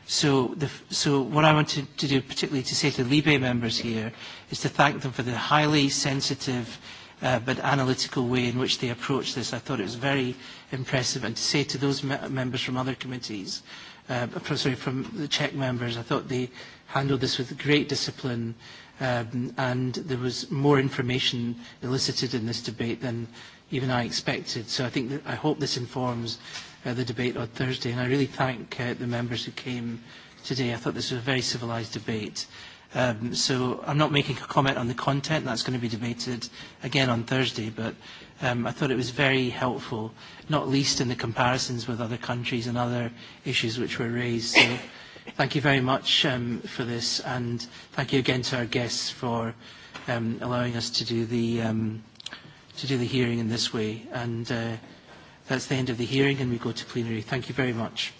So, the, so what I wanted to do, particularly to say to Libe members here, is to thank them for the highly sensitive uh, but analytical way in which they approached this. I thought it was very impressive. And to say to those me members from other committees, uh, from sorry, from the Czech members, I thought they handled this with great discipline um, and there was more information elicited in this debate than even I expected. So I think that I hope this informs uh, the debate on Thursday, and I really thank uh, the members who came today. I thought this was a very civilised debate. Um, so I'm not making a comment on the content, that's going to be debated again on Thursday, but um, I thought it was very helpful, not least in the comparisons with other countries and other issues which were raised. So thank you very much um, for this, and thank you again to our guests for um, allowing us to do the, um, to do the hearing in this way. And uh, that's the end of the hearing and we go to plenary. Thank you very much.